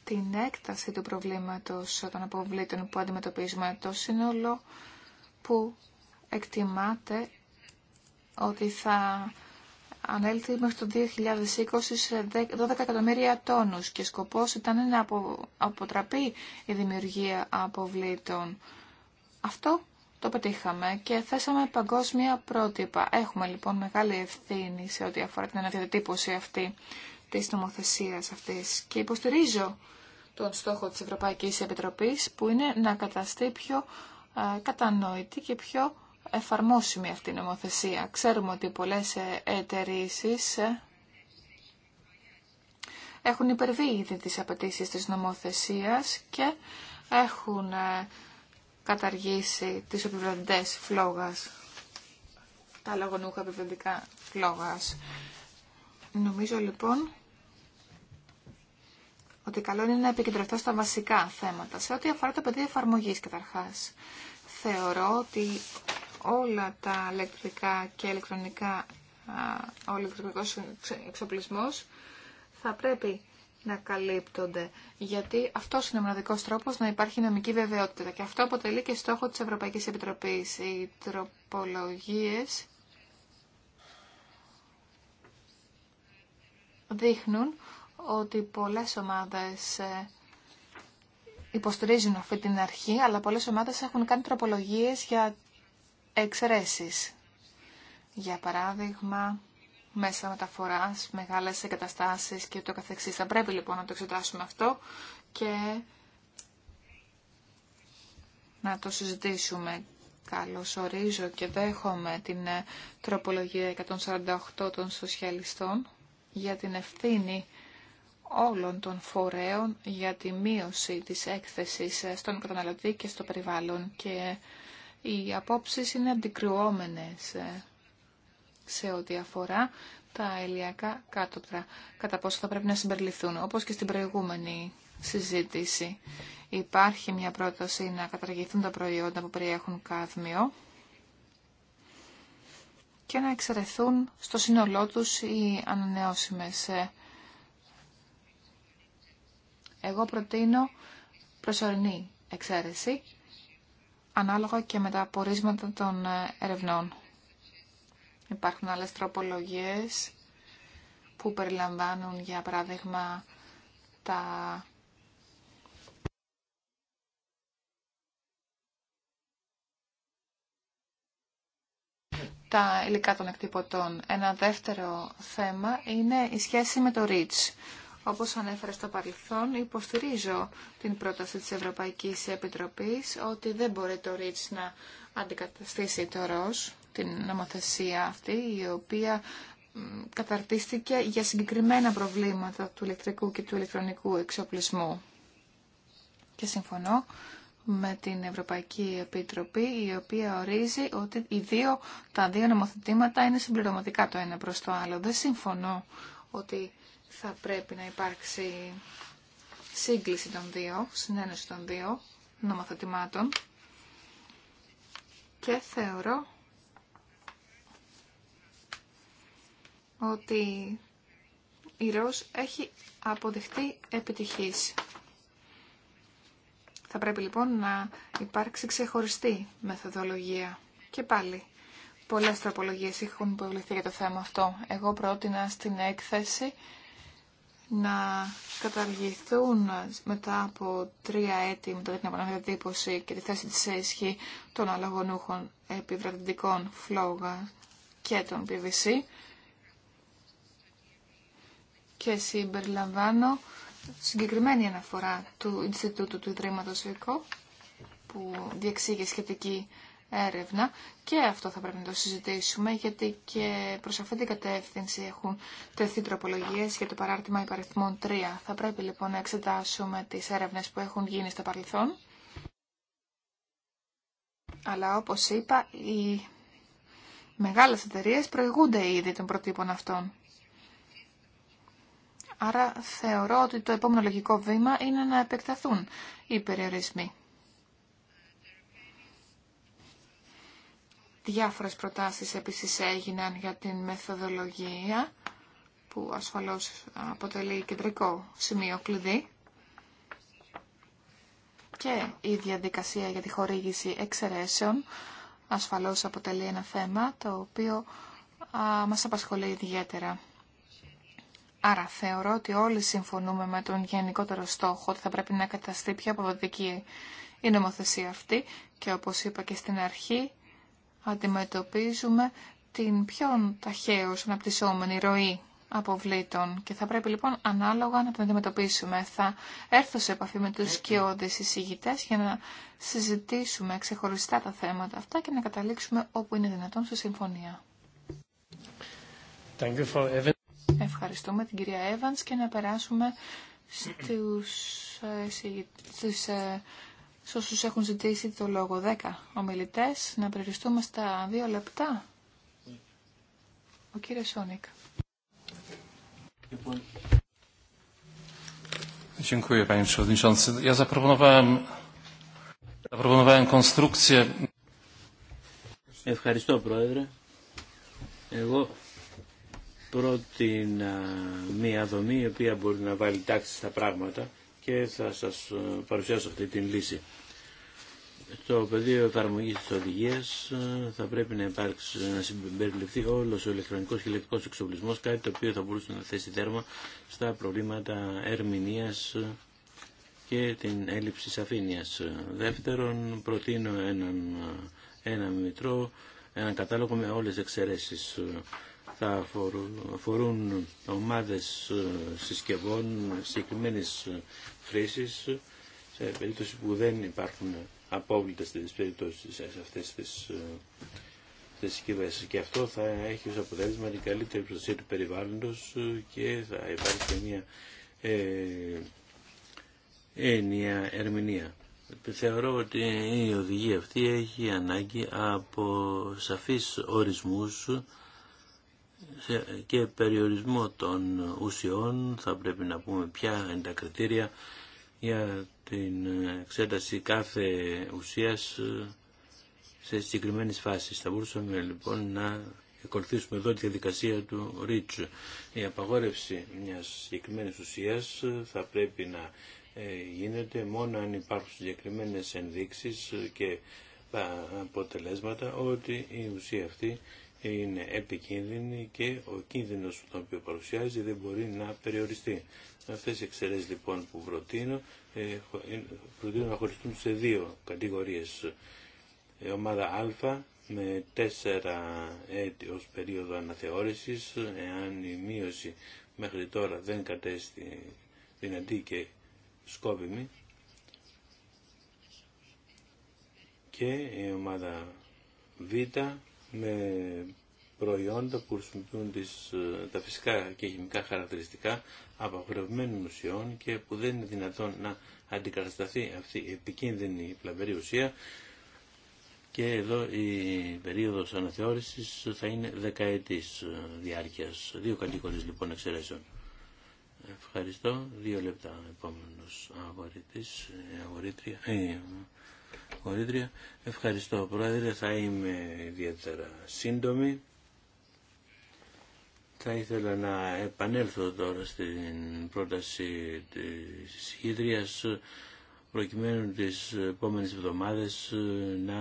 την έκταση του προβλήματος των αποβλήτων που αντιμετωπίζουμε, το σύνολο που εκτιμάται ότι θα ανέλθει μέχρι το 2020 σε 12 εκατομμύρια τόνους και σκοπός ήταν να αποτραπεί η δημιουργία αποβλήτων. Αυτό το πετύχαμε και θέσαμε παγκόσμια πρότυπα. Έχουμε λοιπόν μεγάλη ευθύνη σε ό,τι αφορά την αναδιατύπωση αυτή της νομοθεσίας αυτής και υποστηρίζω τον στόχο της Ευρωπαϊκής Επιτροπής που είναι να καταστεί πιο ε, κατανοητή και πιο εφαρμόσιμη αυτή η νομοθεσία. Ξέρουμε ότι πολλές εταιρείε έχουν υπερβεί ήδη τις απαιτήσεις της νομοθεσίας και έχουν καταργήσει τις επιβλαντές φλόγας, τα λαγονούχα επιβλητικά φλόγας. Νομίζω λοιπόν ότι καλό είναι να επικεντρωθώ στα βασικά θέματα, σε ό,τι αφορά το πεδίο εφαρμογή καταρχάς. Θεωρώ ότι όλα τα ηλεκτρικά και ηλεκτρονικά, ο ηλεκτρονικός εξοπλισμός θα πρέπει να καλύπτονται. Γιατί αυτό είναι ο μοναδικό τρόπο να υπάρχει νομική βεβαιότητα. Και αυτό αποτελεί και στόχο τη Ευρωπαϊκή Επιτροπή. Οι τροπολογίε δείχνουν ότι πολλές ομάδες ε, υποστηρίζουν αυτή την αρχή, αλλά πολλές ομάδες έχουν κάνει τροπολογίε για εξαιρέσεις. Για παράδειγμα, μέσα μεταφοράς, μεγάλες εγκαταστάσεις και το καθεξής. Θα πρέπει λοιπόν να το εξετάσουμε αυτό και να το συζητήσουμε. Καλώς ορίζω και δέχομαι την ε, τροπολογία 148 των σοσιαλιστών για την ευθύνη όλων των φορέων για τη μείωση της έκθεσης ε, στον καταναλωτή και στο περιβάλλον και οι απόψεις είναι αντικρουόμενες ε, σε ό,τι αφορά τα ελιακά κάτωπτρα, κατά πόσο θα πρέπει να συμπεριληφθούν, όπως και στην προηγούμενη συζήτηση. Υπάρχει μια πρόταση να καταργηθούν τα προϊόντα που περιέχουν κάδμιο και να εξαιρεθούν στο σύνολό τους οι ανανεώσιμες. Ε. Εγώ προτείνω προσωρινή εξαίρεση ανάλογα και με τα απορίσματα των ε, ερευνών. Υπάρχουν άλλες τροπολογίες που περιλαμβάνουν, για παράδειγμα, τα τα υλικά των εκτυπωτών. Ένα δεύτερο θέμα είναι η σχέση με το REACH. Όπως ανέφερα στο παρελθόν, υποστηρίζω την πρόταση της Ευρωπαϊκής Επιτροπής ότι δεν μπορεί το ΡΙΤΣ να αντικαταστήσει το την νομοθεσία αυτή, η οποία καταρτίστηκε για συγκεκριμένα προβλήματα του ηλεκτρικού και του ηλεκτρονικού εξοπλισμού. Και συμφωνώ με την Ευρωπαϊκή Επιτροπή, η οποία ορίζει ότι τα δύο νομοθετήματα είναι συμπληρωματικά το ένα προς το άλλο. Δεν συμφωνώ ότι θα πρέπει να υπάρξει σύγκληση των δύο, συνένωση των δύο νομοθετημάτων και θεωρώ ότι η ΡΟΣ έχει αποδειχτεί επιτυχής. Θα πρέπει λοιπόν να υπάρξει ξεχωριστή μεθοδολογία. Και πάλι, πολλές τροπολογίες έχουν υποβληθεί για το θέμα αυτό. Εγώ πρότεινα στην έκθεση να καταργηθούν μετά από τρία έτη μετά την επαναδιατύπωση και τη θέση της έσχη των αλλαγονούχων επιβραδυτικών φλόγα και των PVC και συμπεριλαμβάνω συγκεκριμένη αναφορά του Ινστιτούτου του Ιδρύματος ΕΚΟ που διεξήγει σχετική έρευνα και αυτό θα πρέπει να το συζητήσουμε γιατί και προς αυτή την κατεύθυνση έχουν τεθεί τροπολογίες για το παράρτημα υπαριθμών 3. Θα πρέπει λοιπόν να εξετάσουμε τις έρευνες που έχουν γίνει στα παρελθόν. Αλλά όπως είπα, οι μεγάλες εταιρείε προηγούνται ήδη των προτύπων αυτών. Άρα θεωρώ ότι το επόμενο λογικό βήμα είναι να επεκταθούν οι περιορισμοί. Διάφορες προτάσεις επίσης έγιναν για την μεθοδολογία που ασφαλώς αποτελεί κεντρικό σημείο κλειδί και η διαδικασία για τη χορήγηση εξαιρέσεων ασφαλώς αποτελεί ένα θέμα το οποίο μας απασχολεί ιδιαίτερα. Άρα θεωρώ ότι όλοι συμφωνούμε με τον γενικότερο στόχο ότι θα πρέπει να καταστεί πιο αποδοτική η νομοθεσία αυτή και όπως είπα και στην αρχή αντιμετωπίζουμε την πιο ταχαίως αναπτυσσόμενη ροή αποβλήτων και θα πρέπει λοιπόν ανάλογα να την αντιμετωπίσουμε. Θα έρθω σε επαφή με τους σκιώδεις εισηγητές για να συζητήσουμε ξεχωριστά τα θέματα αυτά και να καταλήξουμε όπου είναι δυνατόν στη συμφωνία. Thank you Ευχαριστούμε την κυρία Evans και να περάσουμε στους, ε, στους ε, σε όσους έχουν ζητήσει το λόγο 10 ομιλητές, να περιοριστούμε στα δύο λεπτά. Ο κύριος Σόνικ. Λοιπόν, Ευχαριστώ πρόεδρε. Εγώ πρότεινα μία δομή η οποία μπορεί να βάλει τάξη στα πράγματα και θα σας ε, παρουσιάσω αυτή την λύση. Το πεδίο εφαρμογή τη οδηγία ε, θα πρέπει να υπάρξει, να συμπεριληφθεί όλο ο ηλεκτρονικό και ηλεκτρικό εξοπλισμό, κάτι το οποίο θα μπορούσε να θέσει τέρμα στα προβλήματα ερμηνεία ε, και την έλλειψη σαφήνεια. Δεύτερον, προτείνω έναν, ένα μητρό, έναν κατάλογο με όλε τι εξαιρέσει θα αφορούν, αφορούν ομάδες ε, συσκευών συγκεκριμένη ε, χρήση σε περίπτωση που δεν υπάρχουν απόβλητες στις περιπτώσεις σε αυτές τις, ε, τις Και αυτό θα έχει ως αποτέλεσμα την καλύτερη προστασία του περιβάλλοντος και θα υπάρχει και μια ε, ερμηνεία. Θεωρώ ότι η οδηγία αυτή έχει ανάγκη από σαφείς ορισμούς και περιορισμό των ουσιών, θα πρέπει να πούμε ποια είναι τα κριτήρια για την εξέταση κάθε ουσίας σε συγκεκριμένε φάσεις. Θα μπορούσαμε λοιπόν να ακολουθήσουμε εδώ τη διαδικασία του Ρίτς. Η απαγόρευση μιας συγκεκριμένη ουσίας θα πρέπει να ε, γίνεται μόνο αν υπάρχουν συγκεκριμένες ενδείξεις και αποτελέσματα ότι η ουσία αυτή είναι επικίνδυνη και ο κίνδυνος τον οποίο παρουσιάζει δεν μπορεί να περιοριστεί. Αυτές οι εξαιρέσεις λοιπόν που προτείνω, ε, προτείνω να χωριστούν σε δύο κατηγορίες. Η ε, ομάδα Α με τέσσερα έτη ως περίοδο αναθεώρησης, εάν η μείωση μέχρι τώρα δεν κατέστη δυνατή και σκόπιμη, και η ομάδα Β με προϊόντα που χρησιμοποιούν τις, ε, τα φυσικά και χημικά χαρακτηριστικά απαγορευμένων ουσιών και που δεν είναι δυνατόν να αντικατασταθεί αυτή η επικίνδυνη πλαβερή ουσία και εδώ η περίοδος αναθεώρησης θα είναι δεκαετής ε, διάρκειας. Δύο κατηγορίες λοιπόν εξαιρέσεων. Ευχαριστώ. Δύο λεπτά επόμενος αγορητής, ε, αγορήτρια. Ευχαριστώ Πρόεδρε, θα είμαι ιδιαίτερα σύντομη. Θα ήθελα να επανέλθω τώρα στην πρόταση της Χίδριας προκειμένου τις επόμενες εβδομάδες να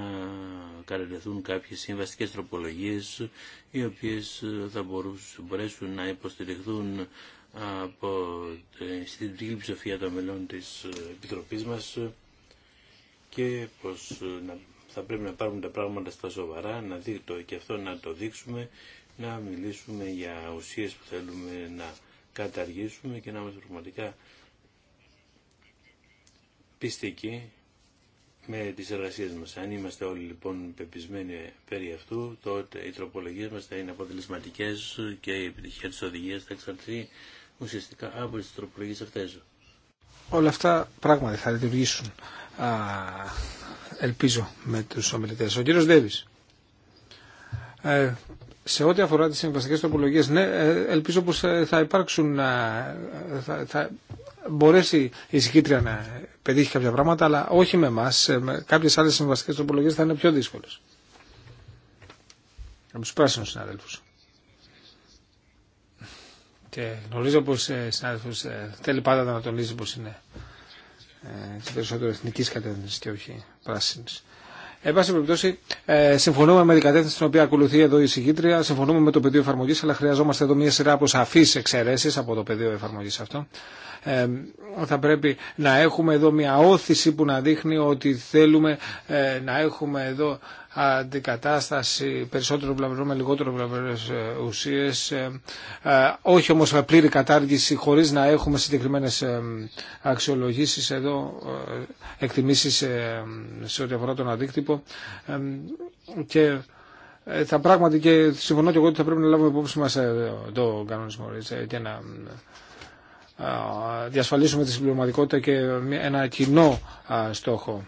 καρελεθούν κάποιες συμβαστικές τροπολογίες οι οποίες θα μπορέσουν να υποστηριχθούν από ε, την ψηφία των μελών της Επιτροπής μας και πως ε, θα πρέπει να πάρουμε τα πράγματα στα σοβαρά, να δει το, και αυτό να το δείξουμε, να μιλήσουμε για ουσίες που θέλουμε να καταργήσουμε και να είμαστε πραγματικά πιστικοί με τις εργασίες μας. Αν είμαστε όλοι λοιπόν πεπισμένοι περί αυτού, τότε οι τροπολογίες μας θα είναι αποτελεσματικές και η επιτυχία της οδηγίας θα εξαρτηθεί ουσιαστικά από τις τροπολογίες αυτές. Όλα αυτά πράγματι θα λειτουργήσουν ελπίζω με τους ομιλητές. Ο κύριος Δέβης. Ε, σε ό,τι αφορά τις συμβαστικές τροπολογίες, ναι, ε, ελπίζω πως ε, θα υπάρξουν, ε, θα, θα μπορέσει η συγκήτρια να πετύχει κάποια πράγματα, αλλά όχι με εμά. Κάποιες άλλες συμβαστικές τροπολογίες θα είναι πιο δύσκολες. Από τους πράσινους συναδέλφους. Και γνωρίζω πως συνάδελφος θέλει πάντα να τονίζει πως είναι ε, σε περισσότερο εθνική κατεύθυνση και όχι πράσινη. Εν πάση περιπτώσει, ε, συμφωνούμε με την κατεύθυνση στην οποία ακολουθεί εδώ η συγκήτρια, συμφωνούμε με το πεδίο εφαρμογή, αλλά χρειαζόμαστε εδώ μια σειρά από σαφεί εξαιρέσει από το πεδίο εφαρμογή αυτό. Ε, θα πρέπει να έχουμε εδώ μια όθηση που να δείχνει ότι θέλουμε ε, να έχουμε εδώ αντικατάσταση περισσότερο βλαβερό με λιγότερο βλαβερέ ε, ουσίες, ε, ε, όχι όμως πλήρη κατάργηση χωρίς να έχουμε συγκεκριμένες αξιολογήσεις εδώ, εκτιμήσεις σε ό,τι αφορά τον αντίκτυπο και θα πράγματι και συμφωνώ και εγώ ότι θα πρέπει να λάβουμε υπόψη μας το κανονισμό και να διασφαλίσουμε τη συμπληρωματικότητα και ένα κοινό στόχο.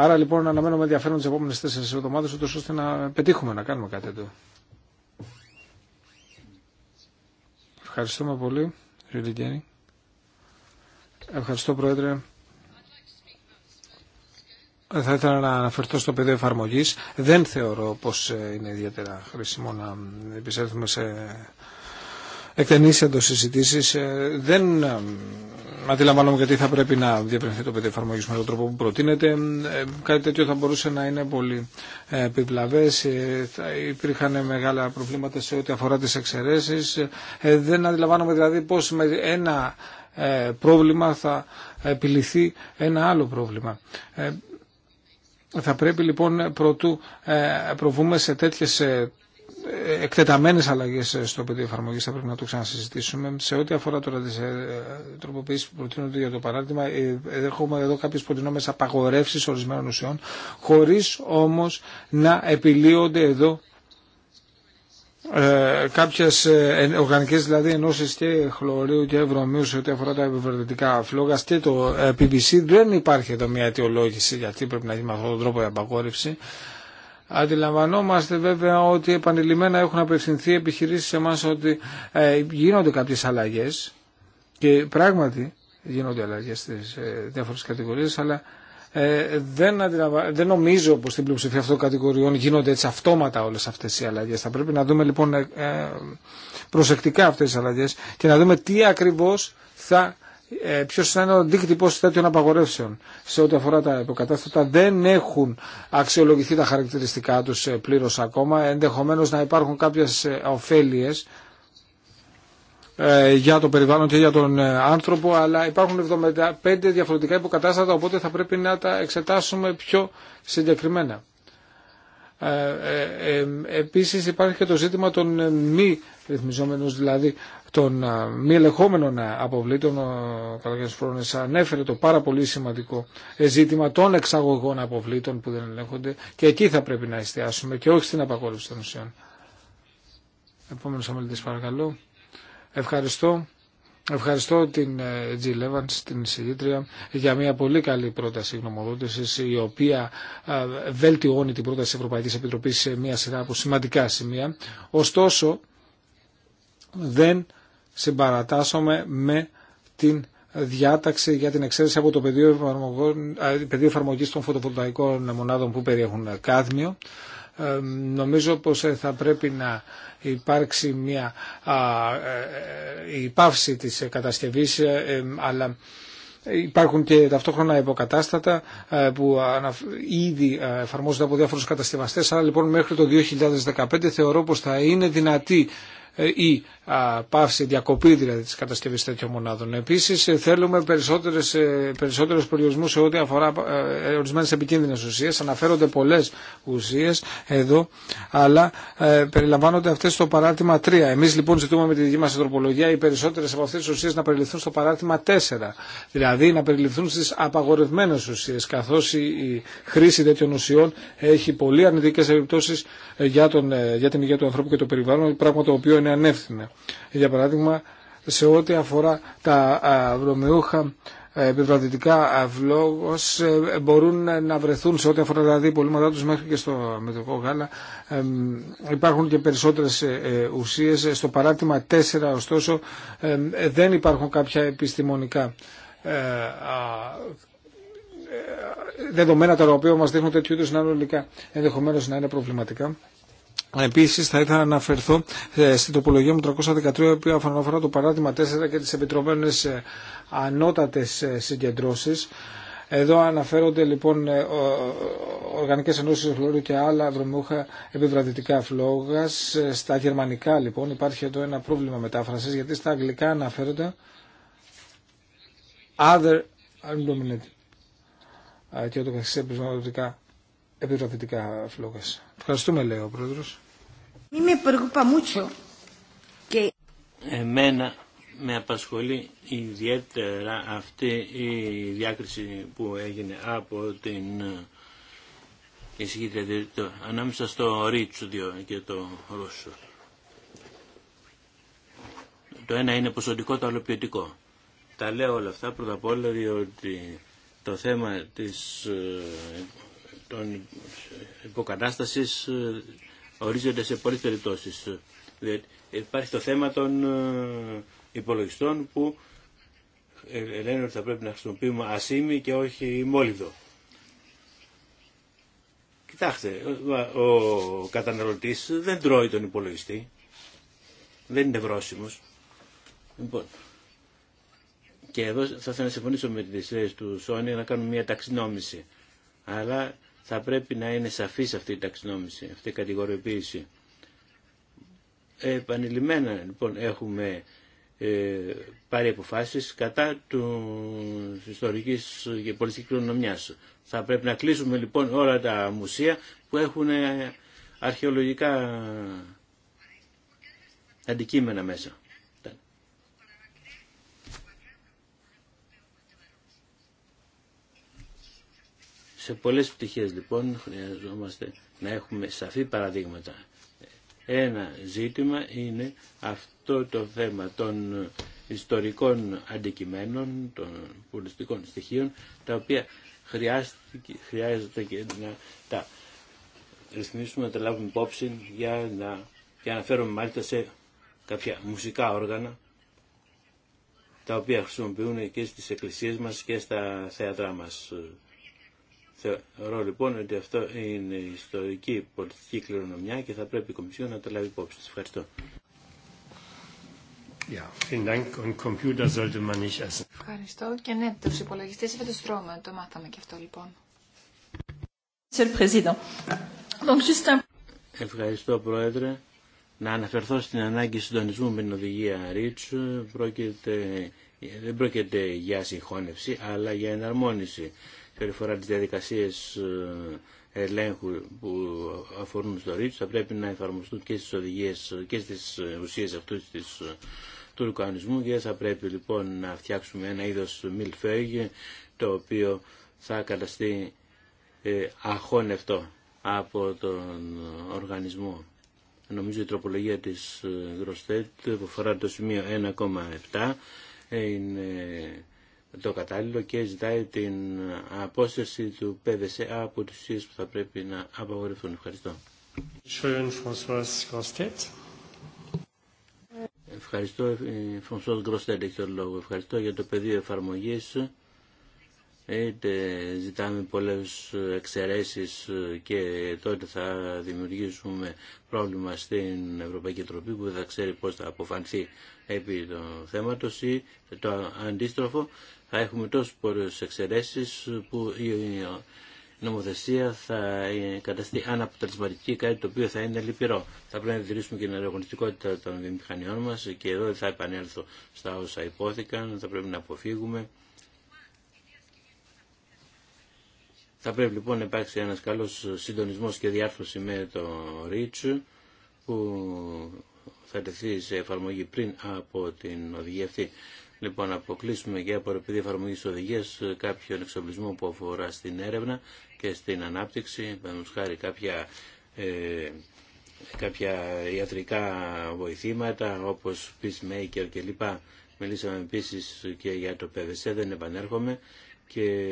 Άρα λοιπόν αναμενούμε με ενδιαφέρον τι επόμενε τέσσερι εβδομάδε, ούτω ώστε να πετύχουμε να κάνουμε κάτι εδώ. Ευχαριστούμε πολύ, Γκένι. Ευχαριστώ, Πρόεδρε. Θα ήθελα να αναφερθώ στο πεδίο εφαρμογή. Δεν θεωρώ πω ε, είναι ιδιαίτερα χρήσιμο να επισέλθουμε σε εκτενεί εντοσυζητήσει. Ε, δεν αντιλαμβάνομαι γιατί θα πρέπει να διαπραγματευτεί το παιδί εφαρμογή με τον τρόπο που προτείνεται. Ε, κάτι τέτοιο θα μπορούσε να είναι πολύ ε, επιπλαβέ. Ε, υπήρχαν μεγάλα προβλήματα σε ό,τι αφορά τι εξαιρέσει. Δεν αντιλαμβάνομαι δηλαδή πώ με ένα πρόβλημα θα επιληθεί ένα άλλο πρόβλημα. Θα πρέπει λοιπόν πρωτού προβούμε σε τέτοιες ε, εκτεταμένες αλλαγές στο πεδίο εφαρμογής θα πρέπει να το ξανασυζητήσουμε. Σε ό,τι αφορά τώρα τις ε, τροποποιήσεις που προτείνονται για το παράδειγμα, ε, έχουμε εδώ κάποιες προτινόμενες απαγορεύσεις ορισμένων ουσιών, χωρίς όμως να επιλύονται εδώ ε, κάποιες οργανικές δηλαδή ενώσεις και χλωρίου και ευρωμίου σε ό,τι αφορά τα επιβερδυτικά φλόγα και το ε, PVC δεν υπάρχει εδώ μια αιτιολόγηση γιατί πρέπει να γίνει με αυτόν τον τρόπο η απαγόρευση Αντιλαμβανόμαστε βέβαια ότι επανειλημμένα έχουν απευθυνθεί επιχειρήσεις σε εμάς ότι ε, γίνονται κάποιες αλλαγές και πράγματι γίνονται αλλαγές στις ε, διάφορες κατηγορίες αλλά ε, δεν, δεν νομίζω πως στην πλειοψηφία αυτών των κατηγοριών γίνονται έτσι αυτόματα όλες αυτές οι αλλαγές. Θα πρέπει να δούμε λοιπόν ε, προσεκτικά αυτές τις αλλαγές και να δούμε τι ακριβώς θα ε, ποιο θα είναι ο αντίκτυπο τέτοιων απαγορεύσεων σε ό,τι αφορά τα υποκατάστατα. Δεν έχουν αξιολογηθεί τα χαρακτηριστικά του ε, πλήρω ακόμα. Ενδεχομένω να υπάρχουν κάποιε ωφέλειε ε, για το περιβάλλον και για τον άνθρωπο, αλλά υπάρχουν 75 διαφορετικά υποκατάστατα, οπότε θα πρέπει να τα εξετάσουμε πιο συγκεκριμένα. Ε, επίσης υπάρχει και το ζήτημα των μη ρυθμιζόμενων, δηλαδή των μη ελεγχόμενων αποβλήτων, ο Καλαγιάννης Φρόνες ανέφερε το πάρα πολύ σημαντικό ζήτημα των εξαγωγών αποβλήτων που δεν ελέγχονται και εκεί θα πρέπει να εστιάσουμε και όχι στην απαγόρευση των ουσιών. Επόμενο ομιλητή, παρακαλώ. Ευχαριστώ. Ευχαριστώ την G. Ε, Levans την εισηγήτρια, για μια πολύ καλή πρόταση γνωμοδότηση, η οποία βελτιώνει την πρόταση της Ευρωπαϊκής Επιτροπής σε μια σειρά από σημαντικά σημεία. Ωστόσο, δεν συμπαρατάσσομαι με την διάταξη για την εξαίρεση από το πεδίο εφαρμογή των φωτοβολταϊκών μονάδων που περιέχουν κάδμιο. Ε, νομίζω πως ε, θα πρέπει να υπάρξει μια ε, η της κατασκευής αλλά Υπάρχουν και ταυτόχρονα υποκατάστατα που ήδη εφαρμόζονται από διάφορους κατασκευαστές, αλλά λοιπόν μέχρι το 2015 θεωρώ πως θα είναι δυνατή ε, ή πάυση, διακοπή δηλαδή της κατασκευής τέτοιων μονάδων. Επίσης ε, θέλουμε περισσότερες, ε, περισσότερους περιορισμούς σε ό,τι αφορά ορισμένες επικίνδυνες ουσίες. Αναφέρονται πολλές ουσίες εδώ, αλλά περιλαμβάνονται αυτές στο παράρτημα 3. Εμείς λοιπόν ζητούμε με τη δική μας τροπολογία οι περισσότερες από αυτές τις ουσίες να περιληφθούν στο παράρτημα 4. Δηλαδή να περιληφθούν στις απαγορευμένες ουσίες, καθώς η, χρήση τέτοιων ουσιών έχει πολύ αρνητικές επιπτώσεις για, τον, για την υγεία του ανθρώπου και το περιβάλλον, πράγμα το οποίο είναι είναι ανεύθυνα. Για παράδειγμα, σε ό,τι αφορά τα βρωμιούχα ε, επιβραδυτικά βλόγος ε, μπορούν να βρεθούν σε ό,τι αφορά δηλαδή πολύματά τους μέχρι και στο μετρικό γάλα. υπάρχουν και περισσότερες ε, ουσίες. Στο παράδειγμα 4 ωστόσο δεν υπάρχουν κάποια επιστημονικά δεδομένα τα οποία μας δείχνουν τέτοιου είδους να είναι ενδεχομένως να είναι προβληματικά. Επίση, θα ήθελα να αναφερθώ ε, στην τοπολογία μου 313, η οποία αφορά το παράδειγμα 4 και τι επιτροπένε ανώτατε συγκεντρώσει. Εδώ αναφέρονται λοιπόν ε, οργανικές ενώσεις φλόρου και άλλα δρομούχα επιβραδυτικά φλόγας. Ε, στα γερμανικά λοιπόν υπάρχει εδώ ένα πρόβλημα μετάφρασης γιατί στα αγγλικά αναφέρονται other undominated και ούτω δυτικά φλόγες. Ευχαριστούμε, λέει ο Πρόεδρος. Εμένα με απασχολεί ιδιαίτερα αυτή η διάκριση που έγινε από την ε, εισηγήτρια ανάμεσα στο Ρίτσουδιο και το Ρώσο. Το ένα είναι ποσοτικό, το άλλο ποιοτικό. Τα λέω όλα αυτά πρώτα απ' όλα διότι το θέμα της ε, των υποκατάστασης ε, ορίζονται σε πολλές περιπτώσεις. Ε, υπάρχει το θέμα των ε, υπολογιστών που λένε ότι θα πρέπει να χρησιμοποιούμε ασήμι και όχι μόλιδο. Κοιτάξτε, ο καταναλωτής δεν τρώει τον υπολογιστή, δεν είναι βρόσιμος. Λοιπόν, και εδώ θα ήθελα να συμφωνήσω με τις θέσεις του Σόνι να κάνουμε μια ταξινόμηση. Αλλά θα πρέπει να είναι σαφής αυτή η ταξινόμηση, αυτή η κατηγοριοποίηση. Επανειλημμένα λοιπόν έχουμε ε, πάρει αποφάσεις κατά του ιστορικής και πολιτικής κληρονομιάς. Θα πρέπει να κλείσουμε λοιπόν όλα τα μουσεία που έχουν ε, αρχαιολογικά αντικείμενα μέσα. Σε πολλές πτυχές λοιπόν χρειαζόμαστε να έχουμε σαφή παραδείγματα. Ένα ζήτημα είναι αυτό το θέμα των ιστορικών αντικειμένων, των πολιτικών στοιχείων, τα οποία χρειάζεται και να τα ρυθμίσουμε, να τα λάβουμε υπόψη για να, για να φέρουμε μάλιστα σε κάποια μουσικά όργανα, τα οποία χρησιμοποιούν και στις εκκλησίες μας και στα θέατρά μας. Θεωρώ λοιπόν ότι αυτό είναι ιστορική πολιτική κληρονομιά και θα πρέπει η Κομισιό να το λάβει υπόψη. Σας ευχαριστώ. Ευχαριστώ και ναι, του υπολογιστέ έφερε το στρώμα. Το μάθαμε και αυτό λοιπόν. Ευχαριστώ Πρόεδρε. Να αναφερθώ στην ανάγκη συντονισμού με την οδηγία REACH. δεν πρόκειται για συγχώνευση αλλά για εναρμόνιση. Περιφορά τις διαδικασίες ε, ελέγχου που αφορούν στο ρίτσο θα πρέπει να εφαρμοστούν και στις οδηγίες και στις ουσίες αυτού της, του οργανισμού. και θα πρέπει λοιπόν να φτιάξουμε ένα είδος μιλφέγγι το οποίο θα καταστεί ε, αχώνευτο από τον οργανισμό. Νομίζω η τροπολογία της ε, γροστέτ που αφορά το σημείο 1,7 είναι το κατάλληλο και ζητάει την απόσταση του ΠΔΣΑ από τους ουσίες που θα πρέπει να απαγορευτούν. Ευχαριστώ. Ευχαριστώ, Φωνσός ε, Γκροστέτ, έχει τον λόγο. Ευχαριστώ για το πεδίο εφαρμογή Είτε ζητάμε πολλές εξαιρεσει και τότε θα δημιουργήσουμε πρόβλημα στην Ευρωπαϊκή Τροπή που δεν θα ξέρει πώς θα αποφανθεί επί του θέματος το αντίστροφο θα έχουμε τόσε πολλέ εξαιρέσεις που η νομοθεσία θα καταστεί αναποτελεσματική, κάτι το οποίο θα είναι λυπηρό. Θα πρέπει να διατηρήσουμε και την αερογωνιστικότητα των βιομηχανιών μας και εδώ θα επανέλθω στα όσα υπόθηκαν, θα πρέπει να αποφύγουμε. Θα πρέπει λοιπόν να υπάρξει ένας καλός συντονισμός και διάρθρωση με το REACH που θα τεθεί σε εφαρμογή πριν από την οδηγία αυτή. Λοιπόν, αποκλείσουμε για επειδή εφαρμογή οδηγία ε, κάποιον εξοπλισμό που αφορά στην έρευνα και στην ανάπτυξη, παραδείγματο χάρη κάποια, ε, κάποια ιατρικά βοηθήματα όπω peacemaker κλπ. Μιλήσαμε επίση και για το PVC, δεν επανέρχομαι και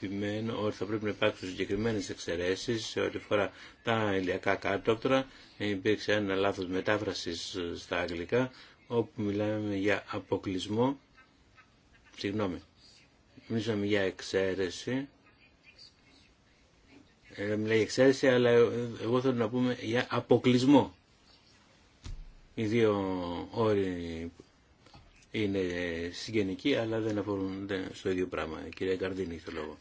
επιμένω ότι θα πρέπει να υπάρξουν συγκεκριμένε εξαιρέσει σε ό,τι αφορά τα ηλιακά κάτωπτρα. Υπήρξε ένα λάθο μετάφραση ε, στα αγγλικά όπου μιλάμε για αποκλεισμό, συγγνώμη, μιλήσαμε για εξαίρεση, ε, μιλάει για εξαίρεση, αλλά εγώ θέλω να πούμε για αποκλεισμό. Οι δύο όροι είναι συγγενικοί, αλλά δεν αφορούν στο ίδιο πράγμα. Κυρία Καρδίνη, το λόγο.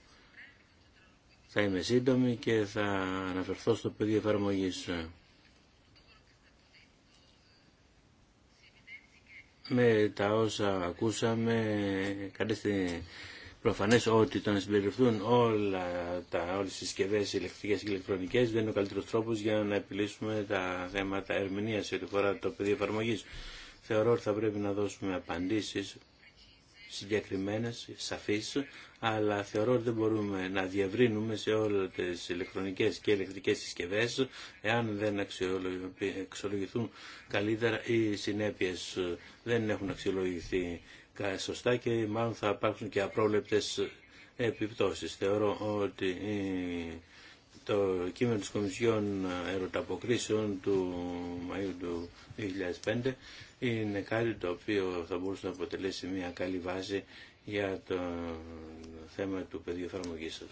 Θα είμαι σύντομη και θα αναφερθώ στο πεδίο εφαρμογής με τα όσα ακούσαμε κατέστη προφανές ότι το να συμπεριληφθούν όλα τα, όλες τις συσκευές ηλεκτρικές και ηλεκτρονικές δεν είναι ο καλύτερος τρόπος για να επιλύσουμε τα θέματα ερμηνείας σε ό,τι φορά το πεδίο εφαρμογή. Θεωρώ ότι θα πρέπει να δώσουμε απαντήσεις συγκεκριμένες, σαφείς, αλλά θεωρώ ότι δεν μπορούμε να διευρύνουμε σε όλες τις ηλεκτρονικές και ηλεκτρικές συσκευές εάν δεν αξιολογηθούν καλύτερα οι συνέπειες δεν έχουν αξιολογηθεί σωστά και μάλλον θα υπάρξουν και απρόβλεπτες επιπτώσεις. Θεωρώ ότι το κείμενο της Κομισιόν Ερωταποκρίσεων του Μαΐου του 2005 είναι κάτι το οποίο θα μπορούσε να αποτελέσει μια καλή βάση για το θέμα του πεδίου σας.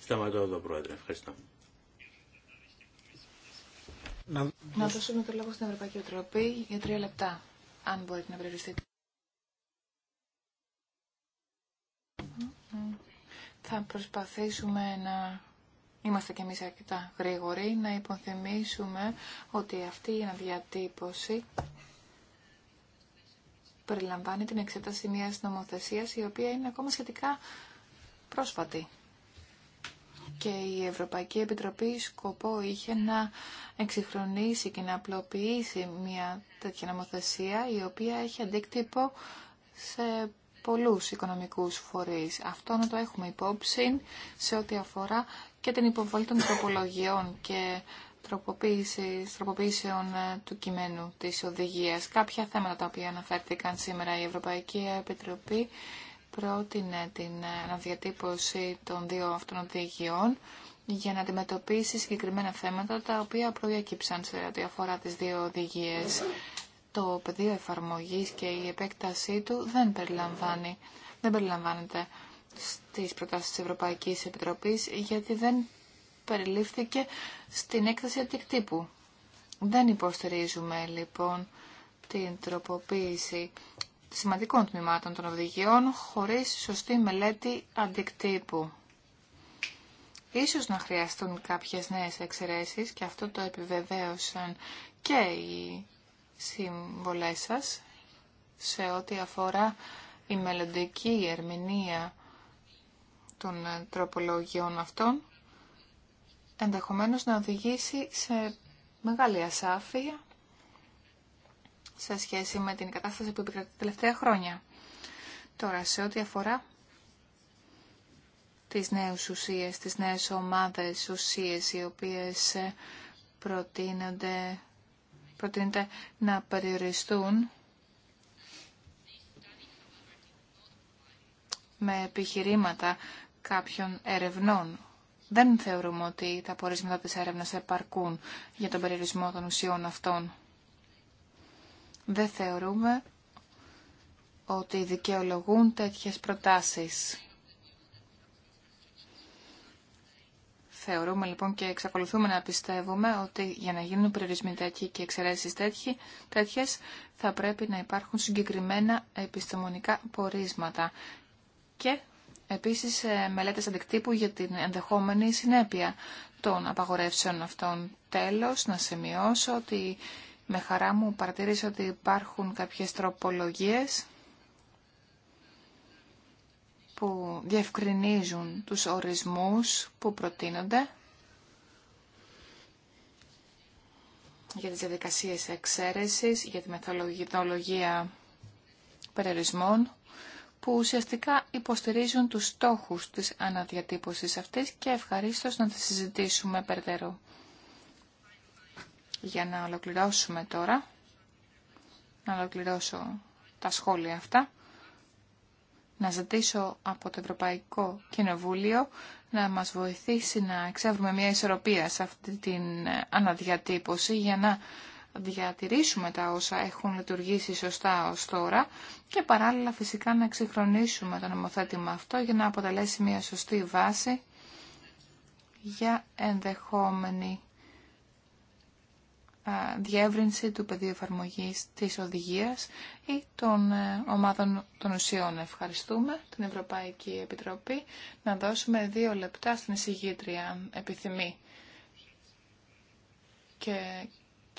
Σταματώ εδώ, Πρόεδρε. Ευχαριστώ. Να... να δώσουμε το λόγο στην Ευρωπαϊκή Επιτροπή για τρία λεπτά, αν μπορείτε να περιοριστείτε. Θα προσπαθήσουμε να είμαστε κι εμείς αρκετά γρήγοροι να υποθυμίσουμε ότι αυτή η αναδιατύπωση περιλαμβάνει την εξέταση μιας νομοθεσίας η οποία είναι ακόμα σχετικά πρόσφατη. Και η Ευρωπαϊκή Επιτροπή σκοπό είχε να εξυγχρονίσει και να απλοποιήσει μια τέτοια νομοθεσία η οποία έχει αντίκτυπο σε πολλούς οικονομικούς φορείς. Αυτό να το έχουμε υπόψη σε ό,τι αφορά και την υποβολή των τροπολογιών και τροποποίησεων ε, του κειμένου της οδηγίας. Κάποια θέματα τα οποία αναφέρθηκαν σήμερα η Ευρωπαϊκή Επιτροπή πρότεινε την ε, αναδιατύπωση των δύο αυτών οδηγιών για να αντιμετωπίσει συγκεκριμένα θέματα τα οποία προέκυψαν σε ό,τι αφορά τις δύο οδηγίες. Το πεδίο εφαρμογής και η επέκτασή του δεν περιλαμβάνει, δεν περιλαμβάνεται στις προτάσεις της Ευρωπαϊκής Επιτροπής γιατί δεν περιλήφθηκε στην έκταση αντικτύπου. Δεν υποστηρίζουμε λοιπόν την τροποποίηση σημαντικών τμήματων των οδηγιών χωρίς σωστή μελέτη αντικτύπου. Ίσως να χρειαστούν κάποιες νέες εξαιρέσεις και αυτό το επιβεβαίωσαν και οι συμβολές σας σε ό,τι αφορά η μελλοντική ερμηνεία των ε, τροπολογιών αυτών ενδεχομένως να οδηγήσει σε μεγάλη ασάφεια σε σχέση με την κατάσταση που επικρατεί τα τελευταία χρόνια. Τώρα, σε ό,τι αφορά τις νέες ουσίες, τις νέες ομάδες ουσίες οι οποίες ε, προτείνονται, προτείνονται να περιοριστούν με επιχειρήματα κάποιων ερευνών. Δεν θεωρούμε ότι τα πορίσματα της έρευνας επαρκούν για τον περιορισμό των ουσιών αυτών. Δεν θεωρούμε ότι δικαιολογούν τέτοιες προτάσεις. Θεωρούμε λοιπόν και εξακολουθούμε να πιστεύουμε ότι για να γίνουν περιορισμοί τέτοιοι και εξαιρέσεις τέτοιοι, τέτοιες θα πρέπει να υπάρχουν συγκεκριμένα επιστημονικά πορίσματα και Επίσης, ε, μελέτες αντικτύπου για την ενδεχόμενη συνέπεια των απαγορεύσεων αυτών. Τέλος, να σημειώσω ότι με χαρά μου παρατηρήσω ότι υπάρχουν κάποιες τροπολογίες που διευκρινίζουν τους ορισμούς που προτείνονται για τις διαδικασίες εξαίρεσης, για τη μεθολογία περιορισμών που ουσιαστικά υποστηρίζουν τους στόχους της αναδιατύπωσης αυτής και ευχαρίστως να τη συζητήσουμε περαιτέρω. Για να ολοκληρώσουμε τώρα, να ολοκληρώσω τα σχόλια αυτά, να ζητήσω από το Ευρωπαϊκό Κοινοβούλιο να μας βοηθήσει να εξεύρουμε μια ισορροπία σε αυτή την αναδιατύπωση για να διατηρήσουμε τα όσα έχουν λειτουργήσει σωστά ως τώρα και παράλληλα φυσικά να εξυγχρονίσουμε το νομοθέτημα αυτό για να αποτελέσει μια σωστή βάση για ενδεχόμενη διεύρυνση του πεδίου εφαρμογή της οδηγίας ή των ε, ομάδων των ουσιών. Ευχαριστούμε την Ευρωπαϊκή Επιτροπή να δώσουμε δύο λεπτά στην εισηγήτρια αν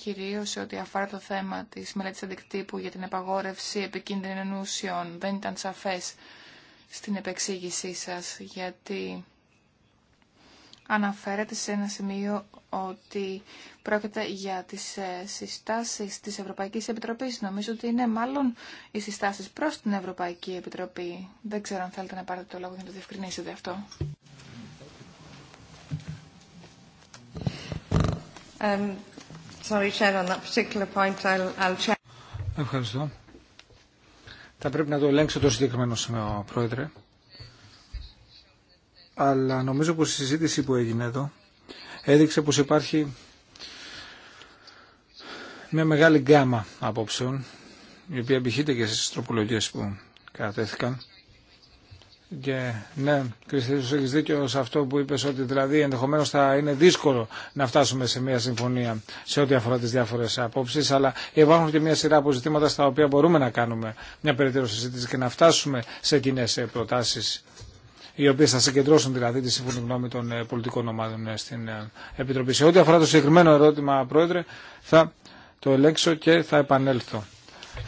κυρίως ό,τι αφορά το θέμα της μελέτης αντικτύπου για την επαγόρευση επικίνδυνων ουσιών. Δεν ήταν σαφές στην επεξήγησή σας, γιατί αναφέρεται σε ένα σημείο ότι πρόκειται για τις ε, συστάσεις της Ευρωπαϊκής Επιτροπής. Νομίζω ότι είναι μάλλον οι συστάσεις προς την Ευρωπαϊκή Επιτροπή. Δεν ξέρω αν θέλετε να πάρετε το λόγο για να το διευκρινίσετε αυτό. Ευχαριστώ. Θα πρέπει να το ελέγξω το συγκεκριμένο σημείο, Πρόεδρε. Αλλά νομίζω πως η συζήτηση που έγινε εδώ έδειξε πως υπάρχει μια μεγάλη γκάμα απόψεων, η οποία επιχείται και στις τροπολογίες που κατέθηκαν. Και ναι, Κριστίδη, έχει δίκιο σε αυτό που είπε ότι δηλαδή ενδεχομένω θα είναι δύσκολο να φτάσουμε σε μια συμφωνία σε ό,τι αφορά τι διάφορε απόψει, αλλά υπάρχουν και μια σειρά από ζητήματα στα οποία μπορούμε να κάνουμε μια περαιτέρω συζήτηση και να φτάσουμε σε κοινέ προτάσει, οι οποίε θα συγκεντρώσουν δηλαδή τη σύμφωνη γνώμη των ε, πολιτικών ομάδων ε, στην ε, Επιτροπή. Σε ό,τι αφορά το συγκεκριμένο ερώτημα, Πρόεδρε, θα το ελέγξω και θα επανέλθω.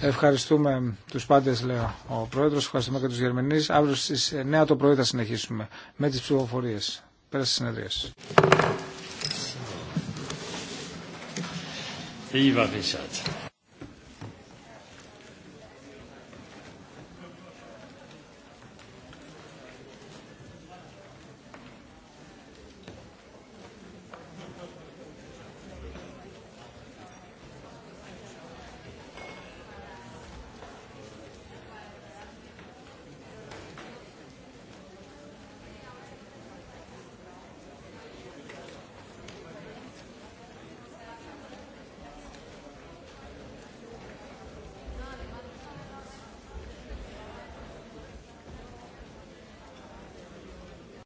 Ευχαριστούμε τους πάντες, λέω ο Πρόεδρος, ευχαριστούμε και τους Γερμανείς. Αύριο στις 9 το πρωί θα συνεχίσουμε με τις ψηφοφορίες. Πέρα στις συνεδρίες.